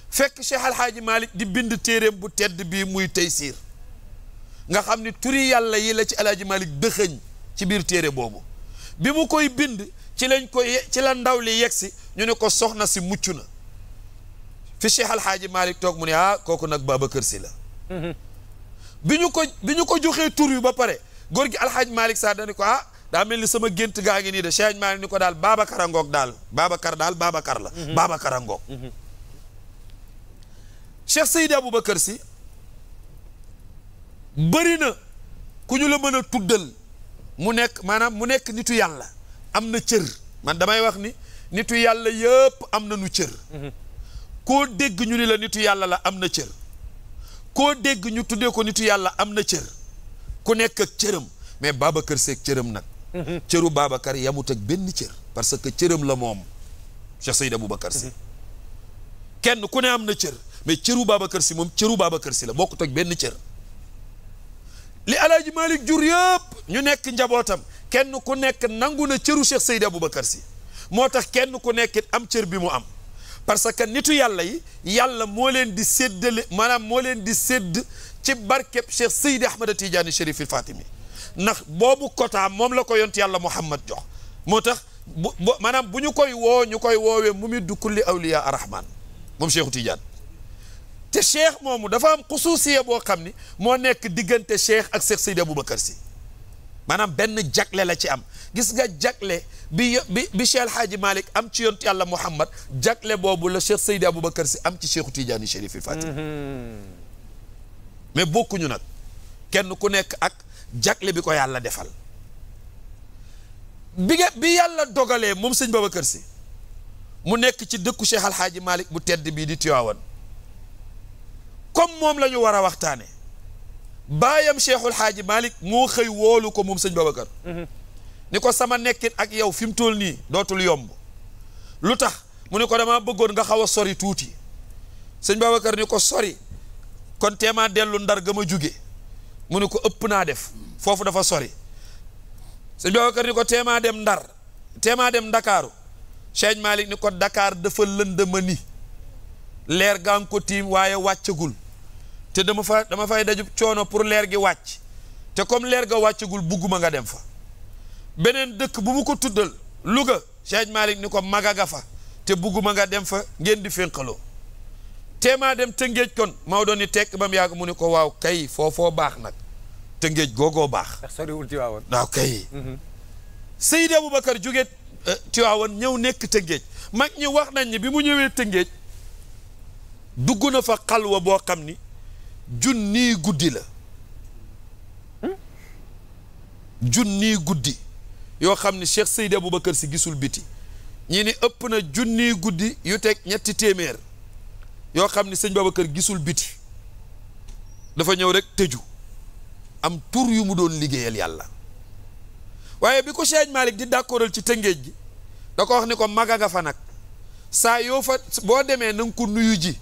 fekk Cheikh Alhaaji Malick di bind téeréem bu tedd bii muy tey Taysiir nga xam ni turi yàlla yi la ci Alhaaji Malick dëxëñ ci biir téere boobu bi mu koy bind ci lañ ko ci la ndaw li yegg si ñu ne ko soxna si mucc na fi Cheikh Alhaaji Malick toog mu ne ah kooku nag Babacar si la mm-hmm. bi ñu ko bi ñu ko joxee tur yu ba pare góor gi alxaaj Malick Sarr dañu ko ah daa mel ni sama gént gaa ngi nii de Cheikh Malick ni ko daal Babacar Angoog daal daal Babacar la. Mhm. Babacar Angoog. Mhm. Cheikh si bëri na ku ñu la mën a tuddal mu nekk maanaam mu nekk nitu yàlla am na cër man damay wax ni nitu yàlla yëpp am na nu cër. Mhm. koo dégg ñu ni la nitu yàlla la am na cër. koo dégg ñu tuddee ko nit yàlla am na cër ku nekk ak cëram mais Babacar Seck cëram nag cëru Babacar yamut ak benn cër parce que cëram la moom Cheikh Seyd Aboubacar si kenn ku ne am na cër mais cëru Babacar si moom cëru Babacar si la bokkut ak benn cër li alaaji Malick jur yëpp ñu nekk njabootam kenn ku nekk nangu na cëru Cheikh Seyd Aboubacar si moo tax kenn ku nekk am cër bi mu am parce que nitu yàlla yi yàlla moo leen di séddale maanaam moo leen di sédd ci barkeb Cheikh Seydi Ahmada Tidiane Chérif il faatimi ndax boobu kotaa moom la ko yont yàlla Muhammad jox moo tax bu maanaam bu ñu koy woo ñu koy woowee mu mi du kulli awliya arrahman moom Cheikhu Tidiane te cheikh moomu dafa am xusuusiya boo xam ni moo nekk diggante cheikh ak Cheikh Seydi Aboubacar si maanaam benn jagle la ci am gis nga jagle bi bi bi Cheikh El Hadji Malick am ci yontu yàlla Muhammad jagle boobu la Cheikh Seydi Aboubacar si am ci Cheikhu Tidiane Chérif il Fatih mm-hmm. mais bokkuñu nag kenn ku nekk ak jagle bi ko yàlla defal bi nga bi yàlla dogalee moom sëñ Babacar si mu nekk ci dëkku Cheikh xaaji Hadji mu tedd bii di Tiwaawan comme moom lañu war a waxtaane baayam Cheikhul Hadji Malick moo xëy woolu ko moom sëñ Babacar mm-hmm. ni ko sama nekkin ak yow fi mu toll nii dootul yomb lu tax mu ni ko dama bëggoon nga xaw a sori tuuti sëñ Babacar ni ko sori kon teemaa dellu ndar ga ma jóge mu ni ko ëpp naa def foofu dafa sori sëñ kër ni ko teemaa dem ndar teemaa dem ndakaaru Cheikh Malick ni ko Dakar dafa lëndëma ni leer gaa ko tiim waaye wàccagul te dama fa dama fay dajub coono pour leer gi wàcc te comme leer ga wàccagul bugguma nga dem fa beneen dëkk bu mu ko tuddal Louga Cheikh Malick ni ko maga nga fa te bugguma nga dem fa ngeen di fénqaloo teemaa dem tëngéej kon Maodo ni tekk ba mu yàgg mu ni ko waaw kay foofoo baax nag tëngéej googoo baax waaw kay mhm. Seydi Aboubacar jóge eh, waawan ñëw nekk tëngéej mag ñëw wax nañ ni bi mu ñëwee tëngéej dugg na fa xalwa boo xam ni junniy guddi la hmm? nii guddi yoo xam ni Cheikh ba kër si gisul biti ñi ni ëpp na junniy guddi yu teg ñetti téeméer yoo xam ni sëñ kër gisul biti dafa ñëw rek tëju am tur yu mu doon liggéeyal yàlla waaye bi ko Cheikh Malick di d'accordal ci tëngéej gi da ko wax ni ko maga nga fa nag saa yoo fa boo demee na nga ko nuyu ji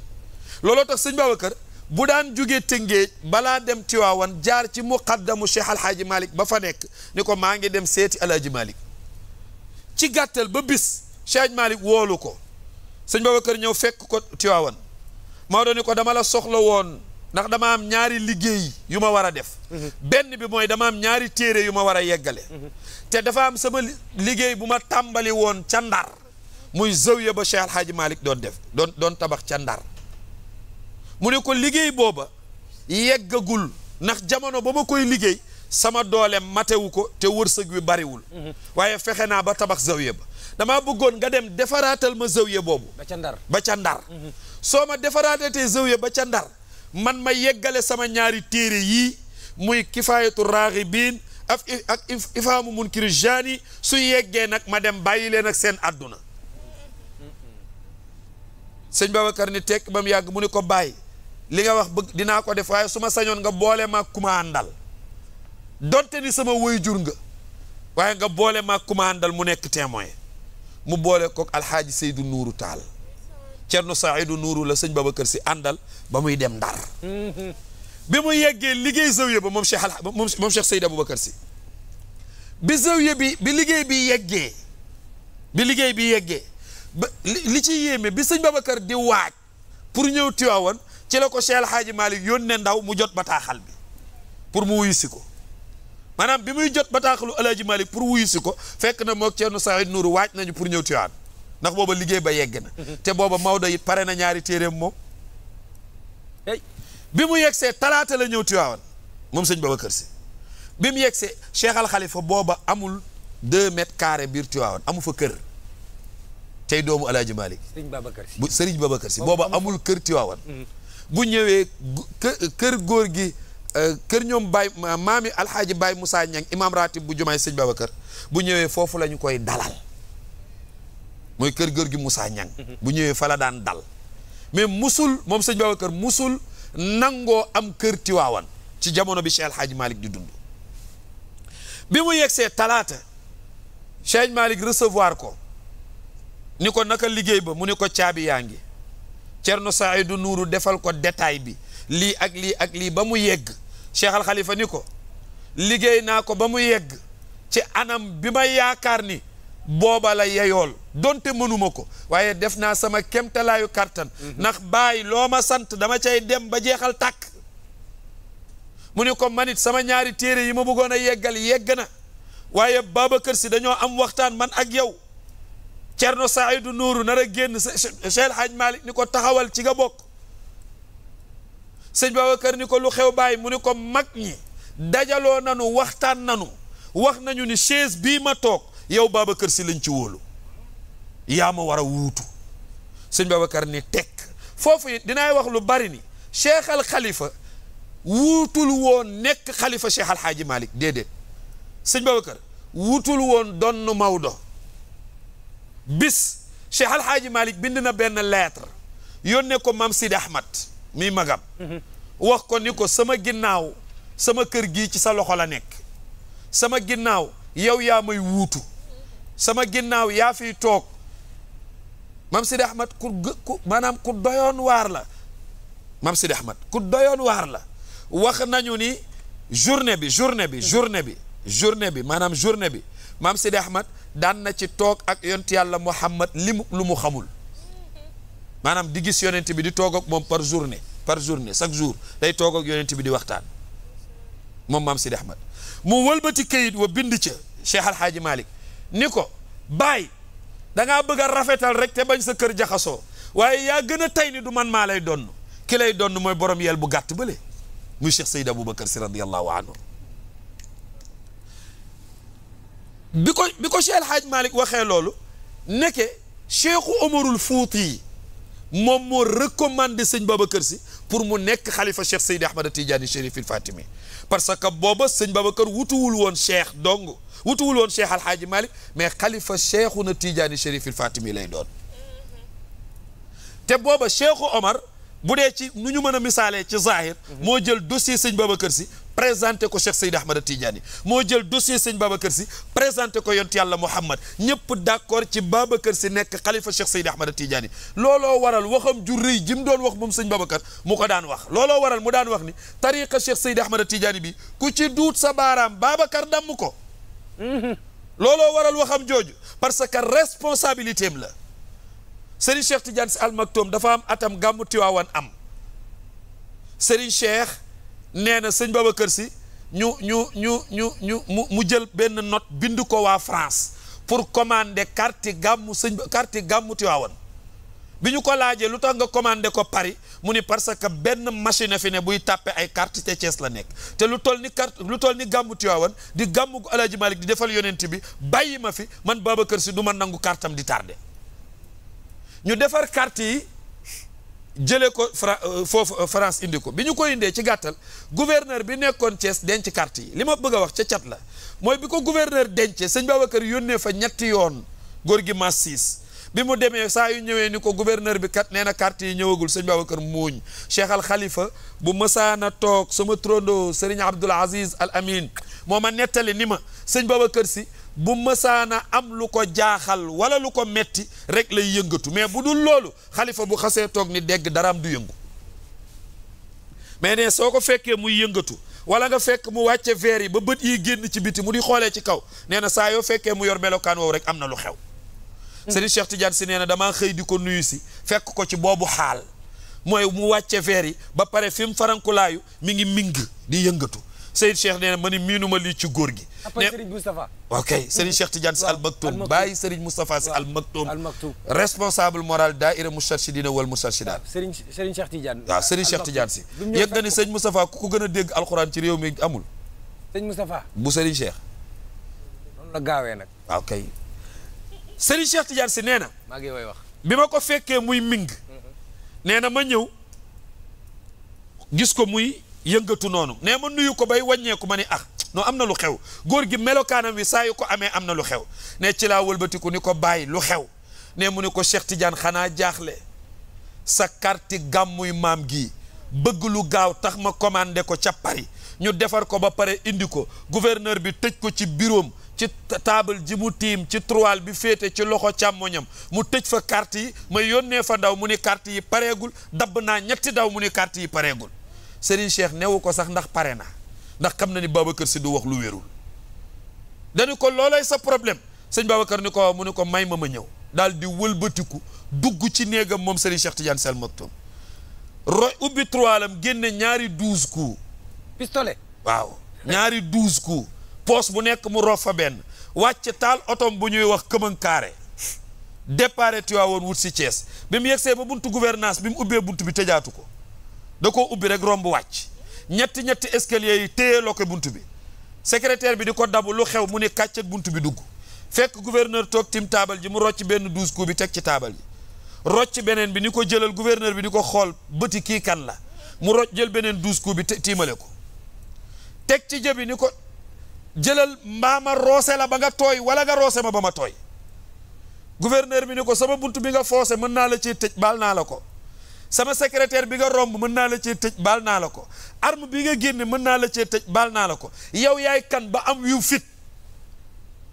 looloo tax sëñ kër bu daan jóge Tëngéej balaa dem Tiwaawan jaar ci muqaddamu Cheikh Alhaaji Malick ba fa nekk ni ko maa ngi dem seeti Alhaaji malik ci gàttal ba bis Cheikh Malick woolu ko sëñ Babacar ñëw fekk ko Tiwaawan Maodo ni ko dama la soxla woon ndax dama am ñaari liggéey yu ma war a def mhm. benn bi mooy dama am ñaari téere yu ma war a yeggale mhm. te dafa am sama liggéey bu ma tàmbali woon ca muy zawiya ba Cheikh Alhaaji Malick doon def doon doon tabax ca Ndar mu ne ko liggéey booba yeggagul ndax jamono ba ma koy liggéey sama doole matewu ko te wërsëg wi bariwul mhm. waaye fexe naa ba tabax zawiya ba damaa bëggoon nga dem defaraatal ma zawiya boobu ba ca ndar ba ca ndar mhm. soo ma defaraatatee zawiya ba ca ndar man ma yeggale sama ñaari téere yii muy kifaayatu raaxibiin ak ak ifaamu munkiri jaani su yeggee nag ma dem bàyyi leen ak seen àdduna mhm. sëñ Babacar ni tekk ba mu yàgg mu ni ko bàyyi li nga wax bëgg dinaa ko def waaye su ma sañoon nga boole maak ku donte ni sama jur nga waaye nga boole maag ku mu nekk témoin mu boole kook alxaaji Seydou Nourou Taal Cerno Saïdou Nourou la sëñ Babacar si àndal ba muy dem Ndar bi mu yeggee liggéey zawiya ba moom Cheikh al moom Cheikh Seydou Aboubacar si bi zawiya bi bi liggéey bi yeggee bi liggéey bi yeggee ba ci yéeme bi sëñ Babacar di waaj pour ñëw Tiwaawan ci la ko Cheikh El Hadji Malick ne ndaw mu jot bataaxal bi pour mu wuyu si ko maanaam bi muy jot bataaxalu El Hadji Malick pour wuyu si ko fekk na moog Thierno Saïd nuru waaj nañu pour ñëw Tiwaawan ndax booba liggéey ba yegg na. te booba Maodo it pare na ñaari téere moom. hey bi mu yegsee talaata la ñëw Tiwaawan moom sëñ Babacar Si bi mu yegsee Cheikh Al booba amul deux mètres carrés biir Tiwaawan amu fa kër. tey doomu El Hadji Malick. sëriñ Babacar Si bu sëriñ Babacar Si booba amul kër Tiwaawan. Mm-hmm. bu ñëwee kër góor gi euh, kër ñoom Baye maami alxaaji Baye Moussa Niang imam ratib bu jumaay sëñ kër bu ñëwee foofu la ñu koy dalal mooy kër góor gi Moussa Niang bu ñëwee fa la daan dal mais musul moom sëñ kër musul nangoo am kër Tiwaawan ci jamono bi Cheikh alxaaji Malick di dund bi mu yegsee talaata Cheikh Malick recevoir ko ni ko naka liggéey ba mu ni ko caabi yaa ngi Cerno du nuru defal ko detaay bi lii ak lii ak lii ba mu yegg Cheikh Khalifa ni ko liggéey naa ko ba mu yegg ci anam bi ma yaakaar ni booba la yeyool donte mënuma ko waaye def naa sama kemtalaayu kàttan mhm. ndax bàyyi loo ma sant dama cay dem ba jeexal tàkk mu ni ko manit sama ñaari téere yi ma bëggoon a yeggal yegg na waaye baaba kër si dañoo am waxtaan man ak yow Cerno Saidu Nuuru nar a génn Cheikh Hadj Malick ni ko taxawal ci nga bokk sëñ ni ko lu xew bàyyi mu ni ko mag ñi dajaloo nanu waxtaan nanu wax nañu ni chaise bii ma toog yow kër si lañ ci wóolu yaa ma war a wuutu sëñ Babacar ni tekk foofu dinaay wax lu bari ni Cheikh al Khalifa wuutul woon nekk Khalifa Cheikh al Hadj Malick déedéet sëñ Babacar wuutul woon donn Maodo. bis Cheikh Alhaaji Malick bind na benn lettre yónnee ko Mam Sidi Ahmad mi magam wax ko ni ko sama ginnaaw sama kër gii ci sa loxo la nekk sama ginnaaw yow yaa may wuutu sama ginnaaw yaa fiy toog Mam Sidi Ahmad ku ku maanaam ku doyoon waar la Mam Sidi Ahmad ku doyoon waar la wax nañu ni journée bi journée bi journée bi journée bi maanaam journée bi Mam Sidi Ahmad daan na ci toog ak yonent yàlla Muhammad li mu lu mu xamul maanaam di gis yonent bi di toog ak moom par journée par journée chaque jour day toog ak bi di waxtaan moom maam Sidi Ahmad mu wëlbati kayit wa bind ca Cheikh Alhaaji Malick ni ko baay dangaa bëgg a rafetal rek te bañ sa kër jaxasoo waaye yaa gën a tey ni du man maa lay donn ki lay donn mooy borom yel bu gàtt bële muy Cheikh Seyd Aboubacar si radiallahu anhu bi ko bi ko Cheikh El Hadj Malick waxee loolu nekke Cheikhu Omarul Fouti yi moom moo recommandé sëñ Babacar si pour mu nekk xalifa Cheikh Seydi Ahmad Tidiane Chérif il Fatimi parce que booba sëñ Babacar wutuwul woon Cheikh dong wutuwul woon Cheikh El Hadj Malick mais xalifa Cheikhuna Tidiane Chérif il Fatimi lay doon te booba Cheikhu Omar bu dee ci nu ñu mën a misaalee ci zahir moo jël dossier sëñ Babacar si présenté ko Cheikh Seyd Ahmad Tidiane moo jël dossier sëñ Babacar si présenté ko yont yàlla Mouhamad ñëpp d'accord ci Babacar si nekk xalifa Cheikh Seyd Ahmad Tidiane looloo waral waxam ju rëy ji doon wax moom sëñ Babacar mu ko daan wax looloo waral mu daan wax ni tariqa Cheikh Seyd Ahmad Tidiane bi ku ci duut sa baaraam Babacar damm ko looloo waral waxam jooju parce que responsabilité am la Serigne Cheikh Tidiane Sy Al dafa am atam gàmmu Tiwaawan am Cheikh nee na sëñ kër si ñu ñu ñu ñu ñu mu mu jël benn note bind ko waa France pour commander carte gàmmu sëñ carte gàmmu Tiwaawan bi ñu ko laajee lu tax nga commandé ko Paris mu ni parce que benn machine a fi ne buy tàppee ay carte te la nekk te lu toll ni carte lu toll ni gàmmu Tiwaawan di gàmmu El Hadj Malick di defal yonent bi bàyyi ma fi man kër si du ma nangu kartam di tardé ñu defar carte yi. jëlee ko Fra euh, foofu euh, France indi ko bi ñu ko indee ci gàttal gouverneur bi nekkoon cees denc carte yi li ma bëgg a wax ca cat la mooy bi ko gouverneur dencee sëñ kër yónnee fa ñetti yoon góor gi mas siis bi mu demee saa yu ñëwee ni ko gouverneur bi kat nee na carte yi ñëwagul sëñ Babacar muuñ Cheikh Al Khalifa bu ma mësaana toog sama trondo Serigne Abdoul Aziz Al Amin moo ma nettali ni ma sëñ kër si bu mësaana am lu ko jaaxal wala lu ko metti rek lay yëngatu mais bu dul loolu xalifa bu xasee toog ni dégg daraam du yëngu mais ne soo ko fekkee muy yëngatu wala nga fekk mu wàcce veer yi ba bët yi génn ci biti mu di xoolee ci kaw nee na saa yoo fekkee mu yor melokaan woowu rek am na lu xew hmm. Serigne Cheikh Tidiane si nee na damaa xëy di ko nuyu si fekk ko ci boobu xaal mooy mu wàcce veer yi ba pare fi mu farankulaayu mi ngi ming di yëngatu Seydou Cheikh nee na ma ni miinuma lii ci góor gi. après Serigne Moustapha. ok Serigne Cheikh Tidiane si Al Maktoum bàyyi Serigne Moustapha si Al Maktoum. responsable moral daaira Moustarchidina wal Moustarchidaat. waaw Serigne Serigne Cheikh Tidiane. waaw Serigne Cheikh Tidiane si. yëg ni sëñ Moustapha ku ko gën a dégg alxuraan ci réew amul. bu Serigne Cheikh. noonu la gaawee nag. waaw kay si nee na. maa ngi wax. bi ma ko fekkee muy ming. Mm-hmm. nee na ma ñëw gis ko muy. yëngatu noonu nee ma nuyu ko bay wàññeeku ma ni ak ah, noo am na lu xew góor gi melokaanam wi saa yu ko amee am na lu xew ne ci laa wëlbatiku ni ko bàyyi lu xew ne mu ne ko Cheikh Tidiane xanaa jaaxle sa karti gàmmuy maam gi bëgg lu gaaw tax ma commandé ko ca Paris ñu defar ko ba pare indi ko gouverneur bi tëj ko ci biroom ci table ji mu tiim ci tiroir bi féete ci loxo càmmoñam mu tëj fa carte may ma nee fa ndaw mu ni carte yi pareegul dabb naa ñetti daw mu ni carte yi pareegul Serigne Cheikh newu ko sax ndax pare na ndax xam na ni kër si du wax lu wérul dañu ko loolay sa problème sëñ kër ni ko mu ne ko may ma ma ñëw daal di wëlbatiku dugg ci néegam moom Serigne Cheikh Tidiane seen Maktoum roy ubbi troilam génne ñaari douze coups pistolet waaw ñaari douze coups poos bu nekk mu rof fa benn wàcc taal otom bu ñuy wax këmankaare déparé Tiwaawoon wut si Thiès bi mu yegsee ba bunt gouvernance bi mu ubbee bunt bi tëjaatu ko da ko ubbi rek romb wàcc ñetti ñetti escalier yi téye loo bunt bi secrétaire bi di ko dabu lu xew mu ne kàcc ak bunt bi dugg fekk gouverneur toog tiim taabal ji mu rocc benn douze coups bi teg ci taabal ji rocc beneen bi ni ko jëlal gouverneur bi ni ko xool bëti kii kan la mu rocc jël beneen douze coups bi tiimale ko teg ci jëbi ni ko jëlal mbaama roose la ba nga tooy wala nga roose ma ba ma tooy gouverneur bi ni ko sama bunt bi nga foose mën naa la ci tëj baal naa la ko sama secrétaire bi nga romb mën naa la cee tëj baal naa la ko arme bi nga génne mën naa la cee tëj baal naa la ko yow yaay kan ba am yu fit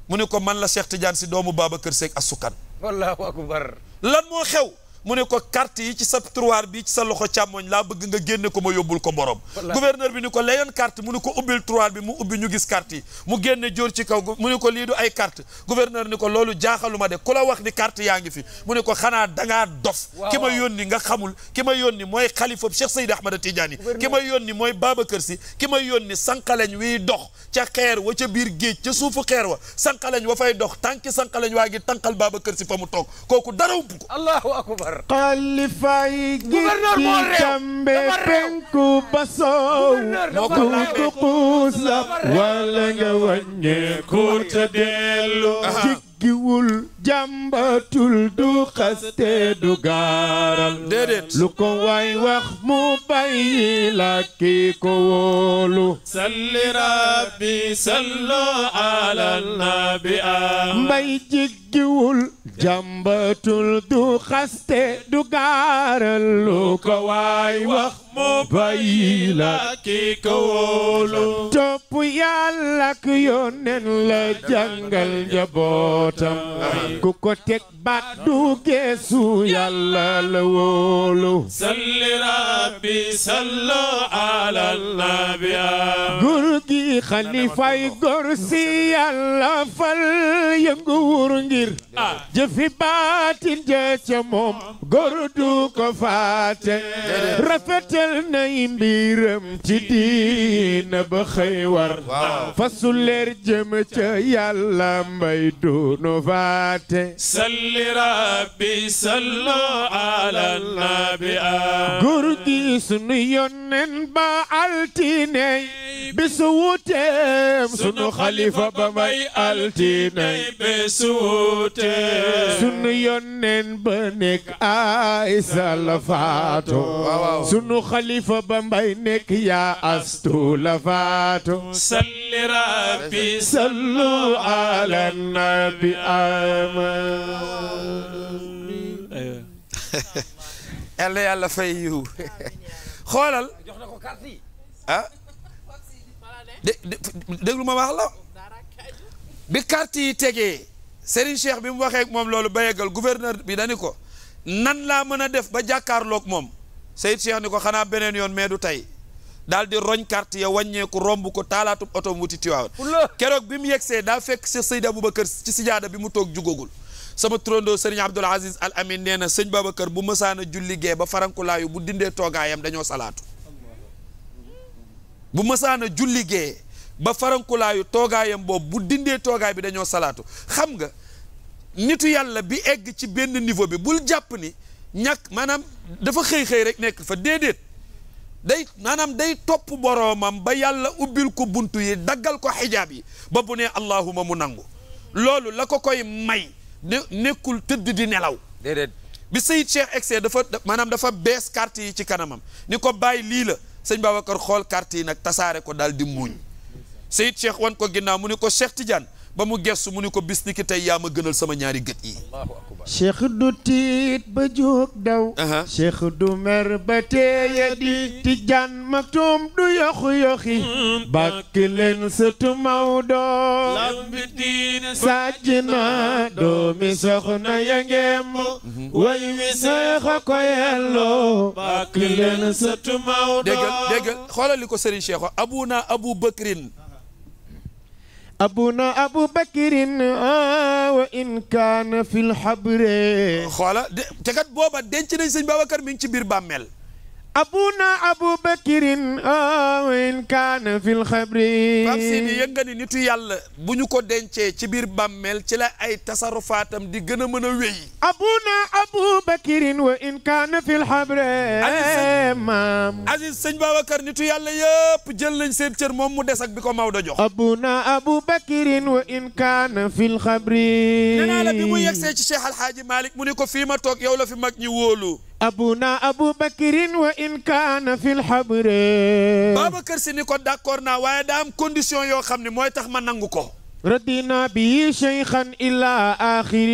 mu ne ko man la Cheikh Tidiane si doomu baaba kër Babacar Seck asukan. wallaahu akbar lan moo xew. mu ne ko carte yi ci sa tiroir bi ci sa loxo càmmoñ laa bëgg nga génne ko ma yóbbul ko borom gouverneur bi ni ko layoon carte mu ne ko ubbil tiroir bi mu ubbi ñu gis carte yi mu génne joor ci kaw mu ne ko lii du ay carte gouverneur ni ko loolu jaaxaluma de ku la wax ni carte yaa ngi fi mu ne ko xanaa dangaa dof ki ma yónni nga xamul ki ma yónni mooy xalifa Cheikh Seydi Ahmada Tidiane ki ma yónni mooy Babacar Si ki ma yónni sanqaleñ wiy dox ca xeer wa ca biir géej ca suufu xeer wa sanqaleñ wa fay dox tànki sanqaleñ waa ngi tànqal Babacar Si fa mu toog kooku dara gouverneur xalifa yi gi kambe penku basow ku kuusab wala nga wàññeeku te dellu jiggiwul jàmbatul du xaste du gaaral lu ko waay wax mu bàyyi la kii ko salli rabbi sallo ala nabi a mbay jiggiwul jàmbatul du xaste du gaaral lu ko waay wax mu bàyyi ki ko wóolu topp yàlla ak yónneen la jàngal njabootam ku ko teg baat du geesu yàlla la wóolu salli rabbi sallu ala nabiya gur gi xalifay gor si fal yëngu wur jëfi baatin jë ca moom góor du ko faate rafetal nay mbiram ci ba xëy war fasu leer jëm ca yàlla mbay du nu faate salli rabbi sallu ala nabi góor gi sunu yonen ba altiney bisu wuteem sunu xalifa ba may altiney bisu wuteem sunu yónneen ba nekk Aysa la faatu xalifa ba mbay nekk yaa astu la salli rabbi sallu ala nabi aman ah. bi carte yi Serigne Cheikh bi mu waxee moom loolu ba yeggal gouverneur bi dani ko nan laa mën a def ba jàkkaarloog moom Seyd Cheikh ni ko xanaa beneen yoon mais du tey daal di roñ carte ya wàññeeku romb ko taalaatub oto mu wuti keroog bi mu yegsee daa fekk Cheikh Seydi Aboubacar ci sijaada bi mu toog jugagul sama turandoo sëriñ Abdoul Aziz Al Amin nee na sëñ Babacar bu mësaana a julli gee ba farankulaayu bu dindee toogaayam dañoo salaatu bu mësaana a julli gee ba farankulaayu toogaayam boobu bu dindee toogaay bi dañoo salaatu xam nga nitu yàlla bi egg ci benn niveau bi bul jàpp ni ñàkk maanaam dafa xëy-xëy rek nekk fa déedéet day maanaam day topp boroomam ba yàlla ubbil ko buntu yi daggal ko xijaab yi ba bu nee allahuma mu nangu loolu la ko koy may ne nekkul tëdd di nelaw déedéet bi Seyid Cheikh egce dafa maanaam dafa bees carte yi ci kanamam ni ko bàyyi lii la sëñ Babacar xool carte yi nag tasaare ko daal di muuñ Seyid Cheikh wan ko ginnaaw mu ni ko Cheikh Tidiane ba mu gestu mu ni ko bis tey yaa ma gënal sama ñaari gët yi cheikh du tiit ba jóg daw cheikh du mer ba teeya di Tijaan Maktum du yoxu-yoxi mm, bàkk leen sëtu Maodo lambi diine na doomi soxna ya mm-hmm. way wi seexa ko yelloo bàkk leen sëtu Maodo dégg dégg xoolal ko Serigne Cheikh abuna Abu Bakrin abuna abu bakirin ah, wa in kaana fil xabre xoola de te kat booba denc nañ sëñ Babacar mi ngi ci biir bàmmeel abuna abu bakirin ah, in kaana fil xabri Pape Sidi yëg nga ni nitu yàlla bu ñu ko dencee ci biir bàmmeel ci la ay tasarufaatam di gën a mën a wéy abuna abu bakirin wa in kaana fil xabri maam Aziz sëñ Babacar nitu yàlla yëpp jël nañ seen cër moom mu des ak bi ko Maodo jox abuna abu bakirin wa in kaana fil xabri nee naa la bi mu yegsee ci Cheikh Alhaaji Malick mu ni ko fii ma toog yow la fi mag ñi wóolu abuna abu bakirin wa in kaana fil xabre Babacar Si ni ko d'accord naa waaye daa am condition yoo xam ne mooy tax ma nangu ko ردينا به شيخا الى اخر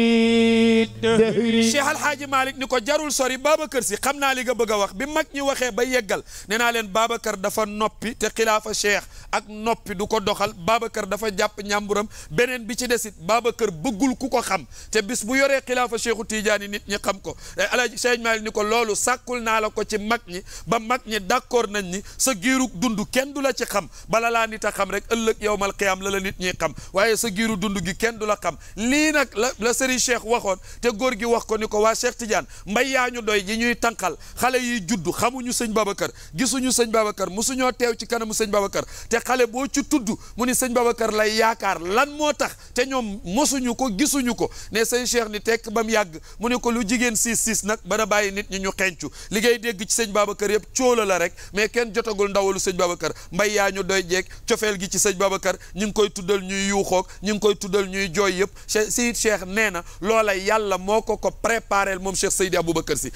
الدهر Cheikh Al Hadj Malick ni ko jarul sori baba kër si xam naa li nga bëgg a wax bi mag ñi waxee ba yeggal nee naa leen Babacar dafa noppi te xilaafa Cheikh ak noppi du ko doxal Babacar dafa jàpp ñàmburam beneen bi ci desit Babacar bëggul ku ko xam te bis bu yoree xilaafa Cheikhu Tidiane nit ñi xam ko eh, Alaaji Cheikh Malick ni ko loolu sàkkul naa la ko ci mag ñi ba mag ñi d'accord nañ ni sa giirug dund kenn du la ci xam bala laa nit xam rek ëllëg yowmal qiyaam la la nit ñi xam waaye sa giiru dund gi kenn du la xam lii nag la la Serigne waxoon te góor gi wax ko ni ko waa Cheikh Tidiane mbay yaa ñu doy ji ñuy tànqal xale yi juddu xamuñu sëñ Babacar gisuñu sëñ Babacar musuñoo teew ci kanamu sëñ Babacar te xale boo ci tudd mu ni sëñ Babacar lay yaakaar lan moo tax te ñoom mosuñu ko gisuñu ko ne sëñ Cheikh ni tekk ba mu yàgg mu ne ko lu jigéen siis siis nag bana bàyyi nit ñi ñu xencu liggéey ngay dégg ci sëñ Babacar yëpp cóola la rek mais kenn jotagul ndawalu sëñ Babacar mbay yaa ñu doy jeeg cofeel gi ci sëñ Babacar ñu ngi koy tuddal ñuy yuux yuuxoog ñu ngi koy tuddal ñuy jooy yëpp Seyid Cheikh nee na loola yàlla moo ko ko préparé moom Cheikh Seydi Aboubacar Sy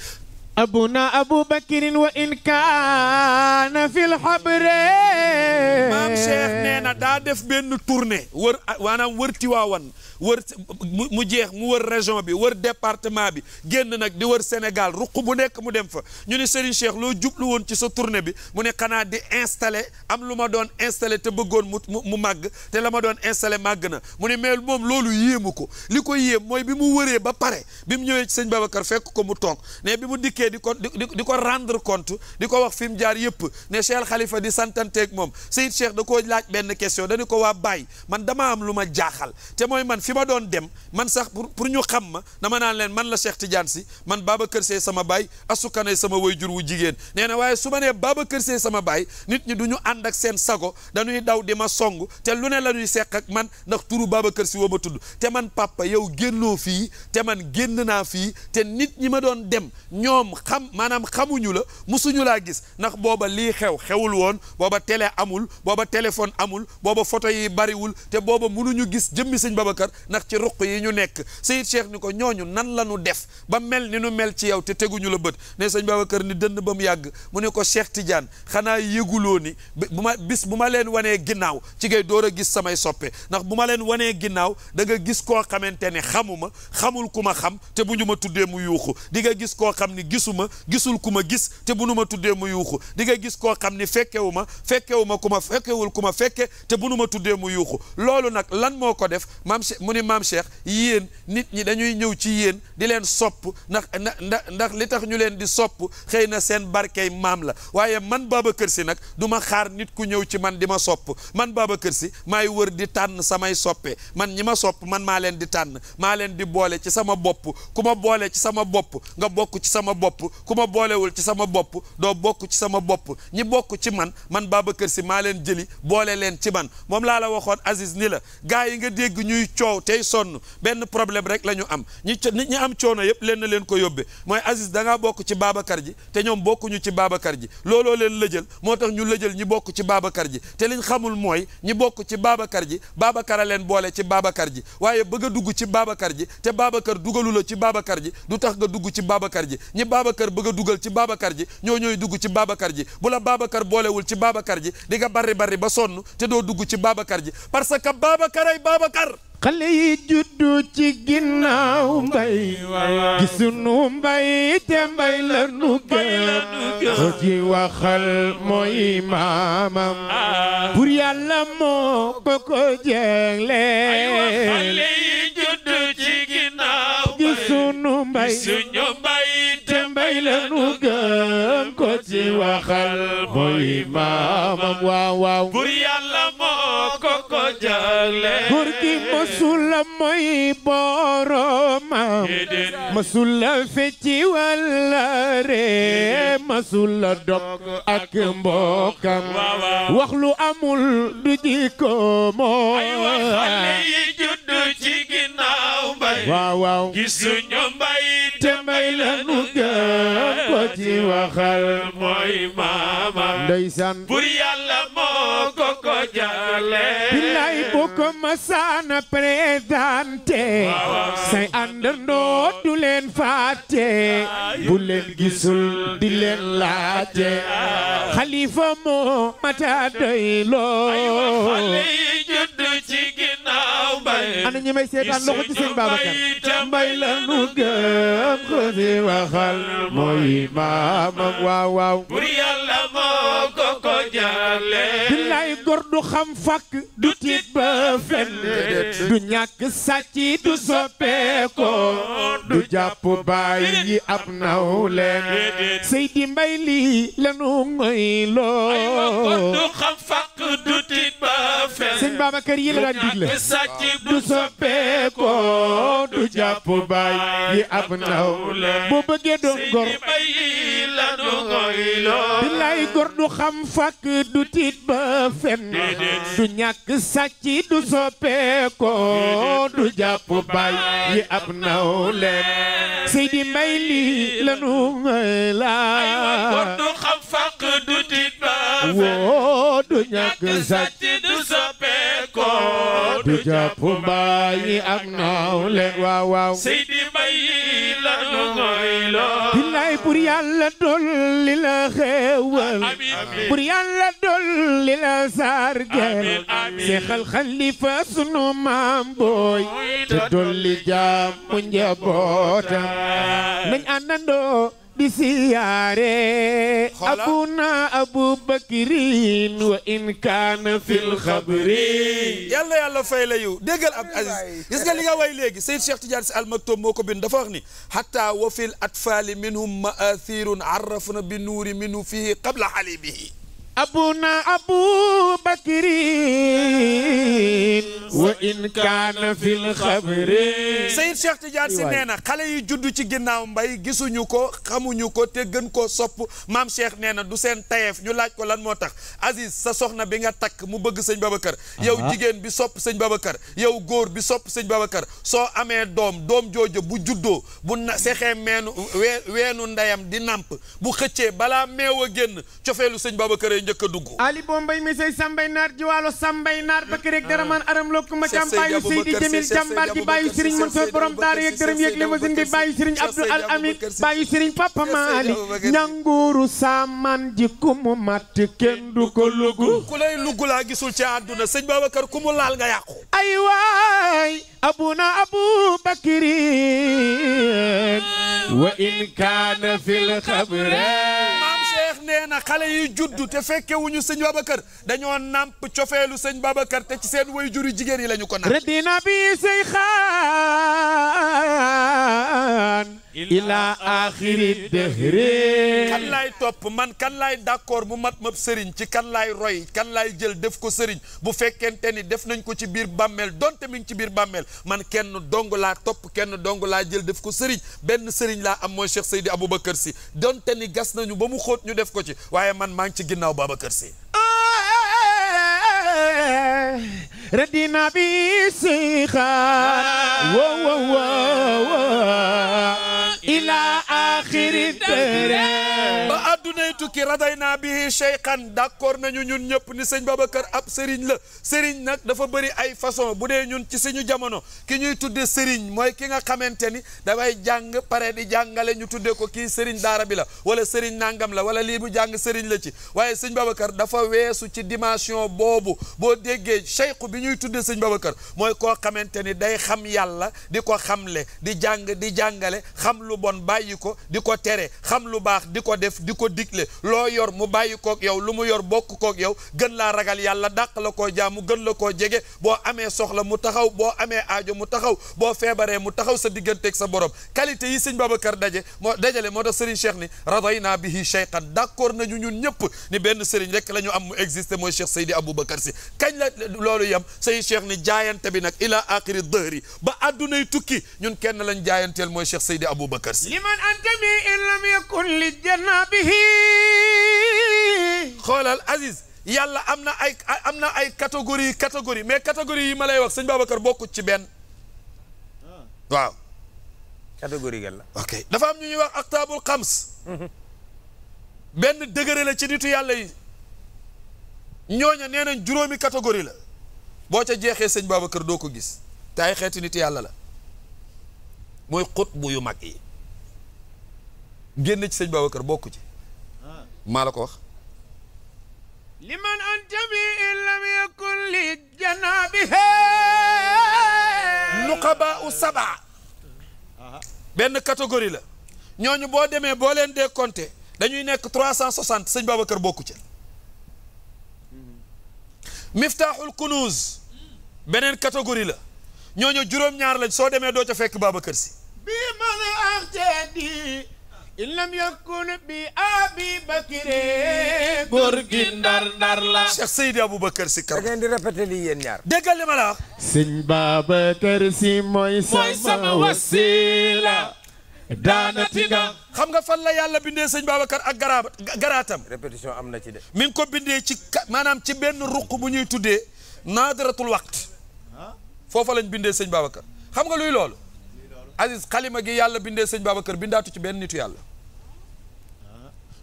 أبونا أبو بكر وإن كان في الحبر maam Cheikh nee na daa def benn tournée wër maanaam wër Tiwaawan wër mu jeex mu war région bi war département bi génn nag di war Sénégal ruq bu nekk mu dem fa ñu ne Serigne Cheikh loo jublu woon ci sa tournée bi mu ne naa di installé am lu ma doon installé te bëggoon mu mu màgg te la ma doon installé màgg na mu ne mais moom loolu yéemu ko li ko yéem mooy bi mu wëree ba pare bi mu ñëwee ci sëñ Babacar fekk ko mu toog mais bi dikkee di ko di ko rendre compte di ko wax fi mu jaar yëpp ne Cheikh Khalifa di santanteeg moom Seyid Cheikh da koo laaj benn question dañu ko waa bàyyi man dama am lu ma jaaxal te mooy man fi ma doon dem man sax pour ñu xam ma dama naan leen man la Cheikh Tidiane si man Babacar Seye sama baay asukane sama waajur wu jigéen nee na waaye su ma nee Babacar sama baay nit ñi du ñu ànd ak seen sago dañuy daw di ma song te lu ne la ñuy seq ak man ndax turu Babacar si woo ma tudd te man papa yow génnoo fii te man génn naa fii te nit ñi ma doon dem ñoom xam maanaam xamuñu la musuñu laa gis ndax booba lii xew xewul woon booba télé amul booba téléphone amul booba photo yi bariwul te booba munuñu gis jëmmi sëñ Babacar ndax ci ruq yi ñu nekk Seyid Cheikh ni ko ñooñu nan la ñu def ba mel ni nu mel ci yow te teguñu la bët sañ sëñ kër ni dënn ba mu yàgg mu ne ko Cheikh Tidiane xanaa yëguloo ni bu ma bis bu ma leen wanee ginnaaw ci gay door a gis samay soppe ndax bu ma leen wanee ginnaaw da gis koo xamante ne xamuma ma xam te ma tuddee mu ni gis ma gisul ku ma gis te bu ma tuddee mu yuuxu di nga gis koo xam ni fekkewu ma fekkewu ma ku ma fekkewul ku ma fekke te bu ma tuddee mu yuuxu loolu nag lan moo ko def maam Cheikh mu ni maam Cheikh yéen nit ñi dañuy ñëw ci yéen di leen sopp ndax ndax ndax li tax ñu leen di sopp xëy na seen barkey maam la waaye man Babacar Sy nag duma xaar nit ku ñëw ci man di ma sopp man Babacar Sy maay wër di tànn samay soppe man ñi ma sopp man maa leen di tànn maa leen di boole ci sama bopp ku ma boole ci sama bopp nga bokk ci sama bopp bopp ku ma boolewul ci sama bopp doo bokk ci sama bopp ñi bokk ci man man Babacar Sy maa leen jëli boole leen ci man moom laa la waxoon Aziz ni la gars yi nga dégg ñuy coow tey sonn benn problème rek la ñu am ñi ñi am coono yëpp leen na leen ko yóbbee mooy Aziz danga bokk ci Babacar ji te ñoom bokkuñu ci Babacar ji looloo leen lëjël moo tax ñu lëjël ñi bokk ci Babacar ji te liñ xamul mooy ñi bokk ci Babacar ji Babacar leen boole ci Babacar ji waaye bëgg dugg ci Babacar ji te Babacar dugalu la ci Babacar ji du tax nga dugg ci Babacar ji Babacar bëgg a dugal ci Babacar ji ñoo ñooy dugg ci Babacar ji bu baabakar Babacar boolewul ci Babacar ji di nga bari bari ba sonn te doo dugg ci Babacar ji parce que Babacar ay Babacar. kale yi juddu ci ginnaaw mbay gisunu mbay te la nu ko ci waxal mooy maamam bur yàlla mbay la nu gëm ko ci waxal mooy maamam waaw waaw bur moo ko ko jagle bur gi masula mooy boromam masula fecci walla ree masula dog ak mbokam wax lu amul du jikko moo ci ginnaaw mbay waaw waaw la nu gëm waxal mooy maama ndeysaan bur yàlla moo ko ko jàlle billaay boo ko masaana présenté say àndandoo du leen fàtte bu leen gisul di leen laajte xalifa moo mata doy loo ana may seetaan loxo ci sëñ Babacar mbay la nu gëm xësi waxal mooy maamam waaw waaw moo ko ko jaale billaay gor du xam fakk du tiit ba fen du ñàkk sàcc du soppeeko du jàpp baay ab naw leen Seydi Mbay lii la nu du xam fakk du tiit ba fen sëñ Babacar yi la daan digle du sàcc du du jàpp baay yi ab ndaw bu bëggee doon gor bilaay gor du xam du tiit ba fen du ñàkk sàcc du soppeeko du jàpp baay yi ab ndaw leen Seydi lii lanu la faq du tit ba woo du ñàkk sàcc du soppeeko du jàpp bàyyi ak naaw le waaw waaw Seydi Baye la nu ngoy loo billaay yàlla dolli la xéewal pour yàlla dolli la sargel seexal xalifa sunu maam booy te dolli jàmm njabootam nañ àndandoo di siyaare abuna abu bakirin wa in kaana fil xabri yàlla yàlla fay la yu déggal ab Aziz gis nga li nga way léegi Seyd Cheikh Tidiane si almaktoum moo ko bind dafa wax ni xata wa fil atfaali minhum maathirun arrafna bi nuuri minhu fihi qabla xalibihi أبونا na بكر وإن كان في الخبر Seyid Cheikh Tidiane si nee na xale yi juddu ci ginnaaw mbay gisuñu ko xamuñu ko te gën koo sopp maam Cheikh nee na du seen tayeef ñu laaj ko lan moo tax Aziz sa soxna bi nga takk mu bëgg sëñ Babacar yow jigéen bi sopp sëñ Babacar yow góor bi sopp sëñ Babacar soo amee doom doom jooja bu juddoo bu na sexee meenu weenu ndeyam di nàmp bu xëccee balaa meew a génn cofeelu sëñ Babacar njëkk a dugg ali bombay mi sey sambay naar ji waalo sambay naar ba rek dara man aram lokku ma campagne seydi jamil jàmbaar ji bàyyi sëriñ Mansour borom daara yeeg dërëm yeeg limousine bi Al Amin bàyyi sëriñ Papa ñanguuru saaman ji ku mu ko lugu ku lay lugu laa gisul ci àdduna sëñ Babacar ku mu laal nga ay waay abuna abu bakiri kaana fil xabre na xale yi juddu fekkewuñu sëñ Babacar dañoo nàmp cofeelu sëñ Babacar te ci seen way juri jigéen yi la ñu ko nàmp. ilaa aaxiri dëhri kan laay topp man kan laay d'accord mu mat mab sëriñ ci kan lay roy kan lay jël def ko sëriñ bu fekkente ni def nañ ko ci biir bàmmeel donte mi ngi ci biir bàmmeel man kenn dong la topp kenn dong laa jël def ko sëriñ benn sëriñ laa am mooy Cheikh Seydi Aboubacar si donte ni gas nañu ba mu xóot ñu def ko ci waaye man maa ngi ci ginnaaw Babacar Sy ah, radina bi si xaar wow wow ilaa aaxiri dëre ba addunay tukki raday naa bi cheykhan d'accord nañu ñun ñëpp ni sëñ Babacar ab sëriñ la sëriñ nag dafa bëri ay façon bu dee ñun ci suñu jamono ki ñuy tudde sëriñ mooy ki nga xamante ni dafay jàng pare di jàngale ñu tuddee ko kii sëriñ daara bi la wala sëriñ nangam la wala lii bu jàng sëriñ la ci waaye sëñ Babacar dafa weesu ci dimension boobu boo déggee cheikhu bi ñuy tudde sëñ Babacar mooy koo xamante ni day xam yàlla di ko xamle di jàng di jàngale lu bon bàyyi ko di ko tere xam lu baax di ko def di ko digle loo yor mu bàyyi kook yow lu mu yor bokk kook yow gën laa ragal yàlla dàq la koo jaamu gën la koo jege boo amee soxla mu taxaw boo amee aajo mu taxaw boo feebaree mu taxaw sa digganteeg sa borom qualité yi sëñ Babacar daje moo dajale moo tax Serigne Cheikh ni radayna bihi cheikhan d'accord nañu ñun ñëpp ni benn Serigne rek la ñu am mu existé mooy Cheikh Seydi Aboubacar si kañ la loolu yem Serigne Cheikh ni jaayante bi nag ila axiri dëhri ba addunay tukki ñun kenn lañ jaayanteel mooy Cheikh Seydi Aboubacar Babacar Si liman antami in lam yakun li janabihi xoolal Aziz yàlla am na ay am na ay catégorie catégorie mais catégorie yi ma lay wax sëñ Babacar bokkut ci benn waaw catégorie gel la ok dafa am ñu ñuy wax aktaabul xams benn degré la ci nitu yàlla yi ñooña nee nañ juróomi catégorie la boo ca jeexee sëñ Babacar doo ko gis te ay xeeti nit yàlla la mooy xut bu mag yi génn ci sëñ kër bokku ci maa la ko wax liman antami in lam yakun li janabiha nuqaba u saba benn catégorie la ñooñu boo demee boo leen dee compté dañuy nekk trois cent soixante sëñ Babacar bokku ca miftaaxul kunuuz beneen catégorie la ñooñu juróom-ñaar lañ soo demee doo ca fekk baaba kër si in lam yakun bi abi bakire góor gi ndar ndar la Cheikh Seydi Aboubacar Si kar da di répété lii yéen ñaar déggal li ma la wax sëñ Si mooy sama wasila daanati nga xam nga fan la yàlla bindee sëñ Babacar ak garaab garaatam répétition am na ci de mi ngi ko bindee ci maanaam ci benn ruq bu ñuy tuddee naadaratul waqt ah. foofa lañ bindee sëñ Babacar xam nga luy lool Aziz kalima gi yàlla bindee sëñ kër bindaatu ci benn nitu yàlla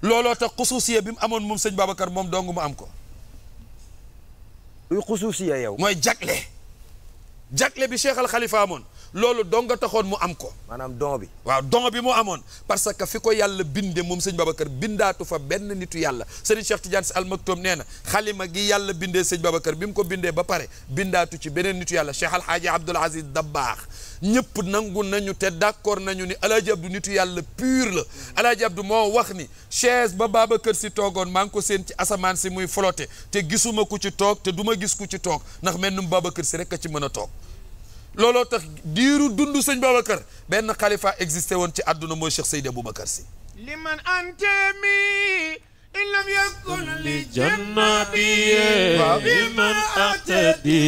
looloo tax xusuusiya bi mu amoon moom sëñ kër moom dong mu am ko. xusuusiya yow. mooy jagle jagle bi Cheikh Al amoon. loolu dong nga taxoon mu am ko. maanaam don bi. waaw don bi mu amoon parce que fi ko yàlla bindee moom sëñ kër bindaatu fa benn nitu yàlla sëriñ Cheikh Tidiane Sy Al Maktoum nee na xalima gi yàlla bindee sëñ Babacar bi mu ko bindee ba pare bindaatu ci beneen nitu yàlla Cheikh Al Hadji Abdoul Aziz Dabakh ñëpp nangu nañu te d'accord nañu ni El Hadj Abdou nitu yàlla pur la El Hadj moo wax ni chaise ba kër si toogoon maa ngi ko seen ci asamaan si muy flotté te gisuma ku ci toog te duma gis ku ci toog ndax mel num Babacar si rek a ci mën a toog. looloo tax diiru dund sëñ Babacar benn xalifa existé woon ci àdduna mooy Cheikh Seydi Aboubacar si liman antemi in lam yakun li jannati ah, bi abe liman antemi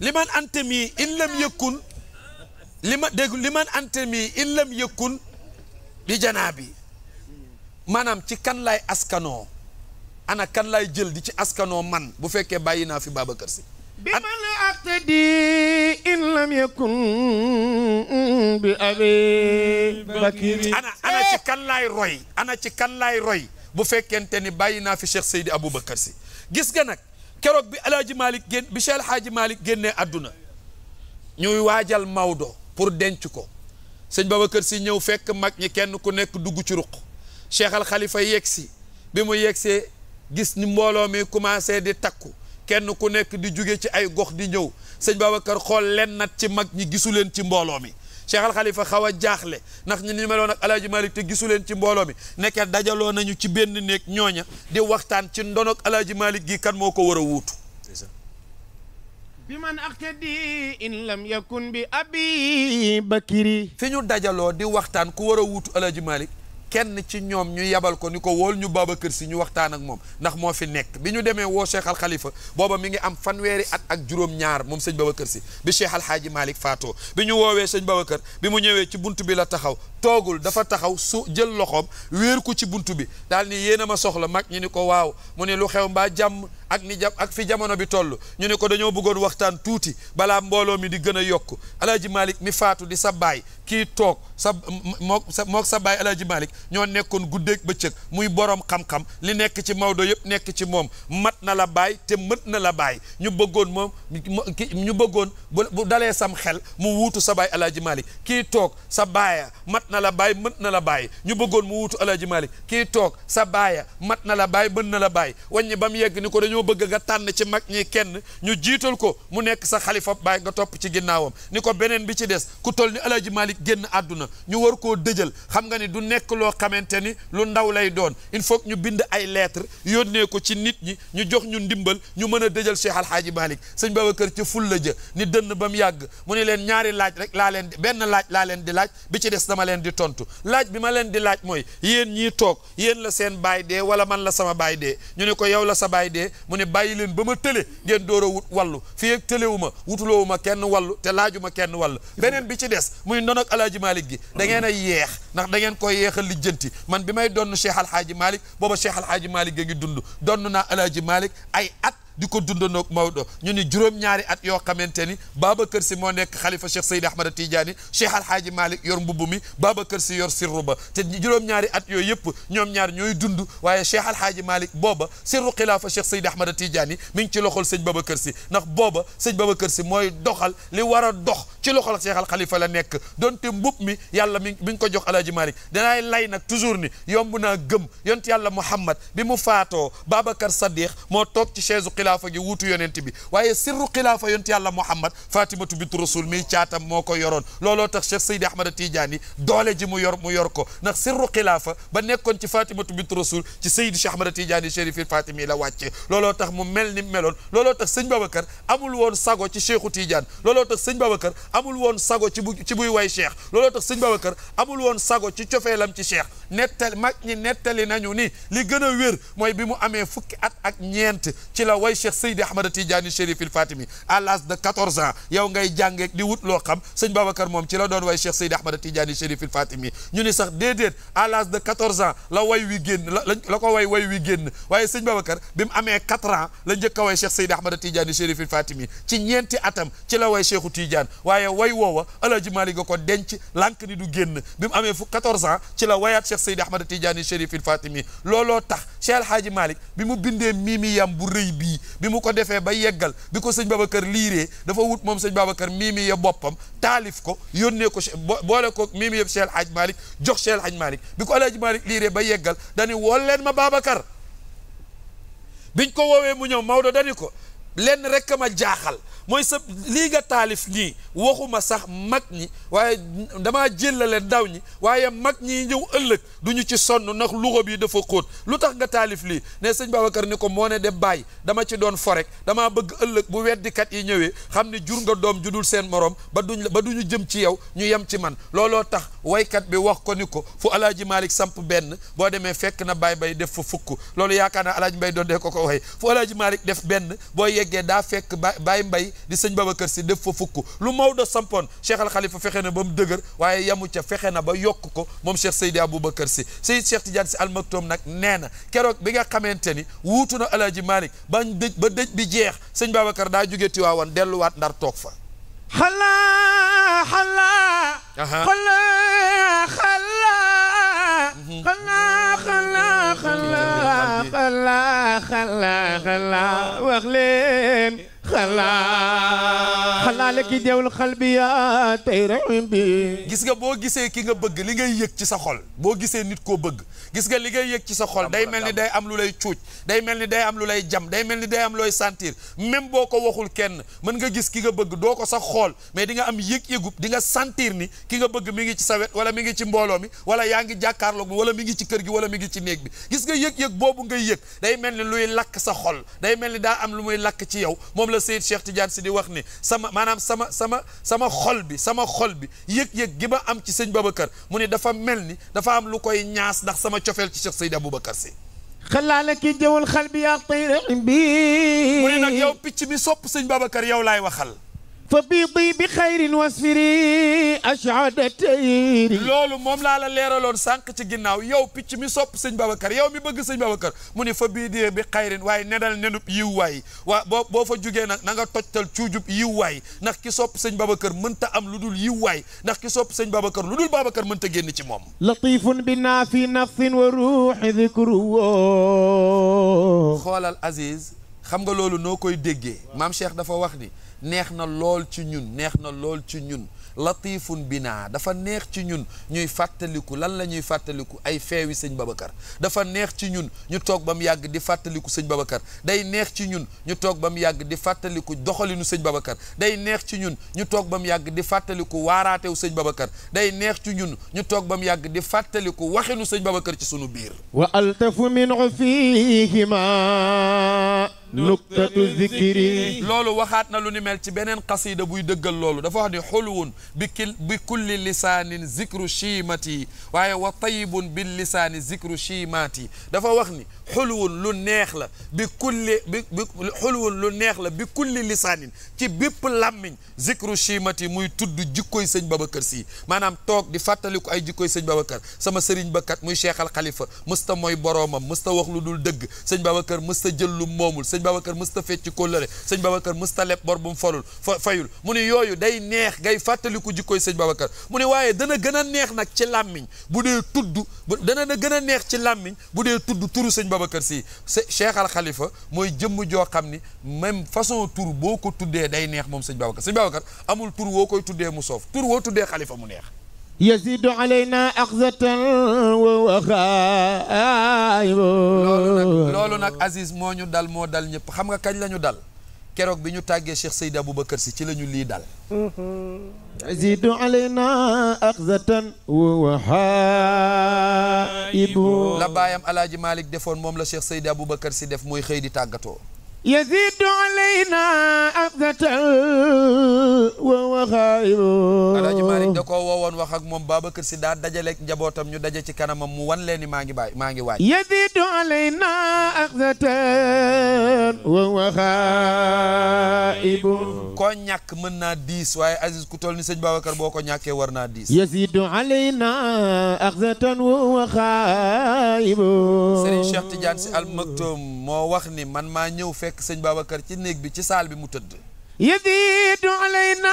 liman antemi in lam yakun li ma dégg li man antami illam yëkkun bi janaa bi maanaam ci kan lay askanoo ana kan lay jël di ci askanoo man bu fekkee bàyyi naa fi Babacar Sy bi man aqtadi in lam yakun bi abi bakiri ana ana ci kan laay roy ana ci kan laay roy bu fekkente ni bàyyi naa fi Cheikh Seydi Aboubacar Sy gis nga nag keroog bi El Hadj Malick génn bi àdduna ñuy waajal Maodo pour denc ko sëñ kër si ñëw fekk mag ñi kenn ku nekk dugg ci ruq Cheikh xalifa Khalifa si bi mu yeggsee gis ni mbooloo mi commencé di takku kenn ku nekk di jóge ci ay gox di ñëw sëñ kër xool leen nat ci mag ñi gisu leen ci mbooloo mi Cheikh xalifa Khalifa xaw a jaaxle ndax ñu ni meloon ak El Hadj te gisu leen ci mbooloo mi nekk dajaloo nañu ci benn néeg ñooña di waxtaan ci ndonok El Hadj Malick gi kan moo ko war a wuutu. bi biman aqtadi in lam yakun bi abi bakiri fi ñu dajaloo di waxtaan ku war a wuutu Alaaji Malick kenn ci ñoom ñu yebal ko ni ko wool ñu kër Si ñu waxtaan ak moom ndax moo fi nekk bi ñu demee woo Cheikh Al booba mi ngi am fanweeri at ak juróom-ñaar moom sëñ kër Si bi Cheikh Al Hadji Malick faatoo bi ñu woowee sëñ kër bi mu ñëwee ci bunt bi la taxaw toogul dafa taxaw su jël loxoom wéer ko ci bunt bi daal ni yéen a ma soxla mag ñu ni ko waaw mu ne lu xew mbaa jàmm ak ni jàmm ak fi jamono bi toll ñu ne ko dañoo bëggoon waxtaan tuuti balaa mbooloo mi di gën a yokk alaaji Malick mi faatu di sa baay kii toog sa mook sa sa baay alaaji Malick ñoo nekkoon guddeeg bëccëg muy borom xam li nekk ci Maodo yëpp nekk ci moom mat na la baay te mët na la baay ñu bëggoon moom ñu bëggoon bu dalee sam xel mu wuutu sa baay alaaji Malick kii toog sa baaya mat na la baay mën na la baay ñu bëggoon mu wutu alaaji Malick kii toog sa baaya mat na la baay mën na la baay wàññi ba mu yegg ni ko dañoo bëgg nga tànn ci mag ñi kenn ñu jiital ko mu nekk sa xalifa baay nga topp ci ginnaawam ni ko beneen bi ci des ku toll ni alaaji malik génn adduna ñu war koo dëjël xam nga ni du nekk loo xamante ni lu ndaw lay doon il faut ñu bind ay lettres yónnee ko ci nit ñi ñu jox ñu ndimbal ñu mën a dëjal Cheikh Alhaaji Malick sëñ Babacar ci ful la jë ni dënn ba mu yàgg mu ne leen ñaari laaj rek laa leen di laaj bi ci des dama leen di tontu laaj bi ma leen di laaj mooy yéen ñii toog yéen la seen baay dee wala man la sama baay dee ñu ne ko yow la sa baay dee mu ne bàyyi leen ba ma tële ngeen door a wut wàllu fii tëlewu ma wutuloowu ma kenn wàllu te laaju ma kenn wàllu beneen bi ci des muy non ak alaaji Malick gi da a yeex ndax da ngeen koy yeexal lijjanti man bi may donn Cheikh Alhaaji Malick booba Cheikh Alhaaji Malick ga ngi dund donn naa alaaji Malick ay at di ko dundandoog Maodo ñu ni juróom-ñaari at yoo xamante ni Babacar Sy moo nekk xalifa Cheikh Seydi Ahmad Tidiane Cheikh Alhaaji Malick yor mbubb mi Babacar Sy yor sirru ba te juróom-ñaari at yooyu yëpp ñoom ñaar ñooy dund waaye Cheikh Alhaaji Malick booba sirru xilaafa Cheikh Seydi Ahmad Tidiane mi ngi ci loxol sëñ Babacar Sy ndax booba sëñ Babacar Sy mooy doxal li war a dox ci loxol Cheikh Al Khalifa la nekk donte mbub mi yàlla mi mi ngi ko jox Alhaaji Malick danaay lay nag toujours ni yomb naa gëm yont yàlla Muhammad bi mu faatoo Babacar Sadiq moo toog ci chaise xilaafa gi wuutu yonent bi waaye sirru xilaafa yonent yàlla Muhammad Fatimatu bintu Rasul mi caatam moo ko yoroon looloo tax Cheikh Seydi Ahmad Tidiane doole ji mu yor mu yor ko ndax sirru xilaafa ba nekkoon ci Fatimatu bintu Rasul ci Seydi Cheikh Ahmad Tidiane Chérifil Fatimi la wàccee looloo tax mu mel ni meloon looloo tax sëñ Babacar amul woon sago ci Cheikhu Tidiane looloo tax sëñ Babacar amul woon sago ci nettali mag ñi li gën a wér mooy bi mu amee fukki at ak ñeent ci la way bàyyi Cheikh Seydi Ahmada Tidiane Chérif il Fatimi à l'âge de 14 ans yow ngay jàngee di wut loo xam sëñ Babacar moom ci la doon way Cheikh Seydi Ahmada la way wi génn la la ko way way wi génn waaye sëñ Babacar bi mu amee 4 ans a way Cheikh Seydi Ahmada Tidiane Chérif il Fatimi ci ñeenti atam ci la way Cheikhu Tidiane waaye way woowa Alaaji Maalik ga bi mu amee fu 14 ans ci la wayaat Cheikh Seydi Ahmada Tidiane Chérif il bi mu bindee miimiyam bu rëy bi mu ko defee bay yeggal bi ko sëñ Babacar liiree dafa wut moom sëñ Babacar miimi ya boppam taalif ko yónnee ko boole ko miimi yëpp Cheikh Hadj Malick jox seel Hadj Malick bi ko El Hadj Malick liiree ba yeggal dani wool leen ma Babacar biñ ko woowee mu ñëw Maodo dani ko lenn rek ma jaaxal mooy sa lii nga taalif nii waxuma sax mag ñi waaye damaa jëllale daw ñi waaye mag ñi ñëw ëllëg du ñu ci sonn ndax luxa bii dafa xóot lu tax nga taalif lii ne sëñ Babacar ni ko moo ne de bàyyi dama ci doon forek damaa bëgg ëllëg bu weddikat yi ñëwee xam ne jur nga doom ju dul seen morom ba duñ ba duñu jëm ci yow ñu yem ci man looloo tax waykat bi wax ko ni ko fu alaaji Malick samp benn boo demee fekk na baay bay def fa fukk loolu yaakaar naa alaaji Mbay doon dee ko ko waxee fu alaaji yeggee daa fekk ba Baye Mbaye di sëñ Babacar si def fa fukk lu Maodo sampoon Cheikh Al Khalifa fexe na ba mu dëgër waaye yamu ca fexe na ba yokk ko moom Cheikh Seydi Aboubacar si Seydi Cheikh Tidiane si Al Maktoum nag nee na keroog bi nga xamante ni wuutu na El Hadj Malick ba dëj ba dëj bi jeex sëñ Babacar daa jóge Tiwaawan delluwaat ndar toog fa. xalaa xalaa. xalaa mhm. xalaa. xalaa xalaa. xala xala xala xala wax leen salaam xalaale ki jawul xal bi yaa tey rewim bi gis nga boo gisee ki nga bëgg li ngay yëg ci sa xol boo gisee nit koo bëgg gis nga li ngay yëg ci sa xol day mel ni day am lu lay cuuc day mel ni day am lu lay jam day mel ni day am looy sentir même boo ko waxul kenn mën nga gis ki nga bëgg doo ko sax xool mais di nga am yëg-yëgub di nga sentir ni ki nga bëgg mi ngi ci sa wet wala mi ngi ci mbooloo mi wala yaa ngi jàkkaarloog mi wala mi ngi ci kër gi wala mi ngi ci néeg bi gis nga yëg-yëg boobu ngay yëg day mel ni luy lakk sa xol day mel ni daa am lu muy lakk ci yow Seyid Cheikh Tidiane si di wax ni sama maanaam sama sama sama xol bi sama xol bi yëg-yëg gi ma am ci sëñ Babacar mu ne dafa mel ni dafa am lu koy ñaas ndax sama cofeel ci Cheikh Seyid Aboubacar si xalaale ki jëwal xal bi yaa tayra bi mu ne nag yow picc mi sopp sëñ Babacar yow laay waxal fabiidi bi xayrin wasfiri ashada tayri loolu moom laa la leeraloon sànq ci ginnaaw yow picc mi sopp sëñ Babacar yow mi bëgg sëñ Babacar mu ni fabiidi bi xayrin waaye nedal nenub yiw waay waa boo boo fa jugee nag na tojtal cuujub yiw waay ndax ki sopp sëñ Babacar mënta am lu dul yiw waay ndax ki sopp sëñ Babacar lu dul Babacar mënta génn ci moom latifun bina fi nafsin wa ruuxi dikru xoolal Aziz xam nga loolu noo koy déggee maam Cheikh dafa wax ni neex na lool ci ñun neex na lool ci ñun latifun binaa dafa neex ci ñun ñuy fàttaliku lan la ñuy fàttaliku ay feewi sëñ Babacar dafa neex ci ñun ñu toog ba mu yàgg di fàttaliku sëñ Babacar day neex ci ñun ñu toog ba mu yàgg di fàttaliku doxalinu sëñ Babacar day neex ci ñun ñu toog ba mu yàgg di fàttaliku waaraatewu sëñ Babacar day neex ci ñun ñu toog ba mu yàgg di fàttaliku waxinu sëñ babakër ci sunu biir wa altafu min fiihima nuktatu zikri loolu waxaat na lu ni mel ci beneen qasida buy dëggal loolu dafa wax ni xulwun bi kil bi kulli lisaanin zikru chiimati waaye wa tayibun bil lisaani zikru chiimaati dafa wax ni xulwun lu neex la bi kulli xulwun lu neex la bi kulli lisaanin ci bépp làmmiñ zikru chimati muy tudd jikkoy sëñ Babacar si maanaam toog di fàttaliku ay jikkoy sëñ Babacar sama sëriñ bakat muy cheikh xalifa musta mooy boroomam musta wax lu dul dëgg sëñ Babacar musta jël lu moomul sëñ Babacar musta fecc kóllëre sëñ Babacar musta leb bor bu mu folul fa fayul mu ni yooyu day neex ngay fàttaliku jikkoy sëñ Babacar mu ni waaye dana gën a neex nag ci làmmiñ bu dee tudd dana gën a neex ci làmmiñ bu dee tudd turu sëñ kër Sy Cheikh Al Khalifa mooy jëmm joo xam ni même façon tur boo ko tuddee day neex moom sëñ Babacar sëñ Babacar amul tur woo koy tuddee mu soof tur woo tuddee Khalifa mu neex yasidu alayna axzatan wa waxaay loolu nag loolu nag Aziz moo ñu dal moo dal ñëpp xam nga kañ lañu dal keroog bi ñu tàggee Cheikh Seydi Aboubacar si ci lañu lii dal azidu alayna axzatan wa haibu la baayam alaaji Malick defoon moom la Cheikh Seydi Aboubacar si def mooy xëy di tàggatoo يزيد علينا أبغة وهو خائب Alaaji Maalik da koo woowoon wax ak moom Babacar Si daa dajale njabootam ñu daje ci kanamam mu wan leen ni maa ngi bàyyi maa ngi waaj يزيد علينا أبغة وهو خائب koo ñàkk mën naa diis waaye Aziz ku toll ni sëñ Babacar boo ko ñàkkee war naa diis يزيد علينا أبغة وهو خائب Serigne Cheikh Tidiane Sy Al Maktoum moo wax ni man maa ñëw fekk fekk sëñ Babacar ci néeg bi ci saal bi mu tëdd يزيد علينا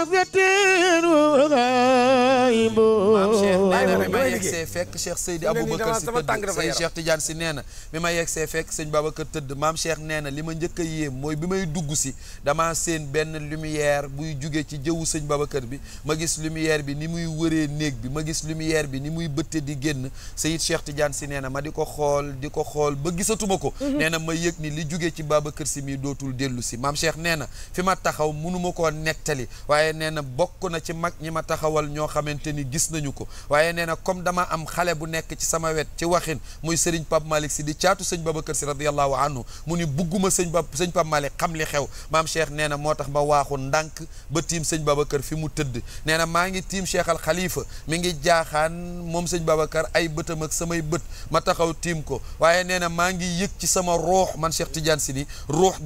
أغزتين وغايب bi ma yegsee fekk Cheikh Seydi Aboubacar si tëdd say Cheikh Tidiane si nee na bi ma yegsee fekk sëñ Babacar tëdd maam Cheikh nee na li ma njëkk a yéem mooy bi may dugg si dama seen benn lumière buy jugee ci jëwu sëñ Babacar bi ma gis lumière bi ni muy wëree néeg bi ma gis lumière bi ni muy bëtte di génn Seyid Cheikh Tidiane si nee na ma di ko xool di ko xool ba gisatuma ko mhm. nee na ma yëg ni li jugee ci Babacar si mi dootul dellu si maam Cheikh nee na fi ma taxaw munuma koo nettali waaye nee na bokk na ci mag ñi ma taxawal ñoo xamante ni gis nañu ko waaye nee na comme dama am xale bu nekk ci sama wet ci waxin muy Serigne Pape Malick si di caatu sëñ Babacar si radiallahu anhu mu ni bugguma sëñ ba sëñ Pape xam li xew maam Cheikh nee na moo tax ma waaxu ndànk ba tiim sëñ Babacar fi mu tëdd nee na maa ngi tiim Cheikh xalifa Khalifa mi ngi jaaxaan moom sëñ Babacar ay bëtam ak samay bët ma taxaw tiim ko waaye nee na maa ngi yëg ci sama ruux man Cheikh Tidiane si ni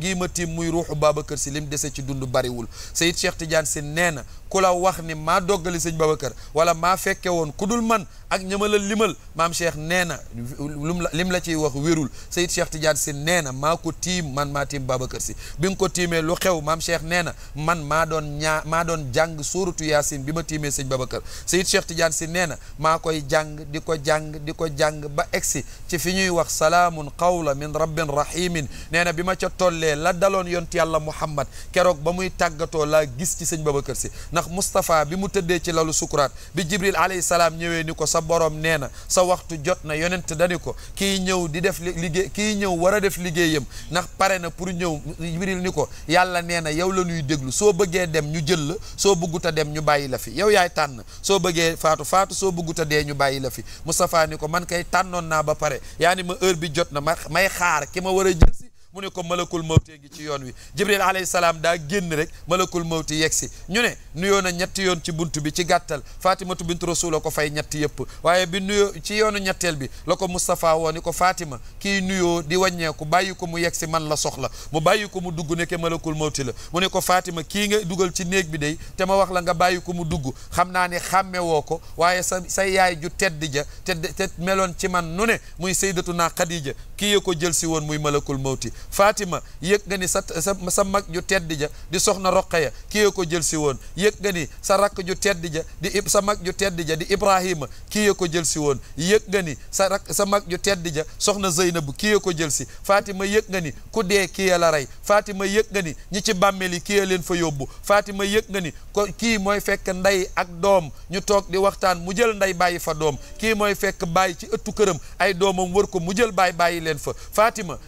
gii ma tiim muy ruuxu si lim dese ci dund bariwul Seyid Cheikh Tidiane Sy nee na ku la wax ni maa doggali sëñ Babacar wala maa fekke woon ku dul man ak ñama la limal maam Cheikh nee na lum la lim la ciy wax wérul Seyid Cheikh Tidiane si nee na maa ko tiim man maa tiim Babacar si bi nga ko tiimee lu xew maam Cheikh nee na man maa doon ñaa maa doon jàng suuratu bi ma tiimee sëñ Babacar Seyid Cheikh Tidiane si nee na maa koy jàng di ko jàng di ko jàng ba egsi ci fi ñuy wax salaamun qawla min rabbin rahimin nee na bi ma ca tollee la daloon yonti yàlla Muhammad keroog ba muy tàggatoo laa gis ci sëñ Babacar si ndax ndax Moustapha bi mu tëddee ci lalu sukuraat bi Jibril alayhi salaam ñëwee ni ko sa boroom nee na sa waxtu jot na yonent dani ko kii ñëw di def liggéey kii ñëw war a def liggéeyam ndax pare na pour ñëw Jibril ni ko yàlla nee na yow la ñuy déglu soo bëggee dem ñu jël la soo bëggut a dem ñu bàyyi la fi yow yaay tànn soo bëggee faatu faatu soo bëggut a dee ñu bàyyi la fi Moustapha ni ko man kay tànnoon naa ba pare yaa ni ma heure bi jot na ma may xaar ki ma war a jël mu ne ko malakul mawti gi ci yoon wi jibril alayhi salaam daa génn rek malakul mawti yegg si ñu ne nuyoo na ñetti yoon ci bunt bi ci gàttal faatimatu bintu rasul la ko fay ñetti yëpp waaye bi nuyoo ci yoonu ñetteel bi la ko moustapha woo ni ko fatima kii nuyoo di wàññeeku bàyyi ko mu yegg si man la soxla mu bàyyi ko mu dugg nekke malakul mawti la mu ne ko fatima kii nga dugal ci néeg bi day te ma wax la nga bàyyi ko mu dugg xam naa ni xàmme woo ko waaye sa sa yaay ju tedd ja tedd te meloon ci man nu ne muy sayyidatuna Khadija kii ya ko jël si woon muy malakul mawti Fatima yëg nga ni sa sa sa mag ju tedd ja di soxna Roqaya kii ko jël si woon yëg nga ni sa rakk ju tedd ja di sa mag ju tedd ja di Ibrahima kii ko jël si woon yëg nga ni sa rak sa mag ju tedd ja soxna Zeynabu kii ko jël si Fatima yëg nga ni ku dee kii la rey Fatima yëg nga ni ñi ci bàmmeel yi kii leen fa yóbbu Fatima yëg nga ni ko kii mooy fekk ndey ak doom ñu toog di waxtaan mu jël ndey bàyyi fa doom kii mooy fekk bàyyi ci ëttu këram ay doomam wër ko mu jël bàyyi bàyyi leen fa Fatima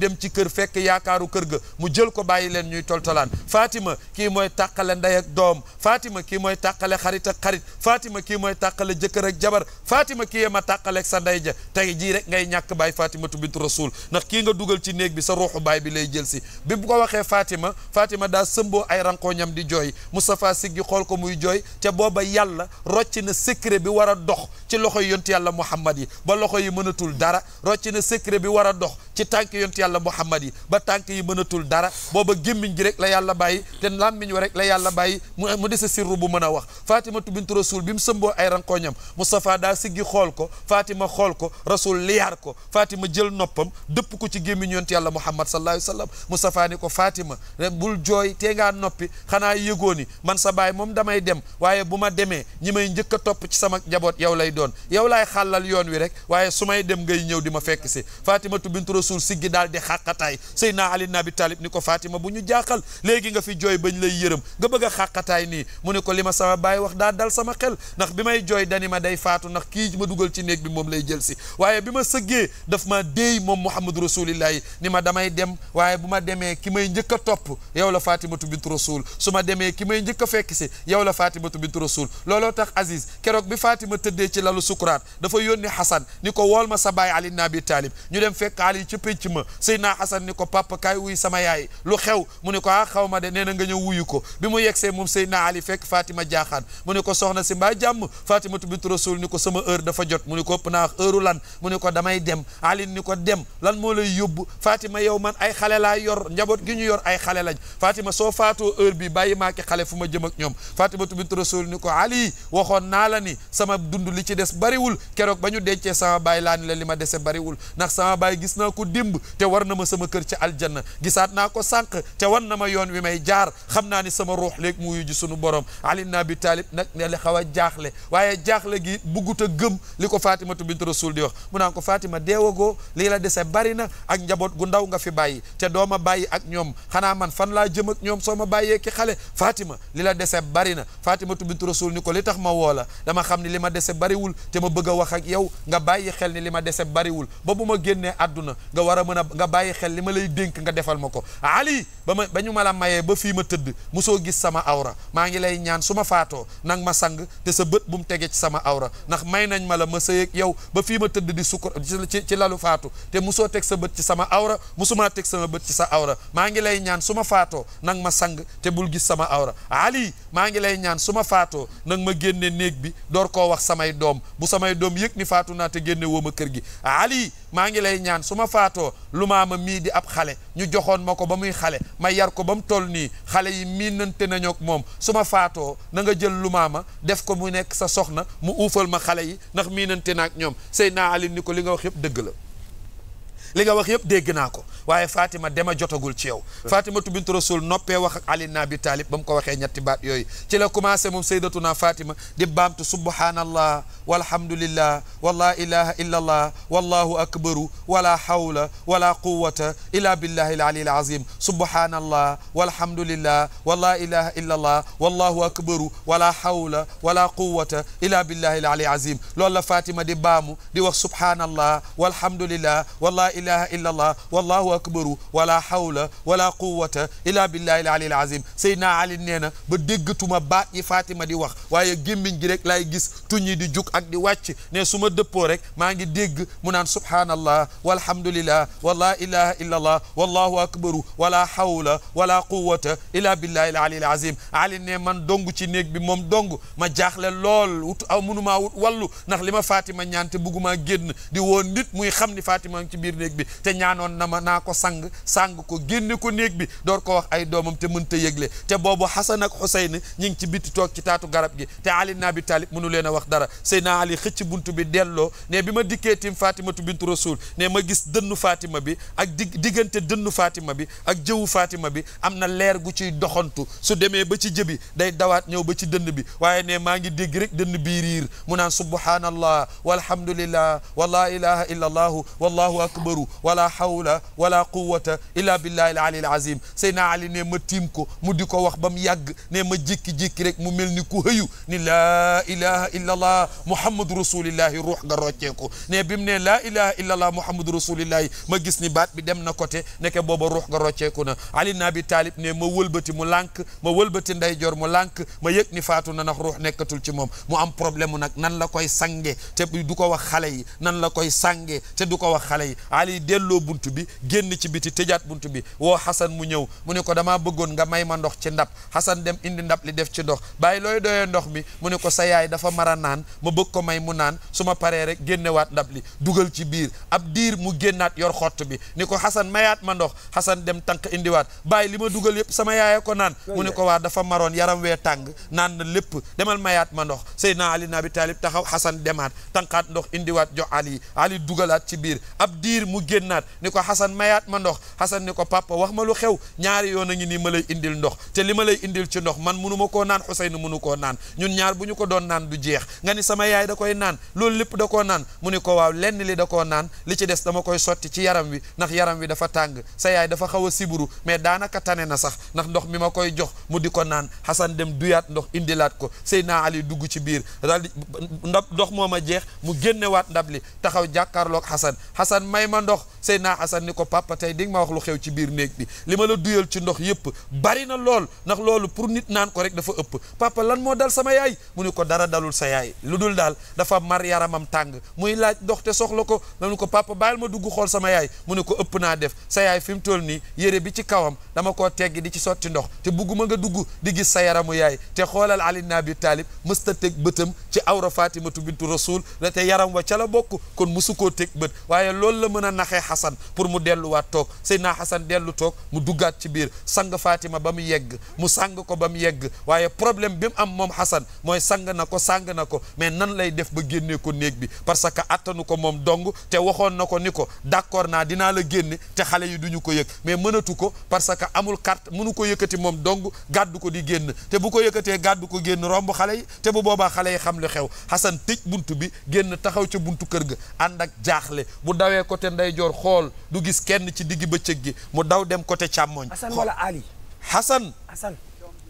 dem ci fekk yaakaaru kër ga mu jël ko bàyyi leen ñuy toltolaan Fatima kii mooy tàqale ndey ak doom Fatima kii mooy tàqale xarit ak xarit Fatima kii mooy tàqale jëkkër ak jabar Fatima kii ma tàqaleeg sa ndey ja tey jii rek ngay ñàkk bàyyi Fatimatu bint Rasul ndax kii nga dugal ci néeg bi sa ruuxu baay bi lay jël si bi bu ko waxee Fatima Fatima daa sëmboo ay rankooñam di jooy Moustapha siggi xool ko muy jooy ca booba yàlla rocc na secret bi war a dox ci loxoy yontu yàlla Muhammad yi ba loxo yi mënatul dara rocc na secret bi war a dox ci tànk yont yàlla muhammad yi ba tànk yi mënatul dara booba gémmiñ gi rek la yàlla bàyyi te làmmiñ wa rek la yàlla bàyyi mu mu dese sirru bu mën a wax fatimatu bintu rasul bi mu sëmboo ay rankooñam moustapha daa siggi xool ko fatima xool ko rasul liyaar ko fatima jël noppam dëpp ko ci gémmiñ yont yàlla muhammad sallallahu alayhi wa sallam moustapha ni ko fatima bul jooy tee ngaa noppi xanaa yëgoo ni man sa baay moom damay dem waaye bu ma demee ñi may njëkk topp ci sama njaboot yow lay doon yow laay xàllal yoon wi rek waaye su may dem ngay ma fekk rasul siggi daal di xàqataay Seydina Ali ibn Abi Talib ni ko Fatima bu ñu jaaxal léegi nga fi jooy bañ lay yërëm nga bëgg a xàqataay nii mu ne ko li ma sama baay wax daa dal sama xel ndax bi may jooy dani ma day faatu ndax kii ma dugal ci néeg bi moom lay jël si waaye bi ma sëggee daf ma déey moom Muhammadu rasulillahi ni ma damay dem waaye bu ma demee ki may njëkk topp yow la Fatimatu bint rasul su ma demee ki may njëkk fekk si yow la Fatimatu bint rasul looloo tax Aziz keroog bi Fatima tëddee ci lalu sukuraat dafa yónni Xasan ni ko wool ma sa baay Ali ca pénc ma naa Xasan ni ko papa kaay wuy sama yaay lu xew mu ne ko ah xaw ma de nee na nga ñëw wuyu ko bi mu yegsee moom sey naa Ali fekk Fatima jaaxaan mu ne ko soxna si mbaa jàmm Fatimatu bintu Rasul ni ko sama heure dafa jot mu ne ko ëpp naa lan mu ne ko damay dem Ali ni ko dem lan moo lay yóbbu Fatima yow man ay xale laa yor njaboot gi ñu yor ay xale lañ Fatima soo faatoo heure bi bàyyi maa xale fu ma jëm ak ñoom Fatimatu bintu Rasul ni ko Ali waxoon naa la ni sama dund li ci des bariwul keroog ba ñu dencee sama baay laa ni la li ma dese bariwul ndax sama baay gis naa ko ko démb te war na ma sama kër ci aljanna gisaat naa ko sànq te war na ma yoon wi may jaar xam naa ni sama ruux léeg mu ji sunu borom ali na bi taalib nag ne la xaw a jaaxle waaye jaaxle gi buggut a gëm li ko fatimatu bint rasul di wax mu naa ko fatima deewagoo lii la dese bari na ak njaboot gu ndaw nga fi bàyyi te dooma bàyyi ak ñoom xanaa man fan laa jëm ak ñoom soo ma bàyyee ki xale fatima li la dese bari na fatimatu bint rasul ni ko li tax ma woo la dama xam ni li ma dese bariwul te ma bëgg a wax ak yow nga bàyyi xel ni li ma dese bariwul ba bu ma génnee àdduna nga war a mën a nga bàyyi xel li ma lay dénk nga defal ma ko ali ba ma ba ñu ma la mayee ba fii ma tëdd musoo gis sama awra maa ngi lay ñaan su ma faatoo nang ma sang sa bët bu mu tege ci sama awra ndax may nañ ma la ma sëyeeg yow ba fii ma tëdd di sukkur ci ci lalu faatu te musoo teg sa bët ci sama awra musumaa teg sama bët ci sa awra maa ngi lay ñaan su ma faatoo nang ma sang te bul gis sama awra ali maa ngi lay ñaan su ma faatoo nang ma génne néeg bi door koo wax samay doom bu samay doom yëg ni faatu naa te génne woo ma kër gi ali maa ngi lay ñaan su ma faatoo lu maama mii di ab xale ñu joxoon ma ko ba muy xale ma yar ko ba mu toll nii xale yi miinante nañoo moom su ma faatoo nanga jël lu maama def ko mu nekk sa soxna mu uufal ma xale yi ndax miinante na ak ñoom naa Ali ni ko li nga wax yëpp dëgg la li nga wax yëpp dégg naa ko waaye Fatima dema jotagul ci yow Fatimatu bintu Rasul noppee wax alina Ali na ba mu ko waxee ñetti baat yooyu ci la commencé moom saydatuna Fatima di baamtu subhanallah walhamdulillah wala ilaha illa allah wallahu akbaru wala hawla wala quwata illa billahi al ali al azim subhanallah walhamdulillah wala ilaha illa allah wallahu akbaru wala hawla wala quwata illa billahi illa ali al azim loolu la di baamu di wax subhanallah walhamdulillah wala ilaha illa allah akbaru wala hawla wala quwwata illa billahi al-ali al-azim Seydina Ali nee na ba déggatuma baat yi Fatima di wax waaye gémmiñ gi rek laay gis tuñ yi di jug ak di wàcc ne su ma dëppoo rek maa ngi dégg mu naan subhaanallah walhamdulillah wala ilaha illa allah wallahu akbaru wala hawla wala quwwata illa billahi al-ali al-azim Ali ne man dong ci néeg bi moom dong ma jaaxle lool wut aw mënumaa wut wallu ndax li ma Fatima ñaan te bëggumaa génn di woon nit muy xam ni Fatima ci biir néeg bi te ñaanoon na ma naa maa ko sang sang ko génne ko néeg bi door ko wax ay doomam te mënta yëgle te boobu Xasan ak Xuseyn ñi ngi ci bitti toog ci taatu garab gi te Ali ibn Abi Talib mënu leen a wax dara Seydina Ali xëcc buntu bi delloo ne bi ma dikkee tim Fatimatu bintu Rasul ne ma gis dënnu Fatima bi ak dig diggante dënnu Fatima bi ak jëwu Fatima bi am na leer gu ci doxantu su demee ba ci jëbi day dawaat ñëw ba ci dënn bi waaye ne maa ngi dégg rek dënn bii riir mu naan subhaanallah walhamdulillah wa la ilaha illa allahu wallahu akbaru wala hawla wala quwata illa billahi al alil azim Seydina Ali ne ma tiim ko mu di ko wax ba mu yàgg ne ma jékki-jékki rek mu mel ni ku hëyu ni laa ilaha illa allah muhammadu rasulillahi ruux nga rocceeku ne bi mu ne laa ilaha illa allah muhammadu rasulillahi ma gis ni baat bi dem na côté nekke booba ruux nga rocceeku na Ali na Abi Talib ne ma wëlbati mu lànk ma wëlbati ndeyjoor mu lank ma yëg ni faatu na na ruux nekkatul ci moom mu am problème mu nag nan la koy sange te du ko wax xale yi nan la koy sange te du ko wax xale yi Ali delloo bunt génn ci biti tëjaat bunt bi woo Xasan mu ñëw mu ne ko damaa bëggoon nga may ma ndox ci ndab Xasan dem indi ndab li def ci ndox bàyyi looy doyee ndox mi mu ne ko sa yaay dafa mar a naan ma bëgg ko may mu naan su ma paree rek génnewaat ndab li dugal ci biir ab diir mu génnaat yor xott bi ni ko Xasan mayaat ma ndox Xasan dem tànk indiwaat bàyyi li ma dugal yëpp sama yaay ko naan mu ne ko waa dafa maroon yaram wee tàng naan na lépp demal mayaat ma ndox sey Seydina Ali nabi taalib taxaw Xasan demaat tànqaat ndox indiwaat jox Ali Ali dugalaat ci biir ab diir mu génnaat ni ko Xasan may mayaat ma ndox Xasan ni ko papa wax ma lu xew ñaari yoon a ngi nii ma lay indil ndox te li ma lay indil ci ndox man munu ma koo naan Xuseyn munu koo naan ñun ñaar bu ñu ko doon naan du jeex nga ni sama yaay da koy naan loolu lépp da koo naan mu ni ko waaw lenn li da koo naan li ci des dama koy sotti ci yaram wi ndax yaram wi dafa tàng sa yaay dafa xaw a siburu mais daanaka tane na sax ndax ndox mi ma koy jox mu di ko naan Xasan dem duyaat ndox indilaat ko naa Ali dugg ci biir daal di ndab ndox moo ma jeex mu waat ndab li taxaw jàkkaarloog Xasan Xasan may ma ndox Seydina Xasan ni ko papa papa tey di nga ma wax lu xew ci biir néeg bi li la duyal ci ndox yëpp bari na lool ndax loolu pour nit naan ko rek dafa ëpp papa lan moo dal sama yaay mu ne ko dara dalul sa yaay lu dul daal dafa mar yaramam tàng muy laaj ndox te soxla ko mu ne ko papa bàyyil ma dugg xool sama yaay mu ne ko ëpp naa def sa yaay fi mu toll nii yére bi ci kawam dama koo teggi di ci sotti ndox te bugguma nga dugg di gis sa yaramu yaay te xoolal Ali ibn Abi Talib mësta teg bëtam ci awra Fatimatu bintu Rasul la te yar wa ca la bokk kon musu delluwaat toog naa Xasan dellu toog mu duggaat ci biir sang Fatima ba mu yegg mu sang ko ba mu yegg waaye problème bi mu am moom Xasan mooy sang na ko sang na ko mais nan lay def ba génnee ko néeg bi parce que attanu ko moom dong te waxoon na ko ni ko d'accord naa dinaa la génne te xale yi duñu ko yëg mais mënatu ko parce que amul carte mënu ko yëkkati moom dong gàddu ko di génn te bu ko yëkkatee gàddu ko génn romb xale yi te bu boobaa xale yi xam li xew Xasan tëj buntu bi génn taxaw ca buntu kër ga ànd ak jaaxle bu dawee côté ndeyjoor xool kenn ci digg bëccëg gi mu daw dem côté càmmoñ. Hassan wala Ali. Hassan. Hassan.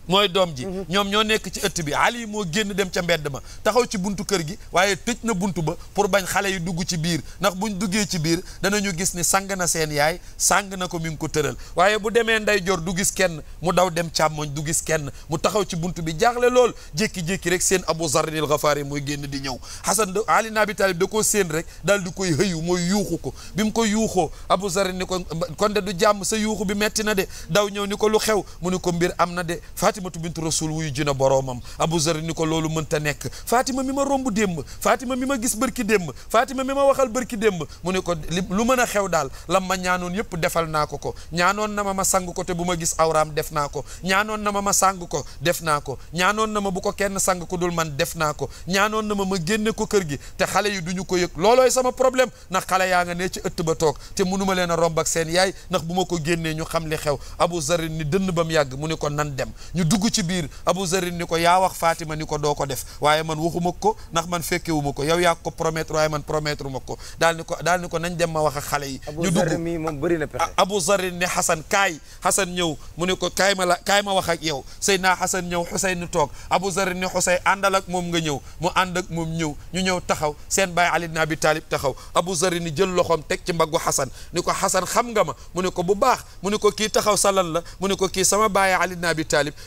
mooy doom ji mhm. ñoom ñoo nekk ci ëtt bi ali moo génn dem ca mbedd ma taxaw ci buntu kër gi waaye tëj na buntu ba pour bañ xale yi dugg ci biir ndax bu buñ duggee ci biir dana ñu gis ni sang na seen yaay sang na ko mi ngi ko tëral waaye bu demee nday jor du gis kenn mu daw dem càmmoñ du gis kenn mu taxaw ci buntu bi jaaxle lool jékki-jékki rek seen abu zarrinil xafaari mooy génn di ñëw xasan ali na abi talib da koo séen rek daal di koy hëyu mooy yuuxu ko bi mu ko yuuxoo abu zarrin ni ko kon de du jàmm sa yuuxu bi metti na de daw ñëw ni ko lu xew mu ni ko mbir am na de fatimatu bintu rasul wuyu jina boroomam abou zar ni ko loolu mënta nekk fatima mi ma romb démb fatima mi ma gis bërki démb fatima mi ma waxal bërki démb mu ne ko lu mën a xew daal lam ma ñaanoon yëpp defal naa ko ko ñaanoon na ma ma sang ko bu ma gis awraam def naa ko ñaanoon na ma ma sang ko def naa ko ñaanoon na ma bu ko kenn sang ko dul man def naa ko ñaanoon na ma ma génne ko kër gi te xale yi du ñu ko yëg loolooy sama problème ndax xale yaa nga ne ci ëtt ba toog te munuma leen a romb ak seen yaay ndax bu ma ko génnee ñu xam li xew abou zar ni dënn bam yàgg mu ne ko nan dem ñu dugg ci biir Abu Zarin ni ko yaa wax Fatima ni ko doo ko def waaye man waxuma ko ndax man fekkewu ma ko yow yaa ko promettre waaye man promettre ma ko daal ni ko daal ni ko nañ dem ma wax ak xale yi ñu dugg moom bëri na pexe Abu Zarin ni Xasan kaay Xasan ñëw mu ne ko kaay ma la kaay ma wax ak yow Seydina Xasan ñëw Xuseyn toog Abu Zarin ni Xuseyn àndal ak moom nga ñëw mu ànd ak moom ñëw ñu ñëw taxaw seen baay Ali ibn Abi Talib taxaw Abu Zarin ni jël loxoom teg ci mbaggu Xasan ni ko Xasan xam nga ma mu ne ko bu baax mu ne ko kii taxaw salan la mu ne ko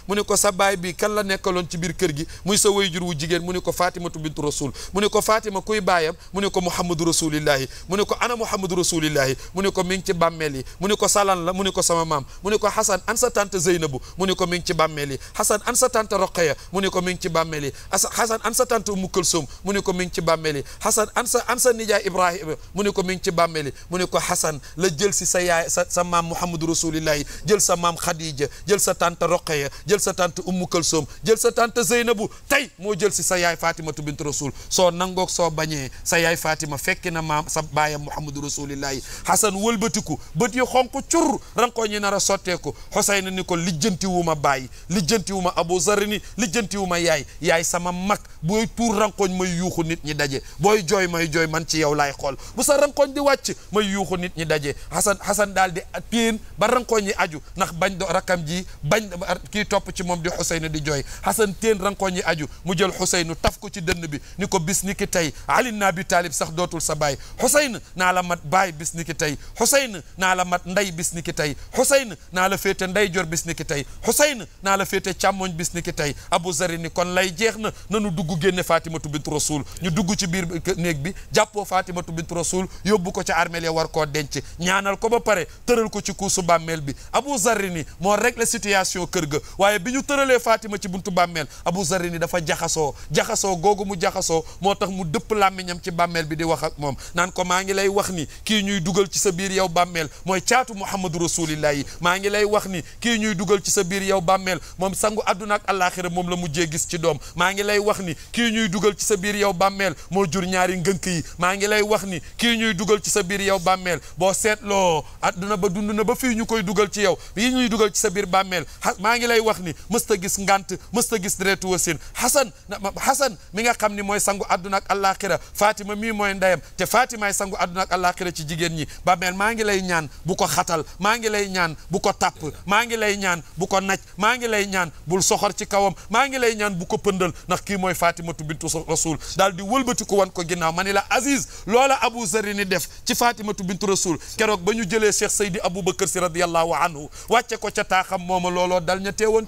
mu ne ko sa baay bi kan la nekkaloon ci biir kër gi muy sa wayjur wu jigéen mu ne ko fatimatu bintu rasul mu ne ko fatima kuy baayam mu ne ko mouhamadou rasulillahi mu ne ko ana mouhamadou rasulillahi mu ne ko mi ngi ci bàmmeel yi mu ne ko salan la mu ne ko sama maam mu ne ko hasan an sa tante zeynabu mu ko mi ngi ci bàmmeel yi hasan an sa tante roqaya mu ne ko mi ngi ci bàmmeel yi hasan an sa tante umu kulsum mu ne ko mi ngi ci bàmmeel yi an sa an sa nijaay mu ne ko mi ngi ci bàmmeel mu ne ko hasan la jël si sa sa sa maam mouhamadou rasulillahi jël sa maam khadija jël sa tante roqaya jël sa tante Ummu Kalsoom jël sa tante Zeynabu tey moo jël si sa yaay Fatimatu bint Rasul soo nangoog soo bañee sa yaay Fatima fekki na maam sa baayam Muhammadu Rasulillahi Xasan wëlbatiku bët yi xonq cur rankoo ñi nar a sotteeku Xusayna ni ko lijjanti wu ma bàyyi lijjanti wu ma Abu Zarini lijjanti wu ma yaay yaay sama mag booy tuur rankooñ may yuuxu nit ñi daje booy jooy may jooy man ci yow laay xool bu sa rankooñ di wàcc may yuuxu nit ñi daje Xasan Xasan daal di péen ba rankooñ yi ndax bañ do topp ci moom di Xuseynu di jooy Xasan teen rankoñ yi aju mu jël Xuseynu taf ko ci dënn bi ni ko bis ni tey Ali na Taalib sax dootul sa baay Xuseyn naa la mat baay bis ni ki tey Xuseyn naa la mat ndey bis ni ki tey Xuseyn naa la féete ndey jor bis ni ki tey Xuseyn naa la féete càmmoñ bis ni ki tey Abu Zari ni kon lay jeex na nu dugg génne Fatimatu bint Rasul ñu dugg ci biir néeg bi jàppoo Fatimatu bint Rasul yóbbu ko ca armeel ya war koo denc ñaanal ko ba pare tëral ko ci kuusu bàmmeel bi Abu Zari ni moo régler situation kër ga waaye bi ñu tëralee Fatima ci buntu bàmmeel Abu Zarri ni dafa jaxasoo jaxasoo googu mu jaxasoo moo tax mu dëpp làmmiñam ci bàmmeel bi di wax ak moom naan ko maa ngi lay wax ni kii ñuy dugal ci sa biir yow bàmmeel mooy caatu Muhammadu Rasulillah maa ngi lay wax ni kii ñuy dugal ci sa biir yow bàmmeel moom sangu àdduna ak moom la mujjee gis ci doom maa ngi lay wax ni kii ñuy dugal ci sa biir yow bàmmeel moo jur ñaari ngënk yi maa ngi lay wax ni kii ñuy dugal ci sa biir yow bàmmeel boo seetloo àdduna ba dund na ba fii ñu koy dugal ci yow yi ñuy dugal ci sa biir bàmmeel maa ngi lay wax ni mësta gis ngant mësta gis deretu wasin xasan xasan mi nga xam ni mooy sangu adduna ak àllaaxira fatima mii mooy ndeyam te fatimaay sangu adduna ak àllaaxira ci jigéen ñi bàmmeel maa ngi lay bu ko xatal maa ngi lay ñaan bu ko maa ngi lay ñaan bu ko maa ngi lay ñaan bul soxor ci kawam maa ngi lay ñaan bu ko pëndal ndax kii mooy fatimatu bintu rasul daal di wëlbati ko wan ko ginnaaw ma ni la Aziz loola Abu Zari ni def ci fatimatu bintu rasul keroog ba ñu jëlee cheikh saydi aboubacar si radiallahu anhu wàcce ko ca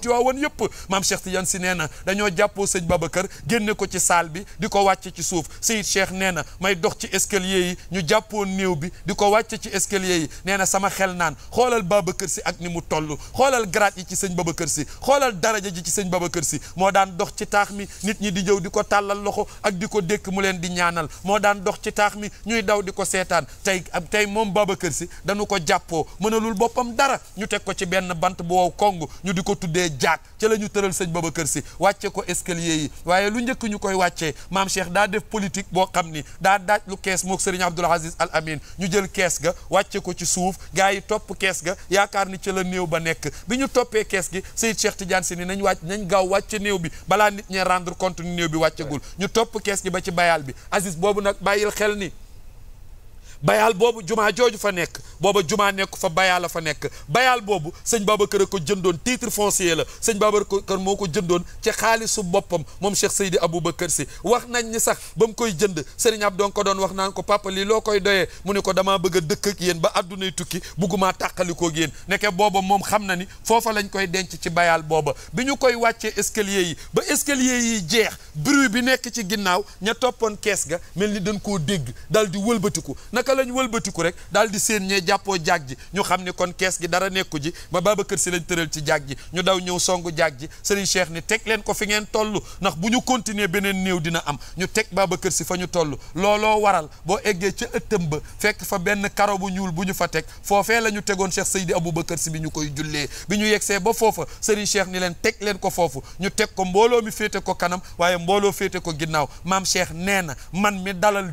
Tiwaawan yëpp maam Cheikh Tidiane si neena na dañoo jàppoo sëñ kër génne ko ci saal bi di ko wàcce ci suuf Seyid Cheikh nee na may dox ci escalier yi ñu jàppoo néew bi di ko wàcce ci escalier yi nee na sama xel naan xoolal kër si ak ni mu toll xoolal grade yi ci sëñ Babacar si xoolal daraja ji ci sëñ Babacar si moo daan dox ci taax mi nit ñi di jëw di ko tàllal loxo ak di ko dékk mu leen di ñaanal moo daan dox ci taax mi ñuy daw di ko seetaan tey tey moom kër si dañu ko jàppoo mënalul boppam dara ñu teg ko ci benn bant bu kong di ko tuddee jaag ca la ñu tëral sëñ kër si wàcce ko escalier yi waaye lu njëkk ñu koy wàccee maam Cheikh daa def politique boo xam ni daa daaj lu kees mook sëriñ Abdoul Aziz Al Amin ñu jël kees ga wàcce ko ci suuf gars yi topp kees ga yaakaar ni ca la néew ba nekk bi ñu toppee kees gi Seyd Cheikh Tidiane si ni nañ wàcc nañ gaaw wàcce néew bi balaa nit ñi rendre compte ni néew bi wàccegul ñu topp kees gi ba ci bayal bi Aziz boobu nag bàyyil xel ni bayaal boobu jumaa jooju fa nekk booba jumaa nekk fa bayaal la fa nekk bayaal boobu sëñ Babacar a ko jëndoon titre foncier la sëñ Babacar moo ko jëndoon ci xaalisu boppam moom Cheikh Seydi Aboubacar si wax nañ ni sax ba mu koy jënd sëriñ ab doon ko doon wax naan ko papa loo koy doyee mu ne ko damaa bëgg a dëkk ak yéen ba addunay tukki buggumaa tàqalikoo ak yéen nekke booba moom xam na ni foofa lañ koy denc ci bayaal booba bi ñu koy wàccee escalier yi ba escalier yi jeex bruit bi nekk ci ginnaaw ña toppoon kees ga mel ni dañ koo dégg dal di wëlbatiku naka lañ wëlbatiku rek dal di seen ñee jàppoo jaag ji ñu xam ne kon kees gi dara nekku ji ba Babacar Si lañ tëral ci jaag ji ñu daw ñëw songu jaag ji Serigne Cheikh ni teg leen ko fi ngeen toll ndax bu ñu continuer beneen néew dina am ñu teg Babacar Si fa ñu toll looloo waral boo eggee ca ëttam ba fekk fa benn karo ñuul bu ñu fa teg foofee la ñu tegoon Cheikh Seydi Aboubacar Si bi ñu koy jullee bi ñu yegsee ba foofa Serigne Cheikh ni leen teg leen ko foofu ñu teg ko mbooloo mi féete ko kanam waaye mbooloo féete ko ginnaaw maam Cheikh nee na man mi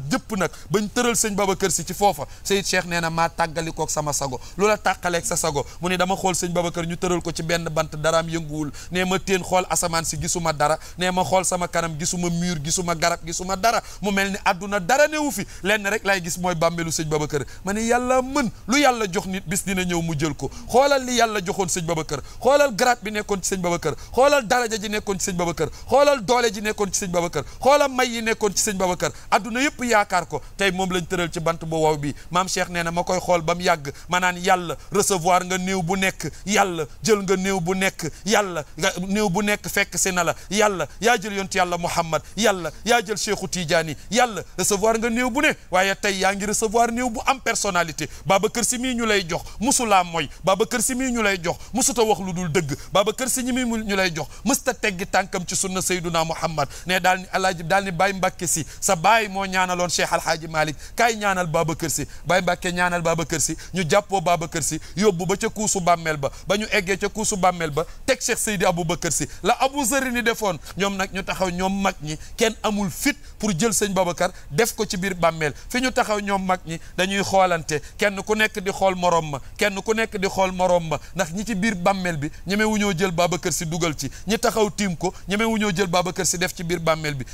jëpp nag bañ tëral sëñ Babacar Si ci foofa Seyid Cheikh nee na maa tàggalikook sama sago lu la tàqaleeg sa sago mu ne dama xool sëñ kër ñu tëral ko ci benn bant daraam yënguwul nee ma téen xool asamaan si gisuma dara nee ma xool sama kanam gisuma mur gisuma garab gisuma dara mu mel ni àdduna dara newu fi lenn rek laay gis mooy bàmmeelu sëñ baba kër ma ne yàlla mën lu yàlla jox ni bis dina ñëw mu jël ko xoolal li yàlla joxoon sëñ kër xoolal garab bi nekkoon ci sëñ Babacar xoolal daraja ji nekkoon ci sëñ Babacar xoolal doole ji nekkoon ci sëñ Babacar xoolal may yi nekkoon ci sëñ Babacar adduna yëpp yaakaar ko tey moom lañ tëral ci bant bu wow bi maam Cheikh nee na ma koy xool ba mu yàgg ma naan yàlla recevoir nga néew bu nekk yàlla jël nga néew bu nekk yàlla néew bu nekk fekk si na la yàlla yaa jël yontu yàlla Muhammad yàlla yaa jël Cheikhu Tidiane yàlla recevoir nga néew bu nekk waaye tey yaa ngi recevoir néew bu am personnalité Babacar si mii ñu lay jox musulaa mooy Babacar Sy mii ñu lay jox musuta wax lu dul dëgg Babacar Sy mii ñu lay jox mësta teggi tànkam ci sunna Seyduna Muhammad ne daal ni alaaji daal ni Baye Mbàkke si sa baay moo ñaanaloon Cheikh Alhaaji Malick Babacar Sy Baye Mbàkke ñaanal Babacar Sy ñu jàppoo Babacar Sy yóbbu ba ca kuusu bàmmeel ba ba ñu eggee ca kuusu bàmmeel ba teg Cheikh Seydi Aboubacar Sy la Abou Zari ni defoon ñoom nag ñu taxaw ñoom mag ñi kenn amul fit pour jël sëñ Babacar def ko ci biir bàmmeel fi ñu taxaw ñoom mag ñi dañuy xoolante kenn ku nekk di xool moroom ma kenn ku nekk di xool morom ma ndax ñi ci biir bàmmeel bi ñemewuñoo jël Babacar si dugal ci ñi taxaw tiim ko ñemewuñoo jël Babacar si def ci biir bàmmeel bi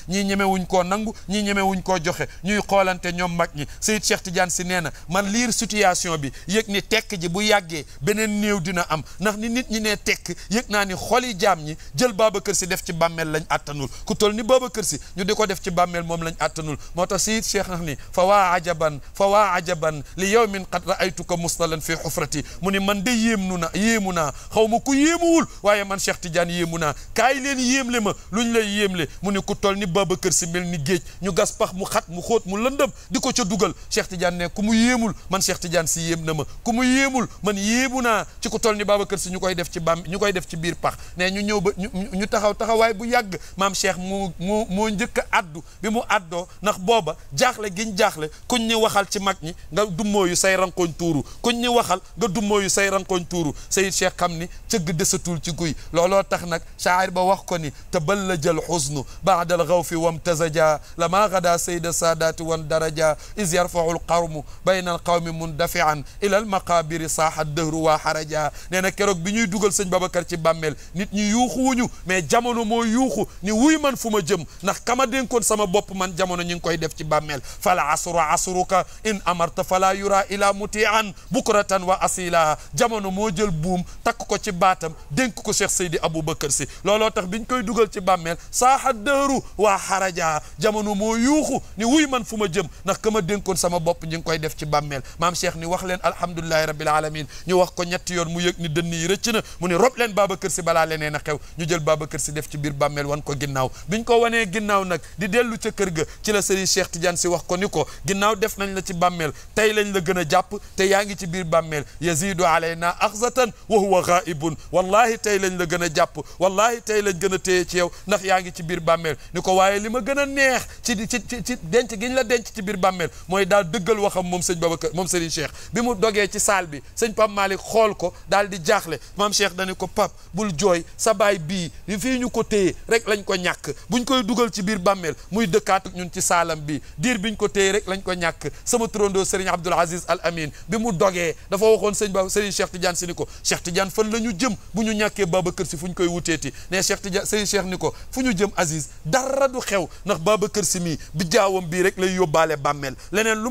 Cheikh si nee na man liir situation bi yëg ni tekk ji bu yàggee beneen néew dina am ndax ni nit ñi ne tekk yëg naa ni xoli jam ñi jël Babacar si def ci bàmmeel lañ àttanul ku toll ni Babacar si ñu di ko def ci bàmmeel moom lañ àttanul moo tax Seyid Cheikh nax ni fa waa ajaban fa waa ajaban li yawmin qad raaytuka mustalan fi xufrati mu ni man de yéemu na yéemu naa xaw ma ku yéemuwul waaye man Cheikh Tidiane yéemu naa kaay leen yéemle ma lu ñu lay yéemle mu ni ku toll ni Babacar si mel ni géej ñu gas pax mu xat mu xóot mu lëndëm di ko ca dugal Cheikh Cheikh Tidiane ne ku mu yéemul man Cheikh Tidiane si yéem na ma ku mu yéemul man yéemu naa ci ku toll ni kër si ñu koy def ci bam ñu koy def ci biir pax ne ñu ñëw ba ñu taxaw taxawaay bu yàgg maam Cheikh mu mu moo njëkk a addu bi mu addoo ndax booba jaaxle giñ jaaxle kuñ ñu waxal ci mag ñi nga yu say rankoñ tuuru kuñ ñu waxal nga yu say rankoñ tuuru Seyid Cheikh kam ni cëgg desatul ci guy looloo tax nag shaahir ba wax ko ni te bal la jël xusnu baadal xaw fi wam tazaja la maa xadaa sayda saadaati wan daraja is yarfaul alqawmu bayna alqawmi mundafian ila almaqabiri saaha dëhru waa xaraja nee na keroog bi ñuy dugal sëñ Babacar ci bammeel nit ñi yuuxu wuñu mais jamono moo yuuxu ni wuy man fu ma jëm ndax kama dénkoon sama bopp man jamono ñu ngi koy def ci bàmmeel fala asru asruka in amarta fala yura ila mutian bukratan wa asila jamono moo jël buum takk ko ci baatam dénk ko Cheikh Seydi Aboubacar si looloo tax biñ koy dugal ci bàmmeel saaha dëhru waa xaraja jamono moo yuuxu ni wuy man fu ma jëm ndax kama dénkoon sama sama bopp ñu ngi koy def ci bàmmeel maam Cheikh ni wax leen alhamdulilahi rabbil alamin ñu wax ko ñetti yoon mu yëg ni dënn yi rëcc na mu ni rob leen Babacar Sy balaa leneen a xew ñu jël Babacar Sy def ci biir bàmmeel wan ko ginnaaw biñ ko wanee ginnaaw nag di dellu ca kër ga ci la Serigne Cheikh Tidiane Sy wax ko ni ko ginnaaw def nañ la ci bàmmeel tey lañ la gën a jàpp te yaa ngi ci biir bàmmeel yazidu alayna axzatan wa huwa ghaibun wallahi tey lañ la gën a jàpp wallahi tey lañ gën a téye ci yow ndax yaa ngi ci biir bàmmeel ni ko waaye li ma gën a neex ci ci ci denc giñ la denc ci biir bàmmeel mooy dëggal waxam moom sëñ Babacar moom sëriñ Cheikh bi mu dogee ci saal bi sëñ Pape Malick xool ko daal di jaaxle maam Cheikh dani ko pap bul jooy sabaay baay bii fii ñu ko téye rek lañ ko ñàkk buñ koy dugal ci biir bàmmeel muy dëkkaat ñun ci saalam bi diir biñ ko téye rek lañ ko ñàkk sama turandoo sëriñ Abdoul Aziz Al Amin bi mu dogee dafa waxoon sëñ Ba sëriñ Cheikh Tidiane si ni ko Cheikh Tidiane fan la ñu jëm bu ñu ñàkkee Babacar si fu ñu koy wuteeti ne Cheikh Tidiane sëriñ Cheikh ni ko fu ñu jëm Aziz dara du xew ndax Babacar si mii bi jaawam bii rek lay yóbbaale bàmmeel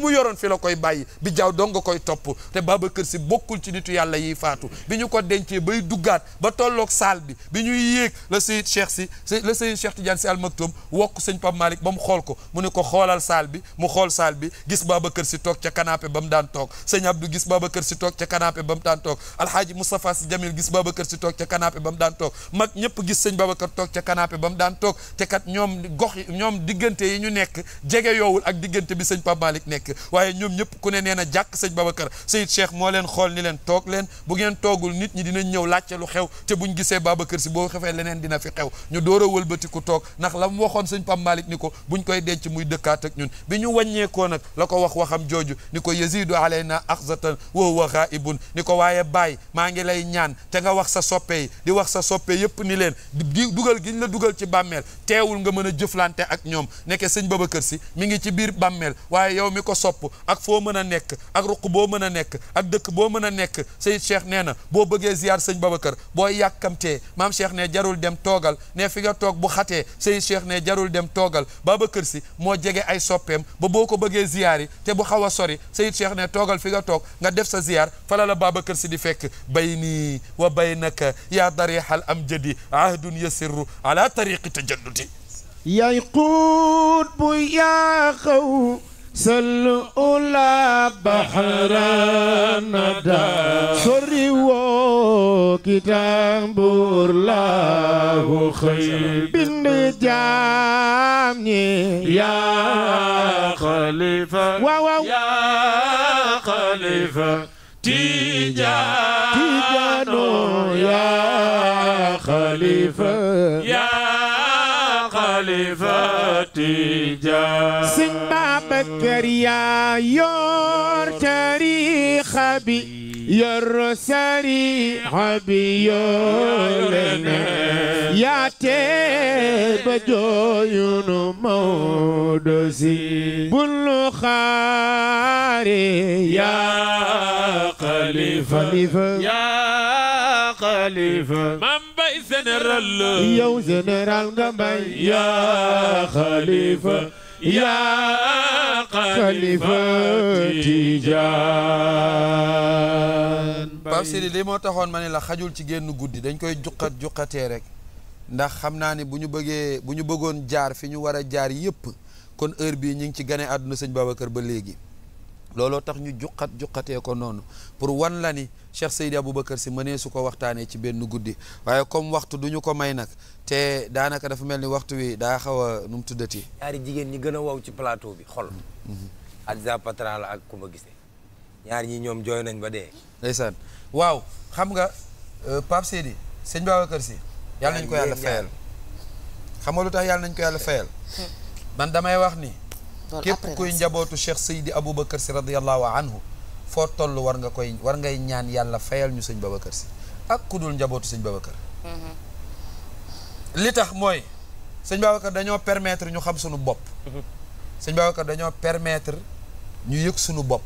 bu yoroon fi la koy bàyyi bi jaaw dong nga koy topp te Babacar si bokkul ci nitu yàlla yiy faatu bi ñu ko dencee bay duggaat ba tolloog saal bi bi ñuy yéeg la Seyid Cheikh si la Seyid Cheikh Tidiane Sy Al wokk sëñ Pape Malick ba mu xool ko mu ne ko xoolal saal bi mu xool saal bi gis Babacar si toog ca kanaape ba mu daan toog sëñ Abdou gis Babacar Sy toog ca canapé ba mu daan toog Alhaaji Moustapha Sy Jamil gis Babacar Sy toog ca kanaape ba mu daan toog mag ñëpp gis sëñ Babacar toog ca canapé ba mu daan toog te kat ñoom gox ñoom diggante yi ñu nekk jege yoowul ak diggante bi sëñ Pape Malick waaye ñoom ñëpp ku ne nee na jàkk sëñ Babacar Seyid Cheikh moo leen xool ni leen toog leen bu toogul nit ñi dinañ ñëw laajte lu xew te buñ gisee kër si boo xefee leneen dina fi xew ñu doora a wëlbati ku toog ndax la mu waxoon sëñ Pam Malick ni ko buñ koy denc muy dëkkaat ak ñun bi ñu wàññeekoo nag la ko wax waxam jooju ni ko yazidu alayna axzatan wa huwa ghaibun ni ko waaye bàyyi maa ngi lay ñaan te nga wax sa soppee yi di wax sa soppee yëpp ni leen di dugal giñ la dugal ci bàmmeel teewul nga mën a jëflante ak ñoom nekke sëñ Babacar si mi ngi ci biir bàmmeel sopp ak foo a nekk ak ruq boo a nekk ak dëkk boo mën a nekk Seyid Cheikh nee na boo bëggee sañ sëñ kër boo yàkkamtee maam Cheikh ne jarul dem toogal ne fi nga toog bu xatee Seyid Cheikh ne jarul dem toogal Babacar si moo jege ay soppeem ba boo ko bëggee ziar yi te bu xaw a sori Seyid Cheikh ne toogal fi nga toog nga def sa ziar fala la Babacar si di fekk bayni wa baynaka yaa darixal am jadi ahdun yasirru ala tariqi tajaddudi yay quut bu yaa xaw سل أولى بحر الندى سريو كتامبور له خير بن جامني يا خليفة واو يا خليفة تيجانو يا خليفة يا خليفة تيجانو Bakar yaa yor tariixa bi yor sariixa bi yor leneen yaa tee ba jooyunu Maodo si bulu xaare yaa xalifa yaa xalifa yow général nga mbay yaa xalifa yaa xalifatij Pape Sidi li moo taxoon ma ne la xajul ci génn guddi dañ koy juqat juqatee rek ndax xam naa ni bu ñu bëggee bu ñu bëggoon jaar fi ñu war a jaar yëpp kon heure bii ñu ngi ci gane àdduna sëñ kër ba léegi looloo tax ñu juqat juqatee ko noonu pour wan la ni Cheikh Seydi Aboubacar si mënee su ko waxtaanee ci benn guddi waaye comme waxtu du ñu ko may nag te daanaka dafa mel ni waxtu wi daa xaw a nu mu tuddati. ñaari jigéen ñi gën a wow ci plateau bi xol. Adja la ak Kumba Gise ñaar ñi ñoom jooy nañ ba dee. ndeysaan waaw xam nga euh, Pape Seydi sëñ Babacar si. yàlla nañ ko yàlla fayal xam nga lu tax yàlla nañ ko yàlla fayal. Hmm. man damay wax ni. képp kuy njabootu Cheikh Seydi Aboubacar si radiyallahu anhu foo toll war nga koy war ngay ñaan yàlla fayal ñu sëñ Babacar si ak ku dul njabootu sëñ Babacar. Mm-hmm. li tax mooy sëñ Babacar dañoo permettre ñu xam suñu bopp. Mm-hmm. sëñ Babacar dañoo permettre ñu yëg sunu bopp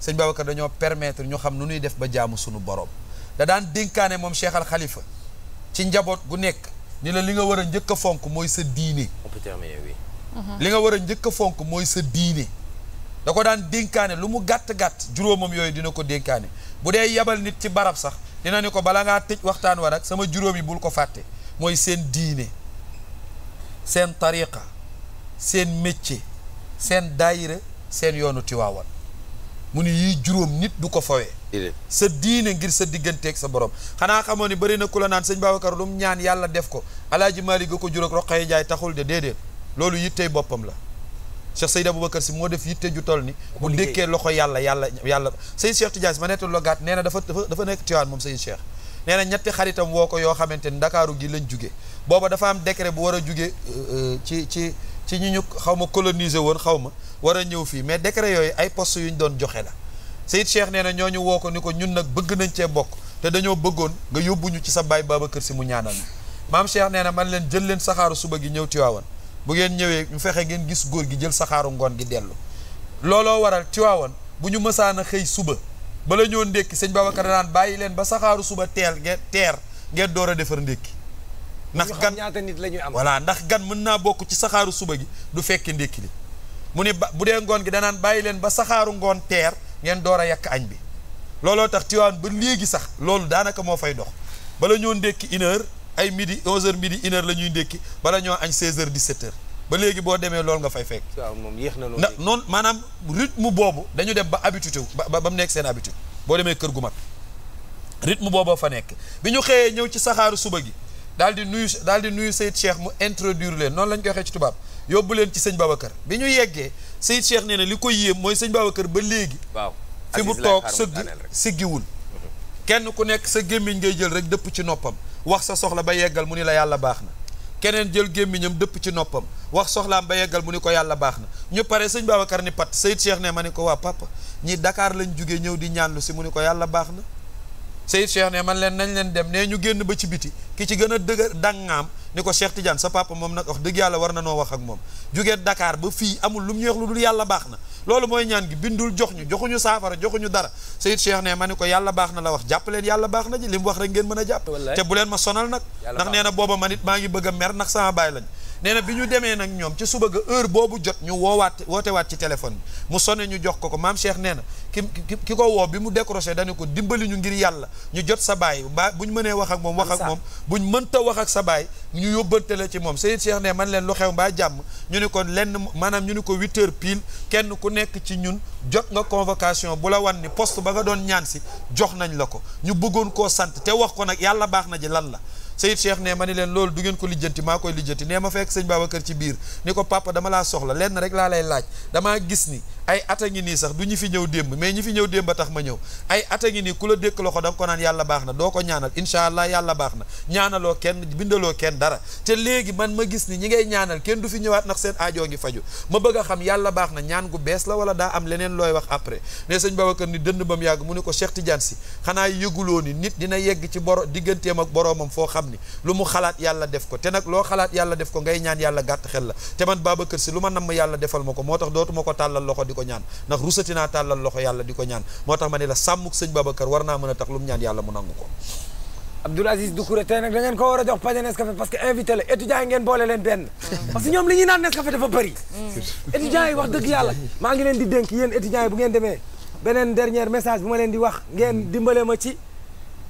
sëñ Babacar dañoo permettre ñu xam nu ñuy def ba jaamu suñu borom da daan dénkaane moom Cheikh xalifa ci njaboot gu nekk ni la li nga war a njëkk fonk mooy sa diine. on li nga war a njëkk a fonk mooy sa diine da ko daan dénkaane lu mu gàtt-gàtt juróomam yooyu dina ko dénkaane bu dee yabal nit ci barab sax dina ni ko balaa ngaa tëj waxtaan wa nag sama juróom yi bul ko fàtte mooy seen diine seen tariqa seen métier seen dayre seen yoonu tiwaawan mu ni yii juróom nit du ko fawee sa diine ngir sa digganteeg sa borom xanaa xamoon ni bëri na ku la naan sëñ Babacar lu mu ñaan yàlla def ko alaaji Maalik ga ko juróog roqoye njaay taxul de déedéet loolu yittey boppam la sa Cheikh Seydou kër si moo def yitte ju toll ni bu dékkee loxo yàlla yàlla yàlla Seydi Cheikh Tidiane si ma logaat nee na dafa dafa nekk Tiwaan moom Seydi Cheikh nee na ñetti xaritam woo ko yoo xamante ni Dakaaru gi lañ jugee booba dafa am décret bu war a jugee euh, euh, ci ci ci ñi ñu xaw ma coloniser woon xaw ma war a ñëw fii mais décret yooyu ay poste yu ñu doon joxe la Seydi Cheikh nee na ñooñu woo ko ni ko ñun nag bëgg nañ cee bokk te dañoo bëggoon nga yóbbuñu ci sa baay kër si mu ñaanal maam Cheikh nee na man leen jël leen saxaaru suba gi ñëw Tiwaawan bu ngeen ñëwee ñu fexe ngeen gis góor gi jël saxaaru ngoon gi dellu looloo waral Tiwaawan bu ñu mësaan a xëy suba bala ñoo ndékki sëñ Babacar danaan bàyyi leen ba saxaaru suba teel ngeen ngeen door defar ndékki ndax gan ñaata la ñuy am voilà ndax gan mën naa bokk ci saxaaru suba gi du fekki ndékki li mu ne ba bu dee ngoon gi danaan bàyyi leen ba saxaaru ngoon teer ngeen door a yàq añ bi looloo tax Tiwaawan ba léegi sax loolu daanaka moo fay dox bala ñoo ndékki une ay midi 11h midi 1h la ñuy ndékki bala ñoo añ 16h 17h ba léegi boo demee loolu nga fay fekk. waaw moom yéex na loolu na noonu maanaam rythme boobu dañu dem ba habitude ba ba mu nekk seen habitude boo demee kër gu mag rythme boobu fa nekk bi ñu xëyee ñëw ci saxaaru suba gi daal di nuyu daal di nuyu Seyd Cheikh mu introduire leen noonu la ñu koy ci tubaab yóbbu leen ci sëñ Babacar bi ñu yeggee Seyd Cheikh nee na li ko yéem mooy sëñ kër ba léegi. waaw fi mu toog sëgg siggiwul. kenn ku nekk sa gémmiñ ngay jël rek dëpp ci noppam wax sa soxla ba yeggal mu ni la yàlla baax na keneen jël gémmiñam dëpp ci noppam wax soxlaam ba yeggal mu ni ko yàlla baax na ñu pare sëñ Babacar ni pat Seyd Cheikh ne ma ni ko waa papa ñi dakaar lañ jóge ñëw di ñaanlu si mu ni ko yàlla baax na Seyid Cheikh ne man leen nañ leen dem ne ñu génn ba ci biti ki ci gën a dëgër dangaam ni ko Cheikh Tidiane sa papa moom nag wax dëgg yàlla war na noo wax ak moom jugee dakaar ba fii amul lu mu ñuy wax lu dul yàlla baax na loolu mooy ñaan gi bindul jox ñu joxuñu saafara joxuñu dara Seyid Cheikh ne ma ni ko yàlla baax na la wax jàpp leen yàlla baax na ji li mu wax rek ngeen mën a jàpp te bu leen ma sonal nag ndax nee na booba ma it maa ngi bëgg a mer ndax sama baay nee na bi ñu demee nag ñoom ci suba ga heure boobu jot ñu woowaat wootewaat ci téléphone bi mu sone ñu jox ko ko maam Cheikh nee na ki ki ko woo bi mu décroché dañu ko dimbali ñu ngir yàlla ñu jot sa baay ba buñ mënee wax ak moom wax ak moom buñ mënta wax ak sa baay ñu yóbbante la ci moom Seyid Cheikh ne man leen lu xew mbaa jàmm ñu ni ko lenn maanaam ñu ni ko huit heures pile kenn ku nekk ci ñun jot nga convocation bu la wan ni poste ba nga doon ñaan si jox nañ la ko ñu bëggoon koo sant te wax ko nag yàlla baax na ji lan la Seyid Cheikh ne ma ni leen loolu du ngeen ko lijjanti maa koy lijjanti nee ma fekk sëñ kër ci biir ni ko papa dama laa soxla lenn rek laa lay laaj dama gis ni ay at ngi nii sax du ñu fi ñëw démb mais ñi fi ñëw démb tax ma ñëw ay ata ngi nii ku la dékk loxo da nga ko naan yàlla baax na doo ko ñaanal incha allah yàlla baax na ñaanaloo kenn bindaloo kenn dara te léegi man ma gis ni ñi ngay ñaanal kenn du fi ñëwaat ndax seen aajoo ngi faju ma bëgg xam yàlla baax na ñaan gu bees la wala daa am leneen looy wax après ne sëñ kër ni dënd ba mu yàgg mu ne ko Cheikh Tidiane si xanaa yëguloo ni nit dina yegg ci boro digganteem ak boroomam foo xam ni lu mu xalaat yàlla def ko te nag loo xalaat yàlla def ko ngay ñaan yàlla gàtt xel la te man Babacar si lu ma namm yàlla defal ma ko moo tax dootuma ko tàllal di ko ndax rusati naa tàllal loxo yàlla di ko ñaan moo tax ma ne la sàmmuk sëñ Babacar war naa mën a tax lu ñaan yàlla mu nangu ko Abdoul Aziz Doucouré tey nag da ngeen war a jox pañe Nescafé parce que invité la yi ngeen boole leen benn parce que ñoom li ñuy naan Nescafé dafa bëri étudiant yi wax dëgg yàlla maa ngi leen di dénk yéen étudiant yi bu ngeen demee beneen dernier message bu ma leen di wax ngeen dimbale ma ci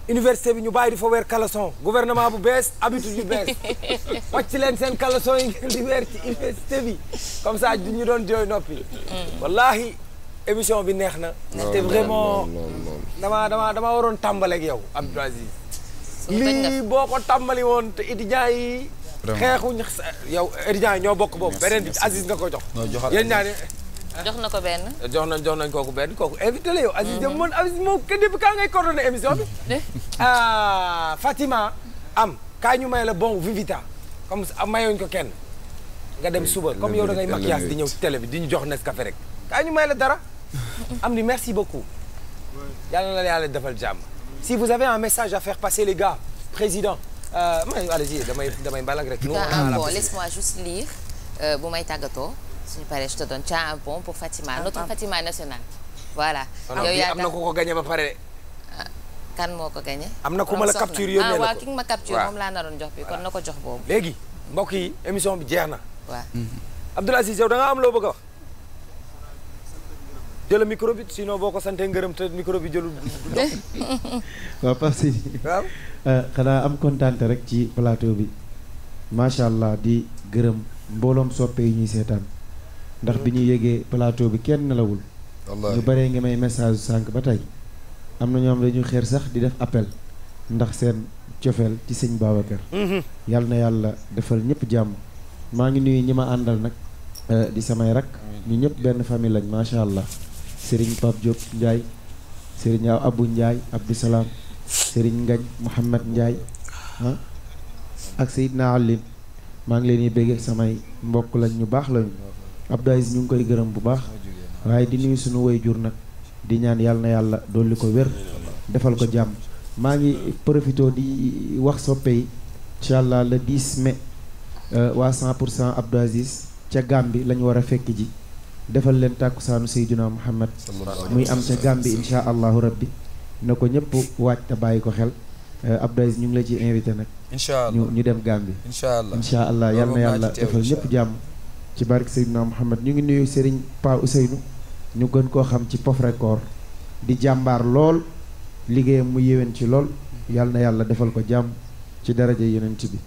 université bi ñu bàyyi di fa weer caleçon gouvernement bu bees habitude yu bees wàcc leen seen caleçon yi ngeen di weer ci université bi comme ça du ñu doon jooy noppi. Mm. wallahi émission bi neex na. te vraiment damaa damaa damaa waroon tàmbaleek yow Abdou Aziz. lii boo ko tàmbali woon te étudiants yi. xeexuñ yow étudiants yi ñoo bokk boobu beneen bi Aziz nga ko jox. yéen ñaa ne Ah. jox na ko benn. jox nañ jox nañ kooku benn kooku invité la yow. a Diop man Aziz moom que depuis quand ngay coordonné émission bi. ah Fatima am kaay ñu may la bon Vivita comme mayooñ ko kenn nga dem suba comme yow da ngay maquillage di ñëw ci télé bi di ñu jox Nescafé rek kaay ñu may la dara am ni merci beaucoup yàlla na la yàlla defal jàmm. si vous avez un message à faire passer le gars président. Euh, allez-y damay damay rek. non ah bon laisse-moi juste lire euh, bu may tàggatoo. suñu paree je te donne tiens un bon pour Fatima. Ah, notre ah, Fatima nationale. voilà yaa am na ku ko gagné ba pare. kan moo ko gagné. am na ku ma la capture yónnee ah, la ko waaw ki nga ma capture moom laa naroon na ko jox boobu. léegi mbokk yi émission bi jeex na. waaw Abdoul Aziz yow da ko santee ngërëm te micro euh, am kontaan rek ci plateau bi macha allah di gërëm mbooloom soppe yi ñuy seetaan ndax bi ñu yégee plateau bi kenn nelawul ñu bëree ngi may message sànq ba tey am na ñoom dañu xeer sax di def appel ndax seen cofeel ci sëñ Babacar mhm. yàlla na yàlla defal ñëpp jàmm maa ngi nuyu ñi ma àndal nag euh, di samay rak ñu ñëpp benn famille lañ macha allah sëriñ Pape Diop Ndiaye Serigne Aw Abou Ndiaye Abdou sëriñ Serigne Ngañ Mouhamed Ndiaye ah ak Seydina Aline maa ngi leen di bégge samay mbokk lañ ñu baax lañu Abdou Aziz ñu ngi koy gërëm bu baax waaye di nuyu sunu woy jur nag di ñaan yàlla na yàlla dolli ko wér defal ko jàmm maa ngi profité di wax soppe yi incha allah le 10 mai euh, waa 100 pour cent Abdou Aziz ca Gàmbi la ñu war a fekk ji defal leen tàkkusaanu Seydina Muhammad muy am ca Gàmbi incha allahu rabbi na ko ñëpp waaj te bàyyi ko xel euh, Abdou Aziz ñu ngi la ci invité nag. incha ñu ñu dem Gàmbi. incha allah incha allah yal na yàlla defal ñëpp jàmm. ci barke Seydina Mouhamed ñu ngi nuyu Serigne Pa Ousseynou ñu gën koo xam ci Pof Record di jàmbaar lool liggéeyam mu yéwén ci lool yàlla na yàlla defal ko jàmm ci daraja yonent bi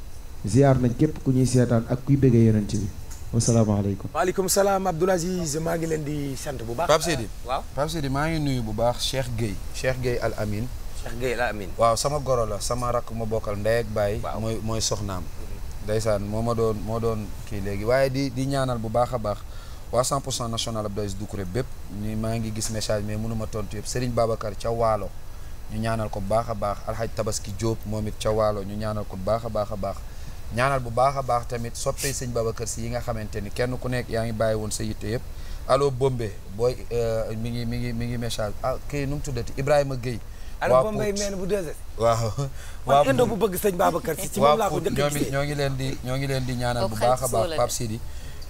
ziar nañ képp ku ñuy seetaan ak kuy bëggee yonent bi wasalaamaaleykum. waaleykum salaam Abdoul Aziz maa ngi leen di sant bu baax. Pape Seydi waaw Pape nuyu bu baax Cheikh Gueye. Cheikh Gueye Al Amin. Cheikh Gueye waaw sama goro la sama rakk ma bokkal ndey ak baay. mooy mooy soxnaam. ndeysaan moo ma doon moo doon kii léegi waaye di di ñaanal bu baax a baax waa 100 pour cent national Abdou Aziz Doucouré bépp ni maa ngi gis message mais mënuma tontu yëpp Serigne Babacar ca Waalo ñu ñaanal ko bu baax a baax Alxaj Tabaski jóob moom it ca Waalo ñu ñaanal ko bu baax a baax a baax ñaanal bu baax a baax tamit soppee sëñ Babacar si yi nga xamante ni kenn ku nekk yaa ngi bàyyi woon sa yitte yëpp allo Bombe booy euh, mi ngi mi ngi mi ngi message ah kii nu mu tuddati Ibrahima Guèye waa Pout meen bu deux waaw waa Indo bëgg sëñ Babacar si ci moom ñoo ngi leen di ñoo ngi leen di ñaanal bu baax a baax Pape Sidi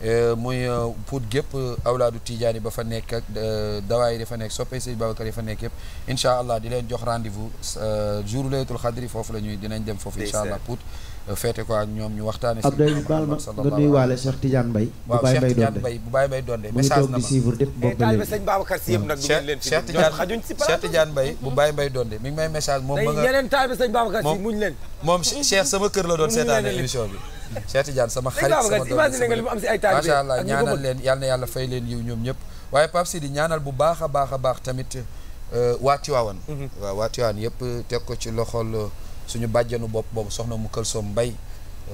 eh, muy euh, Pout gépp awlaadu Tidiane ba fa nekk ak euh, dawaay dafa nekk soppe sëñ Babacar yi fa nekk yëpp incha allah di leen jox rendez-vous euh, jour laylatul xadri foofu la ñuy dinañ dem foofu incha allah Pout féete ko ak ñoom ñu waxtaanee. Abdoulaye baal ma nga nuyuwaale Cheikh bu Baye Mbaye Donde bu mu ba may message moom ba nga yeneen taalibe sëñ Babacar si muñ leen moom Cheikh sama kër la doon seetaan émission bi Cheikh Tidiane sama xarit sama doom macha allah ñaanal leen yàlla fay leen yiw ñoom ñëpp waaye Pape ñaanal bu baax a baax tamit euh, waa mhm. waa Tiwaawan yëpp teg ko ci loxol suñu bàjjanu bopp boobu soxna mu kël soom mbay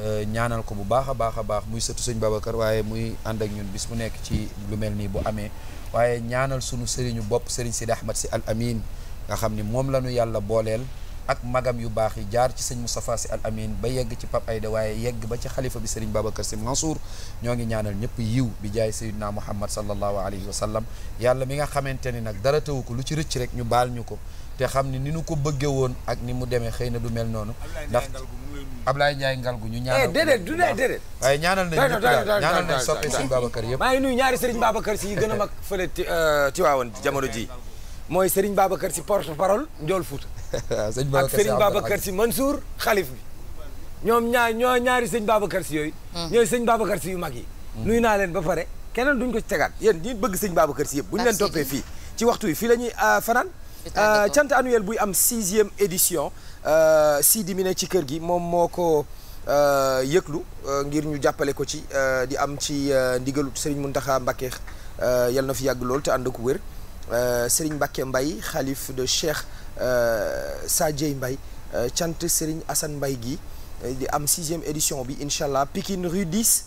euh, ñaanal ko bu baax a baax a baax muy sëtu sëñ Babacar waaye muy ànd ak ñun bis mu nekk ci lu mel nii bu amee waaye ñaanal sunu sëriñu bopp sëriñ Sidi Ahmad si al amin nga xam ni moom la ñu yàlla booleel ak magam yu baax yi jaar ci sëñ Moustapha si al amin ba yegg ci Pape Aïda waaye yegg ba ci xalifa bi sëriñ Babacar si Mansour ñoo ngi ñaanal ñëpp yiw bi jaay Seydina Muhammad sallallahu alayhi wa sallam yàlla mi nga xamante ni nag dara tawu ko lu ci rëcc rek ñu baal ñu ko te xam ni ni ñu ko bëggee woon ak ni mu demee xëy na du mel noonu ndax Ablaye Ndiaye Ngalgu ñu ñaanal eh, déedéet du déedéet waaye ñaanal nañ ñëpp daal ñaanal nañ soppe Serigne Babacar yëpp maa ngi nuyu ñaari Serigne Babacar si yi gën a mag fële euh, Tiwaawoon jamono ji mooy Serigne Babacar si porte parole Ndiol Fouta ak Serigne Babacar si Mansour xalif bi ñoom ñaar ñoo ñaari sëñ Babacar si yooyu mm. ñooy sëñ Babacar si yu mag yi mm. nuyu naa leen ba pare keneen du duñ ko tegaat yen ñi bëgg sëñ Babacar si yëpp buñu leen toppee fii ci waxtu fii la ñuy euh, fanaan Ah, cant annuel buy am sixième édition euh, Sidi mi ne ci kër gi moom moo ko euh, yëglu euh, ngir ñu jàppale ko ci di am ci ndigalu Serigne Mountakha Mbacké yal na fi yàgg lool te ànd ak wér Serigne Mbacké mbay xalif de Cheikh Sadji mbay cant Serigne Assane mbay gi di am sixième édition bi incha allah Pikine rue 10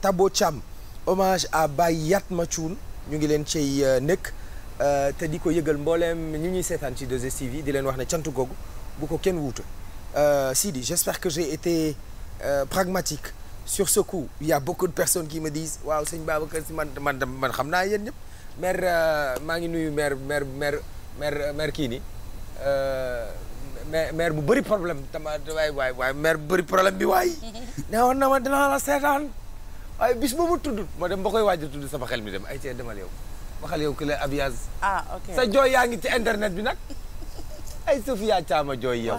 Tabo Cham hommage à Baye Yatma Thioune ñu ngi leen cay nekk. Euh, te di ko yëgal mbooleem ñu ñuy seetaan ci 2STV di leen wax ne cant googu bu ko kenn wuutu euh, Sidi j'espère que j'ai été euh, pragmatique sur ce coup il y a beaucoup de personnes qui me disent waaw sëñ Babacar Si man man man xam naa yéen ñëpp maire euh, maa ngi nuyu maire maire maire maire maire kii nii mais maire bu bëri problème tama waay waay waay maire bu bëri problème bi waay ne na ma dinaa la seetaan bis boobu tudd ma dem ba koy waaj a tudd sama xel mi dem ay tee demal yow waxal yow ki la abiaz ah ok sa jooy yaa ngi ci internet bi nag ay Sofia Thiam jooy yow. Eh,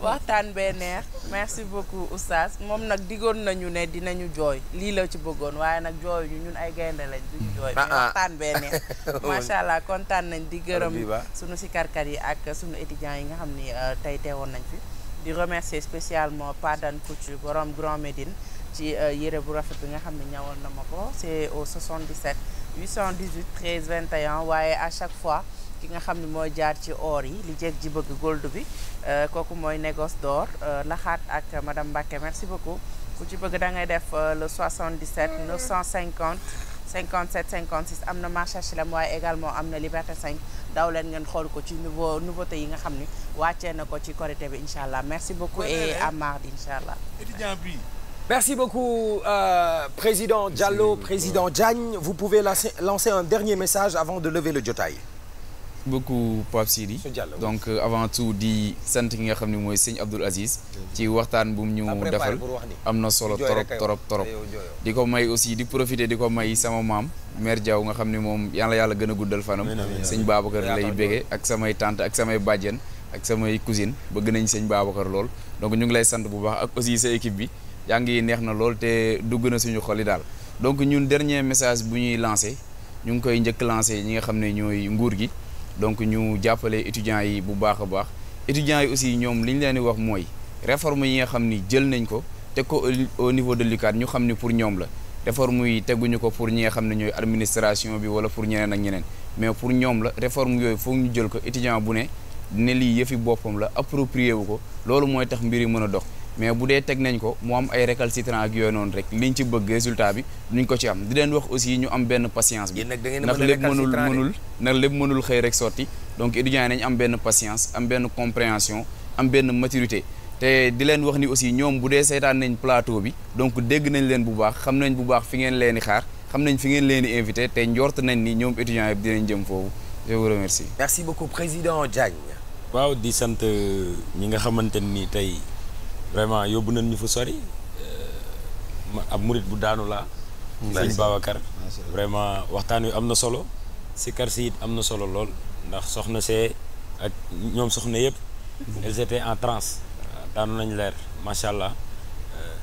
waxtaan bee neex merci beaucoup oustaz moom nag diggoon nañu ne dinañu jooy lii la ci bëggoon waaye nag jooy ñu ñun ay gaynde lañ duñu jooy ah, ah. waxtaan bee neex macha allah kontaan nañ di gërëm suñu sikarkat yi ak suñu étudiants yi nga xam ni euh, tey teewoon nañ fi di remercier spécialement Padane Couture borom Grand Médine ci euh, yére bu rafet bi nga xam ne ñawoon na ma ko c'est au 77 818 13 21 waaye à chaque fois ki nga xam ni mooy jaar ci or yi li jeeg ji bëgg gold bi euh, kooku mooy négoce d'or euh, laxaat ak madame Mbacké merci beaucoup ku ci bëgg da ngay def le 77 950 57 56 am na marché HLM waaye également am na Liberté 5 daw leen ngeen xool ko ci nouveau nouveauté yi nga xam ne wàccee na ko ci Korité bi incha allah merci beaucoup et à allah bi Merci beaucoup euh, président Diallo, président Diagne. Vous pouvez lancer un dernier message avant de lever le jotaay. beaucoup Pape Sidi donc euh, avant tout di sant ki nga xam ni mooy sëñ Abdoul Aziz ci waxtaan bu mu ñu defal am na solo torop torop di ko may aussi di profiter di ko may sama maam mère Diaw nga xam ni moom yàlla yàlla gën a guddal fanam sëñ Babacar lay bége ak samay tante ak samay bàjjen ak samay cousine bëgg nañ sëñ Babacar lool donc ñu ngi lay sant bu baax bi jàng yi neex na loolu te dugg na suñu xol yi daal donc ñun dernier message bu ñuy lancé ñu ngi koy njëkk lancé ñi nga xam ne ñooy nguur gi donc ñu jàppale étudiants yi bu baax a baax étudiants yi aussi ñoom li ñu leen di wax mooy réforme yi nga xam ni jël nañ ko teg ko au niveau de l'UCAD ñu xam ni pour ñoom la réforme yi teguñu ko pour ñi xam ne ñooy administration bi wala pour ñeneen ak ñeneen mais pour ñoom la réforme yooyu foog ñu jël ko étudiant bu ne ne lii yëfi boppam la approprié wu ko loolu mooy tax mbir yi mën a dox mais bu dee teg nañ ko mu am ay récalcitrant ak yooyu noonu rek liñ ci bëgg résultat bi nuñ ko ci am di leen wax aussi ñu am benn patience bi ndax lépp mënul mënul ndax lépp mënul xëy rek sorti donc étudiants yi nañ am benn patience am benn compréhension am benn maturité te di leen wax ni aussi ñoom bu dee seetaan nañ plateau bi donc dégg nañ leen bu baax xam nañ bu baax fi ngeen leen di xaar xam nañ fi ngeen leen di invité te njort nañ ni ñoom étudiants yëpp dinañ jëm foofu je vous remercie. merci beaucoup président Diagne. waaw di sant ñi nga xamante ni tey. vraiment yóbbu nañ ñu fa sori euh, ab murit bu daanu laa sëñ Babacar vraiment waxtaan wi am na solo si kar si it am na solo lool ndax soxna see ak ñoom soxna yëpp mhm. elles étaient en trance daanu nañ leer macha allah euh,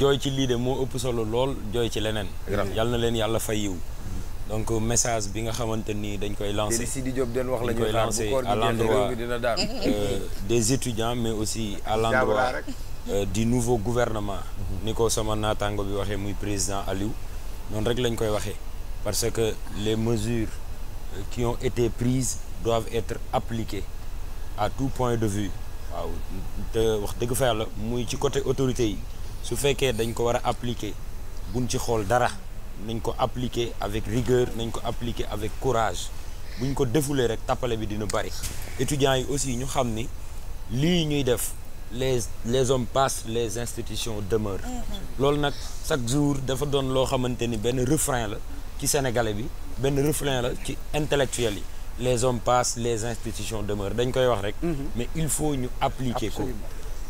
jooy ci lii de moo ëpp solo lool jooy ci leneen yal na leen yàlla fay yiw donc message bi nga xamante ni dañ koy lancer Sidi Diop den wax la ñu koy lancer à l'endroit euh, des étudiants mais aussi à l'endroit euh, di nouveau gouvernement ni ko sama naataango bi waxee muy président Aliou noonu rek lañ koy waxee parce que les mesures euh, qui ont été prises doivent être appliquées à tout point de vue waaw te wax dëgg fa yàlla muy ci côté autorité yi su fekkee dañ ko war a appliquer buñ ci xool dara nañ ko appliquer avec rigueur nañ ko appliquer avec courage bu ñu ko defulee rek tappale bi dina bari étudiants yi aussi ñu xam ni lii ñuy def les les hommes passent les institutions demeurent. Mm-hmm. loolu nag chaque jour dafa doon loo xamante ni benn refrain la ci sénégalais bi benn refrain la ci intellectuels yi les hommes passent les institutions demeurent dañ koy wax rek. Mm-hmm. mais il faut ñu appliquer ko.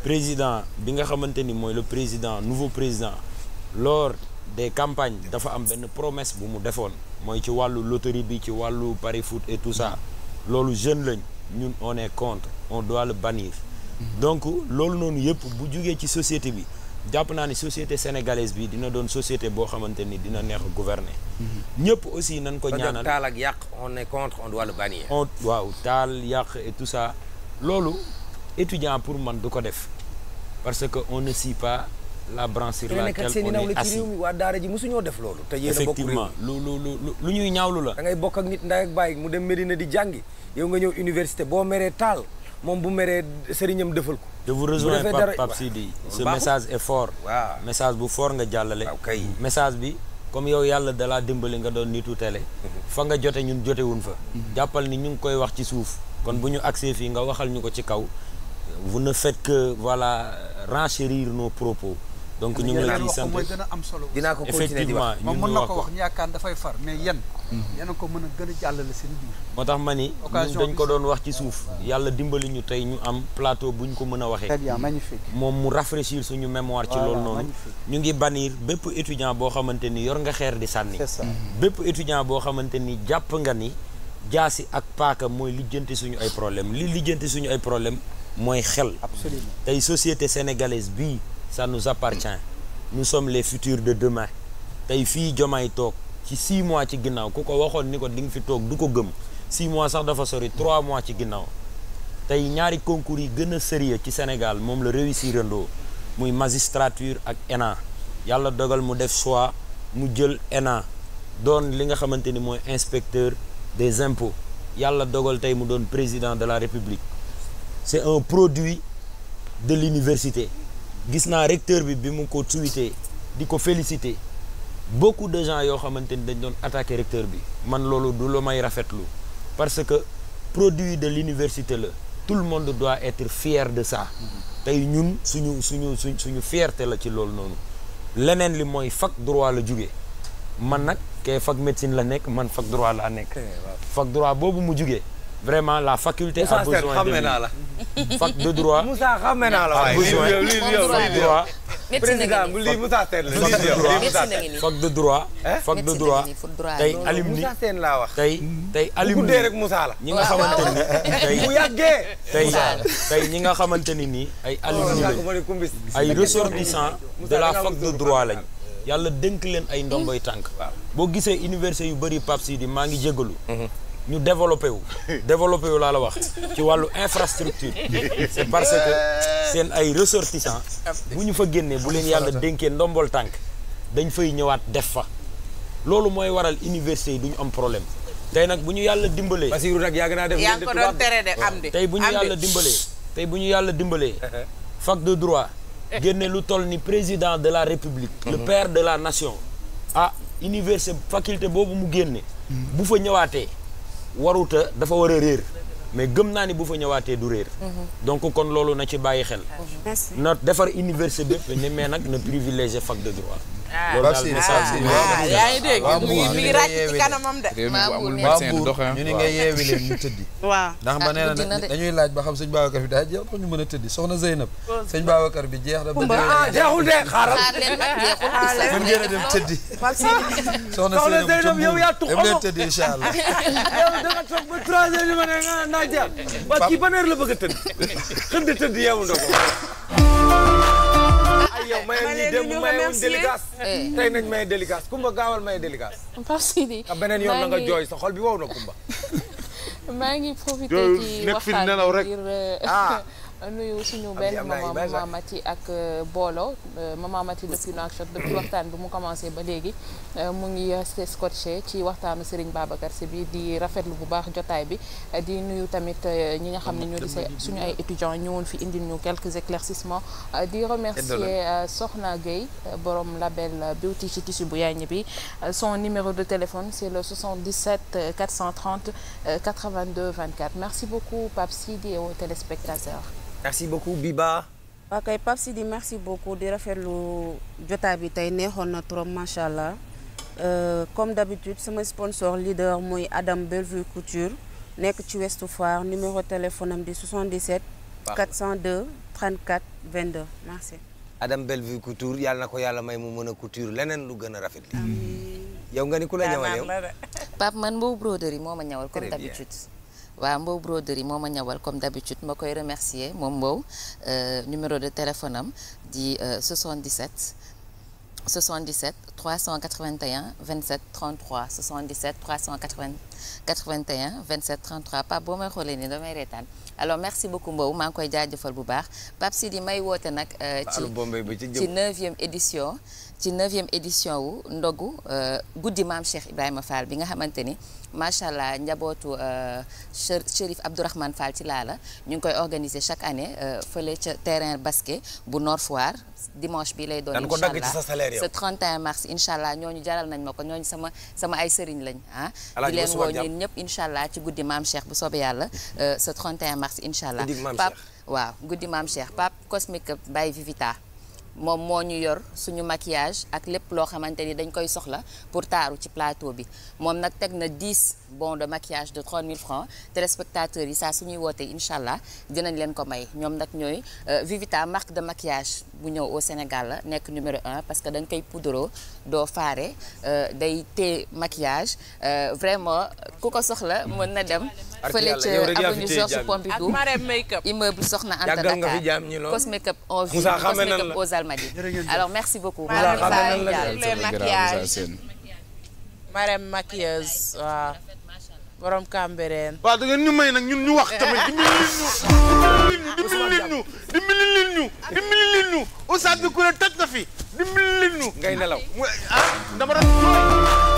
président bi nga xamante ni mooy le président nouveau président lors des campagnes dafa am benn promesse bu mu defoon mooy ci wàllu loterie bi ci wàllu pari foot et tout ça loolu jeune lañ ñun on est contre on doit le bannir donc loolu noonu yëpp bu jugee ci société bi jàpp naa ni société sénégalaise bi dina doon société boo xamante ni dina neex gouverner. Mhm. ñëpp aussi nañ ko ñaanal taal ak yàq on est on doit le on waaw taal yàq et tout ça loolu étudiant pour man du ko def parce que on ne sait la branche sur laquelle on est assis waa daara ji mosuñoo def loolu. te yéen bokk effectivement lu lu lu lu ñuy ñaawlu la. da ngay bokk ak nit ndaay ak bàyyi mu dem Medina di jàngi yow nga ñëw université boo meree taal moom bu meree sëriñam defal ko. je vous rejoins Pape Pape Sidi ce message est fort. waaw message bu fort nga jàllale. message bi. comme yow yàlla dalaa dimbali nga doon nitu télé mhm. fa nga jote ñun jotewuñ fa mhm. jàppal ni ñu ngi koy wax ci suuf kon bu ñu mhm. agsee fii nga waxal ñu ko ci kaw vous ne faites que voilà renchérir nos donc ñu ngi leen di sant mooy gën am solo dinaa ko continuer wax moom mën na ko wax ñu dafay far mais yéen mm-hmm. yéen a ko mën a gën a jàllale seen moo tax ma ni ñun dañ ko doon wax ci suuf yàlla dimbali ñu tey ñu am plateau bu ñu ko mën a waxee magnifique moom mu rafraîchir suñu mémoire ci loolu noonu ñu ngi bannir bépp étudiant boo xamante ni yor nga xeer di sànni mm-hmm. bépp étudiant boo xamante ni jàpp nga ni jaasi ak paaka mooy lijjanti suñu ay problème li lijjanti suñu ay problème mooy xel absolument tey société sénégalaise bii ça nous appartient nous sommes les futurs de demain tey fii Diomaye toog ci 6 mois ci ginnaaw ku ko waxoon ni ko di nga fi toog du ko gëm 6 mois sax dafa sori trois mois ci ginnaaw tey ñaari concours yi gën a sérieux ci Sénégal moom la réussir andoo muy magistrature ak enaan yàlla dogal mu def choix mu jël ENA doon li nga xamante ni mooy inspecteur des impôts yàlla dogal tey mu doon président de la République c'est un produit de l'université gis naa recteur bi bi mu ko tweeté di ko félicité bokk de gens yoo xamante ni dañ doon attaqué recteur bi man loolu du la may rafetlu parce que produit de l'université la tout le monde doit être fier de ça tey ñun suñu suñu suñ suñu fierte la ci loolu noonu leneen li mooy fac droit la juge man nag kay fac médecine la nekk man fac droit laa nekk fac droit boobu mu jugee vraiment la faculté a besoin de lui fac de droit. Moussa xam naa la waaye droit. président bu lii Moussa de droit fac de droit tey alumni laa wax tey tey alumni rek Moussa la ñi nga xamante ni tey tey tey ñi nga xamante ni nii ay alumni lañ ay ressortissants de la fac de droit lañ yàlla dënk leen ay ndomboy tànk boo gisee université yu bëri Pape Sidi maa ngi jégalu mhm. ñu développé wu développé wu laa la wax ci wàllu infrastructure c'est parce que seen ay ressortissants bu ñu fa génnee bu leen yàlla dénkee ndombol tànk dañ fay ñëwaat def fa loolu mooy waral université yi du ñu am problème tey nag bu ñu yàlla dimbalee Basirou nag yàgg naa def yaa ngi ko doon tere tey bu ñu yàlla dimbalee tey bu ñu yàlla dimbalee fac de droit génne lu toll ni président de la république le mhm. père de la nation ah université faculté boobu mu génne bu fa ñëwaatee waruta dafa war a réer mais gëm naa ni bu fa ñëwaatee du réer. Mhm. donc kon loolu na ci bàyyi xel. na defar université bi mais nag na privilégié fac de droit. vaccine ah. ah, vaccine ah, yaa ngi dégg mu ngi mi ngi ràcc ci kanamam de amul médecin doxin ñu ni nga yeewi leen ñu tëddi waaw ndax ma nee dañuy laaj ba xam sëñ Babacar bi daa jeex ba ñu mën a tëddi soxna Zeynab oh. sëñ Babacar bi jeex na de xaaral mën ngeen a dem tëddi soxna Zeynab tëddi incha allah yow ba trois heures jeex waa kii a ak yow mayal ñi démb mayewuñ délicace eh. tey nañ maye délicace Kumba gaawal maye délicace Pape Sidi a ah, beneen yoon na nga jooy sa xol bi wow na Kumba maa ngi profité ci waxtaan bi rek eh, ah. nuyu suñu benn maman maman ah. Mati ak euh, Bolo euh, maman Mati depuis Nouakchott depuis waxtaan bi mu commencé ba léegi euh, mu ngi scotché ci waxtaanu Serigne baaba Sy bi di rafetlu bu baax jotaay bi di nuyu tamit ñi nga xam ne ñoo di say suñu ay étudiants ñëwoon fi indil ñu quelques éclaircissements di remercier Soxna Gueye borom label Beauty ci tissu bu yaañ bi son numéro de téléphone c'est le 77 430 82 24 merci beaucoup Pape Sidi et aux téléspectateurs merci beaucoup Biba. waaw kay Pape di merci beaucoup di rafetlu jotaa bi tey neexoon na trop macha allah euh, comme d'habitude sama sponsor leader muy Adam Bellevue Couture nekk ci Ouest Foire numéro téléphone am di 77. 402 34 22 merci. Adam Bellevue Couture yàlla ko yàlla may mu mën a couture leneen lu gën a rafet. yow nga ni ku la ñawal yow. Pape man boobu broderie moo ma ñawal comme d'habitude waaw Mbow broderie moo ma ñawal comme d'habitude ma koy remercier moom Mbow euh, numéro de téléphone am di 77 77 381 27 33 77 381 27 33 Pape boo may xoolee nii damay reetaan alors merci beaucoup Mbow maa ngi koy jaajëfal bu baax Pape di may woote nag. Euh, ci ci neuvième édition. ci neuvième édition wu ndogu euh, guddi maam Cheikh Ibrahima Fall bi nga xamante ni. macha allah njabootu euh, Chérif Abdourahmane Fall ci laa la ñu ngi koy organiser chaque année euh, fële ca terrain basket bu Nord Foire dimanche bi lay doon incha allah ce 31 mars incha allah ñooñu jaral nañ ma ko ñooñu sama sama ay sëriñ lañ ah di leen woo ñun ñëpp incha allah ci guddi maam Cheikh bu soobee yàlla euh, ce 31 mars incha allah Pape waaw guddi maam Cheikh Pape Cosmique Baye Vivita moom moo ñu yor suñu maquillage ak lépp loo xamante ni dañ koy soxla pour taaru ci plateau bi moom nag teg na 10 bons de maquillage de 3000 francs téléspectateurs yi saa suñuy wootee incha allah dinañ leen ko may ñoom nag ñooy euh, Vivita marque de maquillage bu ñëw au Sénégal la nekk numéro un parce que da nga koy poudroo doo faare euh, day tee maquillage euh, vraiment ku ko soxla mën na dem fële ca avenue Georges Pompidou immeuble Soxna Anta Dakar makeup on vit cos makeup aux Almadies alors merci beaucoup Marème maquilleuse waaw borom Cambérène. waaw da ngeen ñu may nag ñun ñu wax tamit dimbali leen ñu dimbali leen ñu dimbali leen ñu dimbali leen ñu. ustaas bi kuréel toj na fi dimbali leen ñu. ngay nelaw ah, dama